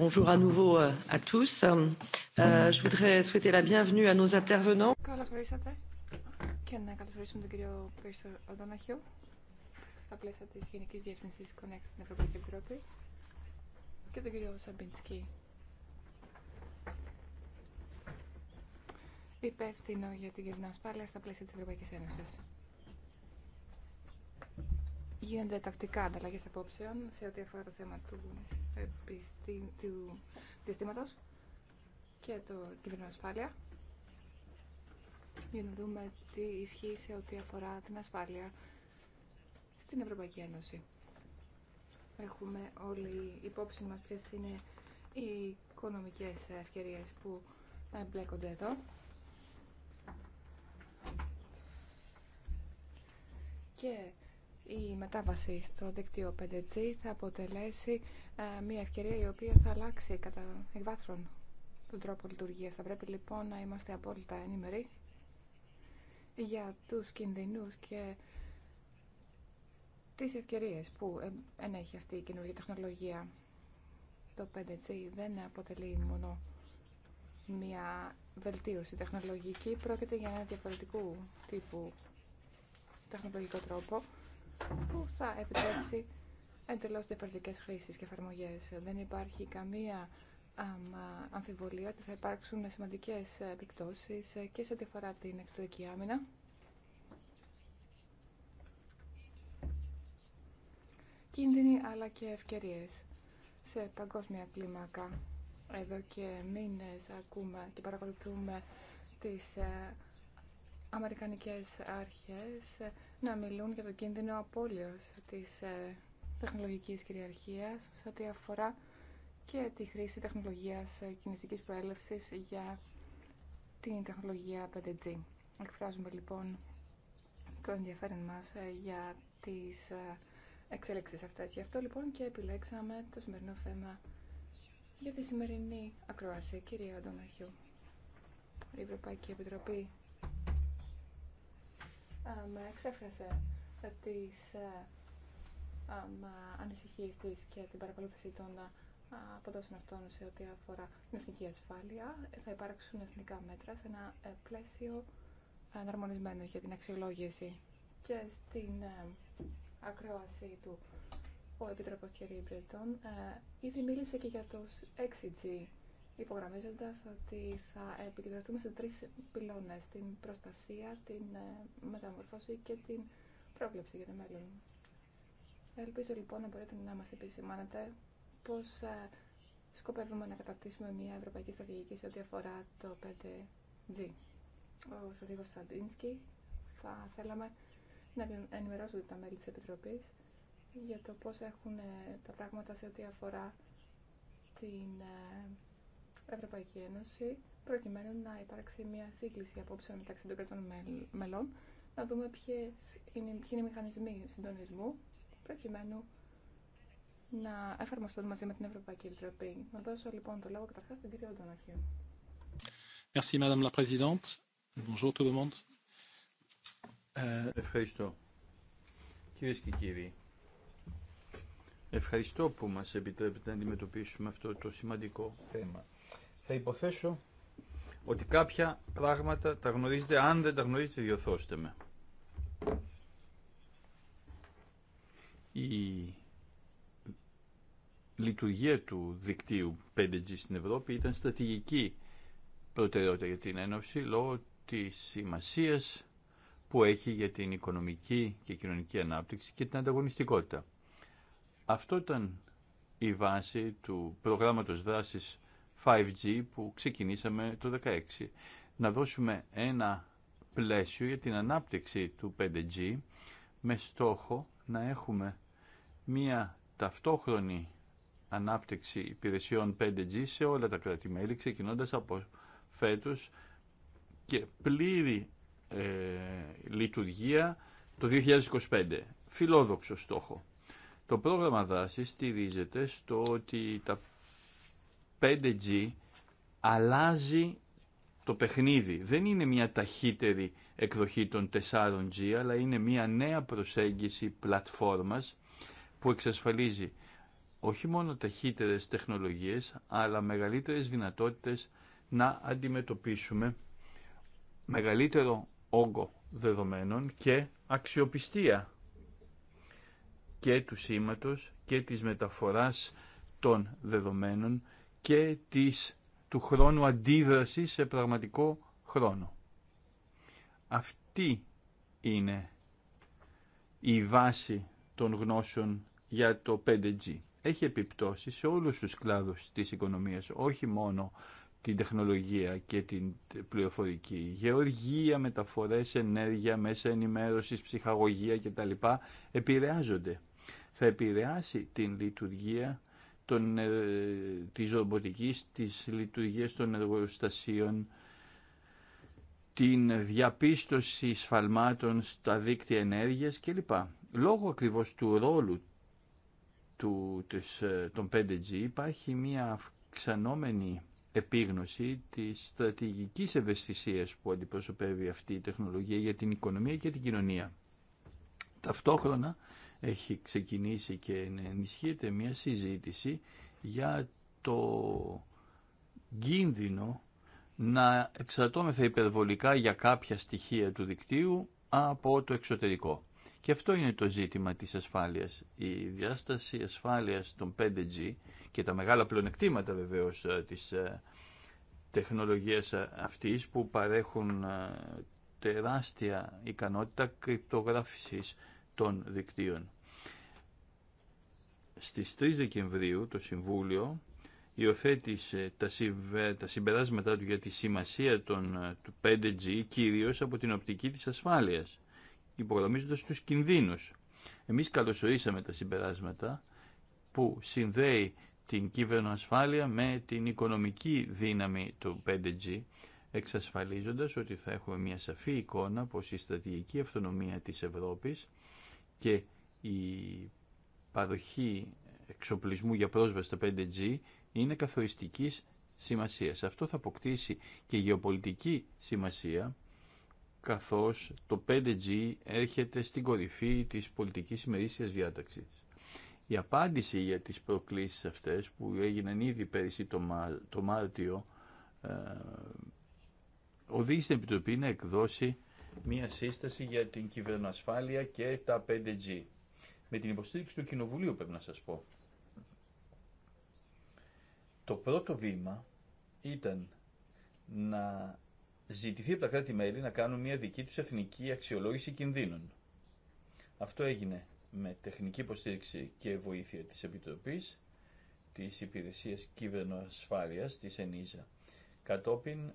Bonjour à nouveau euh, à tous. Euh, euh, je voudrais souhaiter la bienvenue à nos intervenants. Καλώς ορίσατε και να καλωσορίσουμε τον κύριο Πίρσορ Οντοναχιού στα πλαίσια της Γενικής Διεύθυνσης Connect στην Ευρωπαϊκή Επιτροπή και τον κύριο Σαμπινσκή. Υπεύθυνο για την κοινωνική ασφάλεια στα πλαίσια της Ευρωπαϊκής Ένωσης. Γίνονται τακτικά ανταλλαγές απόψεων σε ό,τι αφορά το θέμα του του διαστήματος και το ασφάλεια για να δούμε τι ισχύει σε ό,τι αφορά την ασφάλεια στην Ευρωπαϊκή Ένωση. Έχουμε όλοι υπόψη μας ποιες είναι οι οικονομικές ευκαιρίες που εμπλέκονται εδώ. Και η μετάβαση στο δίκτυο 5G θα αποτελέσει ε, μια ευκαιρία η οποία θα αλλάξει κατά εκβάθρον τον τρόπο λειτουργίας. Θα πρέπει λοιπόν να είμαστε απόλυτα ενημεροί για τους κινδυνούς και τις ευκαιρίες που ε, ενέχει αυτή η καινούργια τεχνολογία. Το 5G δεν αποτελεί μόνο μια βελτίωση τεχνολογική, πρόκειται για ένα διαφορετικού τύπου τεχνολογικό τρόπο που θα επιτρέψει εντελώς διαφορετικές χρήσεις και εφαρμογές. Δεν υπάρχει καμία αμφιβολία ότι θα υπάρξουν σημαντικές επιπτώσεις και σε ό,τι αφορά την εξωτερική άμυνα. Κίνδυνοι αλλά και ευκαιρίες σε παγκόσμια κλίμακα. Εδώ και μήνες ακούμε και παρακολουθούμε τις ε, αμερικανικές αρχές να μιλούν για το κίνδυνο απώλειας της ε, τεχνολογικής κυριαρχίας σε ό,τι αφορά και τη χρήση τεχνολογίας ε, κινηστικής προέλευσης για την τεχνολογία 5G. Εκφράζουμε λοιπόν το ενδιαφέρον μας ε, για τις εξέλιξεις αυτές. Γι' αυτό λοιπόν και επιλέξαμε το σημερινό θέμα για τη σημερινή ακρόαση. Κυρία Αντωναχιού, η Ευρωπαϊκή Επιτροπή με εξέφρασε τις ε, ανησυχίες της και την παρακολούθηση των αποδόσεων αυτών σε ό,τι αφορά την εθνική ασφάλεια. Θα υπάρξουν εθνικά μέτρα σε ένα ε, πλαίσιο αναρμονισμένο για την αξιολόγηση και στην ε, ακρόαση του ο Επιτροπός κ. ήδη μίλησε και για τους 6G υπογραμμίζοντα ότι θα επικεντρωθούμε σε τρει πυλώνε: την προστασία, την ε, μεταμορφώση και την πρόβλεψη για το μέλλον. Ελπίζω λοιπόν να μπορείτε να μα επισημάνετε πω ε, σκοπεύουμε να κατακτήσουμε μια ευρωπαϊκή στρατηγική σε ό,τι αφορά το 5G. Ο Σωτήγος Σαντίνσκι θα θέλαμε να ενημερώσουν τα μέλη της Επιτροπής για το πώς έχουν ε, τα πράγματα σε ό,τι αφορά την Ευρωπαϊκή Ένωση προκειμένου να υπάρξει μια σύγκληση απόψεων μεταξύ των κρατών μελών, να δούμε ποιες είναι, ποιοι είναι οι μηχανισμοί συντονισμού προκειμένου να εφαρμοστούν μαζί με την Ευρωπαϊκή Επιτροπή. Να δώσω λοιπόν το λόγο καταρχά στον κύριο Ντοναχίου. Merci, Madame la Présidente. Bonjour tout le monde. Euh, ευχαριστώ. Κυρίε και κύριοι, ευχαριστώ που μα επιτρέπετε να αντιμετωπίσουμε αυτό το σημαντικό θέμα θα υποθέσω ότι κάποια πράγματα τα γνωρίζετε, αν δεν τα γνωρίζετε διορθώστε με. Η λειτουργία του δικτύου 5G στην Ευρώπη ήταν στρατηγική προτεραιότητα για την Ένωση λόγω της σημασίας που έχει για την οικονομική και κοινωνική ανάπτυξη και την ανταγωνιστικότητα. Αυτό ήταν η βάση του προγράμματος δράσης 5G που ξεκινήσαμε το 2016. Να δώσουμε ένα πλαίσιο για την ανάπτυξη του 5G με στόχο να έχουμε μία ταυτόχρονη ανάπτυξη υπηρεσιών 5G σε όλα τα κράτη-μέλη, ξεκινώντας από φέτος και πλήρη ε, λειτουργία το 2025. Φιλόδοξο στόχο. Το πρόγραμμα δράση στηρίζεται στο ότι τα 5G αλλάζει το παιχνίδι. Δεν είναι μια ταχύτερη εκδοχή των 4G, αλλά είναι μια νέα προσέγγιση πλατφόρμας που εξασφαλίζει όχι μόνο ταχύτερες τεχνολογίες, αλλά μεγαλύτερες δυνατότητες να αντιμετωπίσουμε μεγαλύτερο όγκο δεδομένων και αξιοπιστία και του σήματος και της μεταφοράς των δεδομένων και του χρόνου αντίδραση σε πραγματικό χρόνο. Αυτή είναι η βάση των γνώσεων για το 5G. Έχει επιπτώσει σε όλους τους κλάδους της οικονομίας, όχι μόνο την τεχνολογία και την πληροφορική, γεωργία, μεταφορές, ενέργεια, μέσα ενημέρωσης, ψυχαγωγία κτλ. επηρεάζονται. Θα επηρεάσει την λειτουργία Τη ε, της ρομποτικής, της λειτουργίας των εργοστασίων, την διαπίστωση σφαλμάτων στα δίκτυα ενέργειας κλπ. Λόγω ακριβώς του ρόλου του, ε, των 5G υπάρχει μια αυξανόμενη επίγνωση της στρατηγικής ευαισθησίας που αντιπροσωπεύει αυτή η τεχνολογία για την οικονομία και την κοινωνία. Ταυτόχρονα έχει ξεκινήσει και ενισχύεται μια συζήτηση για το κίνδυνο να εξαρτώμεθα υπερβολικά για κάποια στοιχεία του δικτύου από το εξωτερικό. Και αυτό είναι το ζήτημα της ασφάλειας. Η διάσταση ασφάλειας των 5G και τα μεγάλα πλεονεκτήματα βεβαίως ε, της ε, τεχνολογίας ε, αυτής που παρέχουν τεράστια ικανότητα κρυπτογράφησης των δικτύων. Στις 3 Δεκεμβρίου το Συμβούλιο υιοθέτησε τα συμπεράσματά του για τη σημασία ε, του 5G κυρίως από την οπτική της ασφάλειας, υπογραμμίζοντας τους κινδύνους. Εμείς καλωσορίσαμε τα συμπεράσματα που συνδέει την κυβερνοασφάλεια με την οικονομική δύναμη του 5G, εξασφαλίζοντας ότι θα έχουμε μια σαφή εικόνα πως η στρατηγική αυτονομία της Ευρώπης και η παροχή εξοπλισμού για πρόσβαση στο 5G είναι καθοριστικής σημασίας. Αυτό θα αποκτήσει και γεωπολιτική σημασία καθώς το 5G έρχεται στην κορυφή της πολιτικής ημερήσιας διάταξης. Η απάντηση για τις προκλήσεις αυτές που έγιναν ήδη πέρυσι το, Μά, το Μάρτιο ε, οδήγησε την Επιτροπή να εκδώσει μία σύσταση για την κυβερνοασφάλεια και τα 5G. Με την υποστήριξη του Κοινοβουλίου πρέπει να σας πω. Το πρώτο βήμα ήταν να ζητηθεί από τα κράτη-μέλη να κάνουν μια δική τους εθνική αξιολόγηση κινδύνων. Αυτό έγινε με τεχνική υποστήριξη και βοήθεια της Επιτροπής της Υπηρεσίας Κυβερνοασφάλειας της ΕΝΙΖΑ. Κατόπιν,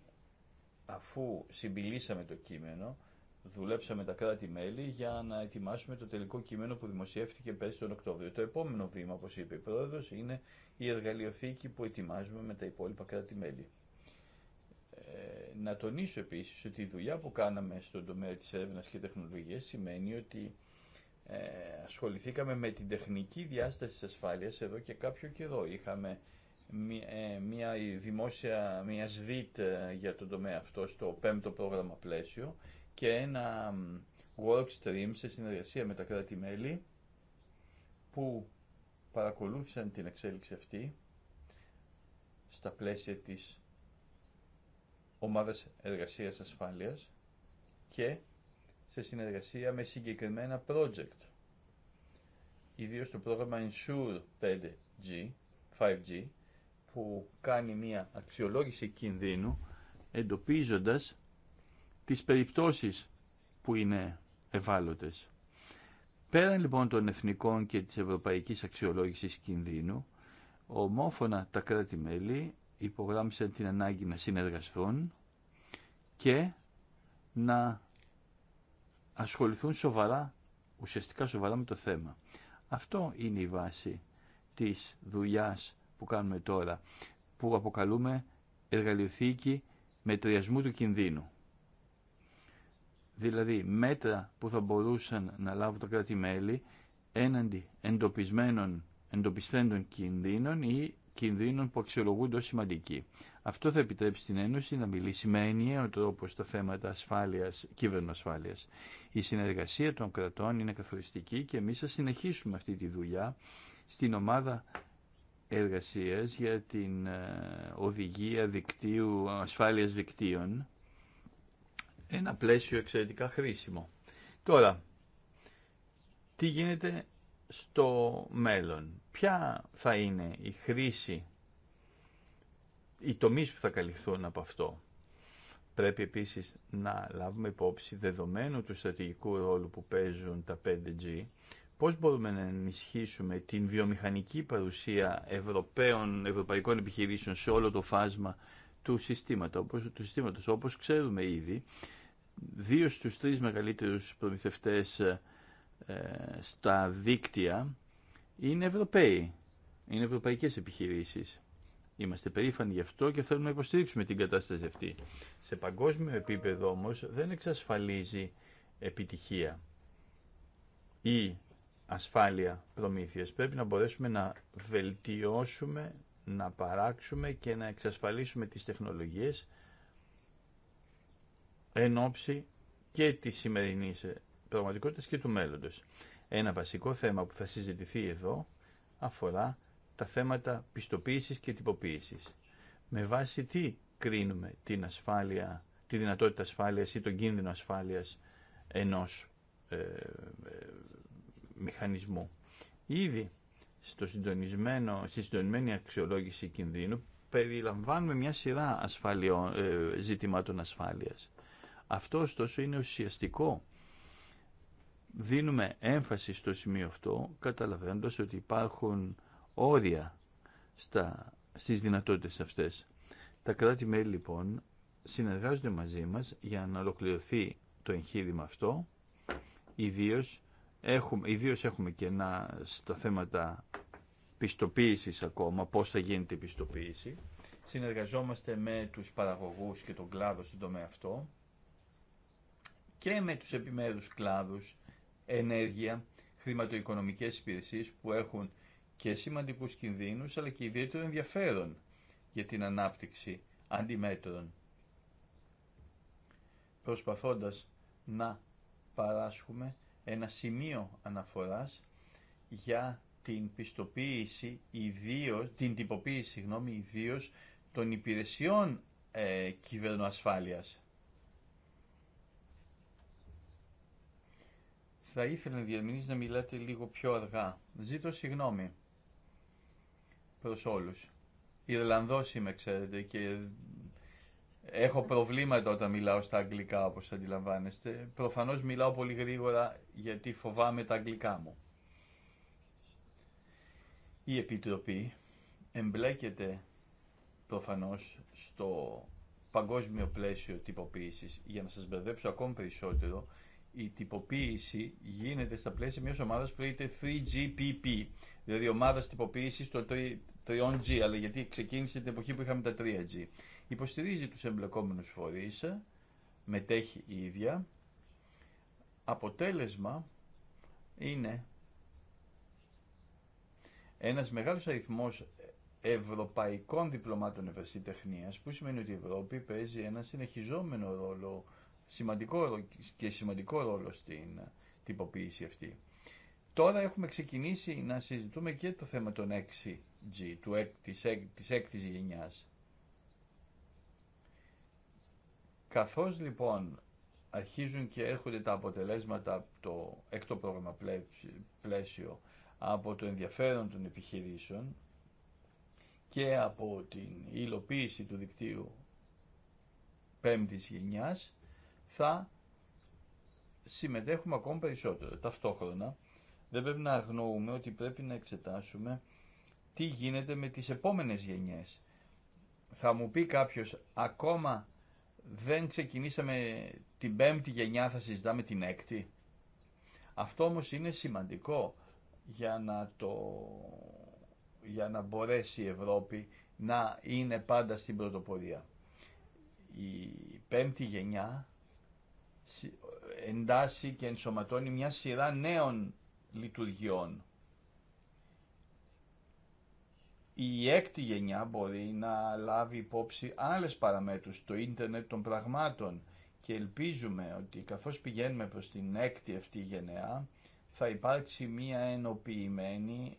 αφού συμπιλήσαμε το κείμενο, δουλέψαμε τα κράτη-μέλη για να ετοιμάσουμε το τελικό κείμενο που δημοσιεύτηκε πέρσι τον Οκτώβριο. Το επόμενο βήμα, όπω είπε η πρόεδρο, είναι η εργαλειοθήκη που ετοιμάζουμε με τα υπόλοιπα κράτη-μέλη. Ε, να τονίσω επίσης ότι η δουλειά που κάναμε στον τομέα της έρευνας και τεχνολογίας σημαίνει ότι ε, ασχοληθήκαμε με την τεχνική διάσταση της ασφάλειας εδώ και κάποιο καιρό. Είχαμε ε, μια, ε, δημόσια, μια ΣΔΙΤ ε, για τον τομέα αυτό στο πέμπτο πρόγραμμα πλαίσιο και ένα work stream σε συνεργασία με τα κράτη-μέλη που παρακολούθησαν την εξέλιξη αυτή στα πλαίσια της ομάδας εργασίας ασφάλειας και σε συνεργασία με συγκεκριμένα project. Ιδίως το πρόγραμμα Ensure 5G, 5G που κάνει μια αξιολόγηση κινδύνου εντοπίζοντας τις περιπτώσεις που είναι ευάλωτες. Πέραν λοιπόν των εθνικών και της ευρωπαϊκής αξιολόγησης κινδύνου, ομόφωνα τα κράτη-μέλη υπογράμμισαν την ανάγκη να συνεργαστούν και να ασχοληθούν σοβαρά, ουσιαστικά σοβαρά με το θέμα. Αυτό είναι η βάση της δουλειάς που κάνουμε τώρα, που αποκαλούμε εργαλειοθήκη μετριασμού του κινδύνου δηλαδή μέτρα που θα μπορούσαν να λάβουν τα κράτη-μέλη έναντι εντοπισμένων, εντοπισθέντων κινδύνων ή κινδύνων που αξιολογούνται ως σημαντικοί. Αυτό θα επιτρέψει την Ένωση να μιλήσει με ενιαίο τρόπο στα θέματα ασφάλειας, κυβερνοασφάλειας. Η συνεργασία των κρατών είναι καθοριστική και εμείς θα επιτρεψει στην ενωση να μιλησει με ενιαιο τροπο στα θεματα ασφαλειας ασφαλειας αυτή τη δουλειά στην ομάδα εργασίας για την ε, οδηγία δικτύου, ασφάλειας δικτύων ένα πλαίσιο εξαιρετικά χρήσιμο. Τώρα, τι γίνεται στο μέλλον. Ποια θα είναι η χρήση, οι τομείς που θα καλυφθούν από αυτό. Πρέπει επίσης να λάβουμε υπόψη δεδομένου του στρατηγικού ρόλου που παίζουν τα 5G, πώς μπορούμε να ενισχύσουμε την βιομηχανική παρουσία Ευρωπαίων, ευρωπαϊκών επιχειρήσεων σε όλο το φάσμα του συστήματος, όπως, του συστήματος. όπως ξέρουμε ήδη, δύο στους τρεις μεγαλύτερους προμηθευτές ε, ε, στα δίκτυα είναι Ευρωπαίοι, είναι ευρωπαϊκές επιχειρήσεις. Είμαστε περήφανοι γι' αυτό και θέλουμε να υποστηρίξουμε την κατάσταση αυτή. Σε παγκόσμιο επίπεδο όμως δεν εξασφαλίζει επιτυχία ή ασφάλεια προμήθειας. Πρέπει να μπορέσουμε να βελτιώσουμε, να παράξουμε και να εξασφαλίσουμε τις τεχνολογίες εν ώψη και τη σημερινή ε, πραγματικότητα και του μέλλοντος. Ένα βασικό θέμα που θα συζητηθεί εδώ αφορά τα θέματα πιστοποίησης και τυποποίησης. Με βάση τι κρίνουμε την ασφάλεια, τη δυνατότητα ασφάλειας ή τον κίνδυνο ασφάλειας ενός ε, ε μηχανισμού. Ήδη στο συντονισμένο, στη συντονισμένη αξιολόγηση κινδύνου περιλαμβάνουμε μια σειρά ε, ζητημάτων ασφάλειας. Αυτό ωστόσο είναι ουσιαστικό. Δίνουμε έμφαση στο σημείο αυτό καταλαβαίνοντας ότι υπάρχουν όρια στα, στις δυνατότητες αυτές. Τα κράτη-μέλη λοιπόν συνεργάζονται μαζί μας για να ολοκληρωθεί το εγχείρημα αυτό, ιδίως έχουμε, ιδίως έχουμε στα θέματα πιστοποίησης ακόμα, πώς θα γίνεται η πιστοποίηση. Συνεργαζόμαστε με τους παραγωγούς και τον κλάδο στον τομέα αυτό και με τους επιμέρους κλάδους ενέργεια, χρηματοοικονομικές υπηρεσίες που έχουν και σημαντικούς κινδύνους αλλά και ιδιαίτερο ενδιαφέρον για την ανάπτυξη αντιμέτρων. Προσπαθώντας να παράσχουμε ένα σημείο αναφοράς για την πιστοποίηση ιδίως, την τυποποίηση συγγνώμη, ιδίως των υπηρεσιών ε, κυβερνοασφάλειας. Θα ήθελα να να μιλάτε λίγο πιο αργά. Ζήτω συγγνώμη προς όλους. Ιρλανδός είμαι, ξέρετε, και έχω προβλήματα όταν μιλάω στα αγγλικά, όπως αντιλαμβάνεστε. Προφανώς μιλάω πολύ γρήγορα γιατί φοβάμαι τα αγγλικά μου. Η Επιτροπή εμπλέκεται προφανώς στο παγκόσμιο πλαίσιο τυποποίησης. Για να σας μπερδέψω ακόμη περισσότερο, η τυποποίηση γίνεται στα πλαίσια μιας ομάδας που λέγεται 3GPP, δηλαδή ομάδας τυποποίησης των 3G, αλλά γιατί ξεκίνησε την εποχή που είχαμε τα 3G. Υποστηρίζει τους εμπλεκόμενους φορείς, μετέχει η ίδια. Αποτέλεσμα είναι ένας μεγάλος αριθμός ευρωπαϊκών διπλωμάτων ευρεσιτεχνίας, που σημαίνει ότι η Ευρώπη παίζει ένα συνεχιζόμενο ρόλο σημαντικό και σημαντικό ρόλο στην τυποποίηση αυτή. Τώρα έχουμε ξεκινήσει να συζητούμε και το θέμα των 6G, του, της, της έκτης γενιάς. Καθώς λοιπόν αρχίζουν και έρχονται τα αποτελέσματα από το έκτο πρόγραμμα πλαίσιο από το ενδιαφέρον των επιχειρήσεων και από την υλοποίηση του δικτύου πέμπτης γενιάς, θα συμμετέχουμε ακόμα περισσότερο. Ταυτόχρονα δεν πρέπει να αγνοούμε ότι πρέπει να εξετάσουμε τι γίνεται με τις επόμενες γενιές. Θα μου πει κάποιος ακόμα δεν ξεκινήσαμε την πέμπτη γενιά θα συζητάμε την έκτη. Αυτό όμως είναι σημαντικό για να, το, για να μπορέσει η Ευρώπη να είναι πάντα στην πρωτοπορία. Η πέμπτη γενιά εντάσσει και ενσωματώνει μια σειρά νέων λειτουργιών. Η έκτη γενιά μπορεί να λάβει υπόψη άλλες παραμέτρους, το ίντερνετ των πραγμάτων και ελπίζουμε ότι καθώς πηγαίνουμε προς την έκτη αυτή γενιά θα υπάρξει μια ενοποιημένη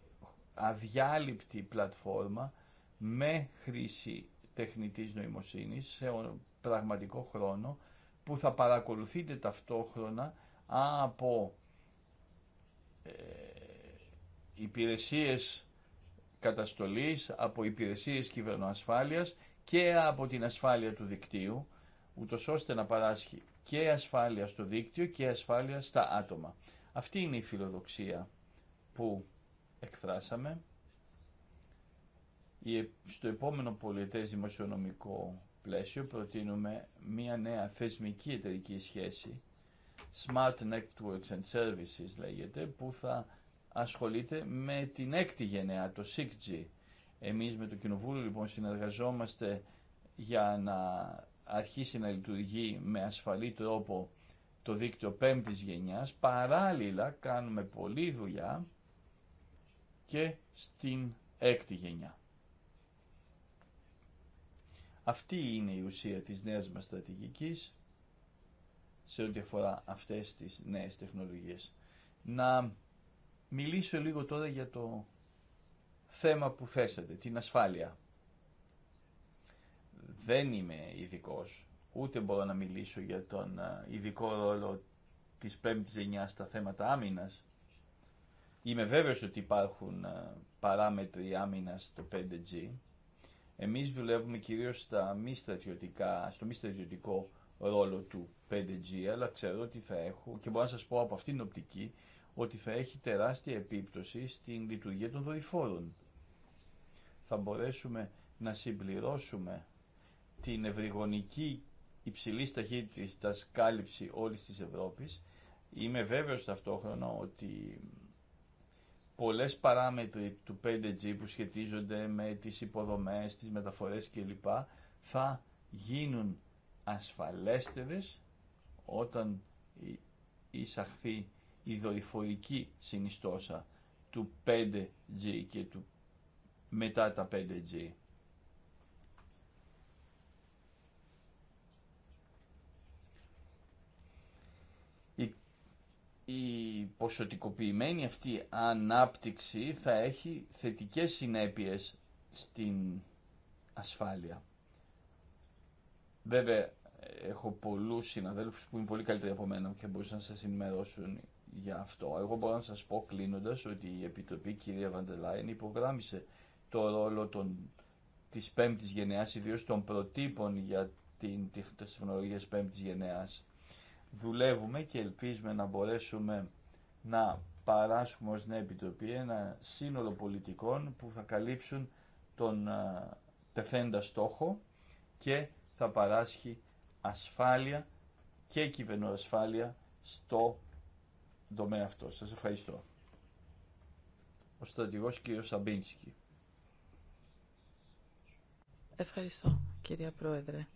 αδιάλειπτη πλατφόρμα με χρήση τεχνητής νοημοσύνης σε πραγματικό χρόνο που θα παρακολουθείτε ταυτόχρονα από ε, υπηρεσίες καταστολής, από υπηρεσίες κυβερνοασφάλειας και από την ασφάλεια του δικτύου, ούτω ώστε να παράσχει και ασφάλεια στο δίκτυο και ασφάλεια στα άτομα. Αυτή είναι η φιλοδοξία που εκφράσαμε. Στο επόμενο πολιτές δημοσιονομικό πλαίσιο προτείνουμε μία νέα θεσμική εταιρική σχέση, Smart Networks and Services λέγεται, που θα ασχολείται με την έκτη γενεά, το 6G. Εμείς με το Κοινοβούλιο λοιπόν συνεργαζόμαστε για να αρχίσει να λειτουργεί με ασφαλή τρόπο το δίκτυο πέμπτης γενιάς. Παράλληλα κάνουμε πολλή δουλειά και στην έκτη γενιά. Αυτή είναι η ουσία της νέας μας στρατηγικής σε ό,τι αφορά αυτές τις νέες τεχνολογίες. Να μιλήσω λίγο τώρα για το θέμα που θέσατε, την ασφάλεια. Δεν είμαι ειδικό, ούτε μπορώ να μιλήσω για τον ε, ειδικό ρόλο της 5ης γενιάς στα θέματα άμυνας. Είμαι βέβαιος ότι υπάρχουν ε, παράμετροι άμυνας στο 5G, εμείς δουλεύουμε κυρίως στα στο μη στρατιωτικό ρόλο του 5G, αλλά ξέρω ότι θα έχω, και μπορώ να σας πω από αυτήν την οπτική, ότι θα έχει τεράστια επίπτωση στην λειτουργία των δορυφόρων. Θα μπορέσουμε να συμπληρώσουμε την ευρυγονική υψηλής ταχύτητας κάλυψη όλης της Ευρώπης. Είμαι βέβαιος ταυτόχρονα ότι πολλές παράμετροι του 5G που σχετίζονται με τις υποδομές, τις μεταφορές κλπ. θα γίνουν ασφαλέστερες όταν εισαχθεί η δορυφορική συνιστόσα του 5G και του μετά τα 5G. η ποσοτικοποιημένη αυτή ανάπτυξη θα έχει θετικές συνέπειες στην ασφάλεια. Βέβαια, έχω πολλούς συναδέλφους που είναι πολύ καλύτεροι από μένα και μπορούσαν να σας ενημερώσουν για αυτό. Εγώ μπορώ να σας πω κλείνοντας ότι η Επιτροπή κυρία Βαντελάιν υπογράμμισε το ρόλο των, της πέμπτης γενεάς, ιδίως των προτύπων για την τεχνολογία πέμπτης γενεάς δουλεύουμε και ελπίζουμε να μπορέσουμε να παράσχουμε ως Νέα Επιτροπή ένα σύνολο πολιτικών που θα καλύψουν τον τεθέντα στόχο και θα παράσχει ασφάλεια και κυβερνοασφάλεια στο τομέα αυτό. Σας ευχαριστώ. Ο στρατηγός κ. Σαμπίνσκι. Ευχαριστώ κυρία Πρόεδρε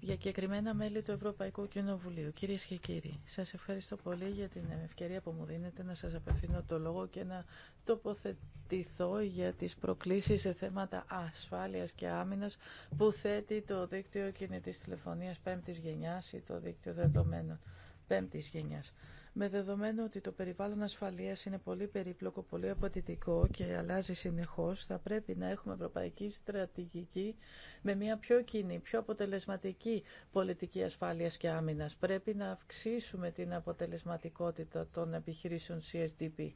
διακεκριμένα μέλη του Ευρωπαϊκού Κοινοβουλίου. Κυρίες και κύριοι, σας ευχαριστώ πολύ για την ευκαιρία που μου δίνετε να σας απευθύνω το λόγο και να τοποθετηθώ για τις προκλήσεις σε θέματα ασφάλειας και άμυνας που θέτει το δίκτυο κινητής τηλεφωνίας πέμπτης γενιάς ή το δίκτυο δεδομένων πέμπτης γενιάς με δεδομένο ότι το περιβάλλον ασφαλείας είναι πολύ περίπλοκο, πολύ απαιτητικό και αλλάζει συνεχώς, θα πρέπει να έχουμε ευρωπαϊκή στρατηγική με μια πιο κοινή, πιο αποτελεσματική πολιτική ασφάλειας και άμυνας. Πρέπει να αυξήσουμε την αποτελεσματικότητα των επιχειρήσεων CSDP.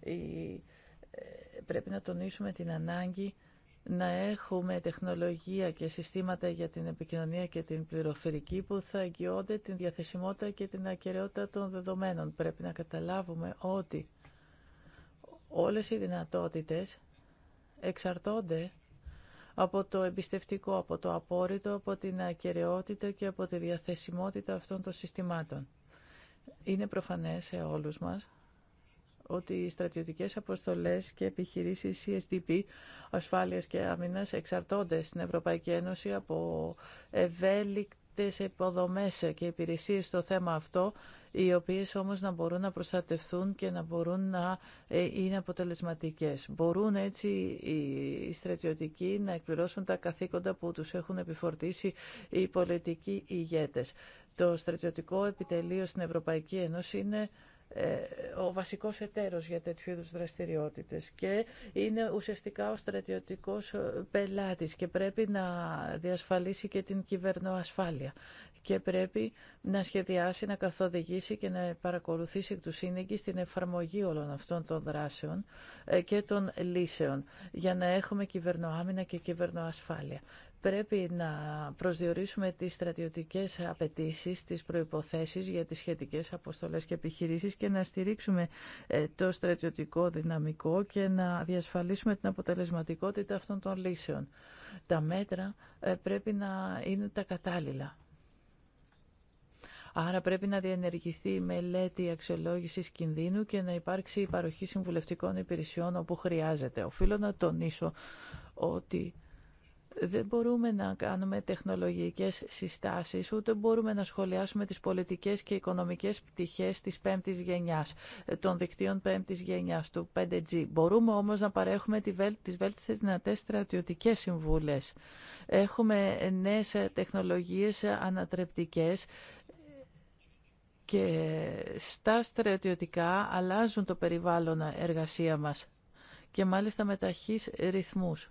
Ε, πρέπει να τονίσουμε την ανάγκη να έχουμε τεχνολογία και συστήματα για την επικοινωνία και την πληροφορική που θα αγγιώνται την διαθεσιμότητα και την ακαιρεότητα των δεδομένων. Πρέπει να καταλάβουμε ότι όλες οι δυνατότητες εξαρτώνται από το εμπιστευτικό, από το απόρριτο, από την ακαιρεότητα και από τη διαθεσιμότητα αυτών των συστημάτων. Είναι προφανές σε όλους μας ότι οι στρατιωτικές αποστολές και επιχειρήσεις CSDP ασφάλειας και άμυνας εξαρτώνται στην Ευρωπαϊκή Ένωση από ευέλικτες υποδομές και υπηρεσίες στο θέμα αυτό, οι οποίες όμως να μπορούν να προστατευτούν και να μπορούν να ε, είναι αποτελεσματικές. Μπορούν έτσι οι στρατιωτικοί να εκπληρώσουν τα καθήκοντα που τους έχουν επιφορτήσει οι πολιτικοί ηγέτες. Το στρατιωτικό επιτελείο στην Ευρωπαϊκή Ένωση είναι ε, ο βασικός εταίρος για τέτοιου είδους δραστηριότητες και είναι ουσιαστικά ο στρατιωτικός ε, πελάτης και πρέπει να διασφαλίσει και την κυβερνοασφάλεια και πρέπει να σχεδιάσει, να καθοδηγήσει και να παρακολουθήσει του σύνεγγυ στην εφαρμογή όλων αυτών των δράσεων ε, και των λύσεων για να έχουμε κυβερνοάμυνα και κυβερνοασφάλεια πρέπει να προσδιορίσουμε τις στρατιωτικές απαιτήσεις, τις προϋποθέσεις για τις σχετικές αποστολές και επιχειρήσεις και να στηρίξουμε ε, το στρατιωτικό δυναμικό και να διασφαλίσουμε την αποτελεσματικότητα αυτών των λύσεων. Τα μέτρα ε, πρέπει να είναι τα κατάλληλα. Άρα πρέπει να διενεργηθεί η μελέτη αξιολόγηση κινδύνου και να υπάρξει η παροχή συμβουλευτικών υπηρεσιών όπου χρειάζεται. Οφείλω να τονίσω ότι δεν μπορούμε να κάνουμε τεχνολογικές συστάσεις, ούτε μπορούμε να σχολιάσουμε τις πολιτικές και οικονομικές πτυχές της πέμπτης γενιάς, των δικτύων πέμπτης γενιάς, του 5G. Μπορούμε όμως να παρέχουμε τις βέλτιστες δυνατές στρατιωτικές συμβούλες. Έχουμε νέες τεχνολογίες ανατρεπτικές, και στα στρατιωτικά αλλάζουν το περιβάλλον εργασία μας και μάλιστα με ταχύς ρυθμούς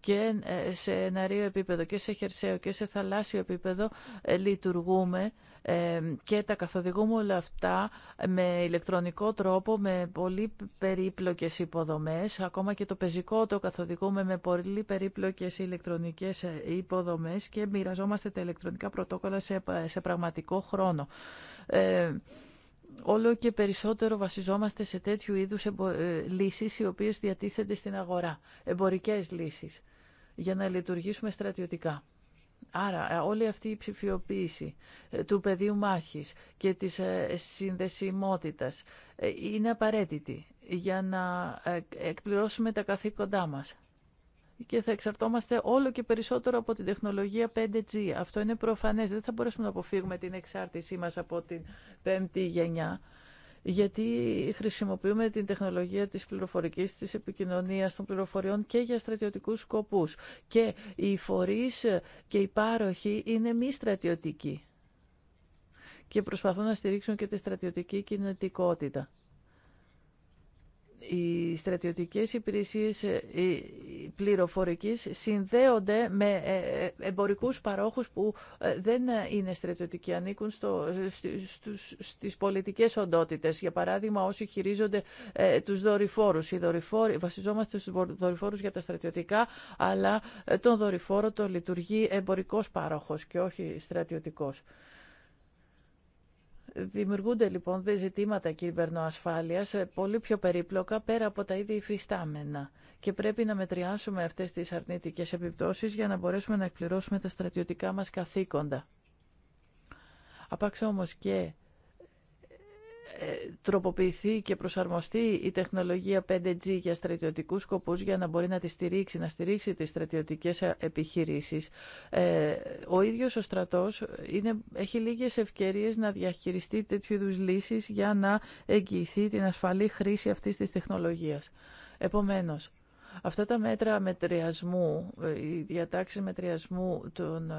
και ε, σε εναρείο επίπεδο και σε χερσαίο και σε θαλάσσιο επίπεδο ε, λειτουργούμε ε, και τα καθοδηγούμε όλα αυτά με ηλεκτρονικό τρόπο, με πολύ περίπλοκες υποδομές. Ακόμα και το πεζικό το καθοδηγούμε με πολύ περίπλοκες ηλεκτρονικές υποδομές και μοιραζόμαστε τα ηλεκτρονικά πρωτόκολλα σε πραγματικό χρόνο. Όλο και περισσότερο βασιζόμαστε σε τέτοιου είδους λύσεις οι οποίες διατίθενται στην αγορά, εμπορικές λύσεις για να λειτουργήσουμε στρατιωτικά. Άρα ε, όλη αυτή η ψηφιοποίηση ε, του πεδίου μάχης και της ε, συνδεσιμότητας είναι απαραίτητη για να εκπληρώσουμε τα καθήκοντά μας. Και θα εξαρτώμαστε όλο και περισσότερο από την τεχνολογία 5G. Αυτό είναι προφανές. Δεν θα μπορέσουμε να αποφύγουμε την εξάρτησή μας από την πέμπτη γενιά γιατί χρησιμοποιούμε την τεχνολογία της πληροφορικής, της επικοινωνίας των πληροφοριών και για στρατιωτικούς σκοπούς. Και οι φορείς και οι πάροχοι είναι μη στρατιωτικοί και προσπαθούν να στηρίξουν και τη στρατιωτική κινητικότητα οι στρατιωτικές υπηρεσίες ε, πληροφορικής συνδέονται με ε, ε, εμπορικούς παρόχους που δεν είναι στρατιωτικοί, ανήκουν στο, στους, στις πολιτικές οντότητες. Για παράδειγμα, όσοι χειρίζονται τους δορυφόρους. Οι δορυφόροι, βασιζόμαστε στους δορυφόρους για τα στρατιωτικά, αλλά τον δορυφόρο το λειτουργεί εμπορικός πάροχος και όχι στρατιωτικός. Δημιουργούνται λοιπόν δε ζητήματα κυβερνοασφάλειας ε, πολύ πιο περίπλοκα πέρα από τα ίδια υφιστάμενα και πρέπει να μετριάσουμε αυτές τις αρνητικές επιπτώσεις για να μπορέσουμε να εκπληρώσουμε τα στρατιωτικά μας καθήκοντα. Απάξω όμως και ε, τροποποιηθεί και προσαρμοστεί η τεχνολογία 5G για στρατιωτικούς σκοπούς για να μπορεί να τη στηρίξει, να στηρίξει τις στρατιωτικές ε, επιχειρήσεις. Ε, ο ίδιος ο στρατός είναι, έχει λίγες ευκαιρίες να διαχειριστεί τέτοιου είδους λύσεις για να εγγυηθεί την ασφαλή χρήση αυτής της τεχνολογίας. Επομένως, αυτά τα μέτρα μετριασμού, οι διατάξεις μετριασμού των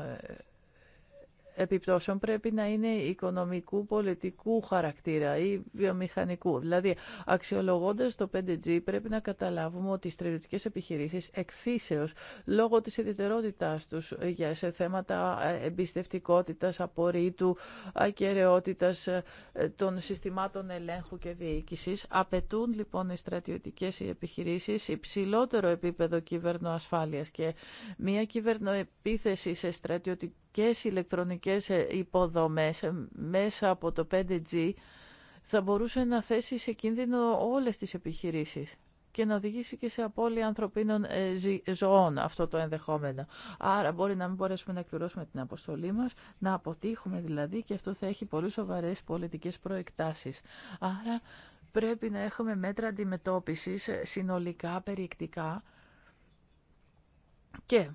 επιπτώσεων πρέπει να είναι οικονομικού, πολιτικού χαρακτήρα ή βιομηχανικού. Δηλαδή, αξιολογώντας το 5G πρέπει να καταλάβουμε ότι οι στρατιωτικές επιχειρήσεις εκφύσεως λόγω της ιδιαιτερότητάς τους σε θέματα ε, εμπιστευτικότητας, απορρίτου, ακαιρεότητας ε, των συστημάτων ελέγχου και διοίκησης απαιτούν λοιπόν οι στρατιωτικές επιχειρήσεις υψηλότερο επίπεδο κυβερνοασφάλειας και μια κυβερνοεπίθεση σε στρατιωτική βασικές ηλεκτρονικές ε, υποδομές ε, μέσα από το 5G θα μπορούσε να θέσει σε κίνδυνο όλες τις επιχειρήσεις και να οδηγήσει και σε απώλεια ανθρωπίνων ε, ζωών αυτό το ενδεχόμενο. Άρα μπορεί να μην μπορέσουμε να εκπληρώσουμε την αποστολή μας, να αποτύχουμε δηλαδή και αυτό θα έχει πολύ σοβαρές πολιτικές προεκτάσεις. Άρα πρέπει να έχουμε μέτρα αντιμετώπισης συνολικά, περιεκτικά και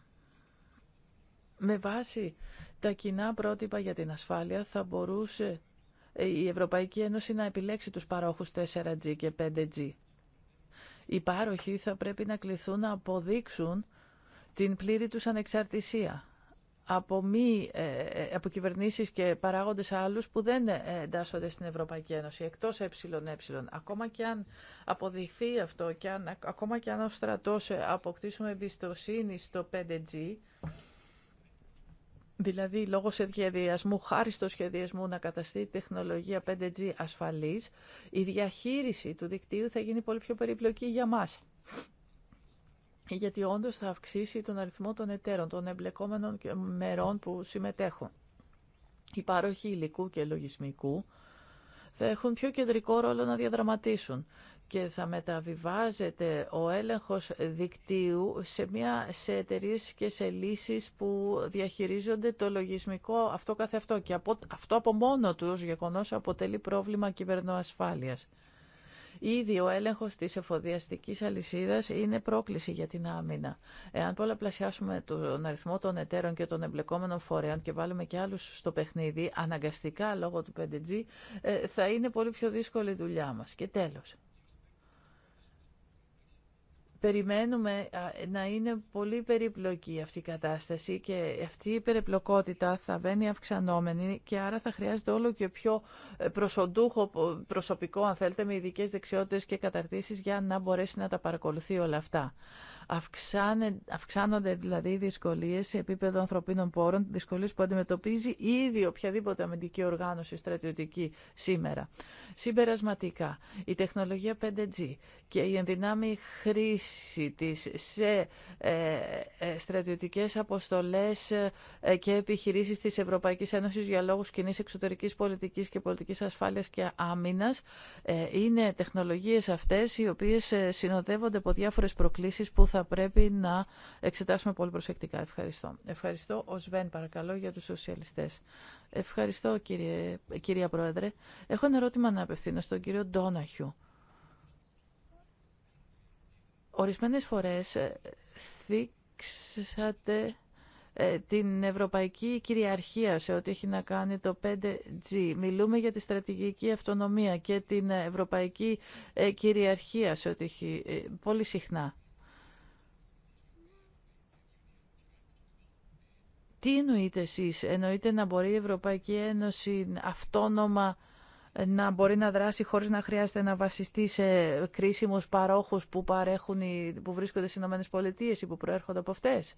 με βάση τα κοινά πρότυπα για την ασφάλεια θα μπορούσε η Ευρωπαϊκή Ένωση να επιλέξει τους παρόχους 4G και 5G. Οι πάροχοι θα πρέπει να κληθούν να αποδείξουν την πλήρη τους ανεξαρτησία από, μη, ε, ε, από κυβερνήσεις και παράγοντες άλλους που δεν ε, εντάσσονται στην Ευρωπαϊκή Ένωση, εκτός ΕΕ. Ακόμα και αν αποδειχθεί αυτό και αν, ακόμα και αν ο στρατός αποκτήσουμε εμπιστοσύνη στο 5G, Δηλαδή, λόγω σχεδιασμού, χάρη στο σχεδιασμό να καταστεί η τεχνολογία 5G ασφαλής, η διαχείριση του δικτύου θα γίνει πολύ πιο περιπλοκή για μας. Γιατί όντως θα αυξήσει τον αριθμό των εταίρων, των εμπλεκόμενων μερών που συμμετέχουν. Οι παρόχοι υλικού και λογισμικού θα έχουν πιο κεντρικό ρόλο να διαδραματίσουν και θα μεταβιβάζεται ο έλεγχος δικτύου σε, μια, σε εταιρείες και σε λύσεις που διαχειρίζονται το λογισμικό αυτό αυτό. και αυτό από μόνο του ως γεγονός αποτελεί πρόβλημα κυβερνοασφάλειας. Ήδη ο έλεγχος της εφοδιαστικής αλυσίδας είναι πρόκληση για την άμυνα. Εάν πολλαπλασιάσουμε τον αριθμό των εταίρων και των εμπλεκόμενων φορέων και βάλουμε και άλλους στο παιχνίδι, αναγκαστικά λόγω του 5G, ε, θα είναι πολύ πιο δύσκολη η δουλειά μας. Και τέλος περιμένουμε να είναι πολύ περίπλοκη αυτή η κατάσταση και αυτή η περιπλοκότητα θα βαίνει αυξανόμενη και άρα θα χρειάζεται όλο και πιο ε, προσωπικό, αν θέλετε, με ειδικέ δεξιότητες και καταρτήσεις για να μπορέσει να τα παρακολουθεί όλα αυτά αυξάνονται δηλαδή οι δυσκολίε σε επίπεδο ανθρωπίνων πόρων, δυσκολίε που αντιμετωπίζει ήδη οποιαδήποτε αμυντική οργάνωση στρατιωτική σήμερα. Συμπερασματικά, η τεχνολογία 5G και η ενδυνάμει χρήση της σε ε, ε, στρατιωτικές αποστολές ε, και επιχειρήσεις της Ευρωπαϊκής Ένωσης για λόγους κοινή εξωτερικής πολιτικής και πολιτικής ασφάλειας και άμυνας ε, είναι τεχνολογίες αυτές οι οποίες ε, συνοδεύονται από διάφορες προκλήσεις που θα πρέπει να εξετάσουμε πολύ προσεκτικά. Ευχαριστώ. Ευχαριστώ. Ο Σβέν, παρακαλώ, για τους σοσιαλιστές. Ευχαριστώ, κύριε, κυρία Πρόεδρε. Έχω ένα ερώτημα να απευθύνω στον κύριο Ντόναχιου. Ορισμένες φορές ε, θίξατε ε, την ευρωπαϊκή κυριαρχία σε ό,τι έχει να κάνει το 5G. Μιλούμε για τη στρατηγική αυτονομία και την ευρωπαϊκή ε, κυριαρχία σε ό,τι έχει πολύ συχνά. Τι εννοείτε εσείς, εννοείτε να μπορεί η Ευρωπαϊκή Ένωση αυτόνομα να μπορεί να δράσει χωρίς να χρειάζεται να βασιστεί σε κρίσιμους παρόχους που, παρέχουν, που βρίσκονται στις Πολιτείες ή που προέρχονται από αυτές.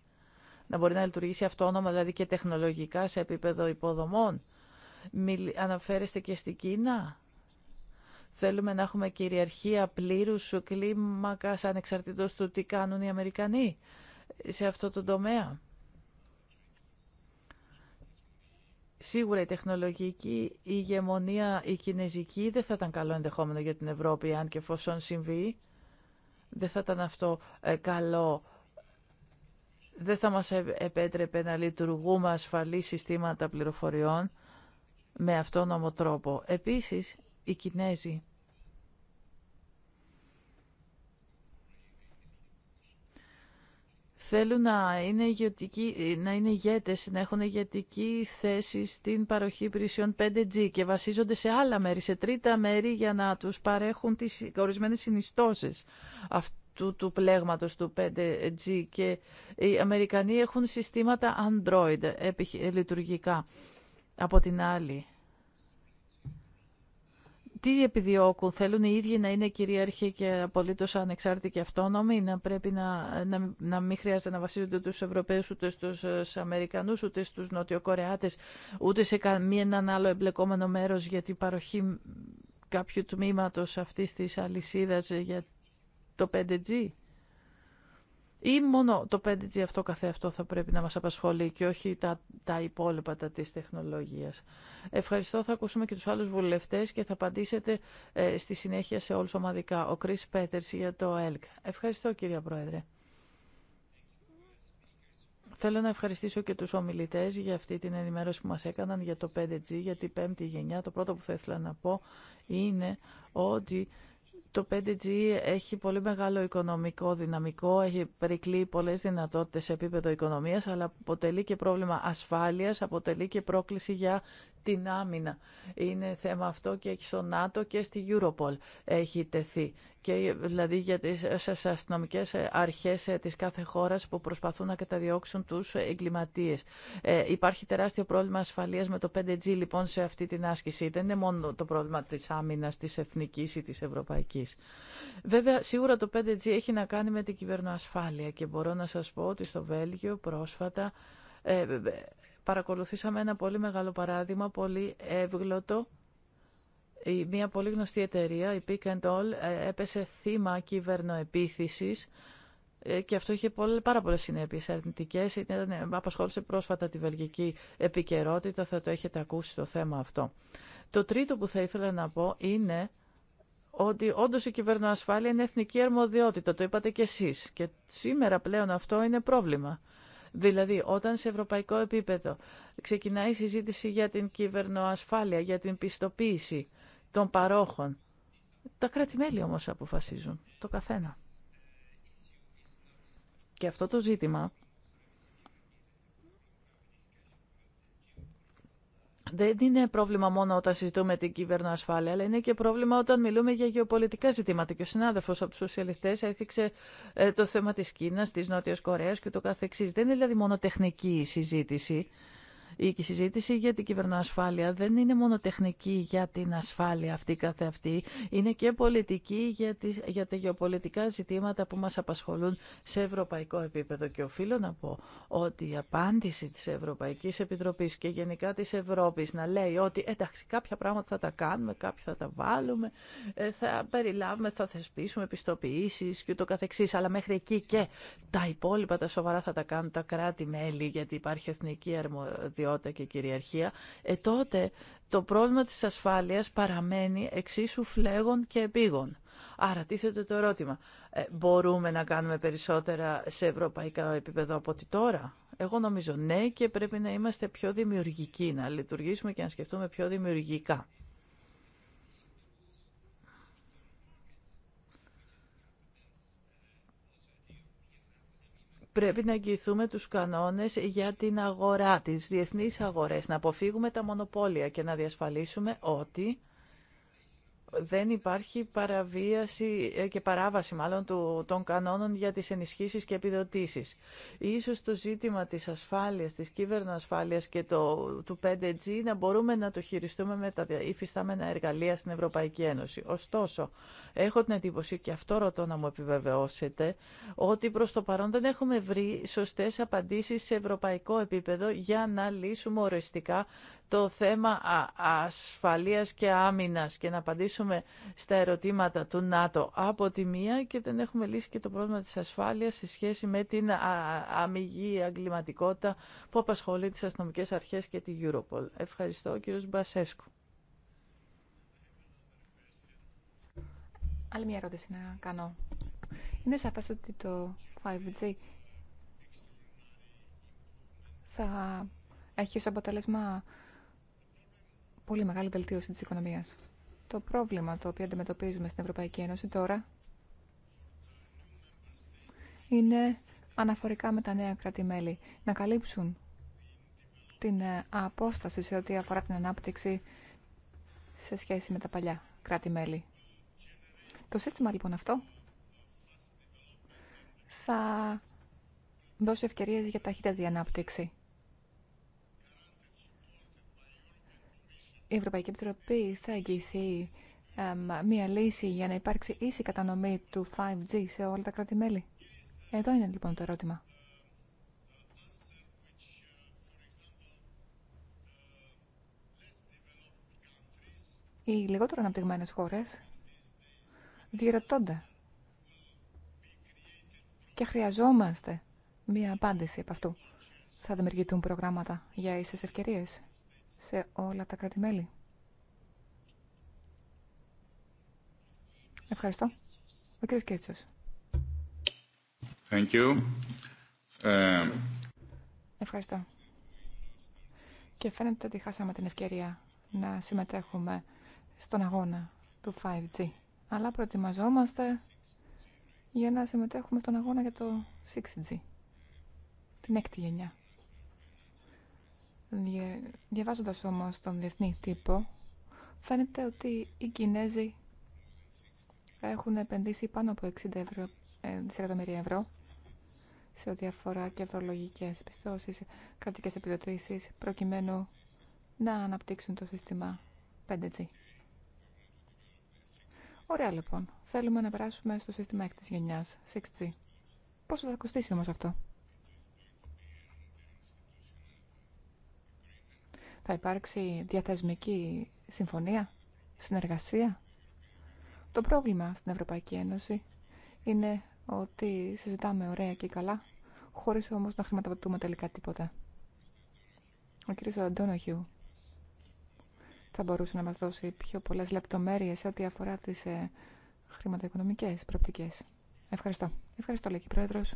Να μπορεί να λειτουργήσει αυτόνομα δηλαδή και τεχνολογικά σε επίπεδο υποδομών. Αναφέρεστε και στην Κίνα. Θέλουμε να έχουμε κυριαρχία πλήρους κλίμακας ανεξαρτητός του τι κάνουν οι Αμερικανοί σε αυτό το τομέα. Σίγουρα η τεχνολογική ηγεμονία η κινέζικη δεν θα ήταν καλό ενδεχόμενο για την Ευρώπη αν και εφόσον συμβεί. Δεν θα ήταν αυτό ε, καλό. Δεν θα μας επέτρεπε να λειτουργούμε ασφαλή συστήματα πληροφοριών με αυτόν τον τρόπο. Επίσης, οι Κινέζοι θέλουν να είναι, ηγετικοί, να είναι ηγέτες, να έχουν ηγετική θέση στην παροχή υπηρεσιών 5G και βασίζονται σε άλλα μέρη, σε τρίτα μέρη για να τους παρέχουν τις ορισμένες συνιστώσεις αυτού του πλέγματος του 5G και οι Αμερικανοί έχουν συστήματα Android λειτουργικά από την άλλη τι επιδιώκουν, θέλουν οι ίδιοι να είναι κυρίαρχοι και απολύτως ανεξάρτητοι και αυτόνομοι, να πρέπει να, να, να μην χρειάζεται να βασίζονται του Ευρωπαίου Ευρωπαίους, ούτε στου ε, Αμερικανούς, ούτε στους Νοτιοκορεάτες, ούτε σε κανέναν άλλο εμπλεκόμενο μέρος για την παροχή κάποιου τμήματο αυτή τη αλυσίδα για το 5G. Ή μόνο το 5G αυτό καθεαυτό θα πρέπει να μας απασχολεί και όχι τα, τα υπόλοιπα τα της τεχνολογίας. Ευχαριστώ, θα ακούσουμε και τους άλλους βουλευτές και θα απαντήσετε ε, στη συνέχεια σε όλους ομαδικά. Ο Κρίς Πέτερς για το ΕΛΚ. Ευχαριστώ κύριε Πρόεδρε. Θέλω να ευχαριστήσω και τους ομιλητές για αυτή την ενημέρωση που μας έκαναν για το 5G, για την πέμπτη γενιά. Το πρώτο που θα ήθελα να πω είναι ότι το 5G έχει πολύ μεγάλο οικονομικό δυναμικό, έχει περικλεί πολλές δυνατότητες σε επίπεδο οικονομίας, αλλά αποτελεί και πρόβλημα ασφάλειας, αποτελεί και πρόκληση για την άμυνα. Είναι θέμα αυτό και στο ΝΑΤΟ και στη Europol έχει τεθεί. Και δηλαδή για τις αστυνομικές αρχές ε, της κάθε χώρας που προσπαθούν να καταδιώξουν τους εγκληματίες. Ε, υπάρχει τεράστιο πρόβλημα ασφαλείας με το 5G λοιπόν σε αυτή την άσκηση. Δεν είναι μόνο το πρόβλημα της άμυνας, της εθνικής ή της ευρωπαϊκής. Βέβαια σίγουρα το 5G έχει να κάνει με την κυβερνοασφάλεια και μπορώ να σας πω ότι στο Βέλγιο πρόσφατα ε, παρακολουθήσαμε ένα πολύ μεγάλο παράδειγμα, πολύ εύγλωτο. Μια πολύ γνωστή εταιρεία, η Pick and All, ε, έπεσε θύμα κυβερνοεπίθεσης ε, και αυτό είχε πάρα πολλές συνέπειες αρνητικές. Ήταν, ε, απασχόλησε πρόσφατα τη βελγική επικαιρότητα, θα το έχετε ακούσει το θέμα αυτό. Το τρίτο που θα ήθελα να πω είναι ότι όντως η κυβερνοασφάλεια είναι εθνική αρμοδιότητα, το είπατε κι εσείς. Και σήμερα πλέον αυτό είναι πρόβλημα. Δηλαδή, όταν σε ευρωπαϊκό επίπεδο ξεκινάει η συζήτηση για την κυβερνοασφάλεια, για την πιστοποίηση των παρόχων, τα κράτη-μέλη όμως αποφασίζουν, το καθένα. Και αυτό το ζήτημα δεν είναι πρόβλημα μόνο όταν συζητούμε την κυβερνοασφάλεια, αλλά είναι και πρόβλημα όταν μιλούμε για γεωπολιτικά ζητήματα. Και ο συνάδελφο από του σοσιαλιστέ έθιξε ε, το θέμα τη Κίνα, τη Νότια Κορέα και το καθεξή. Δεν είναι δηλαδή μόνο τεχνική η συζήτηση. Η συζήτηση για την κυβερνοασφάλεια δεν είναι μόνο τεχνική για την ασφάλεια αυτή αυτή, είναι και πολιτική για, τις, για τα γεωπολιτικά ζητήματα που μας απασχολούν σε ευρωπαϊκό επίπεδο. Και οφείλω να πω ότι η απάντηση της Ευρωπαϊκής Επιτροπής και γενικά της Ευρώπης να λέει ότι εντάξει κάποια πράγματα θα τα κάνουμε, κάποια θα τα βάλουμε, ε, θα περιλάβουμε, θα θεσπίσουμε επιστοποιήσεις και το καθεξής, αλλά μέχρι εκεί και τα υπόλοιπα τα σοβαρά θα τα κάνουν τα κράτη-μέλη γιατί υπάρχει εθνική αρμοδιότητα αρμοδιότητα και κυριαρχία, ε, τότε το πρόβλημα της ασφάλειας παραμένει εξίσου φλέγων και επίγον. Άρα τίθεται το ερώτημα, ε, μπορούμε να κάνουμε περισσότερα σε ευρωπαϊκό επίπεδο από ότι τώρα. Εγώ νομίζω ναι και πρέπει να είμαστε πιο δημιουργικοί, να λειτουργήσουμε και να σκεφτούμε πιο δημιουργικά. Πρέπει να εγγυηθούμε τους κανόνες για την αγορά, τις διεθνείς αγορές, να αποφύγουμε τα μονοπόλια και να διασφαλίσουμε ότι δεν υπάρχει παραβίαση ε, και παράβαση μάλλον των κανόνων για τις ενισχύσεις και επιδοτήσεις. Ίσως το ζήτημα της ασφάλειας, της ασφάλειας και το, του 5G να μπορούμε να το χειριστούμε με τα υφιστάμενα εργαλεία στην Ευρωπαϊκή Ένωση. Ωστόσο, έχω την εντύπωση και αυτό ρωτώ να μου επιβεβαιώσετε ότι προς το παρόν δεν έχουμε βρει σωστές απαντήσεις σε ευρωπαϊκό επίπεδο για να λύσουμε οριστικά το θέμα ασφαλείας και άμυνας και να απαντήσουμε στα ερωτήματα του ΝΑΤΟ από τη μία και δεν έχουμε λύσει και το πρόβλημα της ασφάλειας σε σχέση με την αμυγή αγκληματικότητα που απασχολεί τις αστυνομικές αρχές και τη Europol. Ευχαριστώ κύριος Μπασέσκου. Άλλη μια ερώτηση να κάνω. Είναι σαφές ότι το 5G θα έχει ως αποτέλεσμα πολύ μεγάλη βελτίωση της οικονομίας. Το πρόβλημα το οποίο αντιμετωπίζουμε στην Ευρωπαϊκή Ένωση τώρα είναι αναφορικά με τα νέα κράτη-μέλη να καλύψουν την ε, απόσταση σε ό,τι αφορά την ανάπτυξη σε σχέση με τα παλιά κράτη-μέλη. Το σύστημα λοιπόν αυτό θα δώσει ευκαιρίες για ταχύτερη ανάπτυξη. η Ευρωπαϊκή Επιτροπή θα εγγυηθεί μία λύση για να υπάρξει ίση κατανομή του 5G σε όλα τα κράτη-μέλη. Εδώ είναι λοιπόν το ερώτημα. Οι λιγότερο αναπτυγμένες χώρες διερωτώνται και χρειαζόμαστε μία απάντηση από αυτού. Θα δημιουργηθούν προγράμματα για ίσες ευκαιρίες σε όλα τα κρατη Ευχαριστώ. Ο κύριος Κέτσος. Thank you. Ε, Ευχαριστώ. Και φαίνεται ότι χάσαμε την ευκαιρία να συμμετέχουμε στον αγώνα του 5G. Αλλά προετοιμαζόμαστε για να συμμετέχουμε στον αγώνα για το 6G. Την έκτη γενιά. Διαβάζοντας όμως τον διεθνή τύπο, φαίνεται ότι οι Κινέζοι έχουν επενδύσει πάνω από 60 ευρώ, ε, δισεκατομμύρια ευρώ σε ό,τι αφορά κερδολογικές πιστώσεις, κρατικές επιδοτήσεις, προκειμένου να αναπτύξουν το σύστημα 5G. Ωραία λοιπόν, θέλουμε να περάσουμε στο συστημα 6 έκτης γενιάς, 6G. Πόσο θα κοστίσει όμως αυτό. Θα υπάρξει διαθεσμική συμφωνία, συνεργασία. Το πρόβλημα στην Ευρωπαϊκή Ένωση είναι ότι συζητάμε ωραία και καλά, χωρίς όμως να χρηματοδοτούμε τελικά τίποτα. Ο κ. Αντώνοχιου θα μπορούσε να μας δώσει πιο πολλές λεπτομέρειες σε ό,τι αφορά τις ε, χρηματοοικονομικές προπτικές. Ευχαριστώ. Ευχαριστώ, λέει Πρόεδρος.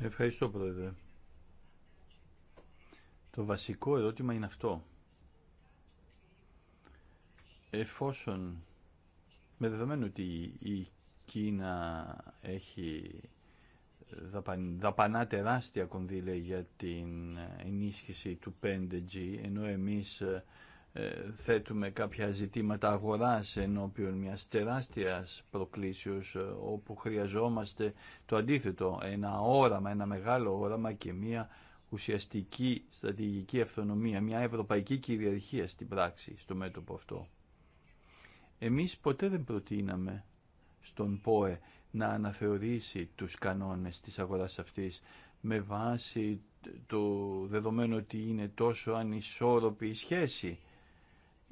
Ευχαριστώ, Πρόεδρε. Το βασικό ερώτημα είναι αυτό. Εφόσον, με δεδομένου ότι η Κίνα έχει δαπανά τεράστια κονδύλια για την ενίσχυση του 5G, ενώ εμείς ε, θέτουμε κάποια ζητήματα αγοράς ενώπιον μιας τεράστιας προκλήσεως ε, όπου χρειαζόμαστε το αντίθετο, ένα όραμα, ένα μεγάλο όραμα και μια ουσιαστική στρατηγική αυτονομία, μια ευρωπαϊκή κυριαρχία στην πράξη στο μέτωπο αυτό. Εμείς ποτέ δεν προτείναμε στον ΠΟΕ να αναθεωρήσει τους κανόνες της αγοράς αυτής με βάση το δεδομένο ότι είναι τόσο ανισόρροπη η σχέση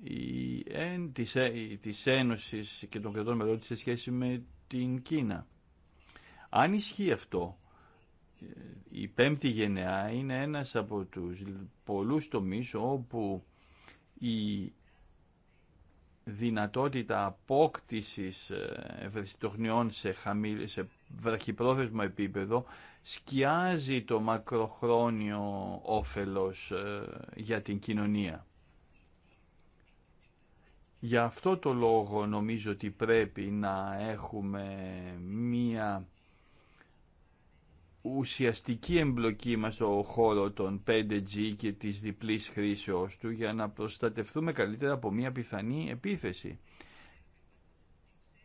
η, εν, ε- της, Ένωσης και των κρατών μελών σε σχέση με την Κίνα. Αν ισχύει αυτό, ε, η πέμπτη γενεά είναι ένας από τους πολλούς τομείς όπου η δυνατότητα απόκτησης ε, ευρεσιτοχνιών σε, σε βραχυπρόθεσμο επίπεδο σκιάζει το μακροχρόνιο όφελος για την κοινωνία. Για αυτό το λόγο νομίζω ότι πρέπει να έχουμε μία ουσιαστική εμπλοκή μας στο χώρο των 5G και της διπλής χρήσεώς του για να προστατευτούμε καλύτερα από μία πιθανή επίθεση.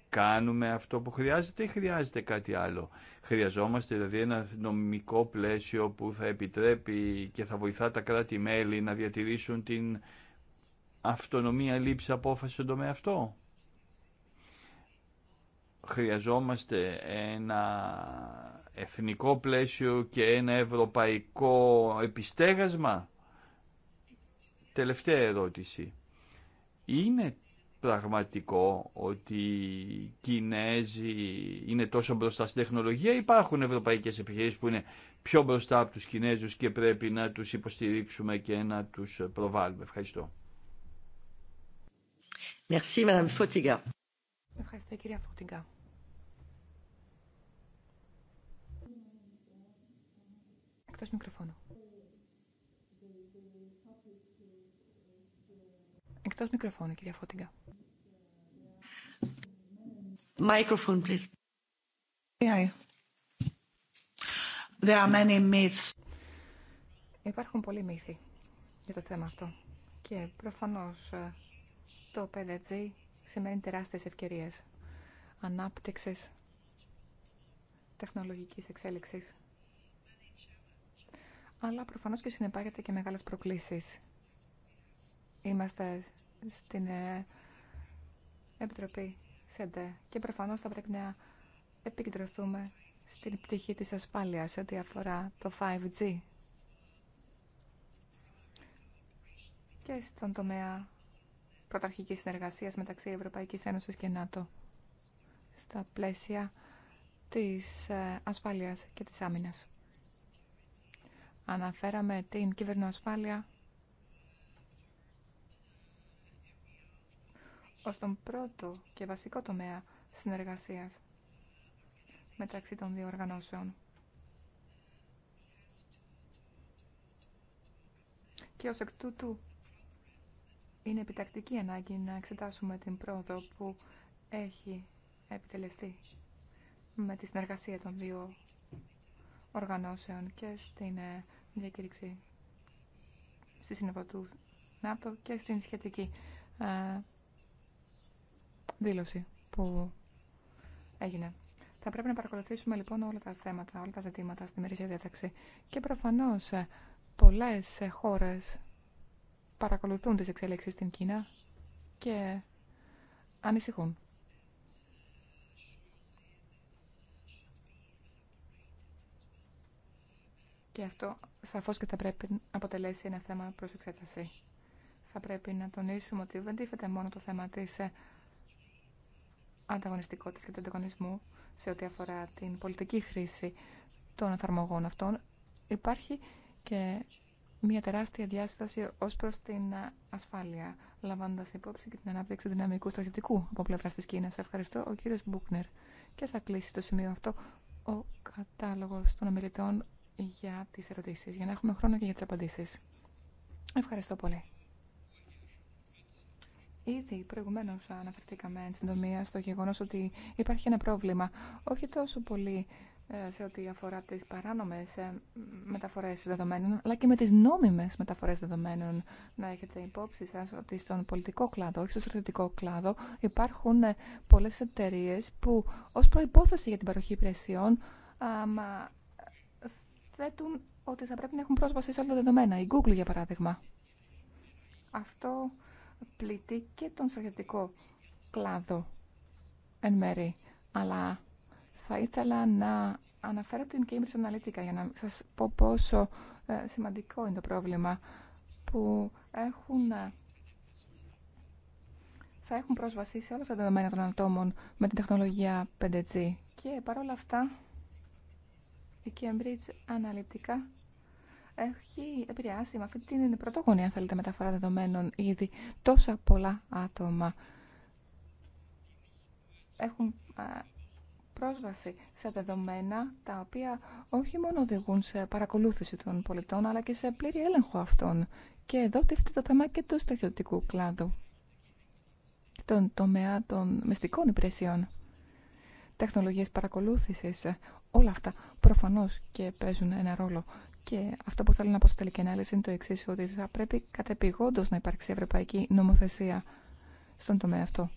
Κάνουμε αυτό που χρειάζεται ή χρειάζεται κάτι άλλο. Χρειαζόμαστε δηλαδή ένα νομικό πλαίσιο που θα επιτρέπει και θα βοηθά τα κράτη-μέλη να διατηρήσουν την αυτονομία λήψη απόφαση στον τομέα αυτό. Χρειαζόμαστε ένα εθνικό πλαίσιο και ένα ευρωπαϊκό επιστέγασμα. Τελευταία ερώτηση. Είναι πραγματικό ότι οι Κινέζοι είναι τόσο μπροστά στην τεχνολογία. Υπάρχουν ευρωπαϊκές επιχειρήσεις που είναι πιο μπροστά από τους Κινέζους και πρέπει να τους υποστηρίξουμε και να τους προβάλλουμε. Ευχαριστώ κυρία Εκτός μικροφώνου. Εκτός μικροφώνου, κυρία Φωτιγκά. Υπάρχουν πολλοί μύθοι για το θέμα αυτό. Και προφανώς ε, το 5G σημαίνει τεράστιες ευκαιρίες ανάπτυξης τεχνολογικής εξέλιξης αλλά προφανώς και συνεπάγεται και μεγάλες προκλήσεις. Είμαστε στην ε, Επιτροπή ΣΕΝΤΕ και προφανώς θα πρέπει να επικεντρωθούμε στην πτυχή της ασφάλειας σε ό,τι αφορά το 5G και στον τομέα πρωταρχικής συνεργασίας μεταξύ Ευρωπαϊκής Ένωσης και ΝΑΤΟ στα πλαίσια της ε, ασφάλειας και της άμυνας. Αναφέραμε την κυβερνοασφάλεια ως τον πρώτο και βασικό τομέα συνεργασίας μεταξύ των δύο οργανώσεων. Και ως εκ τούτου είναι επιτακτική ανάγκη να εξετάσουμε την πρόοδο που έχει επιτελεστεί με τη συνεργασία των δύο οργανώσεων και στην ε, διακήρυξη στη Σύνοδο του ΝΑΤΟ και στην σχετική ε, δήλωση που έγινε. Θα πρέπει να παρακολουθήσουμε λοιπόν όλα τα θέματα, όλα τα ζητήματα στη μερίσια διάταξη και προφανώς ε, πολλές χώρες παρακολουθούν τις εξέλιξεις στην Κίνα και ανησυχούν. Και αυτό σαφώς και θα πρέπει να αποτελέσει ένα θέμα προς εξέταση. Θα πρέπει να τονίσουμε ότι δεν τίθεται μόνο το θέμα της ε, ανταγωνιστικότητας και του ανταγωνισμού σε ό,τι αφορά την πολιτική χρήση των εφαρμογών αυτών. Υπάρχει και μια τεράστια διάσταση ως προς την ασφάλεια, λαμβάνοντα υπόψη και την ανάπτυξη δυναμικού στρατιωτικού από πλευρά τη Κίνα. Ευχαριστώ, ο κύριος Μπούκνερ. Και θα κλείσει το σημείο αυτό ο κατάλογος των ομιλητών για τις ερωτήσεις, για να έχουμε χρόνο και για τι απαντήσεις. Ευχαριστώ πολύ. Ήδη προηγουμένω αναφερθήκαμε εν συντομία στο γεγονό ότι υπάρχει ένα πρόβλημα. Όχι τόσο πολύ ε, σε ό,τι αφορά τις παράνομες ε, μεταφορές δεδομένων, αλλά και με τις νόμιμες μεταφορές δεδομένων. Να έχετε υπόψη σας ότι στον πολιτικό κλάδο, όχι στο στρατιωτικό κλάδο, υπάρχουν ε, πολλές εταιρείες που ως προϋπόθεση για την παροχή υπηρεσιών θέτουν ότι θα πρέπει να έχουν πρόσβαση σε όλα τα δεδομένα. Η Google, για παράδειγμα. Αυτό πληττεί και τον στρατιωτικό κλάδο εν μέρη, αλλά θα ήθελα να αναφέρω την Cambridge Analytica για να σας πω πόσο ε, σημαντικό είναι το πρόβλημα που έχουν, ε, θα έχουν πρόσβαση σε όλα αυτά τα δεδομένα των ατόμων με την τεχνολογία 5G. Και παρόλα αυτά, η Cambridge Analytica έχει επηρεάσει με αυτή την πρωτόγονη, αν θέλετε, μεταφορά δεδομένων ήδη τόσα πολλά άτομα. Έχουν ε, πρόσβαση σε δεδομένα τα οποία όχι μόνο οδηγούν σε παρακολούθηση των πολιτών αλλά και σε πλήρη έλεγχο αυτών. Και εδώ τίθεται το θέμα και του στρατιωτικού κλάδου, τον τομέα των μυστικών υπηρεσιών, τεχνολογίες παρακολούθησης, όλα αυτά προφανώς και παίζουν ένα ρόλο. Και αυτό που θέλω να πω στη τελική ανάλυση είναι το εξή ότι θα πρέπει κατεπηγόντως να υπάρξει ευρωπαϊκή νομοθεσία στον τομέα αυτό.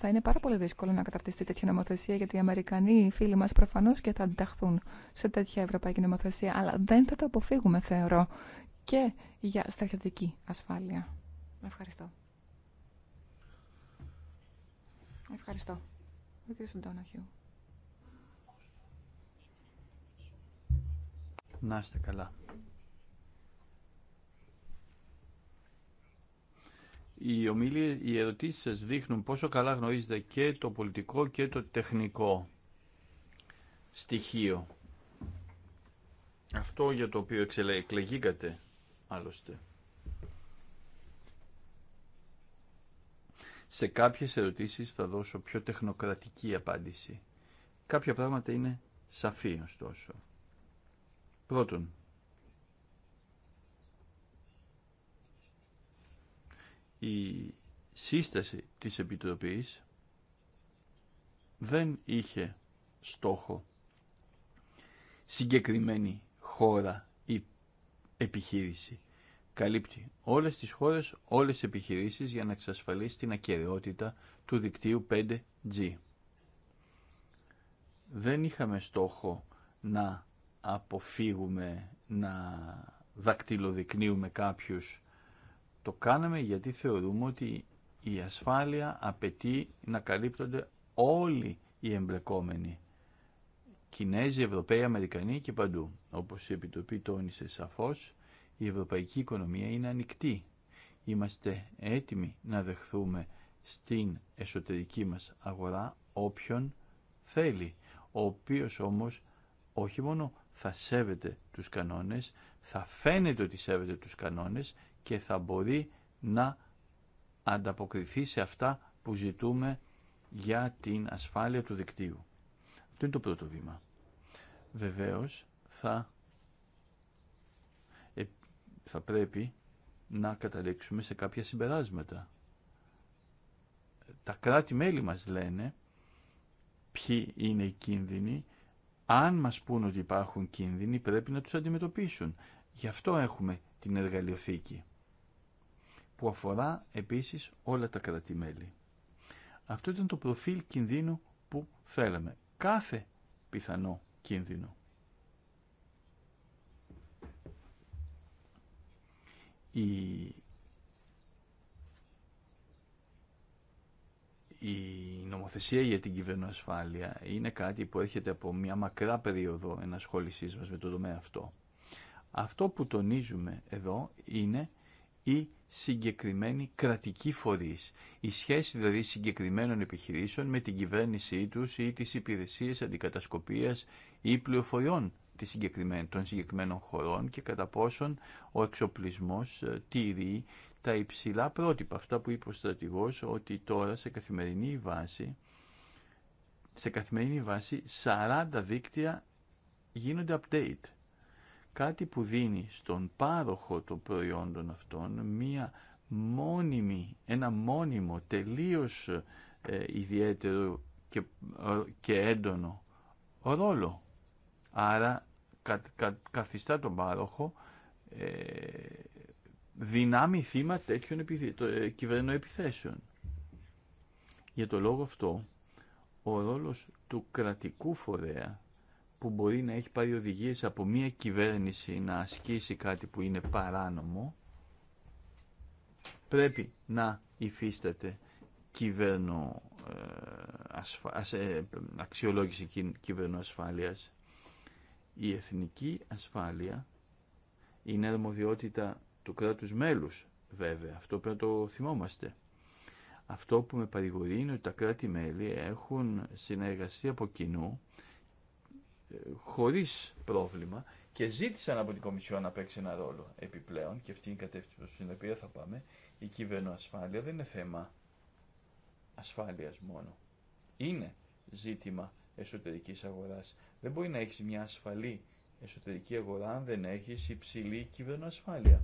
Θα είναι πάρα πολύ δύσκολο να καταρτιστεί τέτοια νομοθεσία γιατί οι Αμερικανοί φίλοι μας προφανώς και θα αντιταχθούν σε τέτοια ευρωπαϊκή νομοθεσία αλλά δεν θα το αποφύγουμε θεωρώ και για στρατιωτική ασφάλεια. Ευχαριστώ. Ευχαριστώ. Ο κ. Σουντόναχιου. Να είστε καλά. Οι ομιλίες οι ερωτήσεις σας δείχνουν πόσο καλά γνωρίζετε και το πολιτικό και το τεχνικό στοιχείο. Αυτό για το οποίο εκλεγήκατε άλλωστε. Σε κάποιες ερωτήσεις θα δώσω πιο τεχνοκρατική απάντηση. Κάποια πράγματα είναι σαφή ωστόσο. Πρώτον, η σύσταση της Επιτροπής δεν είχε στόχο συγκεκριμένη χώρα ή επιχείρηση. Καλύπτει όλες τις χώρες, όλες τις επιχειρήσεις για να εξασφαλίσει την ακαιρεότητα του δικτύου 5G. Δεν είχαμε στόχο να αποφύγουμε να δακτυλοδεικνύουμε κάποιους το κάναμε γιατί θεωρούμε ότι η ασφάλεια απαιτεί να καλύπτονται όλοι οι εμπλεκόμενοι. Κινέζοι, Ευρωπαίοι, Αμερικανοί και παντού. Όπως η Επιτροπή τόνισε σαφώς, η ευρωπαϊκή οικονομία είναι ανοιχτή. Είμαστε έτοιμοι να δεχθούμε στην εσωτερική μας αγορά όποιον θέλει, ο οποίος όμως όχι μόνο θα σέβεται τους κανόνες, θα φαίνεται ότι σέβεται τους κανόνες και θα μπορεί να ανταποκριθεί σε αυτά που ζητούμε για την ασφάλεια του δικτύου. Αυτό είναι το πρώτο βήμα. Βεβαίως θα, ε, θα πρέπει να καταλήξουμε σε κάποια συμπεράσματα. Τα κράτη-μέλη μας λένε ποιοι είναι οι κίνδυνοι. Αν μας πούν ότι υπάρχουν κίνδυνοι πρέπει να τους αντιμετωπίσουν. Γι' αυτό έχουμε την εργαλειοθήκη που αφορά επίσης όλα τα κρατημέλη. Αυτό ήταν το προφίλ κινδύνου που θέλαμε. Κάθε πιθανό κίνδυνο. Η... η νομοθεσία για την κυβερνοασφάλεια είναι κάτι που έρχεται από μια μακρά περίοδο ενασχόλησής μας με το τομέα αυτό. Αυτό που τονίζουμε εδώ είναι ή συγκεκριμένοι κρατικοί φορείς. Η σχέση δηλαδή συγκεκριμένων επιχειρήσεων με την κυβέρνησή τους ή τις υπηρεσίες αντικατασκοπίας ή πληροφοριών των συγκεκριμένων χωρών και κατά πόσον ο εξοπλισμός ε, τηρεί τα υψηλά πρότυπα. Αυτά που είπε ο στρατηγός ότι τώρα σε καθημερινή βάση, σε καθημερινή βάση 40 δίκτυα γίνονται update κάτι που δίνει στον πάροχο των προϊόντων αυτών μία μόνιμη, ένα μόνιμο τελείως ε, ιδιαίτερο και, ε, και έντονο ρόλο. Άρα καθιστά τον πάροχο ε, δυνάμει θύμα τέτοιων κυβερνών ε, Για το λόγο αυτό, ο ρόλος του κρατικού φορέα που μπορεί να έχει πάρει οδηγίες από μια κυβέρνηση να ασκήσει κάτι που είναι παράνομο πρέπει να υφίσταται κυβέρνο ε, ε, αξιολόγηση κυβέρνο ασφάλειας. Η εθνική ασφάλεια είναι αρμοδιότητα του κράτους μέλους βέβαια. Αυτό πρέπει να το θυμόμαστε. Αυτό που με παρηγορεί είναι ότι τα κράτη-μέλη έχουν συνεργαστεί από κοινού χωρίς πρόβλημα και ζήτησαν από την Κομισιόν να παίξει ένα ρόλο επιπλέον και αυτή είναι η κατεύθυνση στην οποία θα πάμε η κυβερνοασφάλεια δεν είναι θέμα ασφάλειας μόνο είναι ζήτημα εσωτερικής αγοράς δεν μπορεί να έχεις μια ασφαλή εσωτερική αγορά αν δεν έχεις υψηλή ασφάλεια.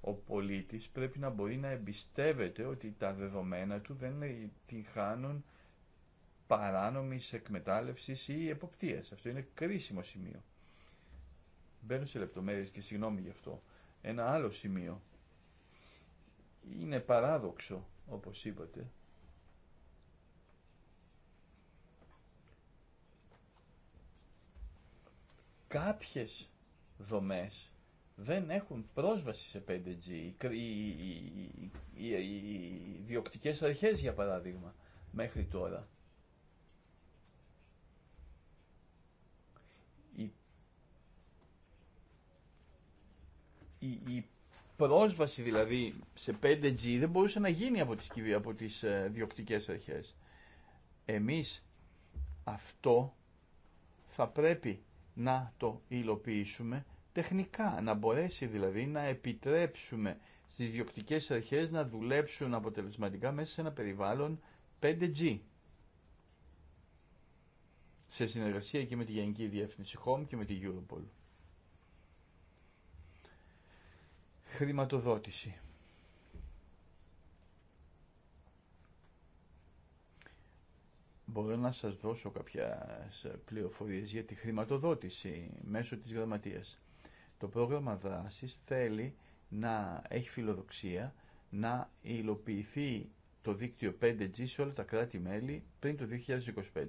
ο πολίτης πρέπει να μπορεί να εμπιστεύεται ότι τα δεδομένα του δεν την χάνουν παράνομης εκμετάλλευσης ή εποπτείας. Αυτό είναι κρίσιμο σημείο. Μπαίνω σε λεπτομέρειες και συγγνώμη γι' αυτό. Ένα άλλο σημείο. Είναι παράδοξο, όπως είπατε, κάποιες δομές δεν έχουν πρόσβαση σε 5G. Οι, οι, οι, διοκτικές αρχές, για παράδειγμα, μέχρι τώρα. η, η πρόσβαση δηλαδή σε 5G δεν μπορούσε να γίνει από τις, από τις ε, διοκτικές αρχές. Εμείς αυτό θα πρέπει να το υλοποιήσουμε τεχνικά, να μπορέσει δηλαδή να επιτρέψουμε στις διοκτικές αρχές να δουλέψουν αποτελεσματικά μέσα σε ένα περιβάλλον 5G. Σε συνεργασία και με τη Γενική Διεύθυνση Home και με τη Europol. Χρηματοδότηση. Μπορώ να σας δώσω κάποια πληροφορίες για τη χρηματοδότηση μέσω της γραμματείας. Το πρόγραμμα δράσης θέλει να έχει φιλοδοξία να υλοποιηθεί το δίκτυο 5G σε όλα τα κράτη-μέλη πριν το 2025.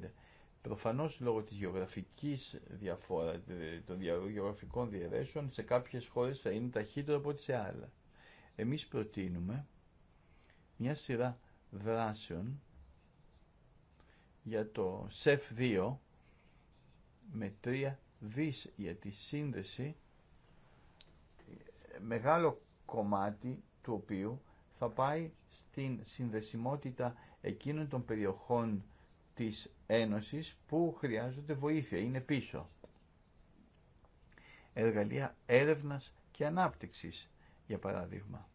Προφανώς λόγω της γεωγραφικής διαφόρας, των γεωγραφικών διαιρέσεων, σε κάποιες χώρες θα είναι ταχύτερο από ό,τι σε άλλα. Εμείς προτείνουμε μια σειρά δράσεων για το ΣΕΦ2 με 3 δις για τη σύνδεση μεγάλο κομμάτι του οποίου θα πάει στην συνδεσιμότητα εκείνων των περιοχών της Ένωσης που χρειάζονται βοήθεια, είναι πίσω. Εργαλεία έρευνας και ανάπτυξης, για παράδειγμα.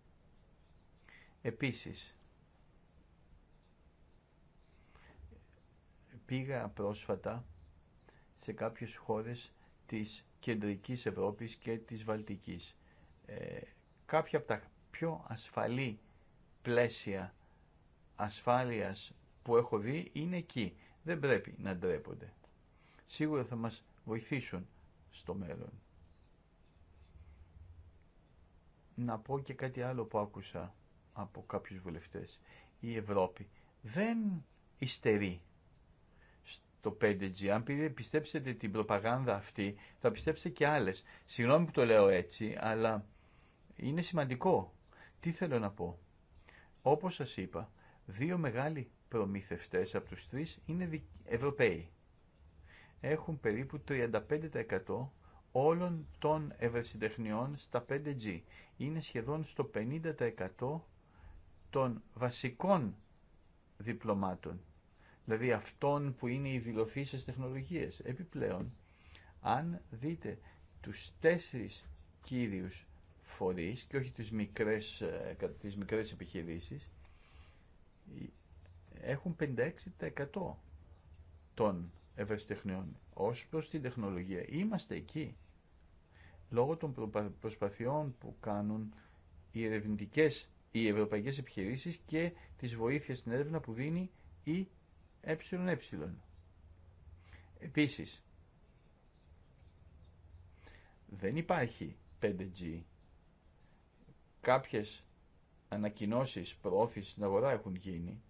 Επίσης, πήγα πρόσφατα σε κάποιες χώρες της κεντρικής Ευρώπης και της Βαλτικής. Ε, κάποια από τα πιο ασφαλή πλαίσια ασφάλειας που έχω δει είναι εκεί δεν πρέπει να ντρέπονται. Σίγουρα θα μας βοηθήσουν στο μέλλον. Να πω και κάτι άλλο που άκουσα από κάποιους βουλευτές. Η Ευρώπη δεν ιστερεί στο 5G. Αν πιστέψετε την προπαγάνδα αυτή, θα πιστέψετε και άλλες. Συγγνώμη που το λέω έτσι, αλλά είναι σημαντικό. Τι θέλω να πω. Όπως σας είπα, δύο μεγάλοι προμηθευτές από τους τρεις είναι Ευρωπαίοι. Έχουν περίπου 35% όλων των ευρεσιτεχνιών στα 5G. Είναι σχεδόν στο 50% των βασικών διπλωμάτων. Δηλαδή αυτών που είναι οι δηλωθήσεις τεχνολογίες. Επιπλέον, αν δείτε τους τέσσερις κύριους φορείς και όχι τις μικρές, ε, τις μικρές επιχειρήσεις, έχουν 56% των ευρεσιτεχνιών ως προς την τεχνολογία. Είμαστε εκεί λόγω των προσπαθειών που κάνουν οι ερευνητικέ οι ευρωπαϊκές επιχειρήσεις και της βοήθειες στην έρευνα που δίνει η ΕΕ. Επίσης, δεν υπάρχει 5G. Κάποιες ανακοινώσεις προώθησης στην αγορά έχουν γίνει,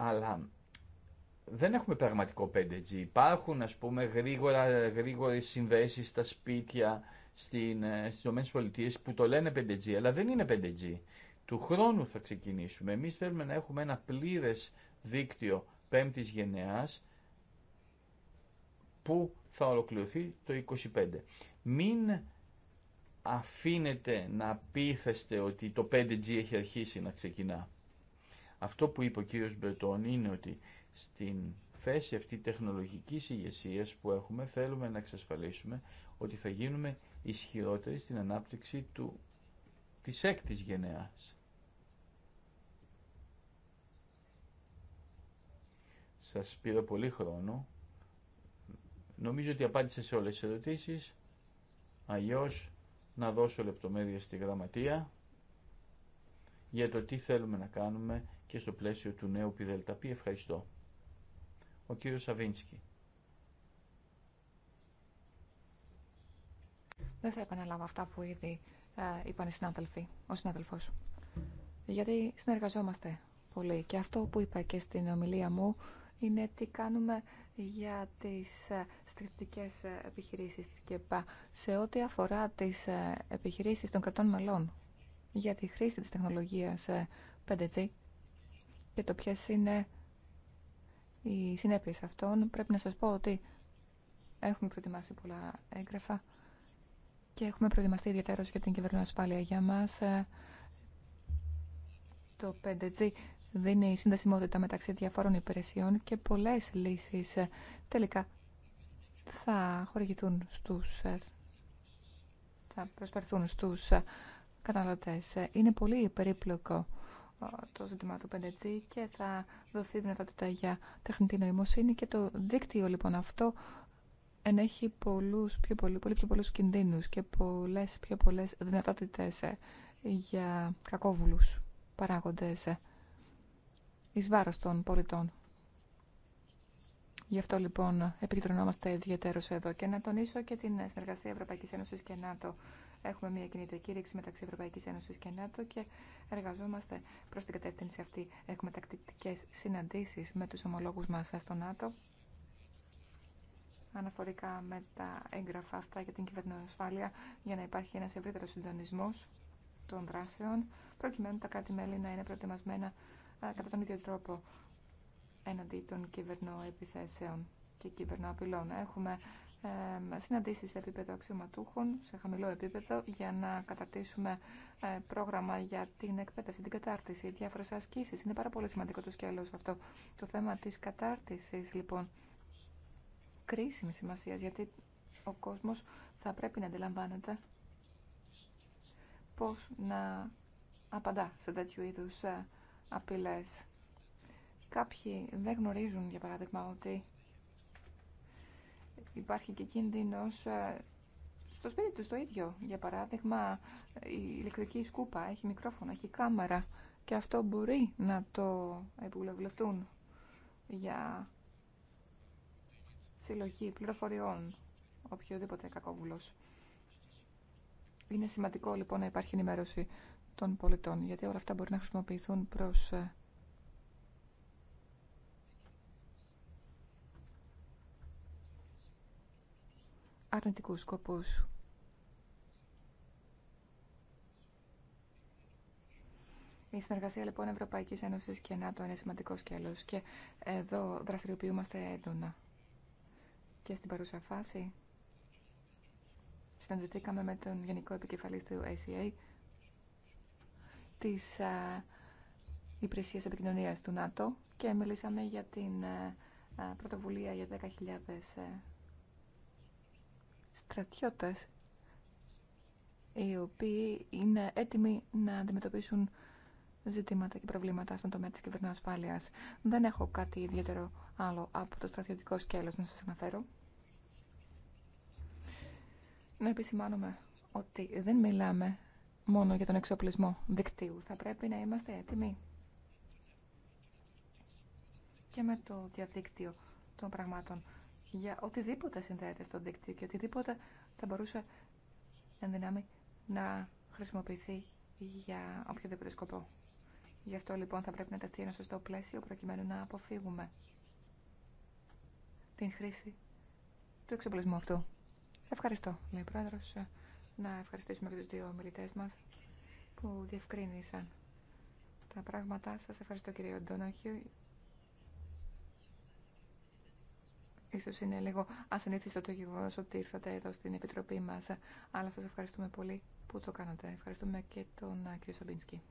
αλλά δεν έχουμε πραγματικό 5G. Υπάρχουν, ας πούμε, γρήγορα, γρήγορες συνδέσεις στα σπίτια, στην, ε, στις ΗΠΑ που το λένε 5G, αλλά δεν είναι 5G. Του χρόνου θα ξεκινήσουμε. Εμείς θέλουμε να έχουμε ένα πλήρες δίκτυο πέμπτης γενεάς που θα ολοκληρωθεί το 25. Μην αφήνετε να πείθεστε ότι το 5G έχει αρχίσει να ξεκινά. Αυτό που είπε ο κύριος Μπερτών είναι ότι στην θέση αυτή τεχνολογικής ηγεσία που έχουμε θέλουμε να εξασφαλίσουμε ότι θα γίνουμε ισχυρότεροι στην ανάπτυξη του, της έκτης γενεάς. Σας πήρα πολύ χρόνο. Νομίζω ότι απάντησα σε όλες τις ερωτήσεις. Αλλιώς να δώσω λεπτομέρειες στη γραμματεία για το τι θέλουμε να κάνουμε και στο πλαίσιο του νέου ΠΙΔΕΛΤΑΠΗ. Ευχαριστώ. Ο κύριος Σαβίνσκι. Δεν θα επαναλάβω αυτά που ήδη ε, είπαν οι συνάδελφοι, ο συνάδελφος. Γιατί συνεργαζόμαστε πολύ και αυτό που είπα και στην ομιλία μου είναι τι κάνουμε για τις ε, στρατιωτικές ε, επιχειρήσεις της ΚΕΠΑ σε ό,τι αφορά τις επιχειρήσεις των κρατών μελών για τη χρήση της τεχνολογίας 5G και το ποιε είναι οι συνέπειε αυτών. Πρέπει να σας πω ότι έχουμε προετοιμάσει πολλά έγγραφα και έχουμε προετοιμαστεί ιδιαίτερω για την ασφάλεια για μας. Το 5G δίνει συνδεσιμότητα μεταξύ διαφόρων υπηρεσιών και πολλές λύσεις τελικά θα χορηγηθούν στους θα προσφερθούν στους καταναλωτές. Είναι πολύ περίπλοκο το ζήτημα του 5G και θα δοθεί δυνατότητα για τεχνητή νοημοσύνη και το δίκτυο λοιπόν αυτό ενέχει πολλούς, πιο πολύ, πολύ πιο πολλούς κινδύνους και πολλές πιο πολλές δυνατότητες ε, για κακόβουλους παράγοντες ε, εις βάρος των πολιτών. Γι' αυτό λοιπόν επικεντρωνόμαστε ιδιαίτερω εδώ και να τονίσω και την συνεργασία Ευρωπαϊκής Ένωσης και ΝΑΤΟ Έχουμε μια κινητική κήρυξη μεταξύ Ευρωπαϊκή Ένωση και ΝΑΤΟ και εργαζόμαστε προ την κατεύθυνση αυτή. Έχουμε τακτικέ συναντήσεις με τους ομολόγου μας στο ΝΑΤΟ αναφορικά με τα έγγραφα αυτά για την κυβερνοασφάλεια για να υπάρχει ένας ευρύτερο συντονισμό των δράσεων προκειμένου τα κράτη-μέλη να είναι προετοιμασμένα κατά τον ίδιο τρόπο έναντι των κυβερνοεπιθέσεων και κυβερνοαπειλών. Έχουμε συναντήσεις σε επίπεδο αξιωματούχων, σε χαμηλό επίπεδο, για να καταρτήσουμε ε, πρόγραμμα για την εκπαίδευση, την κατάρτιση, διάφορες ασκήσεις. Είναι πάρα πολύ σημαντικό το σκέλος αυτό. Το θέμα της κατάρτισης, λοιπόν, κρίσιμη σημασία, γιατί ο κόσμος θα πρέπει να αντιλαμβάνεται πώς να απαντά σε τέτοιου είδους ε, απειλές. Κάποιοι δεν γνωρίζουν, για παράδειγμα, ότι υπάρχει και κίνδυνος ε, στο σπίτι του το ίδιο. Για παράδειγμα, η ηλεκτρική σκούπα έχει μικρόφωνο, έχει κάμερα και αυτό μπορεί να το επουλευλευτούν για συλλογή πληροφοριών, οποιοδήποτε κακόβουλος. Είναι σημαντικό λοιπόν να υπάρχει ενημέρωση των πολιτών, γιατί όλα αυτά μπορεί να χρησιμοποιηθούν προς ε, αρνητικούς σκοπούς. Η συνεργασία λοιπόν Ευρωπαϊκή Ένωση και ΝΑΤΟ είναι σημαντικό σκέλο και εδώ δραστηριοποιούμαστε έντονα. Και στην παρούσα φάση συναντηθήκαμε με τον Γενικό Επικεφαλή του ACA της Υπηρεσίας Επικοινωνίας του ΝΑΤΟ και μιλήσαμε για την πρωτοβουλία για 10.000 στρατιώτες οι οποίοι είναι έτοιμοι να αντιμετωπίσουν ζητήματα και προβλήματα στον τομέα της ασφάλειας. Δεν έχω κάτι ιδιαίτερο άλλο από το στρατιωτικό σκέλος να σας αναφέρω. Να επισημάνομαι ότι δεν μιλάμε μόνο για τον εξοπλισμό δικτύου. Θα πρέπει να είμαστε έτοιμοι και με το διαδίκτυο των πραγμάτων για οτιδήποτε συνδέεται στο δίκτυο και οτιδήποτε θα μπορούσε εν δυνάμει να χρησιμοποιηθεί για οποιοδήποτε σκοπό. Γι' αυτό λοιπόν θα πρέπει να τεθεί ένα σωστό πλαίσιο προκειμένου να αποφύγουμε την χρήση του εξοπλισμού αυτού. Ευχαριστώ, λέει ο Να ευχαριστήσουμε και τους δύο ομιλητέ μας που διευκρίνησαν τα πράγματα. Σα ευχαριστώ κύριε Ντόναχιου Ίσως είναι λίγο ασυνήθιστο το γεγονός ότι ήρθατε εδώ στην Επιτροπή μας, αλλά σας ευχαριστούμε πολύ που το κάνατε. Ευχαριστούμε και τον ε, κύριο Σαμπίνσκι.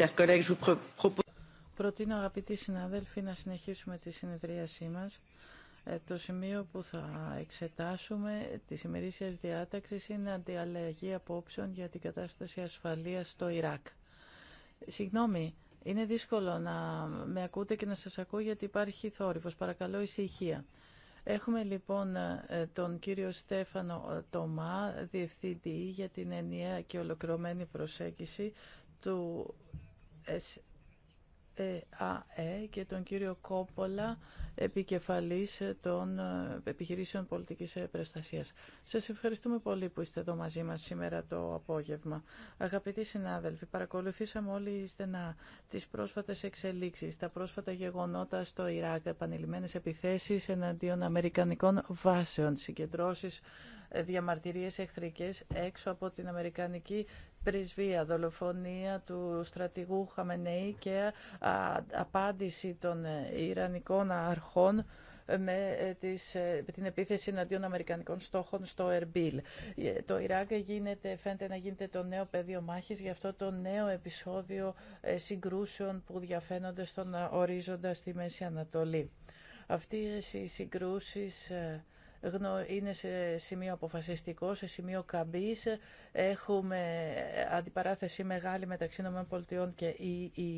chers collègues, je vous propose... Προτείνω αγαπητοί συνάδελφοι να συνεχίσουμε τη συνεδρίασή μας. Ε, το σημείο που θα εξετάσουμε τη ημερήσιας διάταξης είναι αντιαλλαγή απόψεων για την κατάσταση ασφαλείας στο Ιράκ. Συγγνώμη, είναι δύσκολο να με ακούτε και να σας ακούω γιατί υπάρχει θόρυβος. Παρακαλώ ησυχία. Έχουμε λοιπόν ε, τον κύριο Στέφανο ε, Τωμά, Διευθυντή για την ενιαία και ολοκληρωμένη προσέγγιση του ΣΕΑΕ και τον κύριο Κόπολα, επικεφαλής των ε, επιχειρήσεων πολιτικής προστασίας. Σας ευχαριστούμε πολύ που είστε εδώ μαζί μας σήμερα το απόγευμα. Αγαπητοί συνάδελφοι, παρακολουθήσαμε όλοι στενά τις πρόσφατες εξελίξεις, τα πρόσφατα γεγονότα στο Ιράκ, επανειλημμένες επιθέσεις εναντίον Αμερικανικών βάσεων, συγκεντρώσεις ε, διαμαρτυρίες εχθρικές έξω από την Αμερικανική πρισβεία, δολοφονία του στρατηγού Χαμενεή και απάντηση των Ιρανικών αρχών με ε, ε, την επίθεση εναντίον Αμερικανικών στόχων στο Ερμπίλ. Ε, το Ιράκ γίνεται, φαίνεται να γίνεται το νέο πεδίο μάχης, για αυτό το νέο επεισόδιο συγκρούσεων που διαφαίνονται στον ορίζοντα στη Μέση Ανατολή. Αυτές οι συγκρούσεις είναι σε σημείο αποφασιστικό, σε σημείο καμπής. Έχουμε αντιπαράθεση μεγάλη μεταξύ ΗΠΑ και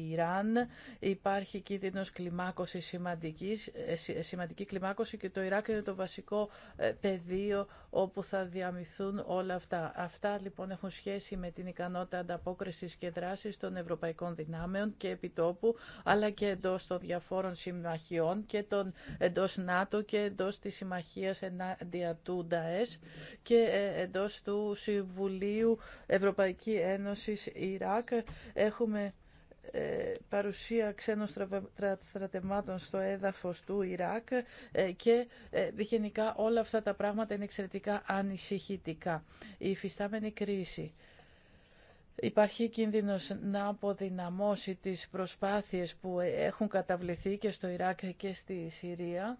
Ιράν. Υπάρχει κίνδυνος κλιμάκωση σημαντικής, ε, ε, σημαντική κλιμάκωση και το Ιράκ είναι το βασικό ε, πεδίο όπου θα διαμηθούν όλα αυτά. Αυτά λοιπόν έχουν σχέση με την ικανότητα ανταπόκριση και δράση των ευρωπαϊκών δυνάμεων και επιτόπου, αλλά και εντός των διαφόρων συμμαχιών και των εντός ΝΑΤΟ και εντός της συμμαχίας ενάντια του Νταές και ε, εντός του Συμβουλίου Ευρωπαϊκή Ένωσης Ιράκ έχουμε ε, παρουσία ξένων στρατευμάτων στο έδαφος του Ιράκ ε, και γενικά όλα αυτά τα πράγματα είναι εξαιρετικά ανησυχητικά. Η υφιστάμενη κρίση Υπάρχει κίνδυνος να αποδυναμώσει τις προσπάθειες που έχουν καταβληθεί και στο Ιράκ και στη Συρία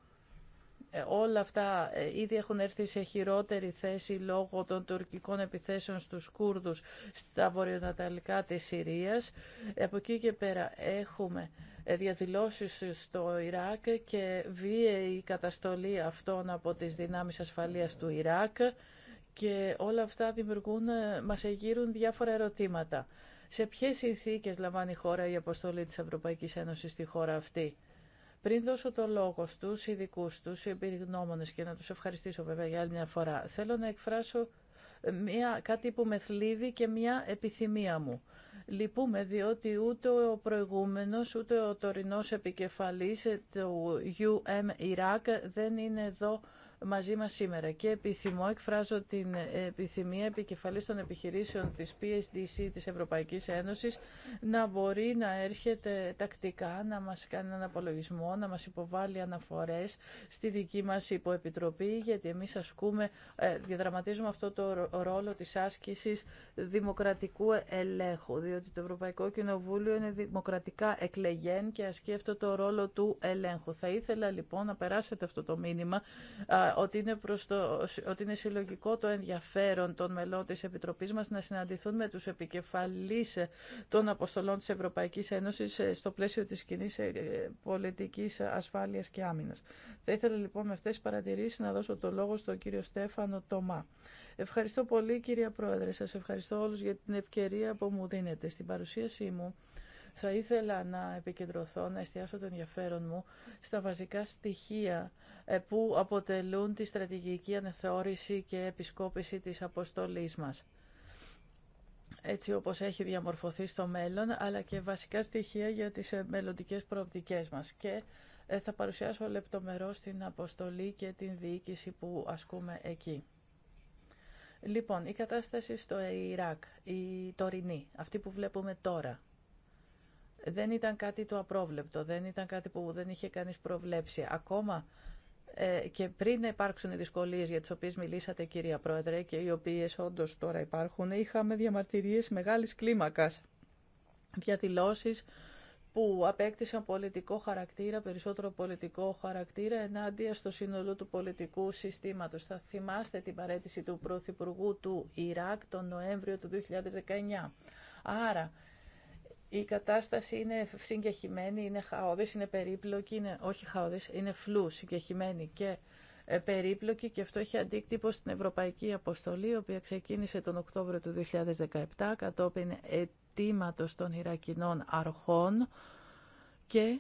ε, όλα αυτά ε, ήδη έχουν έρθει σε χειρότερη θέση λόγω των τουρκικών επιθέσεων στους Κούρδους στα βορειοναταλικά της Συρίας. Από εκεί και πέρα έχουμε ε, διαδηλώσεις στο Ιράκ και βίαιη καταστολή αυτών από τις δυνάμεις ασφαλείας του Ιράκ και όλα αυτά δημιουργούν, μας εγείρουν διάφορα ερωτήματα. Σε ποιες συνθήκες λαμβάνει η χώρα η αποστολή της Ευρωπαϊκής Ένωσης στη χώρα αυτή. Πριν δώσω το λόγο στου ειδικού τους, οι και να τους ευχαριστήσω βέβαια για άλλη μια φορά, θέλω να εκφράσω ε, μια, κάτι που με θλίβει και μια επιθυμία μου. Λυπούμε διότι ούτε ο προηγούμενος, ούτε ο τωρινός επικεφαλής ε, του UM Iraq δεν είναι εδώ μαζί μας σήμερα και επιθυμώ, εκφράζω την επιθυμία επικεφαλής των επιχειρήσεων της PSDC της Ευρωπαϊκής Ένωσης να μπορεί να έρχεται τακτικά, να μας κάνει έναν απολογισμό, να μας υποβάλει αναφορές στη δική μας υποεπιτροπή γιατί εμείς ασκούμε, ε, διαδραματίζουμε αυτό το ρόλο της άσκησης δημοκρατικού ελέγχου διότι το Ευρωπαϊκό Κοινοβούλιο είναι δημοκρατικά εκλεγέν και ασκεί αυτό το ρόλο του ελέγχου. Θα ήθελα λοιπόν να περάσετε αυτό το μήνυμα ότι είναι, προς το, ότι είναι συλλογικό το ενδιαφέρον των μελών της Επιτροπής μας να συναντηθούν με τους επικεφαλείς των αποστολών της Ευρωπαϊκής Ένωσης ε, στο πλαίσιο της κοινή ε, πολιτικής ασφάλειας και άμυνας. Θα ήθελα λοιπόν με αυτές τις παρατηρήσεις να δώσω το λόγο στον κύριο Στέφανο Τομά. Ευχαριστώ πολύ κυρία Πρόεδρε, σας ευχαριστώ όλους για την ευκαιρία που μου δίνετε στην παρουσίασή μου. Θα ήθελα να επικεντρωθώ, να εστιάσω το ενδιαφέρον μου στα βασικά στοιχεία ε, που αποτελούν τη στρατηγική αναθεώρηση και επισκόπηση της αποστολής μας έτσι όπως έχει διαμορφωθεί στο μέλλον, αλλά και βασικά στοιχεία για τις ε, μελλοντικές προοπτικές μας. Και ε, θα παρουσιάσω λεπτομερώς την αποστολή και την διοίκηση που ασκούμε εκεί. Λοιπόν, η κατάσταση στο Ιράκ, η τωρινή, αυτή που βλέπουμε τώρα, δεν ήταν κάτι το απρόβλεπτο, δεν ήταν κάτι που δεν είχε κανείς προβλέψει. Ακόμα ε, και πριν υπάρξουν οι δυσκολίες για τις οποίες μιλήσατε κυρία Πρόεδρε και οι οποίες όντως τώρα υπάρχουν, είχαμε διαμαρτυρίες μεγάλης κλίμακας, διαδηλώσει που απέκτησαν πολιτικό χαρακτήρα, περισσότερο πολιτικό χαρακτήρα ενάντια στο σύνολο του πολιτικού συστήματος. Θα θυμάστε την παρέτηση του Πρωθυπουργού του Ιράκ τον Νοέμβριο του 2019. Άρα η κατάσταση είναι συγκεχημένη, είναι χαόδης, είναι περίπλοκη, είναι, όχι χαόδης, είναι φλού, συγκεχημένη και ε, περίπλοκη και αυτό έχει αντίκτυπο στην Ευρωπαϊκή Αποστολή, η οποία ξεκίνησε τον Οκτώβριο του 2017 κατόπιν αιτήματος των Ιρακινών αρχών και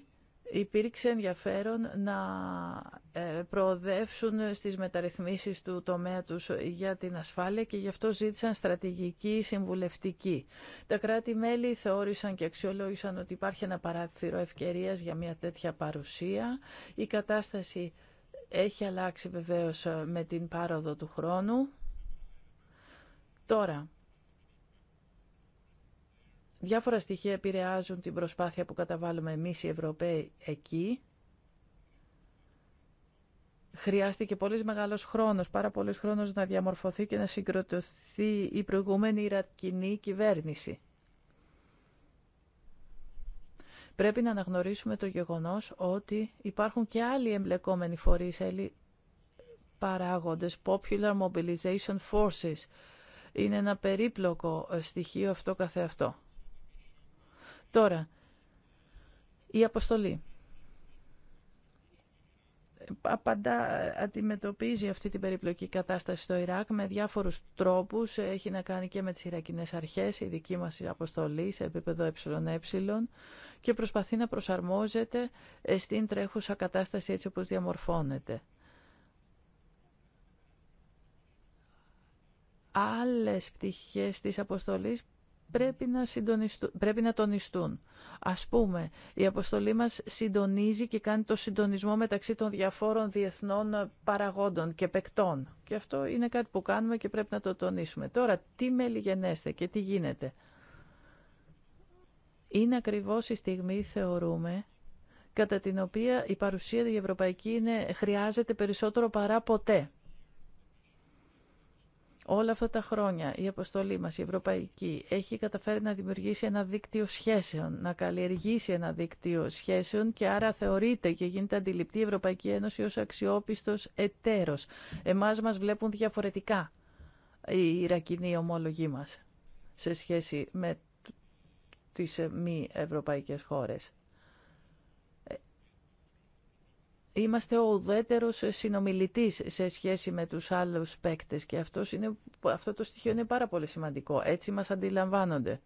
υπήρξε ενδιαφέρον να ε, προοδεύσουν στις μεταρρυθμίσεις του τομέα τους για την ασφάλεια και γι' αυτό ζήτησαν στρατηγική συμβουλευτική. Τα κράτη-μέλη θεώρησαν και αξιολόγησαν ότι υπάρχει ένα παράθυρο ευκαιρίας για μια τέτοια παρουσία. Η κατάσταση έχει αλλάξει βεβαίως με την πάροδο του χρόνου. Τώρα, διάφορα στοιχεία επηρεάζουν την προσπάθεια που καταβάλουμε εμείς οι Ευρωπαίοι εκεί. Χρειάστηκε πολύ μεγάλος χρόνος, πάρα πολύ χρόνος να διαμορφωθεί και να συγκροτηθεί η προηγούμενη Ιρακινή κυβέρνηση. Πρέπει να αναγνωρίσουμε το γεγονός ότι υπάρχουν και άλλοι εμπλεκόμενοι φορείς, άλλοι παράγοντες, Popular Mobilization Forces. Είναι ένα περίπλοκο στοιχείο αυτό καθεαυτό. Τώρα, η αποστολή. Απαντά, αντιμετωπίζει αυτή την περιπλοκή κατάσταση στο Ιράκ με διάφορους τρόπους. Έχει να κάνει και με τις Ιρακινές αρχές, η δική μας αποστολή σε επίπεδο ΕΕ και προσπαθεί να προσαρμόζεται ε, στην τρέχουσα κατάσταση έτσι όπως διαμορφώνεται. Άλλες πτυχές της αποστολής πρέπει να, πρέπει να τονιστούν. Ας πούμε, η αποστολή μας συντονίζει και κάνει το συντονισμό μεταξύ των διαφόρων διεθνών παραγόντων και παικτών. Και αυτό είναι κάτι που κάνουμε και πρέπει να το τονίσουμε. Τώρα, τι μελιγενέστε και τι γίνεται. Είναι ακριβώς η στιγμή, θεωρούμε, κατά την οποία η παρουσία της Ευρωπαϊκή είναι, χρειάζεται περισσότερο παρά ποτέ. Όλα αυτά τα χρόνια η αποστολή μας, η Ευρωπαϊκή, έχει καταφέρει να δημιουργήσει ένα δίκτυο σχέσεων, να καλλιεργήσει ένα δίκτυο σχέσεων και άρα θεωρείται και γίνεται αντιληπτή η Ευρωπαϊκή Ένωση ως αξιόπιστος εταίρος. Εμάς μας βλέπουν διαφορετικά οι Ιρακινοί ομόλογοι μας σε σχέση με τις μη ευρωπαϊκές χώρες. Είμαστε ο ουδέτερος συνομιλητής σε σχέση με τους άλλους παίκτες και αυτό το στοιχείο είναι πάρα πολύ σημαντικό. Έτσι μας αντιλαμβάνονται.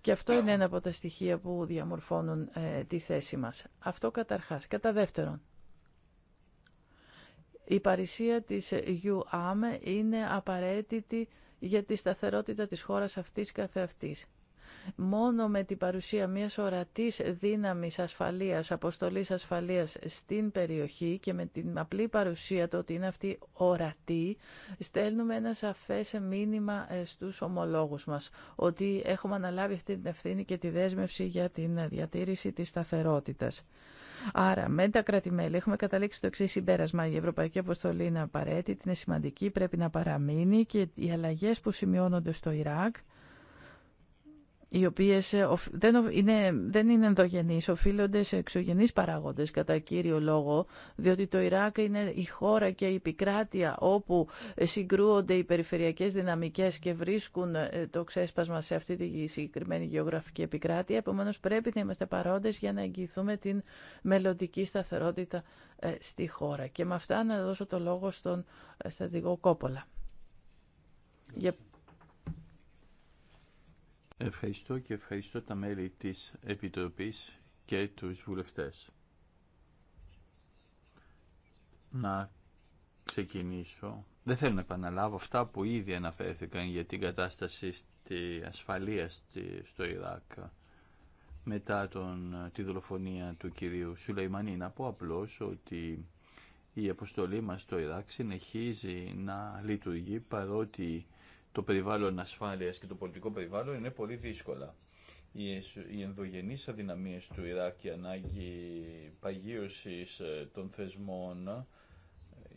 Και αυτό είναι ένα από τα στοιχεία που διαμορφώνουν ε, τη θέση μας. Αυτό καταρχάς. Κατά δεύτερον, η παρουσία της UAM είναι απαραίτητη για τη σταθερότητα της χώρας αυτής καθεαυτής. Μόνο με την παρουσία μιας ορατής δύναμης ασφαλείας, αποστολής ασφαλείας στην περιοχή και με την απλή παρουσία το ότι είναι αυτή ορατή, στέλνουμε ένα σαφές μήνυμα ε, στους ομολόγους μας, ότι έχουμε αναλάβει αυτή την ευθύνη και τη δέσμευση για την διατήρηση της σταθερότητας. Άρα, με τα κρατημέλη έχουμε καταλήξει το εξή συμπέρασμα. Η Ευρωπαϊκή Αποστολή είναι απαραίτητη, είναι σημαντική, πρέπει να παραμείνει και οι αλλαγέ που σημειώνονται στο Ιράκ οι οποίες ε, δεν είναι, δεν είναι ενδογενείς, οφείλονται σε εξωγενείς παράγοντες κατά κύριο λόγο, διότι το Ιράκ είναι η χώρα και η επικράτεια όπου ε, συγκρούονται οι περιφερειακές δυναμικές και βρίσκουν ε, το ξέσπασμα σε αυτή τη συγκεκριμένη γεωγραφική επικράτεια. Επομένως πρέπει να είμαστε παρόντες για να εγγυηθούμε την μελλοντική σταθερότητα στη χώρα. Και με αυτά να δώσω το λόγο στον στρατηγό Κόπολα. Ευχαριστώ και ευχαριστώ τα μέλη της Επιτροπής και τους βουλευτές. Να ξεκινήσω. Δεν θέλω να επαναλάβω αυτά που ήδη αναφέρθηκαν για την κατάσταση στη ασφαλεία στο Ιράκ μετά τον, τη δολοφονία του κυρίου Σουλεϊμανή. Να πω απλώς ότι η αποστολή μας στο Ιράκ συνεχίζει να λειτουργεί παρότι το περιβάλλον ασφάλειας και το πολιτικό περιβάλλον είναι πολύ δύσκολα. Οι ενδογενείς αδυναμίες του Ιράκ και η ανάγκη παγίωσης ε, των θεσμών ε,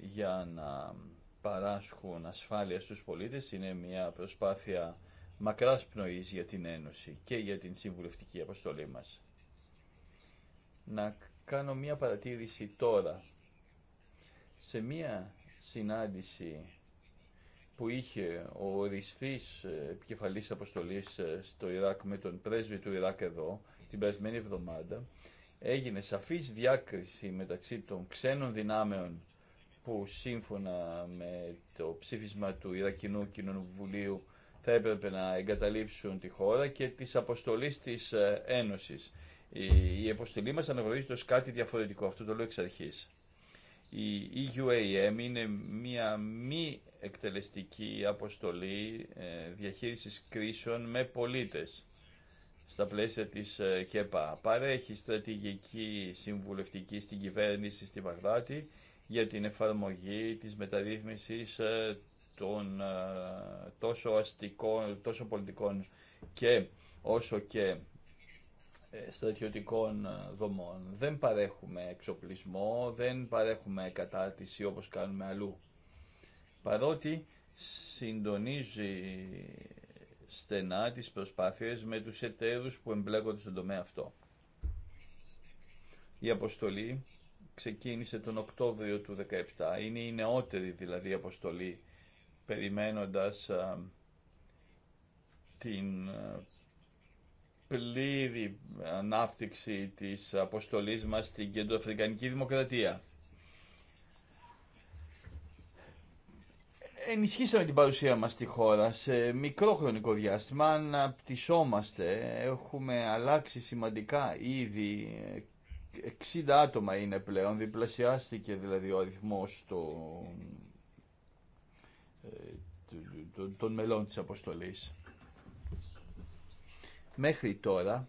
για να παράσχουν ασφάλεια στους πολίτες είναι μια προσπάθεια μακράς πνοής για την Ένωση και για την συμβουλευτική αποστολή μας. Να κάνω μια παρατήρηση τώρα. Σε μια συνάντηση που είχε ο οριστής ε, επικεφαλής αποστολής ε, στο Ιράκ με τον πρέσβη του Ιράκ εδώ την περασμένη εβδομάδα έγινε σαφής διάκριση μεταξύ των ξένων δυνάμεων που σύμφωνα με το ψήφισμα του Ιρακινού Κοινοβουλίου θα έπρεπε να εγκαταλείψουν τη χώρα και της αποστολής της ε, Ένωσης. Η αποστολή μας αναγνωρίζεται ως κάτι διαφορετικό, αυτό το λέω εξ αρχής. Η EUAM είναι μια μη εκτελεστική αποστολή ε, διαχείρισης κρίσεων με πολίτες στα πλαίσια της ε, ΚΕΠΑ. Παρέχει στρατηγική συμβουλευτική στην κυβέρνηση στη Βαγδάτη για την εφαρμογή της μεταρρύθμισης ε, των τόσο αστικών, τόσο πολιτικών και όσο και στρατιωτικών δομών. Δεν παρέχουμε εξοπλισμό, δεν παρέχουμε κατάρτιση όπως κάνουμε αλλού παρότι συντονίζει στενά τις προσπάθειες με τους εταίρους που εμπλέκονται στον τομέα αυτό. Η αποστολή ξεκίνησε τον Οκτώβριο του 2017. Είναι η νεότερη δηλαδή αποστολή, περιμένοντας την πλήρη ανάπτυξη της αποστολής μας στην Κεντροαφρικανική Δημοκρατία. ενισχύσαμε την παρουσία μας στη χώρα σε μικρό χρονικό διάστημα, αναπτυσσόμαστε, έχουμε αλλάξει σημαντικά ήδη, 60 άτομα είναι πλέον, διπλασιάστηκε δηλαδή ο αριθμός των, ε, των, των μελών της αποστολής. Μέχρι τώρα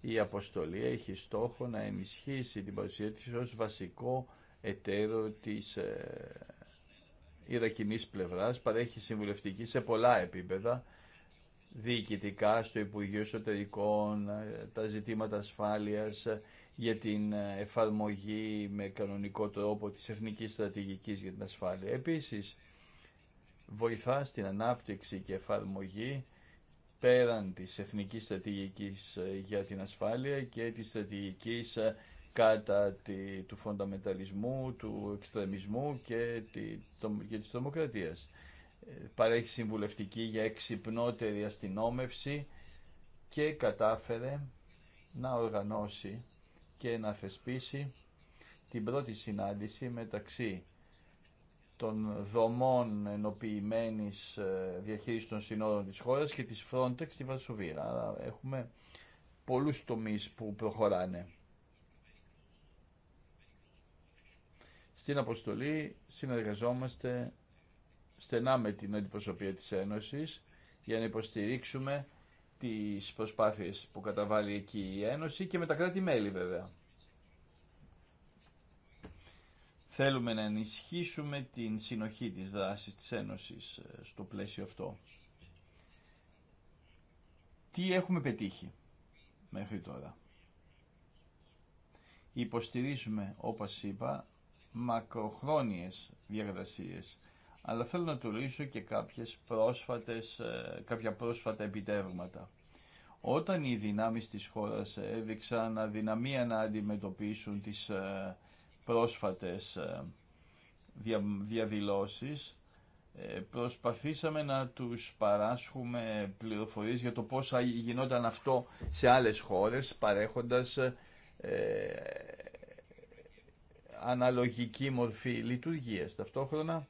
η αποστολή έχει στόχο να ενισχύσει την παρουσία της ως βασικό εταίρο της ε, ρακινή πλευράς, παρέχει συμβουλευτική σε πολλά επίπεδα, διοικητικά στο Υπουργείο Εσωτερικών, τα ζητήματα ασφάλειας, για την εφαρμογή με κανονικό τρόπο της Εθνικής Στρατηγικής για την Ασφάλεια. Επίσης, βοηθά στην ανάπτυξη και εφαρμογή πέραν της Εθνικής Στρατηγικής για την Ασφάλεια και της Στρατηγικής κατά τη, του φονταμεταλισμού, του εξτρεμισμού και, τη, το, της τρομοκρατίας. Ε, παρέχει συμβουλευτική για εξυπνότερη αστυνόμευση και κατάφερε να οργανώσει και να θεσπίσει την πρώτη συνάντηση μεταξύ των δομών ενοποιημένης ε, διαχείρισης των συνόρων της χώρας και της Frontex στη Βαρσοβία. έχουμε πολλούς τομείς που προχωράνε. Στην αποστολή συνεργαζόμαστε στενά με την αντιπροσωπεία της Ένωσης για να υποστηρίξουμε τις προσπάθειες που καταβάλει εκεί η Ένωση και με τα κράτη-μέλη βέβαια. Θέλουμε να ενισχύσουμε την συνοχή της δράσης της Ένωσης ε, στο πλαίσιο αυτό. Τι έχουμε πετύχει μέχρι τώρα. Υποστηρίζουμε, όπως είπα, μακροχρόνιες διαδρασίες Αλλά θέλω να λύσω και κάποιες πρόσφατες, ε, κάποια πρόσφατα επιτεύγματα. Όταν οι δυνάμεις της χώρας έδειξαν αδυναμία να αντιμετωπίσουν τις ε, πρόσφατες ε, διαδηλώσεις, προσπαθήσαμε να τους παράσχουμε πληροφορίες για το πώς γινόταν αυτό σε άλλες χώρες, παρέχοντας αναλογική μορφή λειτουργίας. Ταυτόχρονα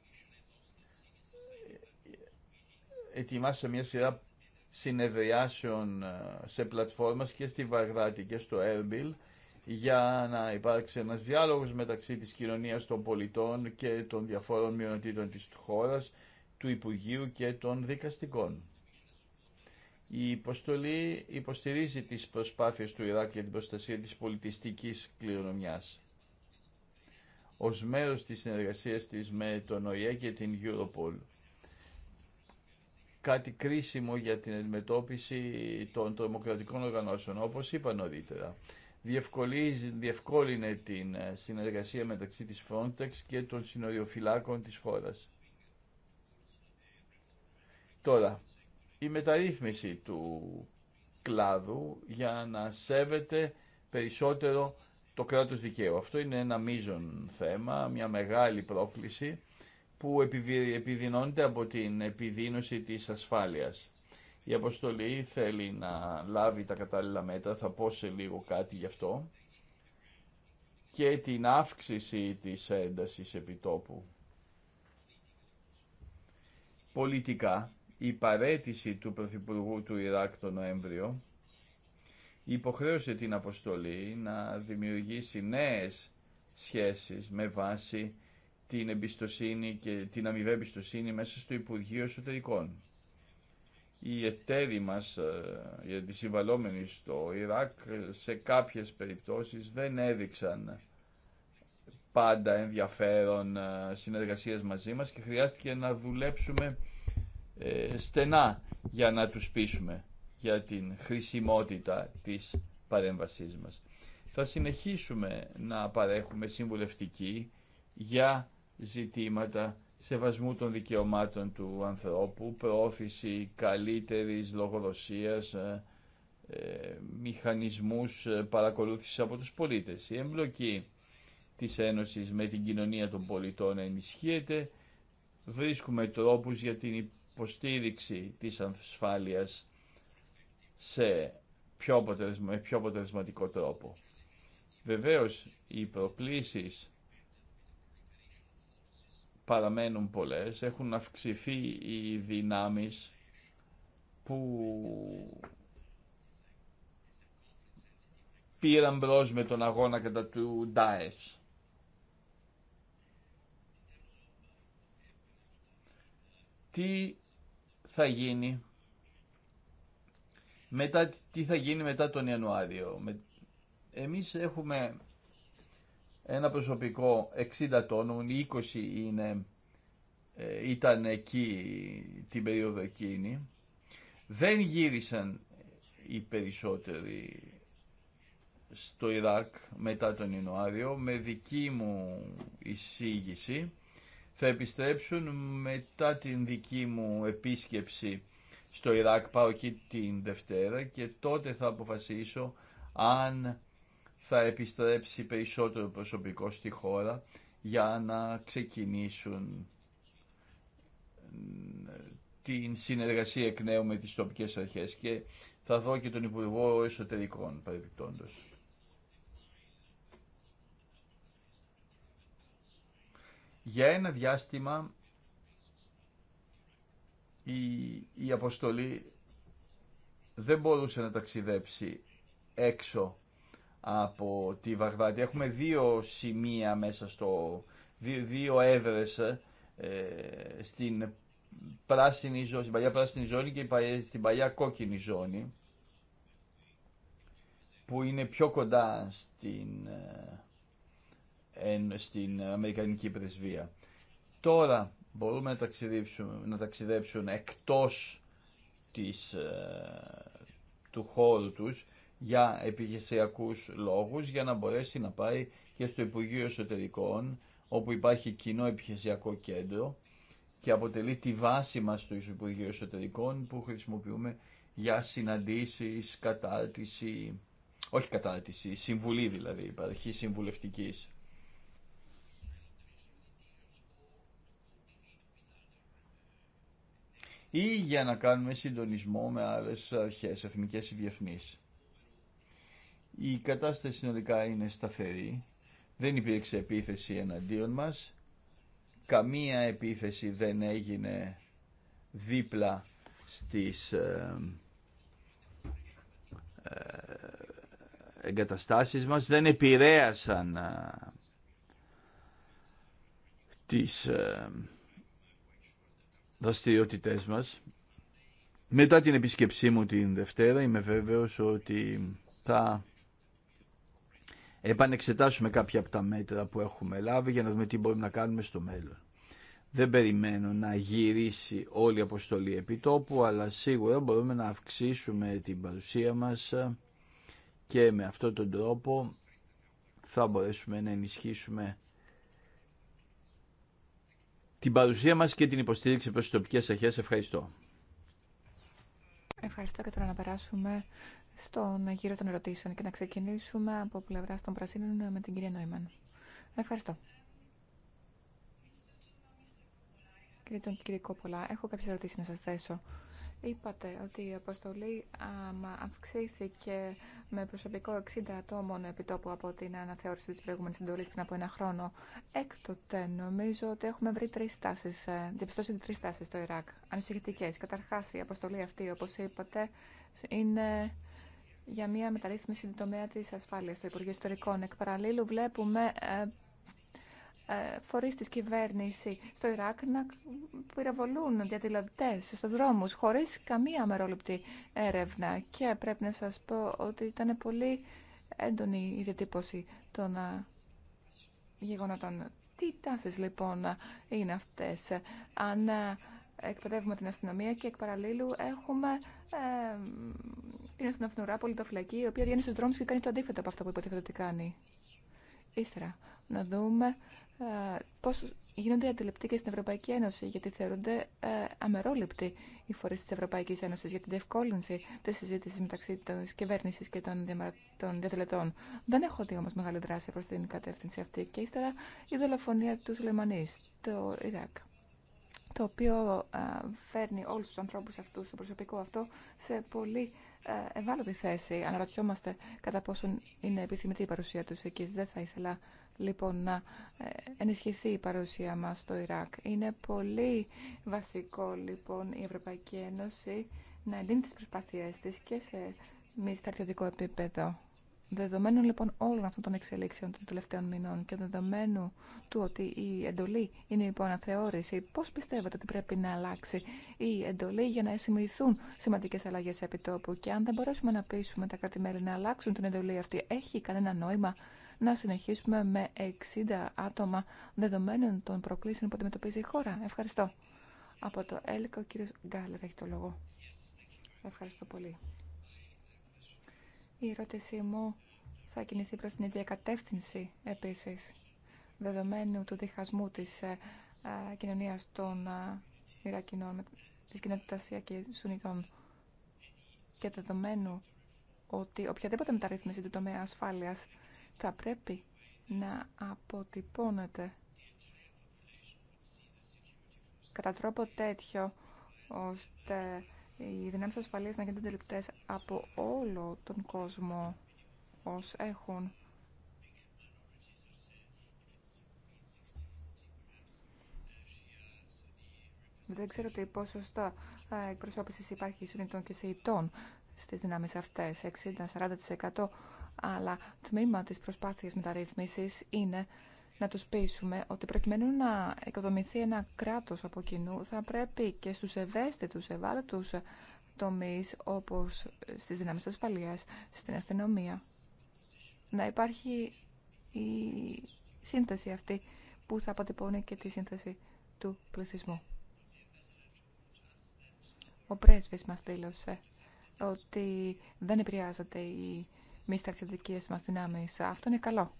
ετοιμάσα μια σειρά συνεδριάσεων ε, σε πλατφόρμας και στη Βαγδάτη και στο Έρμπιλ για να υπάρξει ένας διάλογος μεταξύ της κοινωνίας των πολιτών και των διαφόρων μειονοτήτων της χώρας, του Υπουργείου και των δικαστικών. Η υποστολή υποστηρίζει τις προσπάθειες του Ιράκ για την προστασία της πολιτιστικής κληρονομιάς ως μέρος της συνεργασίας της με τον ΟΗΕ και την Europol. Κάτι κρίσιμο για την αντιμετώπιση των τρομοκρατικών οργανώσεων, όπως είπα νωρίτερα. Διευκόλυνε την ε, συνεργασία μεταξύ της Frontex και των συνοριοφυλάκων της χώρας. Τώρα, η μεταρρύθμιση του κλάδου για να σέβεται περισσότερο το κράτος δικαίου. Αυτό είναι ένα μείζον θέμα, μια μεγάλη πρόκληση που επιδεινώνεται από την επιδείνωση της ασφάλειας. Η αποστολή θέλει να λάβει τα κατάλληλα μέτρα, θα πω σε λίγο κάτι γι' αυτό, και την αύξηση της έντασης επιτόπου. Πολιτικά, η παρέτηση του Πρωθυπουργού του Ιράκ το Νοέμβριο υποχρέωσε την αποστολή να δημιουργήσει νέες σχέσεις με βάση την εμπιστοσύνη και την αμοιβή εμπιστοσύνη μέσα στο Υπουργείο Εσωτερικών. Οι εταίροι μας, ε, οι αντισυμβαλόμενοι στο Ιράκ, ε, σε κάποιες περιπτώσεις δεν έδειξαν πάντα ενδιαφέρον ε, συνεργασίας μαζί μας και χρειάστηκε να δουλέψουμε στενά για να τους πείσουμε για την χρησιμότητα της παρέμβασής μας. Θα συνεχίσουμε να παρέχουμε συμβουλευτική για ζητήματα σεβασμού των δικαιωμάτων του ανθρώπου, προώθηση καλύτερης λογοδοσίας, ε, ε, μηχανισμούς ε, παρακολούθησης από τους πολίτες. Η εμπλοκή της Ένωσης με την κοινωνία των πολιτών ενισχύεται. Βρίσκουμε τρόπους για την υποστήριξη της ασφάλειας σε πιο, αποτελεσμα, με πιο αποτελεσματικό τρόπο. Βεβαίως, οι προκλήσεις παραμένουν πολλές, έχουν αυξηθεί οι δυνάμεις που πήραν μπρος με τον αγώνα κατά του Ντάες. Τι θα γίνει μετά, τι θα γίνει μετά τον Ιανουάριο. Με... Εμείς έχουμε ένα προσωπικό 60 τόνων, 20 είναι, ε, ήταν εκεί την περίοδο εκείνη. Δεν γύρισαν οι περισσότεροι στο Ιράκ μετά τον Ιανουάριο με δική μου εισήγηση. Θα επιστρέψουν μετά την δική μου επίσκεψη στο Ιράκ, πάω εκεί την Δευτέρα και τότε θα αποφασίσω αν θα επιστρέψει περισσότερο προσωπικό στη χώρα για να ξεκινήσουν ε, την συνεργασία εκ νέου με τις τοπικές αρχές και θα δω και τον Υπουργό Εσωτερικών παρεμπιπτόντως. Για ένα διάστημα η, η αποστολή δεν μπορούσε να ταξιδέψει έξω από τη Βαγδάτη. Έχουμε δύο σημεία μέσα στο... δύο, δύο ε, στην, πράσινη, στην παλιά πράσινη ζώνη και στην παλιά κόκκινη ζώνη που είναι πιο κοντά στην, ε, στην Αμερικανική Πρεσβεία. Τώρα μπορούμε να ταξιδέψουν, να ταξιδέψουν εκτός της, ε, του χώρου τους για επιχειρησιακούς λόγους για να μπορέσει να πάει και στο Υπουργείο Εσωτερικών όπου υπάρχει κοινό επιχειρησιακό κέντρο και αποτελεί τη βάση μας στο Υπουργείο Εσωτερικών που χρησιμοποιούμε για συναντήσεις, κατάρτιση, όχι κατάρτιση, συμβουλή δηλαδή, υπαρχή συμβουλευτικής. ή για να κάνουμε συντονισμό με άλλες αρχές, εθνικές ή διεθνείς. Η κατάσταση συνολικά είναι σταθερή. Δεν υπήρξε επίθεση εναντίον μας. Καμία επίθεση δεν έγινε δίπλα στις ε, ε, εγκαταστάσεις μας. Δεν επηρέασαν ε, τις ε, δραστηριότητές μας. Μετά την επισκεψή μου την Δευτέρα είμαι βέβαιος ότι θα επανεξετάσουμε κάποια από τα μέτρα που έχουμε λάβει για να δούμε τι μπορούμε να κάνουμε στο μέλλον. Δεν περιμένω να γυρίσει όλη η αποστολή επιτόπου, αλλά σίγουρα μπορούμε να αυξήσουμε την παρουσία μας και με αυτόν τον τρόπο θα μπορέσουμε να ενισχύσουμε την παρουσία μας και την υποστήριξη προς τις τοπικές αρχές. Ευχαριστώ. Ευχαριστώ και τώρα να περάσουμε στον γύρο των ερωτήσεων και να ξεκινήσουμε από πλευρά των Πρασίνων με την κυρία Νόημαν. Ευχαριστώ. Κύριε Τον Κυρικόπολα, έχω κάποιες ερωτήσεις να σας θέσω. Είπατε ότι η αποστολή αυξήθηκε με προσωπικό 60 ατόμων επιτόπου από την αναθεώρηση της προηγούμενης εντολής πριν από ένα χρόνο. Έκτοτε νομίζω ότι έχουμε βρει τρεις τάσεις, ε, διαπιστώσει τρεις στάσεις στο Ιράκ, ανησυχητικές. Καταρχάς η αποστολή αυτή, όπως είπατε, είναι για μια μεταρρύθμιση του τομέα της ασφάλειας του Υπουργείου Ιστορικών. Εκ παραλίλου, βλέπουμε ε, ε, φορεί τη κυβέρνηση στο Ιράκ να πυροβολούν διαδηλωτέ στου δρόμου χωρί καμία αμερόληπτη έρευνα. Και πρέπει να σα πω ότι ήταν πολύ έντονη η διατύπωση των ε, γεγονότων. Τι τάσει λοιπόν είναι αυτέ Αν ε, εκπαιδεύουμε την αστυνομία και εκ παραλίλου έχουμε ε, την αστυνοφνουρά πολιτοφυλακή η οποία βγαίνει στους δρόμους και κάνει το αντίθετο από αυτό που υποτίθεται ότι κάνει. Ύστερα, να δούμε ε, Πώ γίνονται αντιληπτοί και στην Ευρωπαϊκή Ένωση, γιατί θεωρούνται ε, αμερόληπτοι οι φορεί τη Ευρωπαϊκή Ένωση για την διευκόλυνση τη συζήτηση μεταξύ τη κυβέρνηση και των διατελετών. Δεν έχω δει όμως μεγάλη δράση προ την κατεύθυνση αυτή και ύστερα η δολοφονία του Σουλεμανή στο Ιράκ το οποίο ε, φέρνει όλου του ανθρώπου αυτού, το προσωπικό αυτό, σε πολύ ευάλωτη θέση. Αναρωτιόμαστε κατά πόσον είναι επιθυμητή η παρουσία του εκεί. Δεν θα ήθελα λοιπόν να ε, ενισχυθεί η παρουσία μας στο Ιράκ. Είναι πολύ βασικό λοιπόν η Ευρωπαϊκή Ένωση να εντείνει τις προσπάθειές της και σε μη στρατιωτικό επίπεδο. Δεδομένου λοιπόν όλων αυτών των εξελίξεων των τελευταίων μηνών και δεδομένου του ότι η εντολή είναι υπό αναθεώρηση, πώς πιστεύετε ότι πρέπει να αλλάξει η εντολή για να εσημειθούν σημαντικές αλλαγές επί τόπου και αν δεν μπορέσουμε να πείσουμε τα κράτη-μέλη να αλλάξουν την εντολή αυτή, έχει κανένα νόημα να συνεχίσουμε με 60 άτομα δεδομένων των προκλήσεων που αντιμετωπίζει η χώρα. Ευχαριστώ. Από το ΕΛΚΟ, ο κύριος Γκάλερ έχει το λόγο. Ευχαριστώ πολύ. Η ερώτησή μου θα κινηθεί προς την ίδια κατεύθυνση επίσης, δεδομένου του διχασμού της ε, ε, κοινωνίας των ε, Ιρακινών, της κοινότητας και Σουνιτών και δεδομένου ότι οποιαδήποτε μεταρρύθμιση του τομέα ασφάλειας θα πρέπει να αποτυπώνεται κατά τρόπο τέτοιο ώστε οι δυνάμεις ασφαλείας να γίνονται λεπτές από όλο τον κόσμο ως έχουν Δεν ξέρω τι ποσοστό ε, εκπροσώπησης υπάρχει συνειδητών και Σεϊτών στις δυνάμεις αυτές, 60-40% αλλά τμήμα της προσπάθειας μεταρρύθμισης είναι να τους πείσουμε ότι προκειμένου να οικοδομηθεί ένα κράτος από κοινού θα πρέπει και στους ευαίσθητους, ευάλωτους τομείς όπως στις δυνάμεις ασφαλείας, στην αστυνομία να υπάρχει η σύνθεση αυτή που θα αποτυπώνει και τη σύνθεση του πληθυσμού. Ο πρέσβης μας δήλωσε ότι δεν επηρεάζεται η μη στρατιωτικές μα δυνάμει, Αυτό είναι καλό.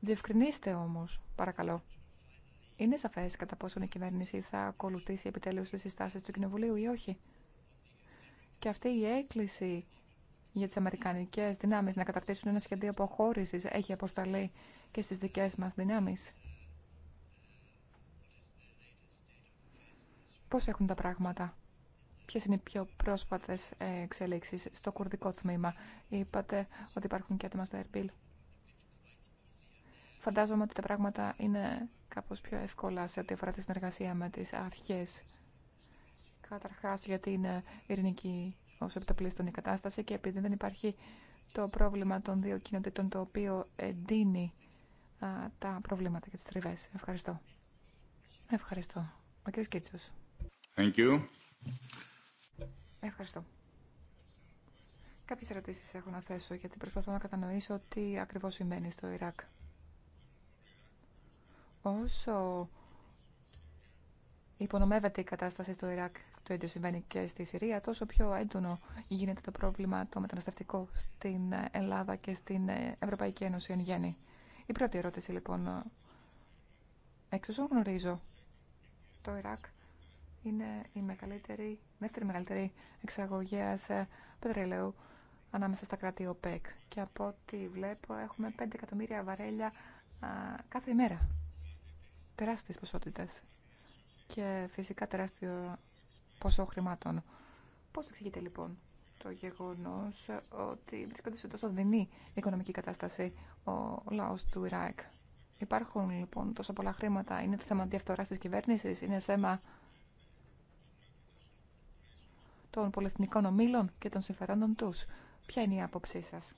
Διευκρινίστε όμως, παρακαλώ. Είναι σαφέ κατά πόσον η κυβέρνηση θα ακολουθήσει επιτέλου τις συστάσεις του Κοινοβουλίου ή όχι. Και αυτή η έκκληση για τι αμερικανικέ δυνάμει να καταρτήσουν ένα σχέδιο αποχώρηση έχει αποσταλεί και στις δικές μας δυνάμει. Πώς έχουν τα πράγματα Ποιε είναι οι πιο πρόσφατες εξελίξει στο κουρδικό τμήμα. Είπατε ότι υπάρχουν και άτομα στο Ερμπίλ. Φαντάζομαι ότι τα πράγματα είναι κάπως πιο εύκολα σε ό,τι αφορά τη συνεργασία με τι αρχές. Καταρχάς γιατί είναι ειρηνική ως επιτοπλίστων η κατάσταση και επειδή δεν υπάρχει το πρόβλημα των δύο κοινοτήτων το οποίο εντείνει α, τα προβλήματα και τι τριβέ. Ευχαριστώ. Ευχαριστώ. Ο κ. Κίτσος. Thank you. Ευχαριστώ. Κάποιε ερωτήσει έχω να θέσω γιατί προσπαθώ να κατανοήσω τι ακριβώ συμβαίνει στο Ιράκ. Όσο υπονομεύεται η κατάσταση στο Ιράκ, το ίδιο συμβαίνει και στη Συρία, τόσο πιο έντονο γίνεται το πρόβλημα το μεταναστευτικό στην Ελλάδα και στην Ευρωπαϊκή Ένωση εν γέννη. Η πρώτη ερώτηση λοιπόν, εξ όσων γνωρίζω, το Ιράκ είναι η μεγαλύτερη, δεύτερη μεγαλύτερη εξαγωγέα ε, πετρελαίου ανάμεσα στα κράτη ΟΠΕΚ. Και από ό,τι βλέπω έχουμε 5 εκατομμύρια βαρέλια α, κάθε ημέρα. Τεράστιες ποσότητες. Και φυσικά τεράστιο ποσό χρημάτων. Πώς εξηγείται λοιπόν το γεγονός ε, ότι βρίσκονται σε τόσο δεινή οικονομική κατάσταση ο λαός του Ιράκ. Υπάρχουν λοιπόν τόσο πολλά χρήματα. Είναι θέμα διαφθοράς της κυβέρνησης, είναι θέμα των πολυεθνικών ομήλων και των συμφερόντων τους. Ποια είναι η άποψή σας.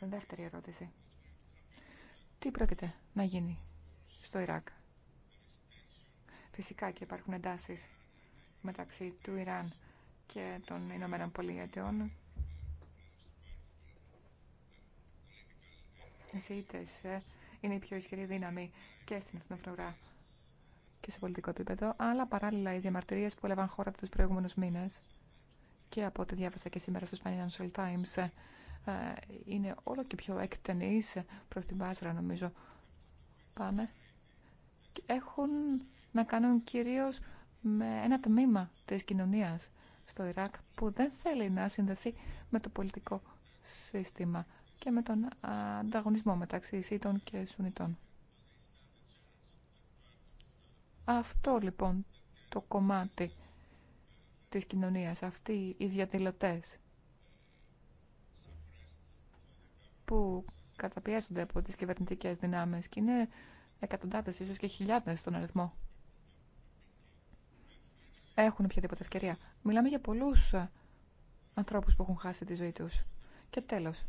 Δεύτερη ερώτηση. Τι πρόκειται να γίνει στο Ιράκ. Φυσικά και υπάρχουν εντάσει μεταξύ του Ιράν και των Ηνωμένων πολιτειών. Οι Σιήτες ε, είναι η πιο ισχυρή δύναμη και στην εθνοφρουρά και σε πολιτικό επίπεδο, αλλά παράλληλα οι διαμαρτυρίες που έλαβαν χώρα τους προηγούμενους μήνες και από ό,τι διάβασα και σήμερα στους Financial Times ε, είναι όλο και πιο εκτενείς ε, προς την Πάσρα νομίζω πάνε έχουν να κάνουν κυρίως με ένα τμήμα της κοινωνίας στο Ιράκ που δεν θέλει να συνδεθεί με το πολιτικό σύστημα και με τον ανταγωνισμό μεταξύ Ισίτων και Σουνιτών. Αυτό λοιπόν το κομμάτι της κοινωνίας, αυτοί οι διαδηλωτέ που καταπιέζονται από τις κυβερνητικές δυνάμεις και είναι εκατοντάδες, ίσως και χιλιάδες στον αριθμό. Έχουν οποιαδήποτε ευκαιρία. Μιλάμε για πολλούς ανθρώπους που έχουν χάσει τη ζωή τους. Και τέλος,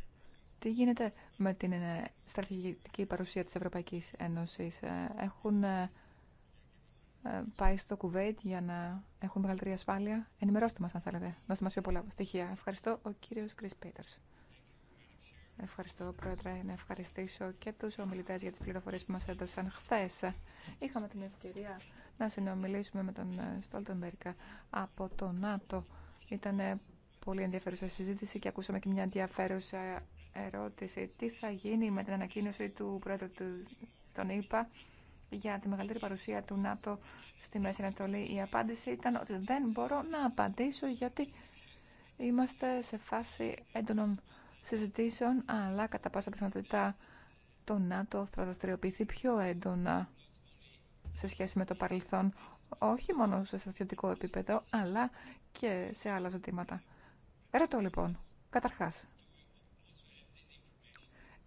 τι γίνεται με την ε, στρατηγική παρουσία της Ευρωπαϊκής Ένωσης. Ε, έχουν ε, ε, πάει στο Κουβέιτ για να έχουν μεγαλύτερη ασφάλεια. Ενημερώστε μας αν θέλετε. Δώστε μας πιο πολλά στοιχεία. Ευχαριστώ ο κύριος Κρίς Πέιταρς. Ευχαριστώ, Πρόεδρε, να ευχαριστήσω και τους ομιλητές για τις πληροφορίες που μας έδωσαν χθες. Είχαμε την ευκαιρία να συνομιλήσουμε με τον Μπέρικα ε, από το ΝΑΤΟ. Ήταν ε, πολύ ενδιαφέρουσα συζήτηση και ακούσαμε και μια ενδιαφέρουσα ερώτηση. Τι θα γίνει με την ανακοίνωση του Πρόεδρου του, τον ΗΠΑ για τη μεγαλύτερη παρουσία του ΝΑΤΟ στη Μέση Ανατολή. Η απάντηση ήταν ότι δεν μπορώ να απαντήσω γιατί είμαστε σε φάση έντονων συζητήσεων, αλλά κατά πάσα πιθανότητα το ΝΑΤΟ θα δραστηριοποιηθεί πιο έντονα σε σχέση με το παρελθόν, όχι μόνο σε στρατιωτικό επίπεδο, αλλά και σε άλλα ζητήματα. Ρωτώ λοιπόν, καταρχάς,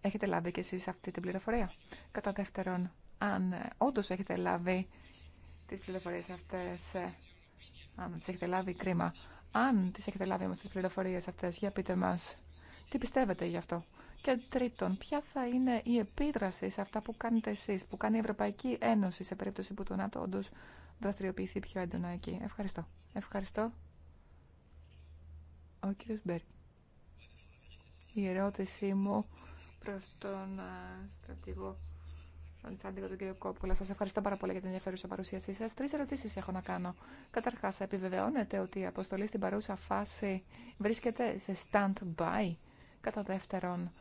έχετε λάβει και εσείς αυτή την πληροφορία. Κατά δεύτερον, αν ε, όντω έχετε λάβει τις πληροφορίες αυτές, ε, αν τις έχετε λάβει κρίμα, αν τις έχετε λάβει όμως τις πληροφορίες αυτές, για πείτε μας τι πιστεύετε γι' αυτό. Και τρίτον, ποια θα είναι η επίδραση σε αυτά που κάνετε εσείς, που κάνει η Ευρωπαϊκή Ένωση σε περίπτωση που το ΝΑΤΟ όντω δραστηριοποιηθεί πιο έντονα εκεί. Ευχαριστώ. Ευχαριστώ. Ο κύριος Μπέρι. Η ερώτησή μου προς τον ε, στρατηγό τον κύριο Κόπουλα. Σα ευχαριστώ πάρα πολύ για την ενδιαφέρουσα παρουσίασή σα. Τρει ερωτήσει έχω να κάνω. Καταρχά, επιβεβαιώνεται ότι η αποστολή στην παρούσα φάση βρίσκεται σε stand-by. Κατά δεύτερον,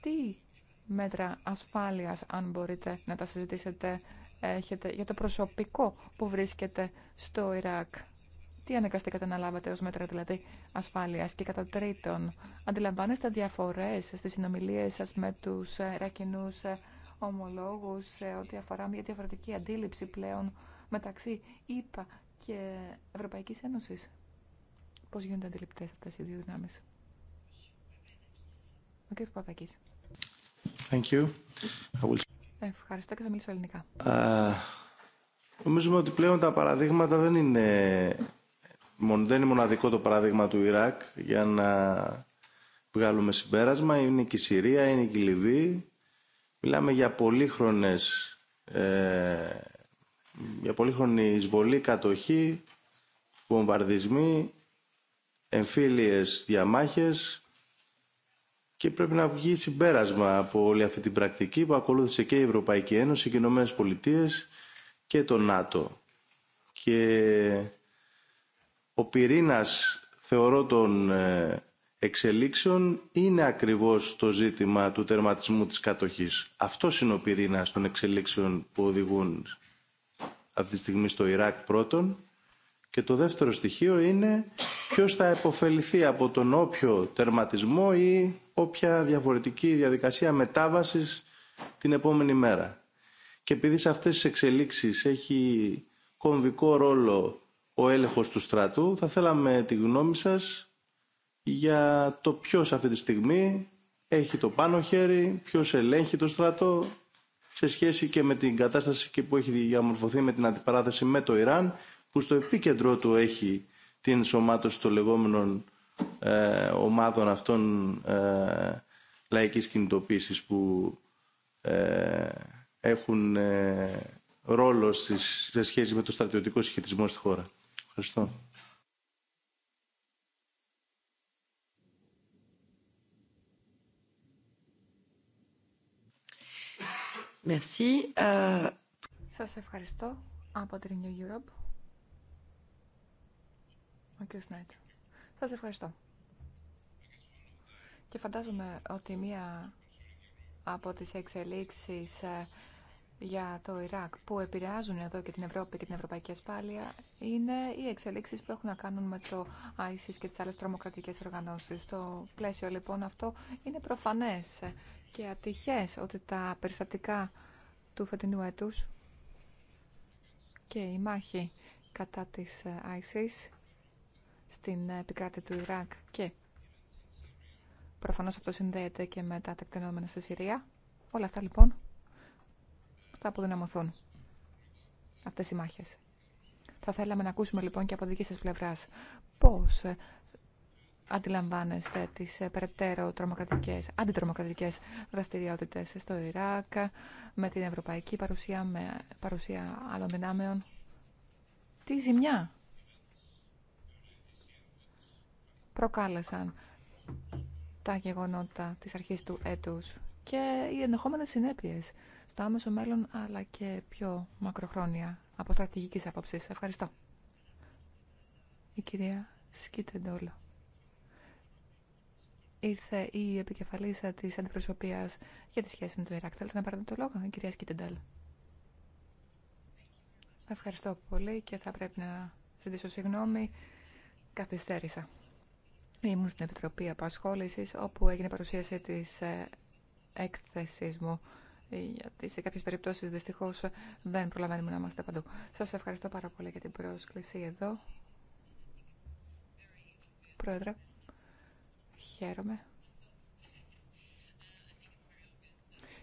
τι μέτρα ασφάλεια, αν μπορείτε να τα συζητήσετε, έχετε για το προσωπικό που βρίσκεται στο Ιράκ. Τι αναγκαστήκατε να λάβετε ως μέτρα δηλαδή ασφάλειας και κατά τρίτον, αντιλαμβάνεστε διαφορές στις συνομιλίες σας με τους ε, Ιρακινούς ε, ομολόγους σε ό,τι αφορά μια διαφορετική αντίληψη πλέον μεταξύ ΙΠΑ και Ευρωπαϊκής Ένωσης. Πώς γίνονται αντιληπτές αυτές οι δύο δυνάμεις. Ο κ. Thank you. I will... Ευχαριστώ και θα μιλήσω ελληνικά. Uh, νομίζουμε ότι πλέον τα παραδείγματα δεν είναι, δεν είναι μοναδικό το παράδειγμα του Ιράκ για να βγάλουμε συμπέρασμα. Είναι και η Συρία, είναι και η Λιβύη. Μιλάμε για πολύχρονες ε, για πολύχρονη εισβολή, κατοχή, βομβαρδισμοί, εμφύλιες διαμάχες και πρέπει να βγει συμπέρασμα από όλη αυτή την πρακτική που ακολούθησε και η Ευρωπαϊκή Ένωση και οι Ηνωμένες Πολιτείες και το ΝΑΤΟ. Και ο πυρήνας θεωρώ τον... Ε, εξελίξεων είναι ακριβώς το ζήτημα του τερματισμού της κατοχής. Αυτό είναι ο πυρήνα των εξελίξεων που οδηγούν αυτή τη στιγμή στο Ιράκ πρώτον και το δεύτερο στοιχείο είναι ποιος θα επωφεληθεί από τον όποιο τερματισμό ή όποια διαφορετική διαδικασία μετάβασης την επόμενη μέρα. Και επειδή σε αυτές τις εξελίξεις έχει κομβικό ρόλο ο έλεγχος του στρατού, θα θέλαμε τη γνώμη σας για το ποιος αυτή τη στιγμή έχει το πάνω χέρι, ποιος ελέγχει το στρατό σε σχέση και με την κατάσταση και που έχει διαμορφωθεί με την αντιπαράθεση με το Ιράν που στο επίκεντρό του έχει την σωμάτωση των λεγόμενων ε, ομάδων αυτών ε, λαϊκής κινητοποίησης που ε, έχουν ε, ρόλο στις, σε σχέση με το στρατιωτικό συσχετισμό στη χώρα. Ευχαριστώ. Euh, Σας ευχαριστώ από την New Europe. Ο Σας ευχαριστώ. Και φαντάζομαι ότι μία από τις εξελίξεις ε, για το Ιράκ που επηρεάζουν εδώ και την Ευρώπη και την Ευρωπαϊκή Ασφάλεια είναι οι εξελίξεις που έχουν να κάνουν με το ISIS και τις άλλες τρομοκρατικές οργανώσεις. Το πλαίσιο λοιπόν αυτό είναι προφανές και ατυχές ότι τα περιστατικά του φετινού έτους και η μάχη κατά της ε, ISIS στην ε, επικράτη του Ιράκ και προφανώς αυτό συνδέεται και με τα τεκτενόμενα στη Συρία. Όλα αυτά λοιπόν θα αποδυναμωθούν αυτές οι μάχες. Θα θέλαμε να ακούσουμε λοιπόν και από δική σας πλευράς πώς ε, αντιλαμβάνεστε τις ε, περαιτέρω τρομοκρατικές, αντιτρομοκρατικές δραστηριότητες στο Ιράκ, με την ευρωπαϊκή παρουσία, με παρουσία άλλων δυνάμεων. Τι ζημιά προκάλεσαν τα γεγονότα της αρχής του έτους και οι ενδεχόμενες συνέπειες στο άμεσο μέλλον αλλά και πιο μακροχρόνια από στρατηγικής άποψης. Ευχαριστώ. Η κυρία Σκίτεντόλα ήρθε η επικεφαλής της αντιπροσωπείας για τη σχέση με το Ιράκ. Θέλετε να πάρετε το λόγο, κυρία Σκίτενταλ. Ευχαριστώ πολύ και θα πρέπει να ζητήσω συγγνώμη. Καθυστέρησα. Ήμουν στην Επιτροπή Απασχόλησης, όπου έγινε παρουσίαση της ε, έκθεσής μου γιατί σε κάποιες περιπτώσεις δυστυχώς δεν προλαβαίνουμε να είμαστε παντού. Σας ευχαριστώ πάρα πολύ για την πρόσκληση εδώ. Πρόεδρε, χαίρομαι.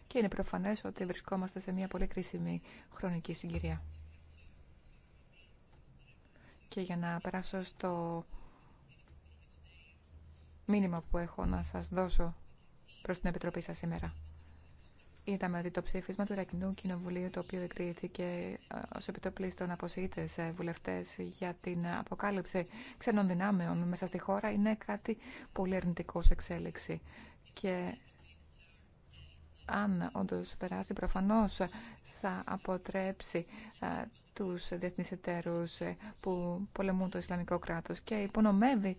Και είναι προφανές ότι βρισκόμαστε σε μια πολύ κρίσιμη χρονική συγκυρία. Και για να περάσω στο μήνυμα που έχω να σας δώσω προς την Επιτροπή σας σήμερα. Είδαμε ότι το ψήφισμα του Ρακινού Κοινοβουλίου, το οποίο εκτίθηκε ε, ω επιτοπλίστων από αποσύτε βουλευτέ για την αποκάλυψη ξένων δυνάμεων μέσα στη χώρα, είναι κάτι πολύ αρνητικό σε εξέλιξη. Και αν όντω περάσει, προφανώ θα αποτρέψει ε, τους διεθνεί εταίρου ε, που πολεμούν το Ισλαμικό κράτος και υπονομεύει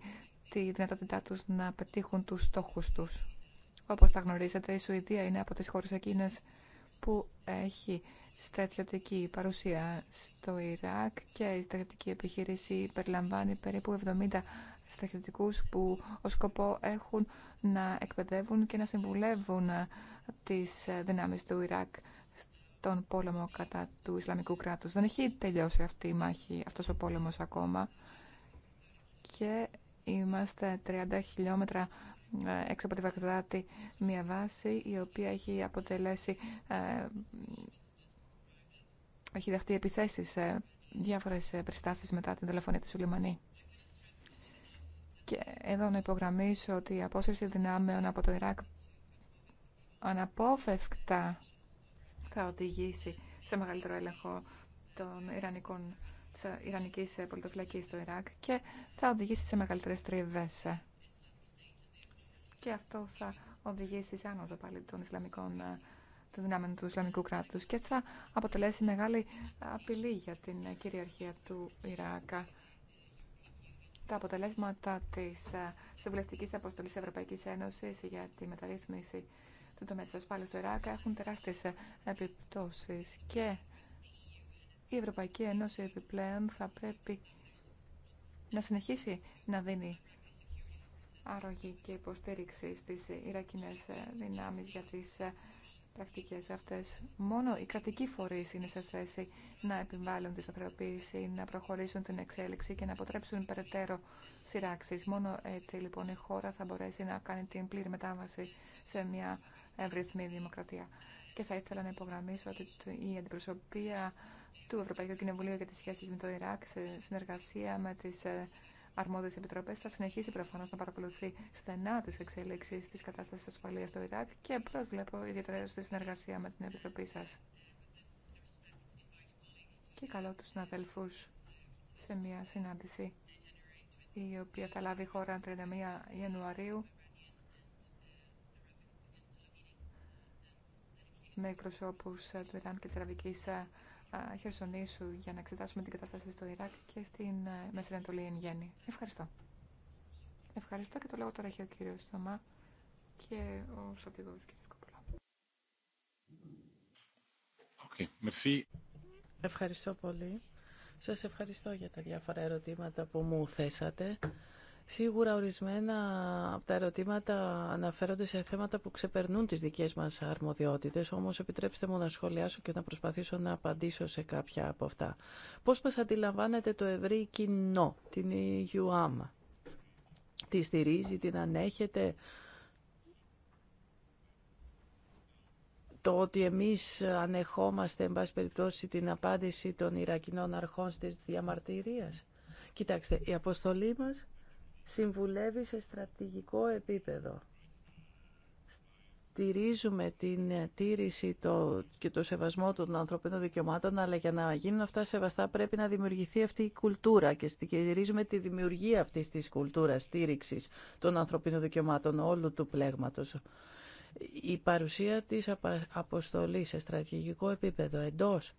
τη δυνατότητά τους να πετύχουν τους στόχους τους. Όπως τα γνωρίζετε, η Σουηδία είναι από τις χώρες εκείνες που έχει στρατιωτική παρουσία στο Ιράκ και η στρατιωτική επιχείρηση περιλαμβάνει περίπου 70 στρατιωτικούς που ο σκοπό έχουν να εκπαιδεύουν και να συμβουλεύουν τις δυνάμεις του Ιράκ στον πόλεμο κατά του Ισλαμικού κράτους. Δεν έχει τελειώσει αυτή η μάχη, αυτός ο πόλεμος ακόμα και είμαστε 30 χιλιόμετρα ε, έξω από τη Βαγδάτη μια βάση η οποία έχει αποτελέσει ε, έχει δεχτεί επιθέσεις σε διάφορες ε, περιστάσεις μετά την τηλεφωνία του Σουλημανή. Και εδώ να υπογραμμίσω ότι η απόσυρση δυνάμεων από το Ιράκ αναπόφευκτα θα οδηγήσει σε μεγαλύτερο έλεγχο των Ιρανικών, της Ιρανικής πολιτοφυλακής στο Ιράκ και θα οδηγήσει σε μεγαλύτερες τριβές και αυτό θα οδηγήσει σε άνοδο πάλι των Ισλαμικών ε, δυνάμεων του Ισλαμικού κράτους και θα αποτελέσει μεγάλη απειλή για την ε, κυριαρχία του Ιράκ. Τα αποτελέσματα της ε, συμβουλευτικής αποστολής Ευρωπαϊκής Ένωσης για τη μεταρρύθμιση του τομέα της ασφάλειας του Ιράκ έχουν τεράστιες επιπτώσεις και η Ευρωπαϊκή Ένωση επιπλέον θα πρέπει να συνεχίσει να δίνει αρρωγή και υποστήριξη στις Ιρακινές δυνάμεις για τις ε, πρακτικές αυτές. Μόνο οι κρατικοί φορείς είναι σε θέση να επιβάλλουν τη σταθεροποίηση, να προχωρήσουν την εξέλιξη και να αποτρέψουν περαιτέρω σειράξεις. Μόνο έτσι λοιπόν η χώρα θα μπορέσει να κάνει την πλήρη μετάβαση σε μια ευρυθμή δημοκρατία. Και θα ήθελα να υπογραμμίσω ότι η αντιπροσωπεία του Ευρωπαϊκού Κοινοβουλίου για τις σχέσεις με το Ιράκ σε συνεργασία με τις ε, αρμόδιες επιτροπέ θα συνεχίσει προφανώ να παρακολουθεί στενά τι εξελίξει τη κατάσταση ασφαλεία στο Ιράκ και προσβλέπω ιδιαίτερα στη συνεργασία με την Επιτροπή σα. Και καλώ του συναδέλφου σε μια συνάντηση η οποία θα λάβει χώρα 31 Ιανουαρίου με εκπροσώπους του Ιράν και της Αραβικής Χερσονήσου για να εξετάσουμε την κατάσταση στο Ιράκ και στην ε, Μέση Ανατολή εν γέννη. Ευχαριστώ. Ευχαριστώ και το λέω τώρα έχει ο κύριο Στομά και ο στρατηγό κ. Κοπολά. Okay. Ευχαριστώ πολύ. Σας ευχαριστώ για τα διάφορα ερωτήματα που μου θέσατε. Σίγουρα ορισμένα από τα ερωτήματα αναφέρονται σε θέματα που ξεπερνούν τις δικές μας αρμοδιότητες, όμως επιτρέψτε μου να σχολιάσω και να προσπαθήσω να απαντήσω σε κάποια από αυτά. Πώς μας αντιλαμβάνεται το ευρύ κοινό, την UAM, τη στηρίζει, την ανέχεται, το ότι εμείς ανεχόμαστε, εν πάση περιπτώσει, την απάντηση των Ιρακινών αρχών στις διαμαρτυρίες. Κοιτάξτε, η αποστολή μας συμβουλεύει σε στρατηγικό επίπεδο. Στηρίζουμε την τήρηση το, και το σεβασμό των ανθρωπίνων δικαιωμάτων, αλλά για να γίνουν αυτά σεβαστά πρέπει να δημιουργηθεί αυτή η κουλτούρα και στηρίζουμε τη δημιουργία αυτής της κουλτούρας στήριξης των ανθρωπίνων δικαιωμάτων όλου του πλέγματος. Η παρουσία της αποστολής σε στρατηγικό επίπεδο εντός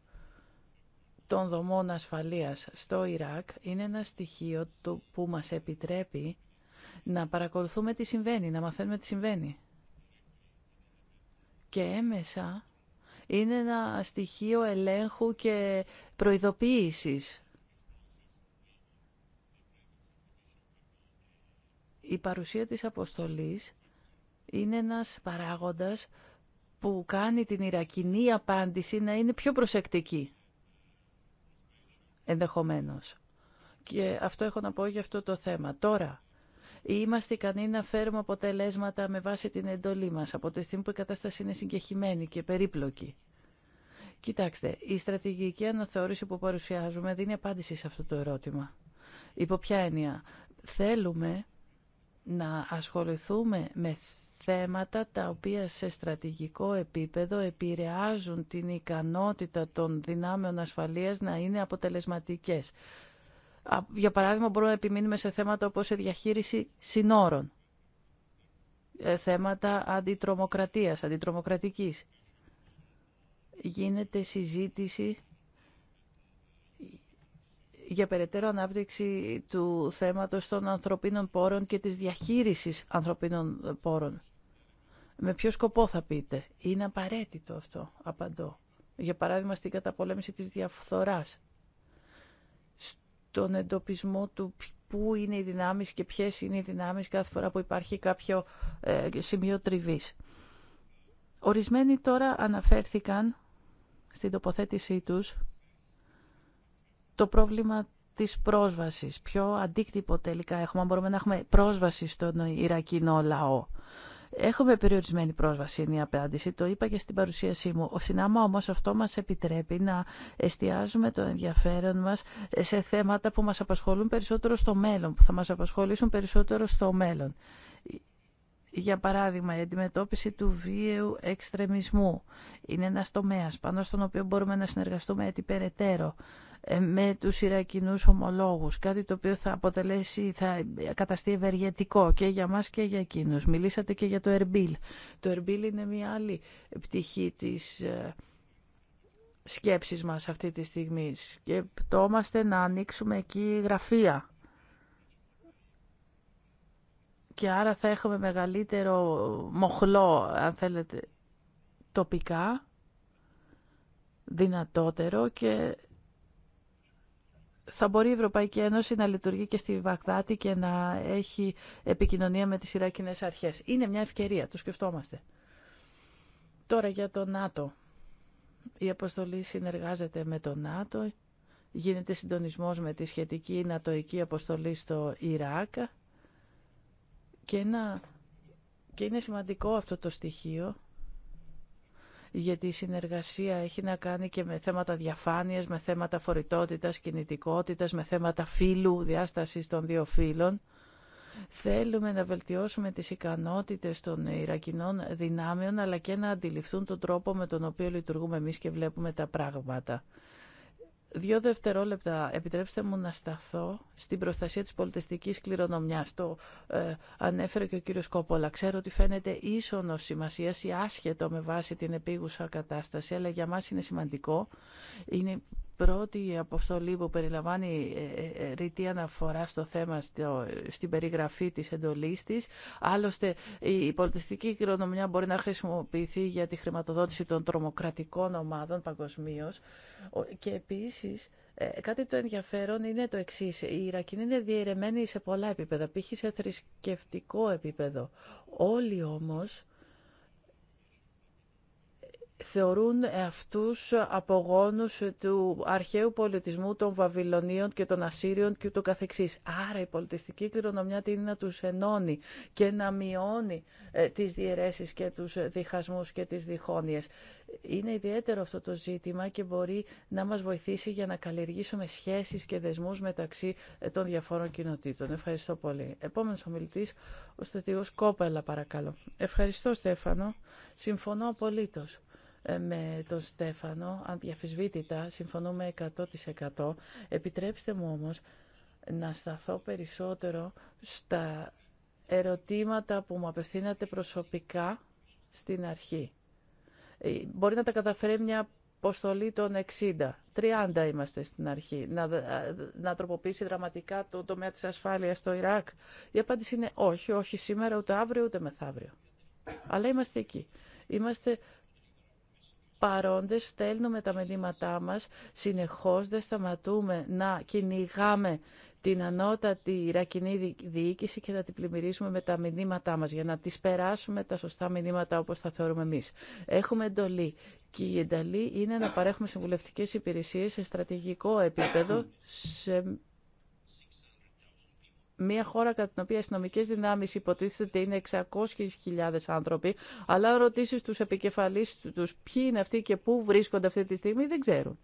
των δομών ασφαλείας στο Ιράκ είναι ένα στοιχείο το που μας επιτρέπει να παρακολουθούμε τι συμβαίνει, να μαθαίνουμε τι συμβαίνει. Και έμεσα είναι ένα στοιχείο ελέγχου και προειδοποίησης. Η παρουσία της αποστολής είναι ένας παράγοντας που κάνει την Ιρακινή απάντηση να είναι πιο προσεκτική ενδεχομένως. Και αυτό έχω να πω για αυτό το θέμα. Τώρα, είμαστε ικανοί να φέρουμε αποτελέσματα με βάση την εντολή μας, από τη στιγμή που η κατάσταση είναι συγκεχημένη και περίπλοκη. Κοιτάξτε, η στρατηγική αναθεώρηση που παρουσιάζουμε δίνει απάντηση σε αυτό το ερώτημα. Υπό ποια έννοια. Θέλουμε να ασχοληθούμε με θέματα τα οποία σε στρατηγικό επίπεδο επηρεάζουν την ικανότητα των δυνάμεων ασφαλείας να είναι αποτελεσματικές. Για παράδειγμα, μπορούμε να επιμείνουμε σε θέματα όπως η διαχείριση συνόρων, ε, θέματα αντιτρομοκρατίας, αντιτρομοκρατικής. Γίνεται συζήτηση για περαιτέρω ανάπτυξη του θέματος των ανθρωπίνων πόρων και της διαχείρισης ανθρωπίνων πόρων. Με ποιο σκοπό θα πείτε. Είναι απαραίτητο αυτό, απαντώ. Για παράδειγμα στην καταπολέμηση της διαφθοράς. Στον εντοπισμό του πού είναι οι δυνάμεις και ποιες είναι οι δυνάμεις κάθε φορά που υπάρχει κάποιο ε, σημείο τριβής. Ορισμένοι τώρα αναφέρθηκαν στην τοποθέτησή τους το πρόβλημα της πρόσβασης. Ποιο αντίκτυπο τελικά έχουμε, μπορούμε να έχουμε πρόσβαση στον Ιρακινό λαό. Έχουμε περιορισμένη πρόσβαση, είναι η απάντηση. Το είπα και στην παρουσίασή μου. Ο συνάμα όμως αυτό μας επιτρέπει να εστιάζουμε το ενδιαφέρον μας σε θέματα που μας απασχολούν περισσότερο στο μέλλον, που θα μας απασχολήσουν περισσότερο στο μέλλον. Για παράδειγμα, η αντιμετώπιση του βίαιου εξτρεμισμού είναι ένα τομέα πάνω στον οποίο μπορούμε να συνεργαστούμε έτσι ε, με τους Ιρακινούς ομολόγους, κάτι το οποίο θα αποτελέσει, θα καταστεί ευεργετικό και για μας και για εκείνους. Μιλήσατε και για το Ερμπίλ. Το Ερμπίλ είναι μια άλλη πτυχή της ε, σκέψης μας αυτή τη στιγμή και πτώμαστε να ανοίξουμε εκεί γραφεία και άρα θα έχουμε μεγαλύτερο μοχλό, αν θέλετε, τοπικά, δυνατότερο και θα μπορεί η Ευρωπαϊκή Ένωση να λειτουργεί και στη Βαγδάτη και να έχει επικοινωνία με τις Ιράκινες αρχές. Είναι μια ευκαιρία, το σκεφτόμαστε. Τώρα για το ΝΑΤΟ. Η αποστολή συνεργάζεται με το ΝΑΤΟ, γίνεται συντονισμός με τη σχετική νατοϊκή αποστολή στο Ιράκ και είναι σημαντικό αυτό το στοιχείο γιατί η συνεργασία έχει να κάνει και με θέματα διαφάνειας, με θέματα φορητότητας, κινητικότητας, με θέματα φύλου, διάστασης των δύο φύλων. Θέλουμε να βελτιώσουμε τις ικανότητες των Ιρακινών δυνάμεων, αλλά και να αντιληφθούν τον τρόπο με τον οποίο λειτουργούμε εμείς και βλέπουμε τα πράγματα. Δύο δευτερόλεπτα επιτρέψτε μου να σταθώ στην προστασία της πολιτιστικής κληρονομιάς. Το ε, ανέφερε και ο κύριος Κόπολα. Ξέρω ότι φαίνεται ίσονος σημασία ή άσχετο με βάση την επίγουσα κατάσταση, αλλά για μας είναι σημαντικό πρώτη αποστολή που περιλαμβάνει ε, ε, ε, ρητή αναφορά στο θέμα στην περιγραφή της εντολής της. Άλλωστε, η πολιτιστική κληρονομιά μπορεί να χρησιμοποιηθεί για τη χρηματοδότηση των τρομοκρατικών ομάδων παγκοσμίω. Και επίσης, κάτι το ενδιαφέρον είναι το εξή. Η Ιρακινή είναι διαιρεμένη σε πολλά επίπεδα, π.χ. σε θρησκευτικό επίπεδο. Όλοι όμως θεωρούν αυτούς απογόνους του αρχαίου πολιτισμού των Βαβυλωνίων και των Ασσύριων και ούτω καθεξής. Άρα η πολιτιστική κληρονομιά τι είναι να τους ενώνει και να μειώνει ε, τις διαιρέσεις και τους διχασμούς και τις διχόνοιες. Είναι ιδιαίτερο αυτό το ζήτημα και μπορεί να μας βοηθήσει για να καλλιεργήσουμε σχέσεις και δεσμούς μεταξύ ε, των διαφόρων κοινοτήτων. Ευχαριστώ πολύ. Επόμενος ομιλητής, ο Στρατηγός Κόπελα παρακαλώ. Ευχαριστώ Στέφανο. Συμφωνώ απολύτως. Ε, με τον Στέφανο, διαφυσβήτητα, συμφωνούμε 100%. Επιτρέψτε μου όμως να σταθώ περισσότερο στα ερωτήματα που μου απευθύνατε προσωπικά στην αρχή. Ε, μπορεί να τα καταφέρει μια αποστολή των 60. 30 είμαστε στην αρχή. Να, να τροποποιήσει δραματικά το τομέα της ασφάλειας στο Ιράκ. Η απάντηση είναι όχι, όχι σήμερα, ούτε αύριο, ούτε μεθαύριο. Αλλά είμαστε εκεί. Είμαστε παρόντες, στέλνουμε τα μηνύματά μας, συνεχώς δεν σταματούμε να κυνηγάμε την ανώτατη Ιρακινή διοίκηση και να την πλημμυρίσουμε με τα μηνύματά μας για να τις περάσουμε τα σωστά μηνύματα όπως θα θεωρούμε εμείς. Έχουμε εντολή και η εντολή είναι να παρέχουμε συμβουλευτικές υπηρεσίες σε στρατηγικό επίπεδο σε μια χώρα κατά την οποία οι αστυνομικέ δυνάμει υποτίθεται είναι 600.000 άνθρωποι, αλλά αν ρωτήσει του επικεφαλεί του ποιοι είναι αυτοί και πού βρίσκονται αυτή τη στιγμή, δεν ξέρουν.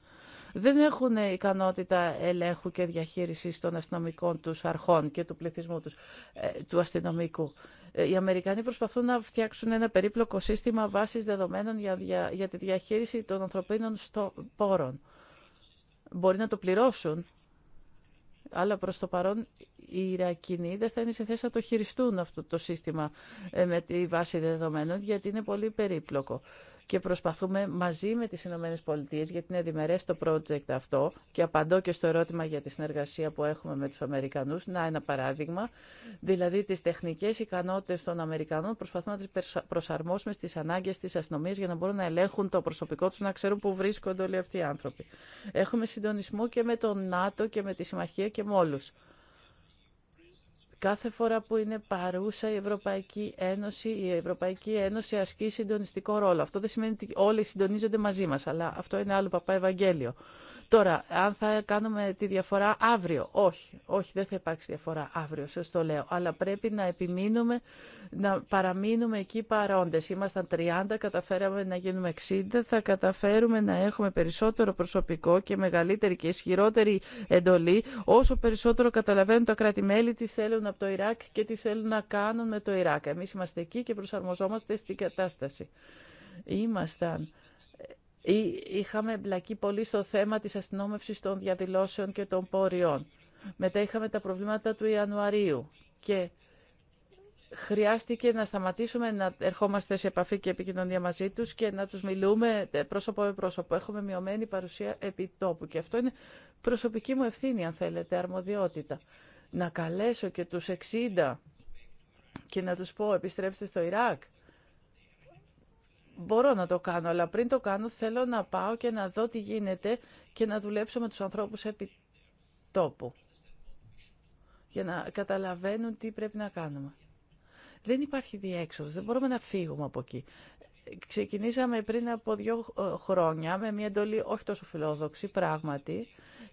Δεν έχουν ικανότητα ελέγχου και διαχείριση των αστυνομικών του αρχών και του πληθυσμού τους, ε, του αστυνομικού. Ε, οι Αμερικανοί προσπαθούν να φτιάξουν ένα περίπλοκο σύστημα βάσης δεδομένων για, για, τη διαχείριση των ανθρωπίνων στο πόρων. Μπορεί να το πληρώσουν, αλλά προς το παρόν οι Ιρακινοί δεν θα είναι σε θέση να το χειριστούν αυτό το σύστημα ε, με τη βάση δεδομένων, γιατί είναι πολύ περίπλοκο. Και προσπαθούμε μαζί με τις Ηνωμένες Πολιτείες, γιατί είναι διμερές το project αυτό, και απαντώ και στο ερώτημα για τη συνεργασία που έχουμε με τους Αμερικανούς, να ένα παράδειγμα, δηλαδή τις τεχνικές ικανότητες των Αμερικανών προσπαθούμε να τις προσαρμόσουμε στις ανάγκες της αστυνομία για να μπορούν να ελέγχουν το προσωπικό τους, να ξέρουν που βρίσκονται όλοι αυτοί οι άνθρωποι. Έχουμε συντονισμό και με τον ΝΑΤΟ και με τη Συμμαχία και με Κάθε φορά που είναι παρούσα η Ευρωπαϊκή Ένωση, η Ευρωπαϊκή Ένωση ασκεί συντονιστικό ρόλο. Αυτό δεν σημαίνει ότι όλοι συντονίζονται μαζί μας, αλλά αυτό είναι άλλο παπά Ευαγγέλιο. Τώρα, αν θα κάνουμε τη διαφορά αύριο, όχι, όχι, δεν θα υπάρξει διαφορά αύριο, σα το λέω, αλλά πρέπει να επιμείνουμε, να παραμείνουμε εκεί παρόντες. Ήμασταν 30, καταφέραμε να γίνουμε 60, θα καταφέρουμε να έχουμε περισσότερο προσωπικό και μεγαλύτερη και ισχυρότερη εντολή, όσο περισσότερο καταλαβαίνουν τα κράτη-μέλη τι θέλουν από το Ιράκ και τι θέλουν να κάνουν με το Ιράκ. Εμείς είμαστε εκεί και προσαρμοζόμαστε στην κατάσταση. Ήμασταν Είχαμε εμπλακεί πολύ στο θέμα της αστυνόμευσης των διαδηλώσεων και των πόριών. Μετά είχαμε τα προβλήματα του Ιανουαρίου και χρειάστηκε να σταματήσουμε να ερχόμαστε σε επαφή και επικοινωνία μαζί τους και να τους μιλούμε πρόσωπο με πρόσωπο. Έχουμε μειωμένη παρουσία επιτόπου και αυτό είναι προσωπική μου ευθύνη, αν θέλετε, αρμοδιότητα. Να καλέσω και τους 60 και να τους πω επιστρέψτε στο Ιράκ μπορώ να το κάνω, αλλά πριν το κάνω θέλω να πάω και να δω τι γίνεται και να δουλέψω με τους ανθρώπους επί τόπου για να καταλαβαίνουν τι πρέπει να κάνουμε. Δεν υπάρχει διέξοδος, δεν μπορούμε να φύγουμε από εκεί ξεκινήσαμε πριν από δύο ε, χρόνια με μια εντολή όχι τόσο φιλόδοξη, πράγματι.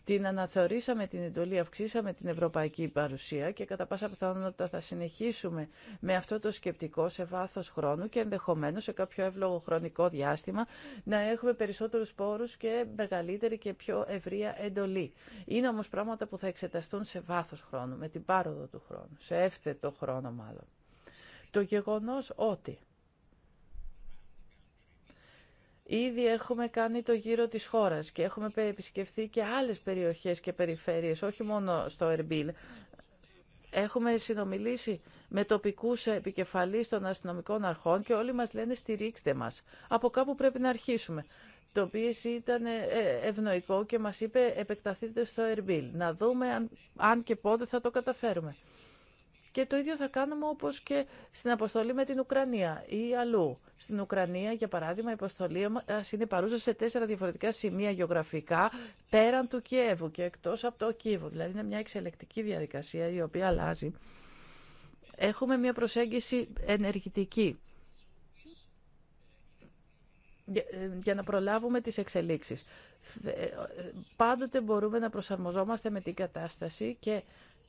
Την αναθεωρήσαμε την εντολή, αυξήσαμε την ευρωπαϊκή παρουσία και κατά πάσα πιθανότητα θα συνεχίσουμε με αυτό το σκεπτικό σε βάθος χρόνου και ενδεχομένως σε κάποιο εύλογο χρονικό διάστημα να έχουμε περισσότερους πόρους και μεγαλύτερη και πιο ευρεία εντολή. Είναι όμως πράγματα που θα εξεταστούν σε βάθος χρόνου, με την πάροδο του χρόνου, σε εύθετο χρόνο μάλλον. Το γεγονός ότι Ήδη έχουμε κάνει το γύρο της χώρας και έχουμε επισκεφθεί και άλλες περιοχές και περιφέρειες, όχι μόνο στο Ερμπίλ. Έχουμε συνομιλήσει με τοπικούς επικεφαλείς των αστυνομικών αρχών και όλοι μας λένε στηρίξτε μας. Από κάπου πρέπει να αρχίσουμε το οποίο ήταν ε, ε, ευνοϊκό και μας είπε επεκταθείτε στο Ερμπίλ. Να δούμε αν, και πότε θα το καταφέρουμε. Και το ίδιο θα κάνουμε όπως και στην αποστολή με την Ουκρανία ή αλλού. Στην Ουκρανία, για παράδειγμα, η αποστολή μα είναι παρούσα σε τέσσερα διαφορετικά σημεία γεωγραφικά πέραν του Κιέβου και εκτός από το Κίεβο. Δηλαδή είναι μια εξελεκτική διαδικασία η οποία αλλάζει. εκτος απο το κιβο δηλαδη ειναι μια προσέγγιση ενεργητική ε, για να προλάβουμε τις εξελίξεις. Ε, πάντοτε μπορούμε να προσαρμοζόμαστε με την κατάσταση και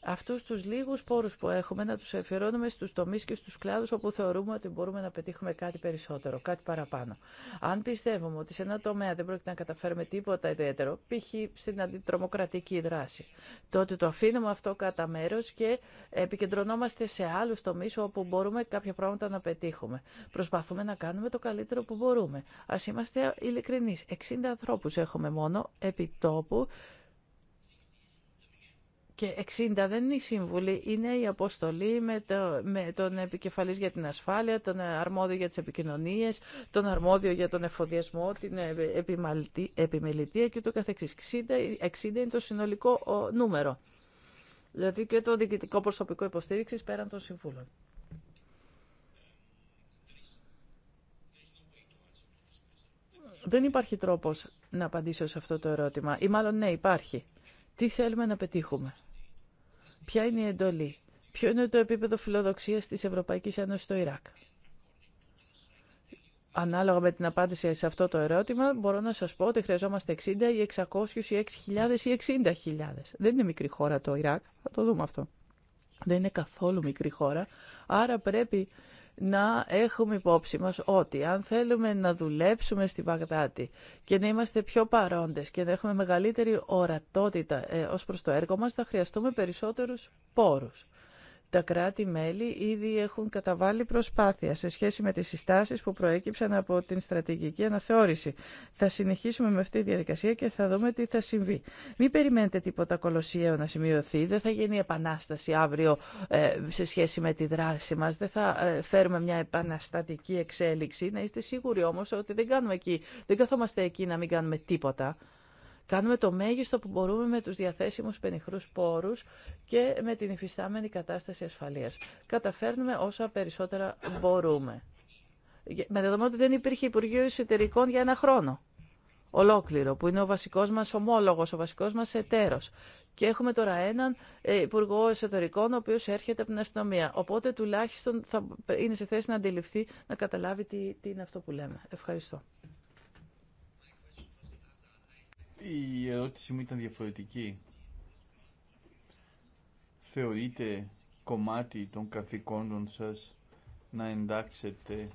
αυτούς τους λίγους πόρους που έχουμε να τους εφηρώνουμε στους τομείς και στους κλάδους όπου θεωρούμε ότι μπορούμε να πετύχουμε κάτι περισσότερο, κάτι παραπάνω. Αν πιστεύουμε ότι σε ένα τομέα δεν πρόκειται να καταφέρουμε τίποτα ιδιαίτερο, π.χ. στην αντιτρομοκρατική δράση, τότε το αφήνουμε αυτό κατά μέρο και επικεντρωνόμαστε σε άλλους τομείς όπου μπορούμε κάποια πράγματα να πετύχουμε. Προσπαθούμε να κάνουμε το καλύτερο που μπορούμε. Ας είμαστε ειλικρινείς. 60 ανθρώπους έχουμε μόνο επί τόπου και 60 δεν είναι η σύμβουλη, είναι η αποστολή με, το, με τον επικεφαλής για την ασφάλεια, τον αρμόδιο για τις επικοινωνίες, τον αρμόδιο για τον εφοδιασμό, την ε, επιμελητία και ούτω καθεξής. 60, 60 είναι το συνολικό νούμερο. Δηλαδή και το διοικητικό προσωπικό υποστήριξης πέραν των συμβούλων. Δεν υπάρχει τρόπος να απαντήσω σε αυτό το ερώτημα. Ή μάλλον ναι, υπάρχει. Τι θέλουμε να πετύχουμε. Ποια είναι η εντολή. Ποιο είναι το επίπεδο φιλοδοξίας της Ευρωπαϊκής Ένωσης στο Ιράκ. Ανάλογα με την απάντηση σε αυτό το ερώτημα, μπορώ να σας πω ότι χρειαζόμαστε 60 ή 600 ή 6.000 ή 60.000. Δεν είναι μικρή χώρα το Ιράκ, θα το δούμε αυτό. Δεν είναι καθόλου μικρή χώρα, άρα πρέπει να έχουμε υπόψη μας ότι αν θέλουμε να δουλέψουμε στη Βαγδάτη και να είμαστε πιο παρόντες και να έχουμε μεγαλύτερη ορατότητα ε, ως προς το έργο μας, θα χρειαστούμε περισσότερους πόρους. Τα κράτη-μέλη ήδη έχουν καταβάλει προσπάθεια σε σχέση με τις συστάσεις που προέκυψαν από την στρατηγική αναθεώρηση. Θα συνεχίσουμε με αυτή τη διαδικασία και θα δούμε τι θα συμβεί. Μην περιμένετε τίποτα κολοσιαίο να σημειωθεί. Δεν θα γίνει επανάσταση αύριο ε, σε σχέση με τη δράση μας. Δεν θα ε, φέρουμε μια επαναστατική εξέλιξη. Να είστε σίγουροι όμως ότι δεν, κάνουμε εκεί. δεν καθόμαστε εκεί να μην κάνουμε τίποτα. Κάνουμε το μέγιστο που μπορούμε με τους διαθέσιμους πενιχρούς πόρους και με την υφιστάμενη κατάσταση ασφαλείας. Καταφέρνουμε όσα περισσότερα μπορούμε. Με δεδομένο ότι δεν υπήρχε Υπουργείο Εσωτερικών για ένα χρόνο ολόκληρο, που είναι ο βασικός μας ομόλογος, ο βασικός μας εταίρος. Και έχουμε τώρα έναν ε, υπουργό εσωτερικών, ο οποίος έρχεται από την αστυνομία. Οπότε τουλάχιστον θα είναι σε θέση να αντιληφθεί, να καταλάβει τι, τι είναι αυτό που λέμε. Ευχαριστώ. Η ερώτηση μου ήταν διαφορετική. Θεωρείτε κομμάτι των καθηκόντων σας να εντάξετε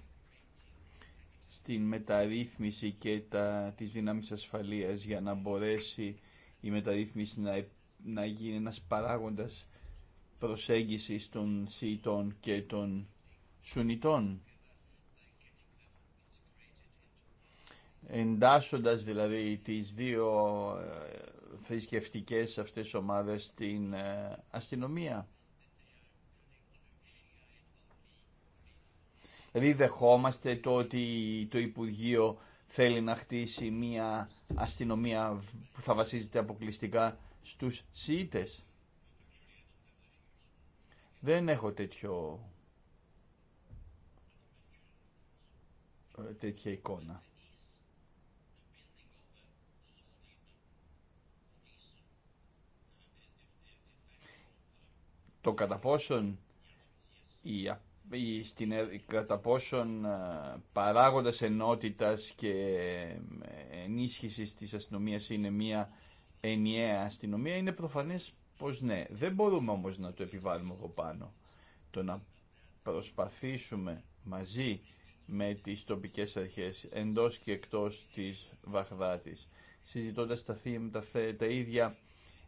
στην μεταρρύθμιση και τα, τις δυνάμεις ασφαλείας για να μπορέσει η μεταρρύθμιση να, γίνει ένας παράγοντας προσέγγισης των ΣΥΙΤΟΝ και των Σουνιτών. εντάσσοντας δηλαδή τις δύο ε, θρησκευτικέ αυτές ομάδες στην ε, αστυνομία. Δηλαδή δεχόμαστε το ότι το Υπουργείο θέλει να χτίσει μια αστυνομία που θα βασίζεται αποκλειστικά στους ΣΥΙΤΕΣ. Δεν έχω τέτοιο ε, τέτοια εικόνα. το κατά πόσον η, στην, ε- κατά πόσον ε, παράγοντας ενότητας και ε, ενίσχυσης της αστυνομίας είναι μια ενιαία αστυνομία είναι προφανές πως ναι. Δεν μπορούμε όμως να το επιβάλλουμε από πάνω. Το να προσπαθήσουμε μαζί με τις τοπικές αρχές εντός και εκτός της βαχδάτης συζητώντας τα, τα, τα ίδια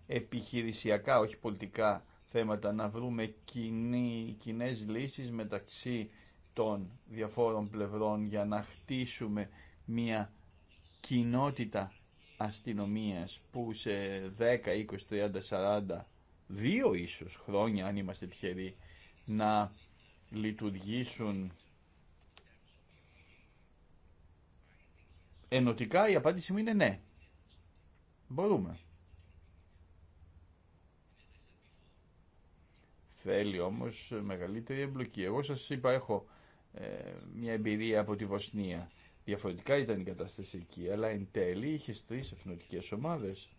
επιχειρησιακά, όχι πολιτικά θέματα, να βρούμε κοινή, κοινές λύσεις μεταξύ των διαφόρων πλευρών για να χτίσουμε μια κοινότητα αστυνομίας που σε 10, 20, 30, 40, δύο ίσως χρόνια αν είμαστε τυχεροί να λειτουργήσουν ενωτικά η απάντηση μου είναι ναι. Μπορούμε. Θέλει όμως μεγαλύτερη εμπλοκή. Εγώ σας είπα έχω ε, μια εμπειρία από τη Βοσνία. Διαφορετικά ήταν η κατάσταση εκεί, αλλά εν τέλει είχε τρει εθνοτικέ ομάδες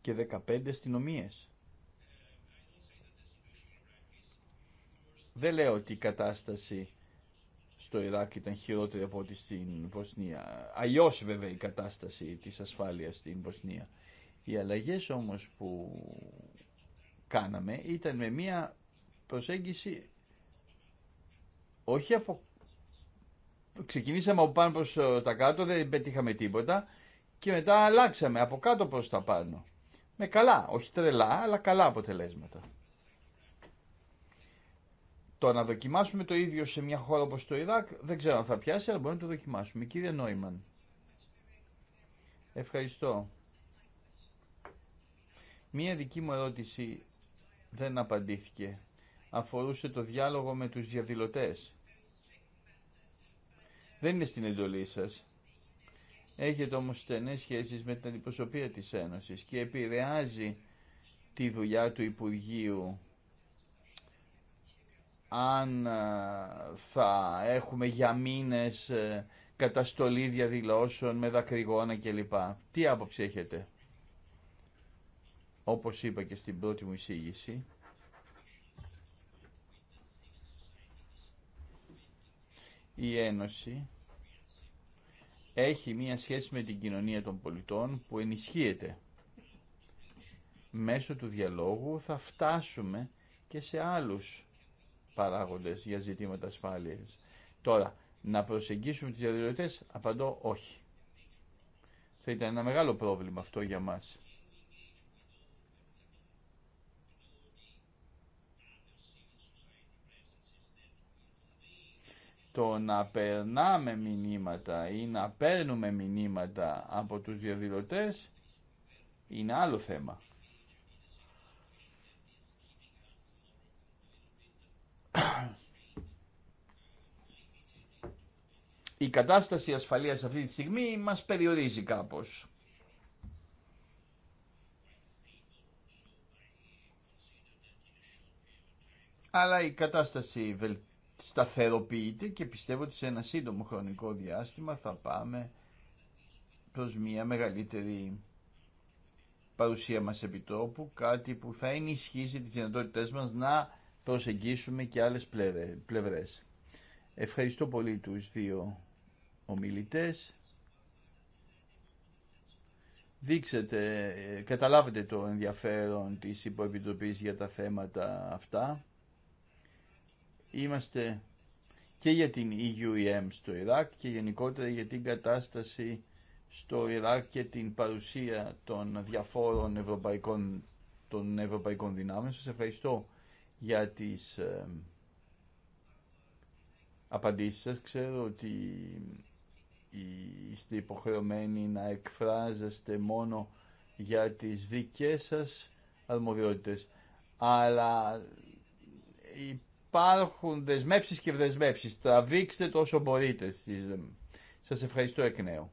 και 15 αστυνομίε. Δεν λέω ότι η κατάσταση στο Ιράκ ήταν χειρότερη από ό,τι στην Βοσνία. Αλλιώ βέβαια η κατάσταση της ασφάλεια στην Βοσνία. Οι αλλαγέ όμω που κάναμε ήταν με μία προσέγγιση όχι από... Ξεκινήσαμε από πάνω προς ε, τα κάτω, δεν πετύχαμε τίποτα και μετά αλλάξαμε από κάτω προς τα πάνω. Με καλά, όχι τρελά, αλλά καλά αποτελέσματα. Το να δοκιμάσουμε το ίδιο σε μια χώρα όπως το Ιράκ δεν ξέρω αν θα πιάσει, αλλά μπορεί να το δοκιμάσουμε. Κύριε Νόημαν. Ευχαριστώ. Μία δική μου ερώτηση δεν απαντήθηκε. Αφορούσε το διάλογο με τους διαδηλωτές. Δεν είναι στην εντολή σας. Έχετε όμως στενές σχέσεις με την αντιπροσωπεία της Ένωσης και επηρεάζει τη δουλειά του Υπουργείου αν θα έχουμε για μήνες ε, καταστολή διαδηλώσεων με δακρυγόνα κλπ. Τι άποψη έχετε όπως είπα και στην πρώτη μου εισήγηση, η Ένωση έχει μία σχέση με την κοινωνία των πολιτών που ενισχύεται. Μέσω του διαλόγου θα φτάσουμε και σε άλλους παράγοντες για ζητήματα ασφάλειας. Τώρα, να προσεγγίσουμε τις διαδηλωτές, απαντώ όχι. Θα ήταν ένα μεγάλο πρόβλημα αυτό για μας. το να περνάμε μηνύματα ή να παίρνουμε μηνύματα από τους διαδηλωτέ είναι άλλο θέμα. Η κατάσταση ασφαλείας αυτή τη στιγμή μας περιορίζει κάπως. Αλλά η κατάσταση βελτιώνει σταθεροποιείται και πιστεύω ότι σε ένα σύντομο χρονικό διάστημα θα πάμε προς μια μεγαλύτερη παρουσία μας επιτόπου, κάτι που θα ενισχύσει τις δυνατότητές μας να προσεγγίσουμε και άλλες πλευρές. Ευχαριστώ πολύ τους δύο ομιλητές. Δείξετε, ε, καταλάβετε το ενδιαφέρον της υποεπιτροπής για τα θέματα αυτά. Είμαστε και για την EUEM στο Ιράκ και γενικότερα για την κατάσταση στο Ιράκ και την παρουσία των διαφόρων ευρωπαϊκών, των ευρωπαϊκών δυνάμεων. Σας ευχαριστώ για τις ε, απαντήσεις Ξέρω ότι είστε υποχρεωμένοι να εκφράζεστε μόνο για τις δικές σας αρμοδιότητες. Αλλά υπάρχουν δεσμεύσεις και δεσμεύσεις. Τραβήξτε το όσο μπορείτε. Σας ευχαριστώ εκ νέου.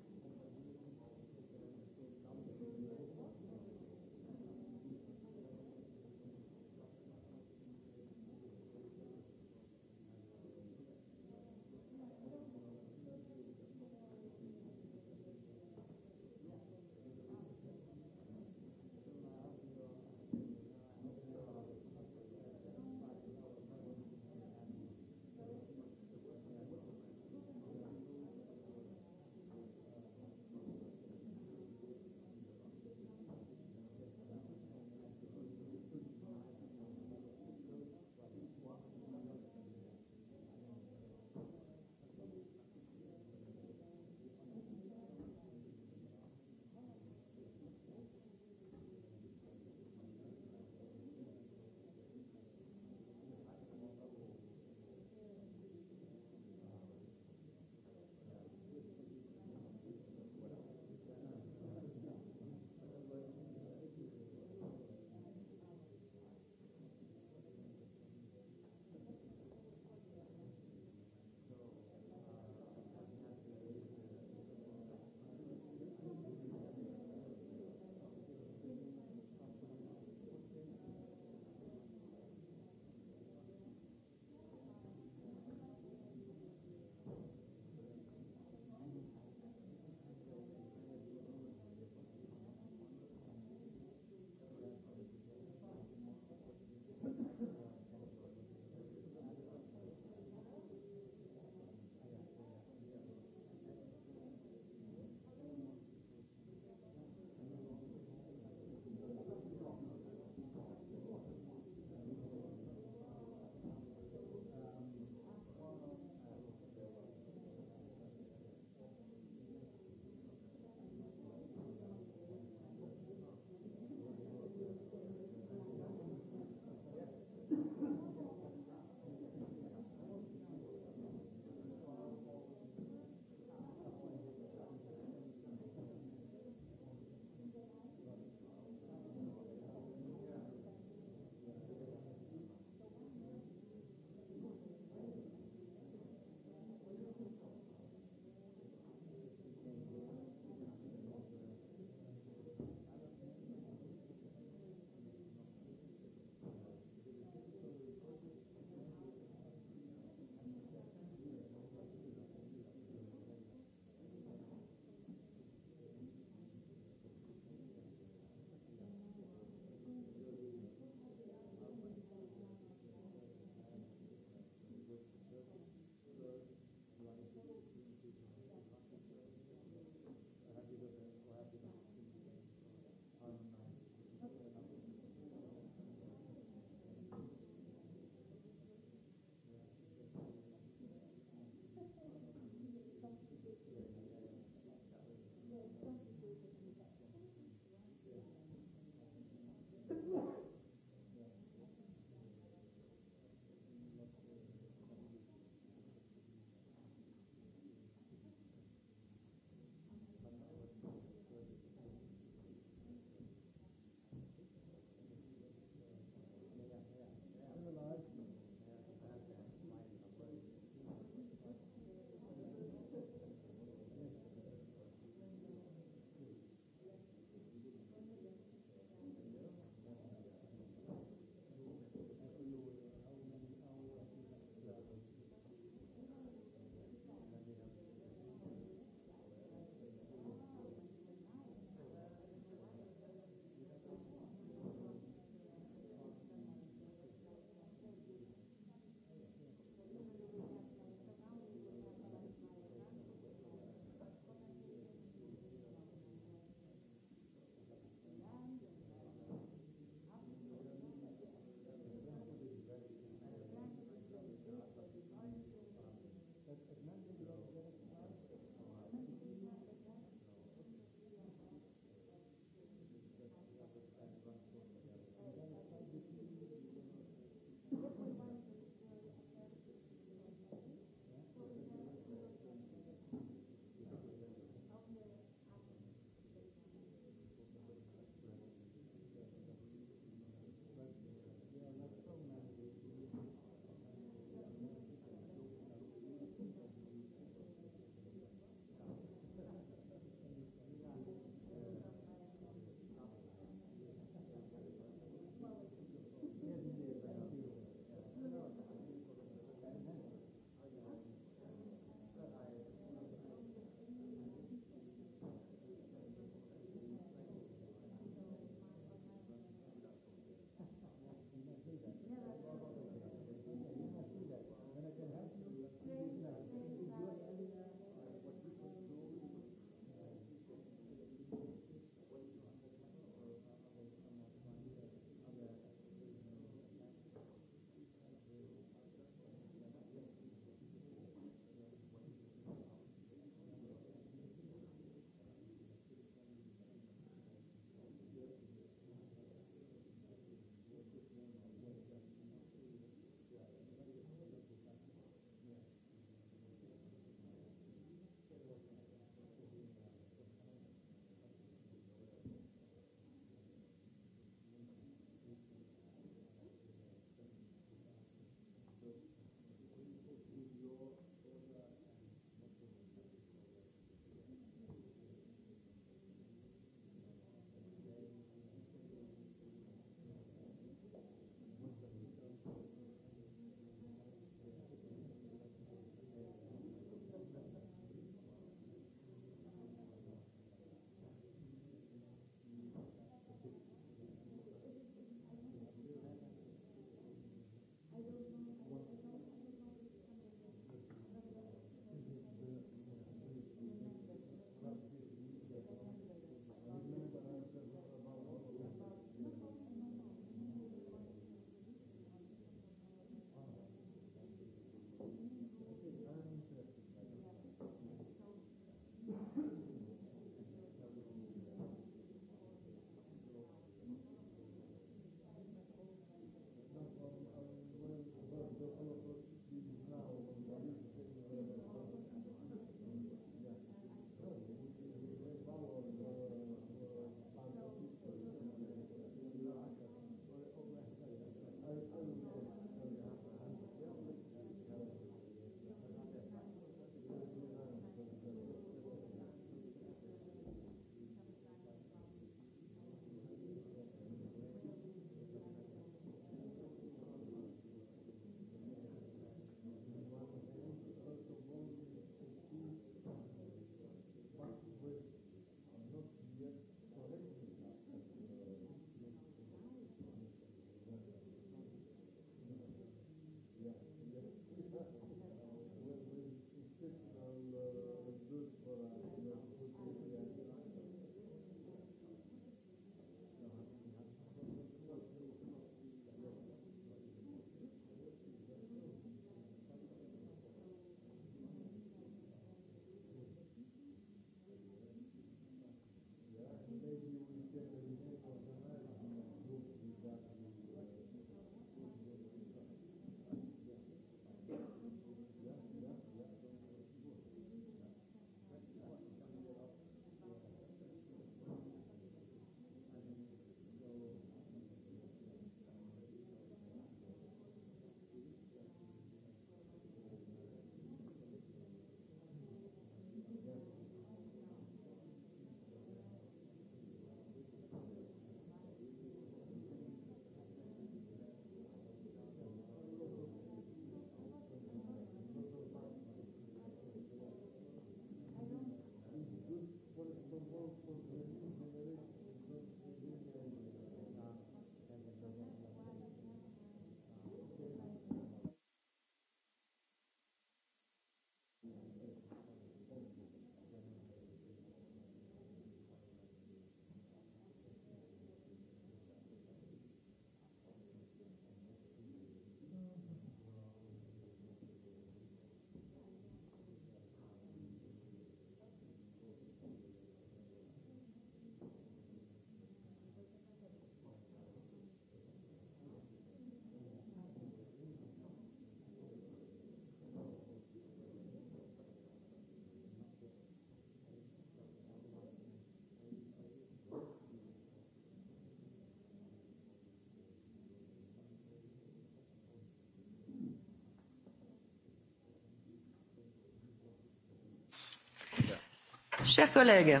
Chers collègues,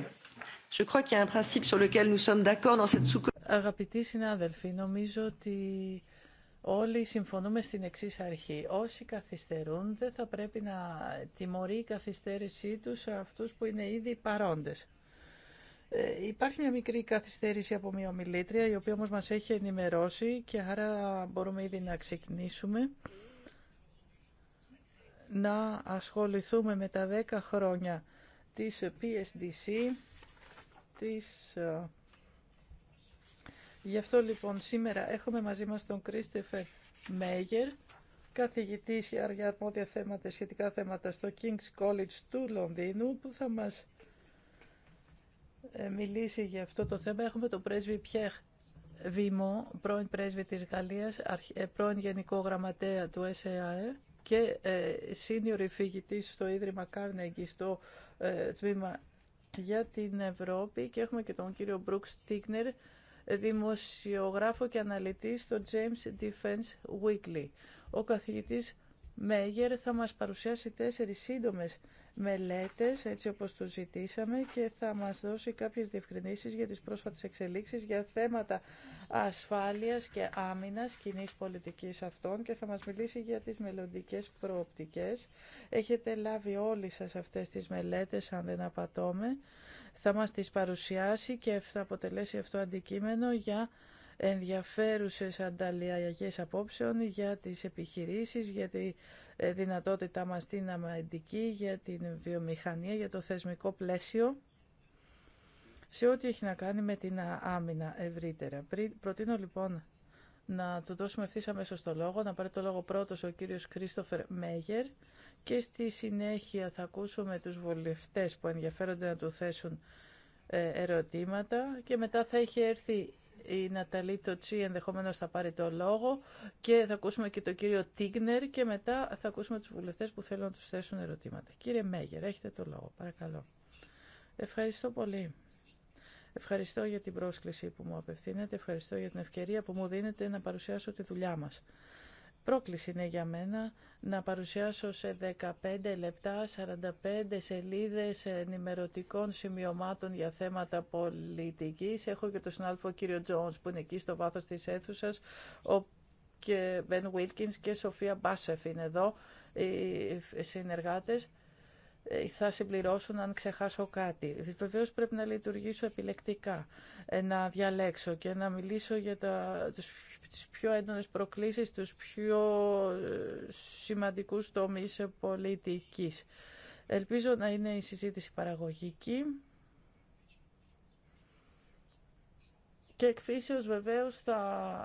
je Αγαπητοί συνάδελφοι, νομίζω ότι όλοι συμφωνούμε στην εξή αρχή. Όσοι καθυστερούν δεν θα πρέπει να τιμωρεί η καθυστέρησή τους σε αυτούς που είναι ήδη παρόντες. Ε, υπάρχει μια μικρή καθυστέρηση από μια ομιλήτρια, η οποία όμως μας έχει ενημερώσει και άρα μπορούμε ήδη να ξεκινήσουμε να ασχοληθούμε με τα 10 χρόνια της PSDC, της... Ε, γι' αυτό λοιπόν σήμερα έχουμε μαζί μας τον Κρίστεφε Μέγερ, καθηγητή για αρμόδια θέματα, σχετικά θέματα στο King's College του Λονδίνου, που θα μας ε, μιλήσει για αυτό το θέμα. Έχουμε τον πρέσβη Πιέχ Βημό, πρώην πρέσβη της Γαλλίας, ε, πρώην Γενικό Γραμματέα του SAE, και ε, senior εφηγητή στο Ίδρυμα Carnegie στο ε, τμήμα για την Ευρώπη και έχουμε και τον κύριο Μπρουκ Στίγνερ, δημοσιογράφο και αναλυτή στο James Defense Weekly. Ο καθηγητής Μέγερ θα μας παρουσιάσει τέσσερις σύντομες μελέτες έτσι όπως το ζητήσαμε και θα μας δώσει κάποιες διευκρινήσεις για τις πρόσφατες εξελίξεις για θέματα ασφάλειας και άμυνας κοινή πολιτικής αυτών και θα μας μιλήσει για τις μελλοντικέ προοπτικές. Έχετε λάβει όλοι σας αυτές τις μελέτες αν δεν απατώμε. Θα μας τις παρουσιάσει και θα αποτελέσει αυτό αντικείμενο για ενδιαφέρουσες ανταλλαγές απόψεων για τις επιχειρήσεις, για τη ε, δυνατότητά μας στην αμαντική, για την βιομηχανία, για το θεσμικό πλαίσιο σε ό,τι έχει να κάνει με την άμυνα ευρύτερα. Προτείνω λοιπόν να του δώσουμε ευθύ αμέσω το λόγο, να πάρει το λόγο πρώτος ο κύριος Κρίστοφερ Μέγερ και στη συνέχεια θα ακούσουμε τους βουλευτές που ενδιαφέρονται να του θέσουν ε, ερωτήματα και μετά θα έχει έρθει η Ναταλή Τοτσί ενδεχομένω θα πάρει το λόγο και θα ακούσουμε και τον κύριο Τίγνερ και μετά θα ακούσουμε του βουλευτέ που θέλουν να του θέσουν ερωτήματα. Κύριε Μέγερ, έχετε το λόγο, παρακαλώ. Ευχαριστώ πολύ. Ευχαριστώ για την πρόσκληση που μου απευθύνετε, ευχαριστώ για την ευκαιρία που μου δίνετε να παρουσιάσω τη δουλειά μας. Πρόκληση είναι για μένα να παρουσιάσω σε 15 λεπτά 45 σελίδες ενημερωτικών σημειωμάτων για θέματα πολιτικής. Έχω και τον συνάδελφο κύριο Τζόνς που είναι εκεί στο βάθος της αίθουσας, ο και Μπεν Βίλκινς και Σοφία Μπάσεφ είναι εδώ οι συνεργάτες ε, θα συμπληρώσουν αν ξεχάσω κάτι. Βεβαίως πρέπει να λειτουργήσω επιλεκτικά, ε, να διαλέξω και να μιλήσω για τα, τους τις πιο έντονες προκλήσεις, τους πιο ε, σημαντικούς τομείς πολιτικής. Ελπίζω να είναι η συζήτηση παραγωγική. Και εκφύσεως βεβαίως θα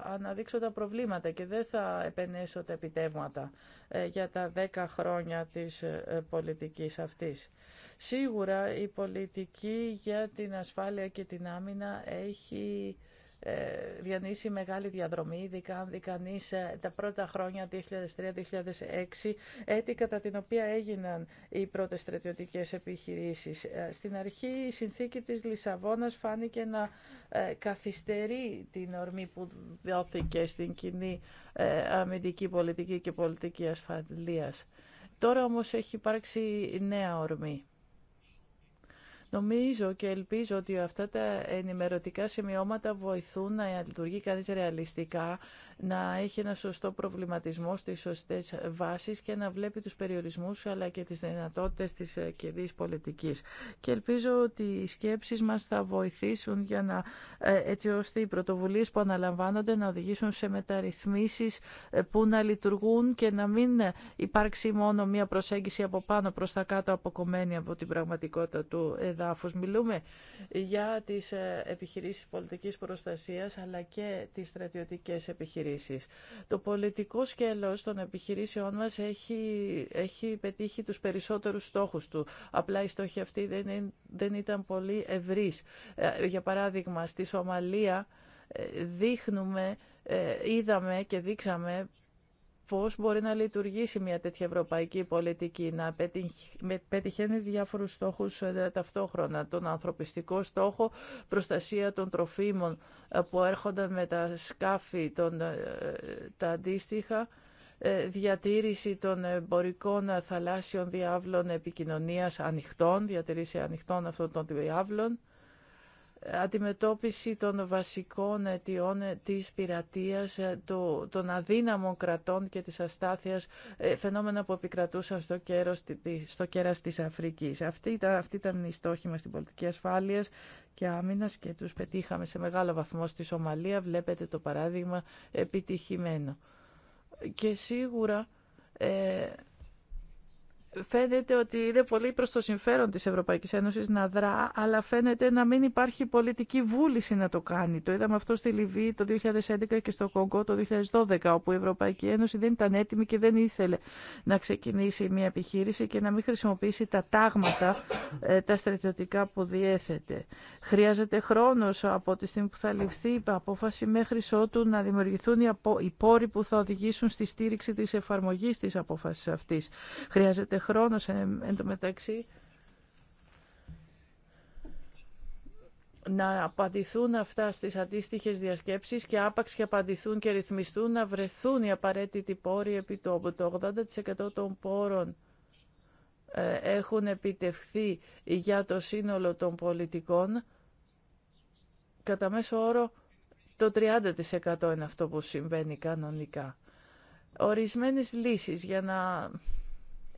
αναδείξω τα προβλήματα και δεν θα επενέσω τα επιτεύγματα ε, για τα δέκα χρόνια της ε, πολιτικής αυτής. Σίγουρα η πολιτική για την ασφάλεια και την άμυνα έχει ε, διανύσει μεγάλη διαδρομή, ειδικά αν δει κανεί ε, τα πρώτα χρόνια 2003-2006, έτη κατά την οποία έγιναν οι πρώτε στρατιωτικέ επιχειρήσει. Ε, στην αρχή η συνθήκη τη Λισαβόνα φάνηκε να καθυστερεί την ορμή που δόθηκε στην κοινή αμυντική πολιτική και πολιτική ασφαλείας. Τώρα όμως έχει υπάρξει νέα ορμή. Νομίζω και ελπίζω ότι αυτά τα ενημερωτικά σημειώματα βοηθούν να λειτουργεί κανείς ρεαλιστικά, να έχει ένα σωστό προβληματισμό στις σωστές βάσεις και να βλέπει τους περιορισμούς αλλά και τις δυνατότητες της κερδής πολιτικής. Και ελπίζω ότι οι σκέψεις μας θα βοηθήσουν για να, ε, έτσι ώστε οι πρωτοβουλίες που αναλαμβάνονται να οδηγήσουν σε μεταρρυθμίσεις ε, που να λειτουργούν και να μην υπάρξει μόνο μία προσέγγιση από πάνω προς τα κάτω αποκομμένη από την πραγματικότητα του εδάφους. Μιλούμε για τις ε, επιχειρήσεις πολιτικής προστασίας αλλά και τις στρατιωτικές επιχειρήσεις. Το πολιτικό σκέλος των επιχειρήσεών μας έχει, έχει πετύχει τους περισσότερους στόχους του. Απλά οι στόχοι αυτοί δεν, δεν ήταν πολύ ευρύ. Ε, για παράδειγμα, στη Σομαλία ε, δείχνουμε είδαμε και δείξαμε πώς μπορεί να λειτουργήσει μια τέτοια ευρωπαϊκή πολιτική, να πετυχαίνει διάφορους στόχους ε, ταυτόχρονα. Τον ανθρωπιστικό στόχο, προστασία των τροφίμων ε, που έρχονταν με τα σκάφη, τον, ε, τα αντίστοιχα, διατήρηση των εμπορικών θαλάσσιων διάβλων επικοινωνίας ανοιχτών, διατηρήση ανοιχτών αυτών των διάβλων, αντιμετώπιση των βασικών αιτιών της πειρατείας, ε, των αδύναμων κρατών και της αστάθειας, ε, φαινόμενα που επικρατούσαν στο, κέρος, στο κέρας της Αφρικής. Αυτή ήταν, αυτή ήταν η στόχη μας στην πολιτική ασφάλειας και άμυνας και τους πετύχαμε σε μεγάλο βαθμό στη Σομαλία. Βλέπετε το παράδειγμα επιτυχημένο. Και σίγουρα... Ε, φαίνεται ότι είναι πολύ προς το συμφέρον της Ευρωπαϊκής Ένωσης να δρά, αλλά φαίνεται να μην υπάρχει πολιτική βούληση να το κάνει. Το είδαμε αυτό στη Λιβύη το 2011 και στο Κονγκό το 2012, όπου η Ευρωπαϊκή Ένωση δεν ήταν έτοιμη και δεν ήθελε να ξεκινήσει μια επιχείρηση και να μην χρησιμοποιήσει τα τάγματα, ε, τα στρατιωτικά που διέθετε. Χρειάζεται χρόνο από τη στιγμή που θα ληφθεί η απόφαση μέχρι ότου να δημιουργηθούν οι πόροι που θα οδηγήσουν στη στήριξη της εφαρμογής τη απόφαση αυτή. Χρειάζεται χρόνος ε, εν τω μεταξύ να απαντηθούν αυτά στις αντίστοιχες διασκέψεις και άπαξ και απαντηθούν και ρυθμιστούν να βρεθούν οι απαραίτητοι πόροι επί Το 80% των πόρων ε, έχουν επιτευχθεί για το σύνολο των πολιτικών. Κατά μέσο όρο το 30% είναι αυτό που συμβαίνει κανονικά. Ορισμένες λύσεις για να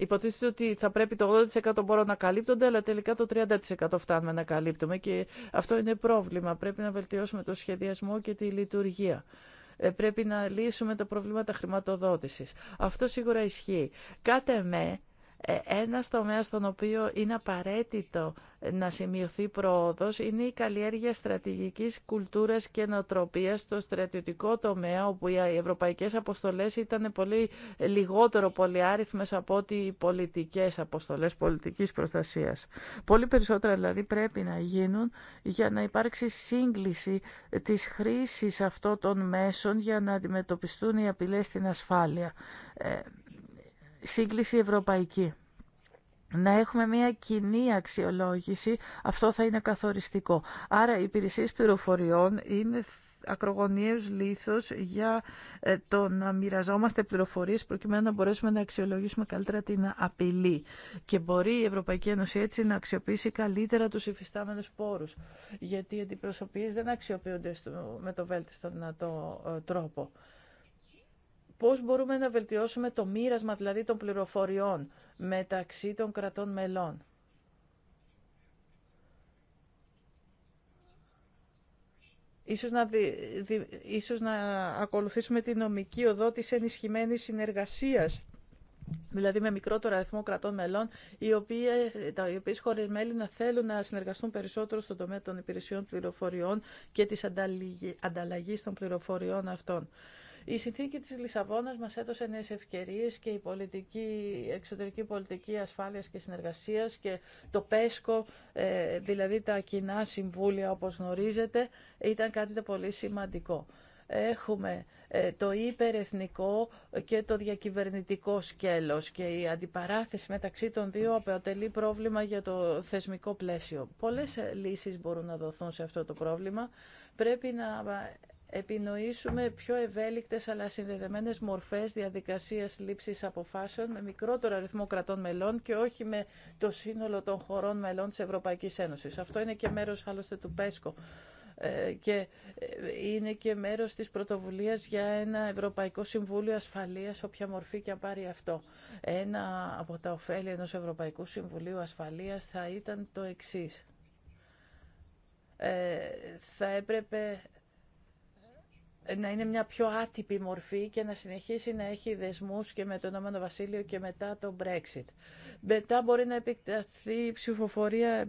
Υποτίθεται ότι θα πρέπει το 80% μπορώ να καλύπτονται, αλλά τελικά το 30% φτάνουμε να καλύπτουμε και αυτό είναι πρόβλημα. Πρέπει να βελτιώσουμε το σχεδιασμό και τη λειτουργία ε, πρέπει να λύσουμε τα προβλήματα χρηματοδότησης. Αυτό σίγουρα ισχύει. Κάτε με ε, Ένα τομέα στον οποίο είναι απαραίτητο να σημειωθεί πρόοδος είναι η καλλιέργεια στρατηγικής κουλτούρας και νοοτροπίας στο στρατιωτικό τομέα, όπου οι ευρωπαϊκές αποστολές ήταν πολύ λιγότερο πολυάριθμες από ό,τι οι πολιτικές αποστολές πολιτικής προστασίας. Πολύ περισσότερα δηλαδή πρέπει να γίνουν για να υπάρξει σύγκληση της χρήσης αυτών των μέσων για να αντιμετωπιστούν οι απειλές στην ασφάλεια ε, σύγκληση ευρωπαϊκή να έχουμε μια κοινή αξιολόγηση, αυτό θα είναι καθοριστικό. Άρα οι υπηρεσίε πληροφοριών είναι ακρογωνίες λίθος για ε, το να μοιραζόμαστε πληροφορίες προκειμένου να μπορέσουμε να αξιολογήσουμε καλύτερα την απειλή. Και μπορεί η Ευρωπαϊκή Ένωση έτσι να αξιοποιήσει καλύτερα τους υφιστάμενους πόρους, γιατί οι αντιπροσωπείες δεν αξιοποιούνται με το βέλτιστο δυνατό ε, τρόπο πώς μπορούμε να βελτιώσουμε το μοίρασμα δηλαδή των πληροφοριών μεταξύ των κρατών μελών. Ίσως να, ίσως να ακολουθήσουμε τη νομική οδό της ενισχυμένης συνεργασίας δηλαδή με μικρότερο αριθμό κρατών μελών, οι οποίες, τα οποίες μέλη να θέλουν να συνεργαστούν περισσότερο στον τομέα των υπηρεσιών πληροφοριών και της ανταλλαγής των πληροφοριών αυτών. Η συνθήκη της Λισαβόνας μας έδωσε νέες ευκαιρίες και η πολιτική, εξωτερική πολιτική ασφάλειας και συνεργασίας και το ΠΕΣΚΟ, ε, δηλαδή τα κοινά συμβούλια όπως γνωρίζετε, ήταν κάτι το πολύ σημαντικό. Έχουμε ε, το υπερεθνικό και το διακυβερνητικό σκέλος και η αντιπαράθεση μεταξύ των δύο αποτελεί πρόβλημα για το θεσμικό πλαίσιο. Πολλές ε, λύσεις μπορούν να δοθούν σε αυτό το πρόβλημα. Πρέπει να επινοήσουμε πιο ευέλικτες αλλά συνδεδεμένες μορφές διαδικασίας λήψης αποφάσεων με μικρότερο αριθμό κρατών μελών και όχι με το σύνολο των χωρών μελών της Ευρωπαϊκής Ένωσης. Αυτό είναι και μέρος άλλωστε του ΠΕΣΚΟ ε, και ε, είναι και μέρος της πρωτοβουλίας για ένα Ευρωπαϊκό Συμβούλιο Ασφαλείας, όποια μορφή και αν πάρει αυτό. Ένα από τα ωφέλη ενός Ευρωπαϊκού Συμβουλίου Ασφαλείας θα ήταν το εξής. Ε, θα έπρεπε να είναι μια πιο άτυπη μορφή και να συνεχίσει να έχει δεσμούς και με το Ηνωμένο Βασίλειο και μετά το Brexit. Μετά μπορεί να επικταθεί η ψηφοφορία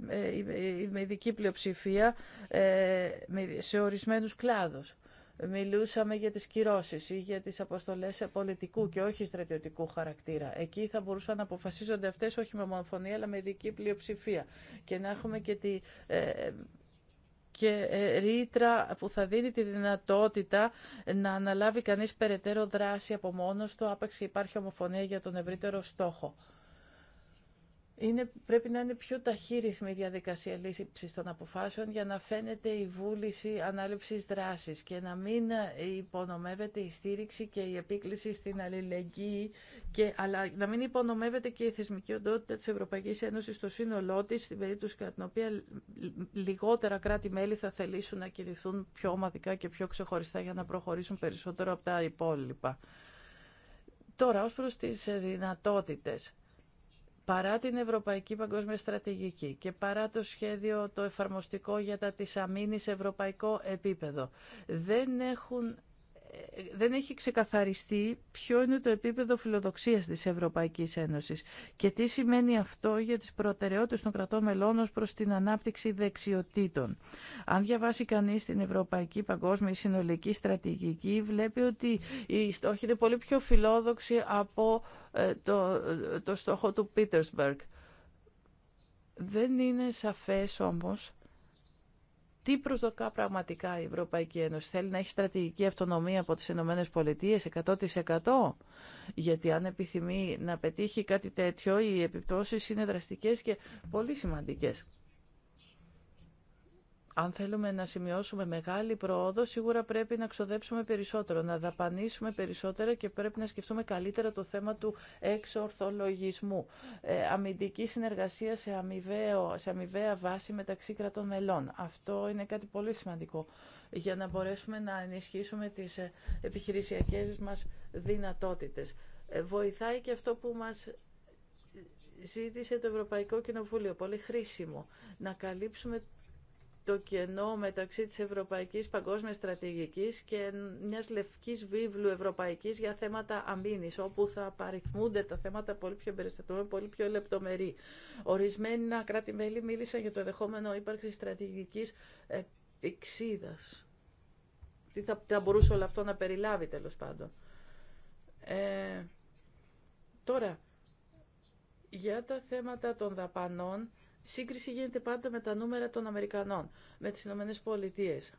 με ειδική πλειοψηφία ε, σε ορισμένους κλάδους. Μιλούσαμε για τις κυρώσεις ή για τις αποστολές πολιτικού και όχι στρατιωτικού χαρακτήρα. Εκεί θα μπορούσαν να αποφασίζονται αυτές όχι με μονοφωνία αλλά με ειδική πλειοψηφία. Και να έχουμε και τη ε, και ε, ρήτρα που θα δίνει τη δυνατότητα να αναλάβει κανείς περαιτέρω δράση από μόνος του, άπαξ υπάρχει ομοφωνία για τον ευρύτερο στόχο είναι, πρέπει να είναι πιο ταχύρυθμη η διαδικασία λύση των αποφάσεων για να φαίνεται η βούληση ανάληψης δράση και να μην υπονομεύεται η στήριξη και η επίκληση στην αλληλεγγύη και, αλλά να μην υπονομεύεται και η θεσμική οντότητα τη Ευρωπαϊκή Ένωση στο σύνολό τη, στην περίπτωση κατά την οποία λιγότερα κράτη-μέλη θα θελήσουν να κινηθούν πιο ομαδικά και πιο ξεχωριστά για να προχωρήσουν περισσότερο από τα υπόλοιπα. Τώρα, ως προς τις δυνατότητες Παρά την Ευρωπαϊκή Παγκόσμια Στρατηγική και παρά το σχέδιο το εφαρμοστικό για τα της αμήνης ευρωπαϊκό επίπεδο, δεν έχουν δεν έχει ξεκαθαριστεί ποιο είναι το επίπεδο φιλοδοξίας της Ευρωπαϊκής Ένωσης και τι σημαίνει αυτό για τις προτεραιότητες των κρατών μελών ως προς την ανάπτυξη δεξιοτήτων. Αν διαβάσει κανείς την Ευρωπαϊκή Παγκόσμια Συνολική Στρατηγική βλέπει ότι η στόχη είναι πολύ πιο φιλόδοξη από ε, το, το στόχο του Πίτερσμπεργκ. Δεν είναι σαφές όμως τι προσδοκά πραγματικά η Ευρωπαϊκή Ένωση. Θέλει να έχει στρατηγική αυτονομία από τις Ηνωμένες Πολιτείες 100% γιατί αν επιθυμεί να πετύχει κάτι τέτοιο οι επιπτώσεις είναι δραστικές και πολύ σημαντικές αν θέλουμε να σημειώσουμε μεγάλη προόδο, σίγουρα πρέπει να ξοδέψουμε περισσότερο, να δαπανίσουμε περισσότερα και πρέπει να σκεφτούμε καλύτερα το θέμα του εξορθολογισμού. Ε, αμυντική συνεργασία σε, αμοιβαίο, σε αμοιβαία βάση μεταξύ κρατών μελών. Αυτό είναι κάτι πολύ σημαντικό για να μπορέσουμε να ενισχύσουμε τις ε, επιχειρησιακές μας δυνατότητες. Ε, βοηθάει και αυτό που μας ζήτησε το Ευρωπαϊκό Κοινοβούλιο, πολύ χρήσιμο, να καλύψουμε το κενό μεταξύ της Ευρωπαϊκής Παγκόσμιας Στρατηγικής και μιας λευκής βίβλου ευρωπαϊκής για θέματα αμήνης, όπου θα παριθμούνται τα θέματα πολύ πιο περιστατωμένα, πολύ πιο λεπτομερή. Ορισμένα κράτη-μέλη μίλησαν για το ενδεχόμενο ύπαρξη στρατηγικής εξίδας. Τι θα, θα μπορούσε όλο αυτό να περιλάβει, τέλος πάντων. Ε, τώρα, για τα θέματα των δαπανών, σύγκριση γίνεται πάντα με τα νούμερα των Αμερικανών, με τις Ηνωμένες Πολιτείες.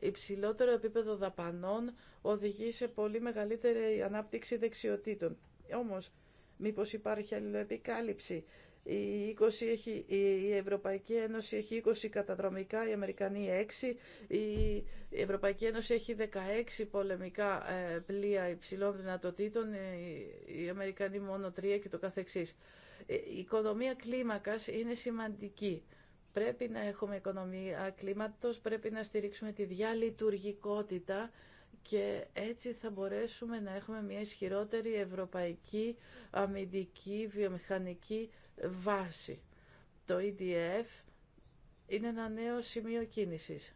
Υψηλότερο επίπεδο δαπανών οδηγεί σε πολύ μεγαλύτερη ανάπτυξη δεξιοτήτων. Όμως, μήπως υπάρχει αλληλοεπικάλυψη. Η, 20 έχει, η Ευρωπαϊκή Ένωση έχει 20 καταδρομικά, η Αμερικανοί 6, η Ευρωπαϊκή Ένωση έχει 16 πολεμικά ε, πλοία υψηλών δυνατοτήτων, η Αμερικανοί μόνο 3 και το καθεξής. Ε, η οικονομία κλίμακας είναι σημαντική. Πρέπει να έχουμε οικονομία κλίματος, πρέπει να στηρίξουμε τη διαλειτουργικότητα και έτσι θα μπορέσουμε να έχουμε μια ισχυρότερη ευρωπαϊκή αμυντική βιομηχανική βάση. Το EDF είναι ένα νέο σημείο κίνησης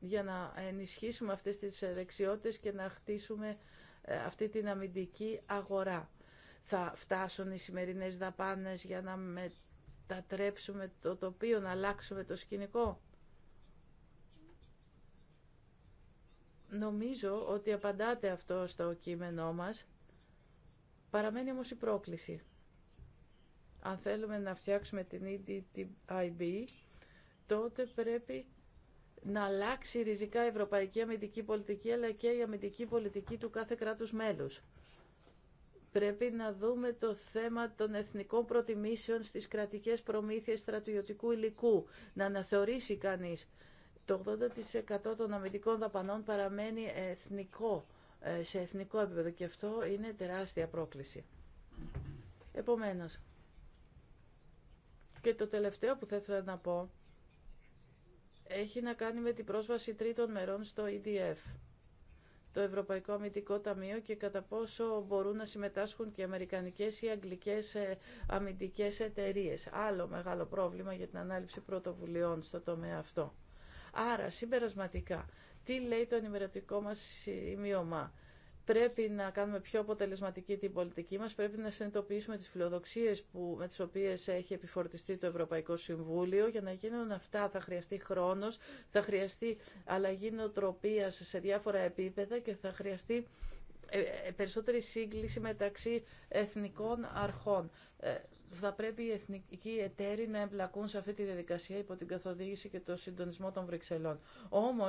για να ενισχύσουμε αυτές τις δεξιότητες και να χτίσουμε ε, αυτή την αμυντική αγορά θα φτάσουν οι σημερινές δαπάνες για να μετατρέψουμε το τοπίο, να αλλάξουμε το σκηνικό. Νομίζω ότι απαντάτε αυτό στο κείμενό μας. Παραμένει όμως η πρόκληση. Αν θέλουμε να φτιάξουμε την EDTIB, τότε πρέπει να αλλάξει ριζικά η ευρωπαϊκή αμυντική πολιτική, αλλά και η αμυντική πολιτική του κάθε κράτους μέλους. Πρέπει να δούμε το θέμα των εθνικών προτιμήσεων στις κρατικές προμήθειες στρατιωτικού υλικού. Να αναθεωρήσει κανείς. Το 80% των αμυντικών δαπανών παραμένει εθνικό, ε, σε εθνικό επίπεδο και αυτό είναι τεράστια πρόκληση. Επομένως, και το τελευταίο που θα ήθελα να πω έχει να κάνει με την πρόσβαση τρίτων μερών στο EDF το Ευρωπαϊκό Αμυντικό Ταμείο και κατά πόσο μπορούν να συμμετάσχουν και αμερικανικές ή αγγλικές ε, αμυντικές εταιρείες. Άλλο μεγάλο πρόβλημα για την ανάληψη πρωτοβουλειών στο τομέα αυτό. Άρα, συμπερασματικά, τι λέει το ενημερωτικό μας σημείωμα. Πρέπει να κάνουμε πιο αποτελεσματική την πολιτική μας, πρέπει να συνειδητοποιήσουμε τις φιλοδοξίες που, με τις οποίες έχει επιφορτιστεί το Ευρωπαϊκό Συμβούλιο. Για να γίνουν αυτά θα χρειαστεί χρόνος, θα χρειαστεί αλλαγή νοοτροπίας σε διάφορα επίπεδα και θα χρειαστεί ε, ε, περισσότερη σύγκληση μεταξύ εθνικών αρχών. Ε, θα πρέπει οι εθνικοί εταίροι να εμπλακούν σε αυτή τη διαδικασία υπό την καθοδήγηση και το συντονισμό των Βρυξελών. Όμω,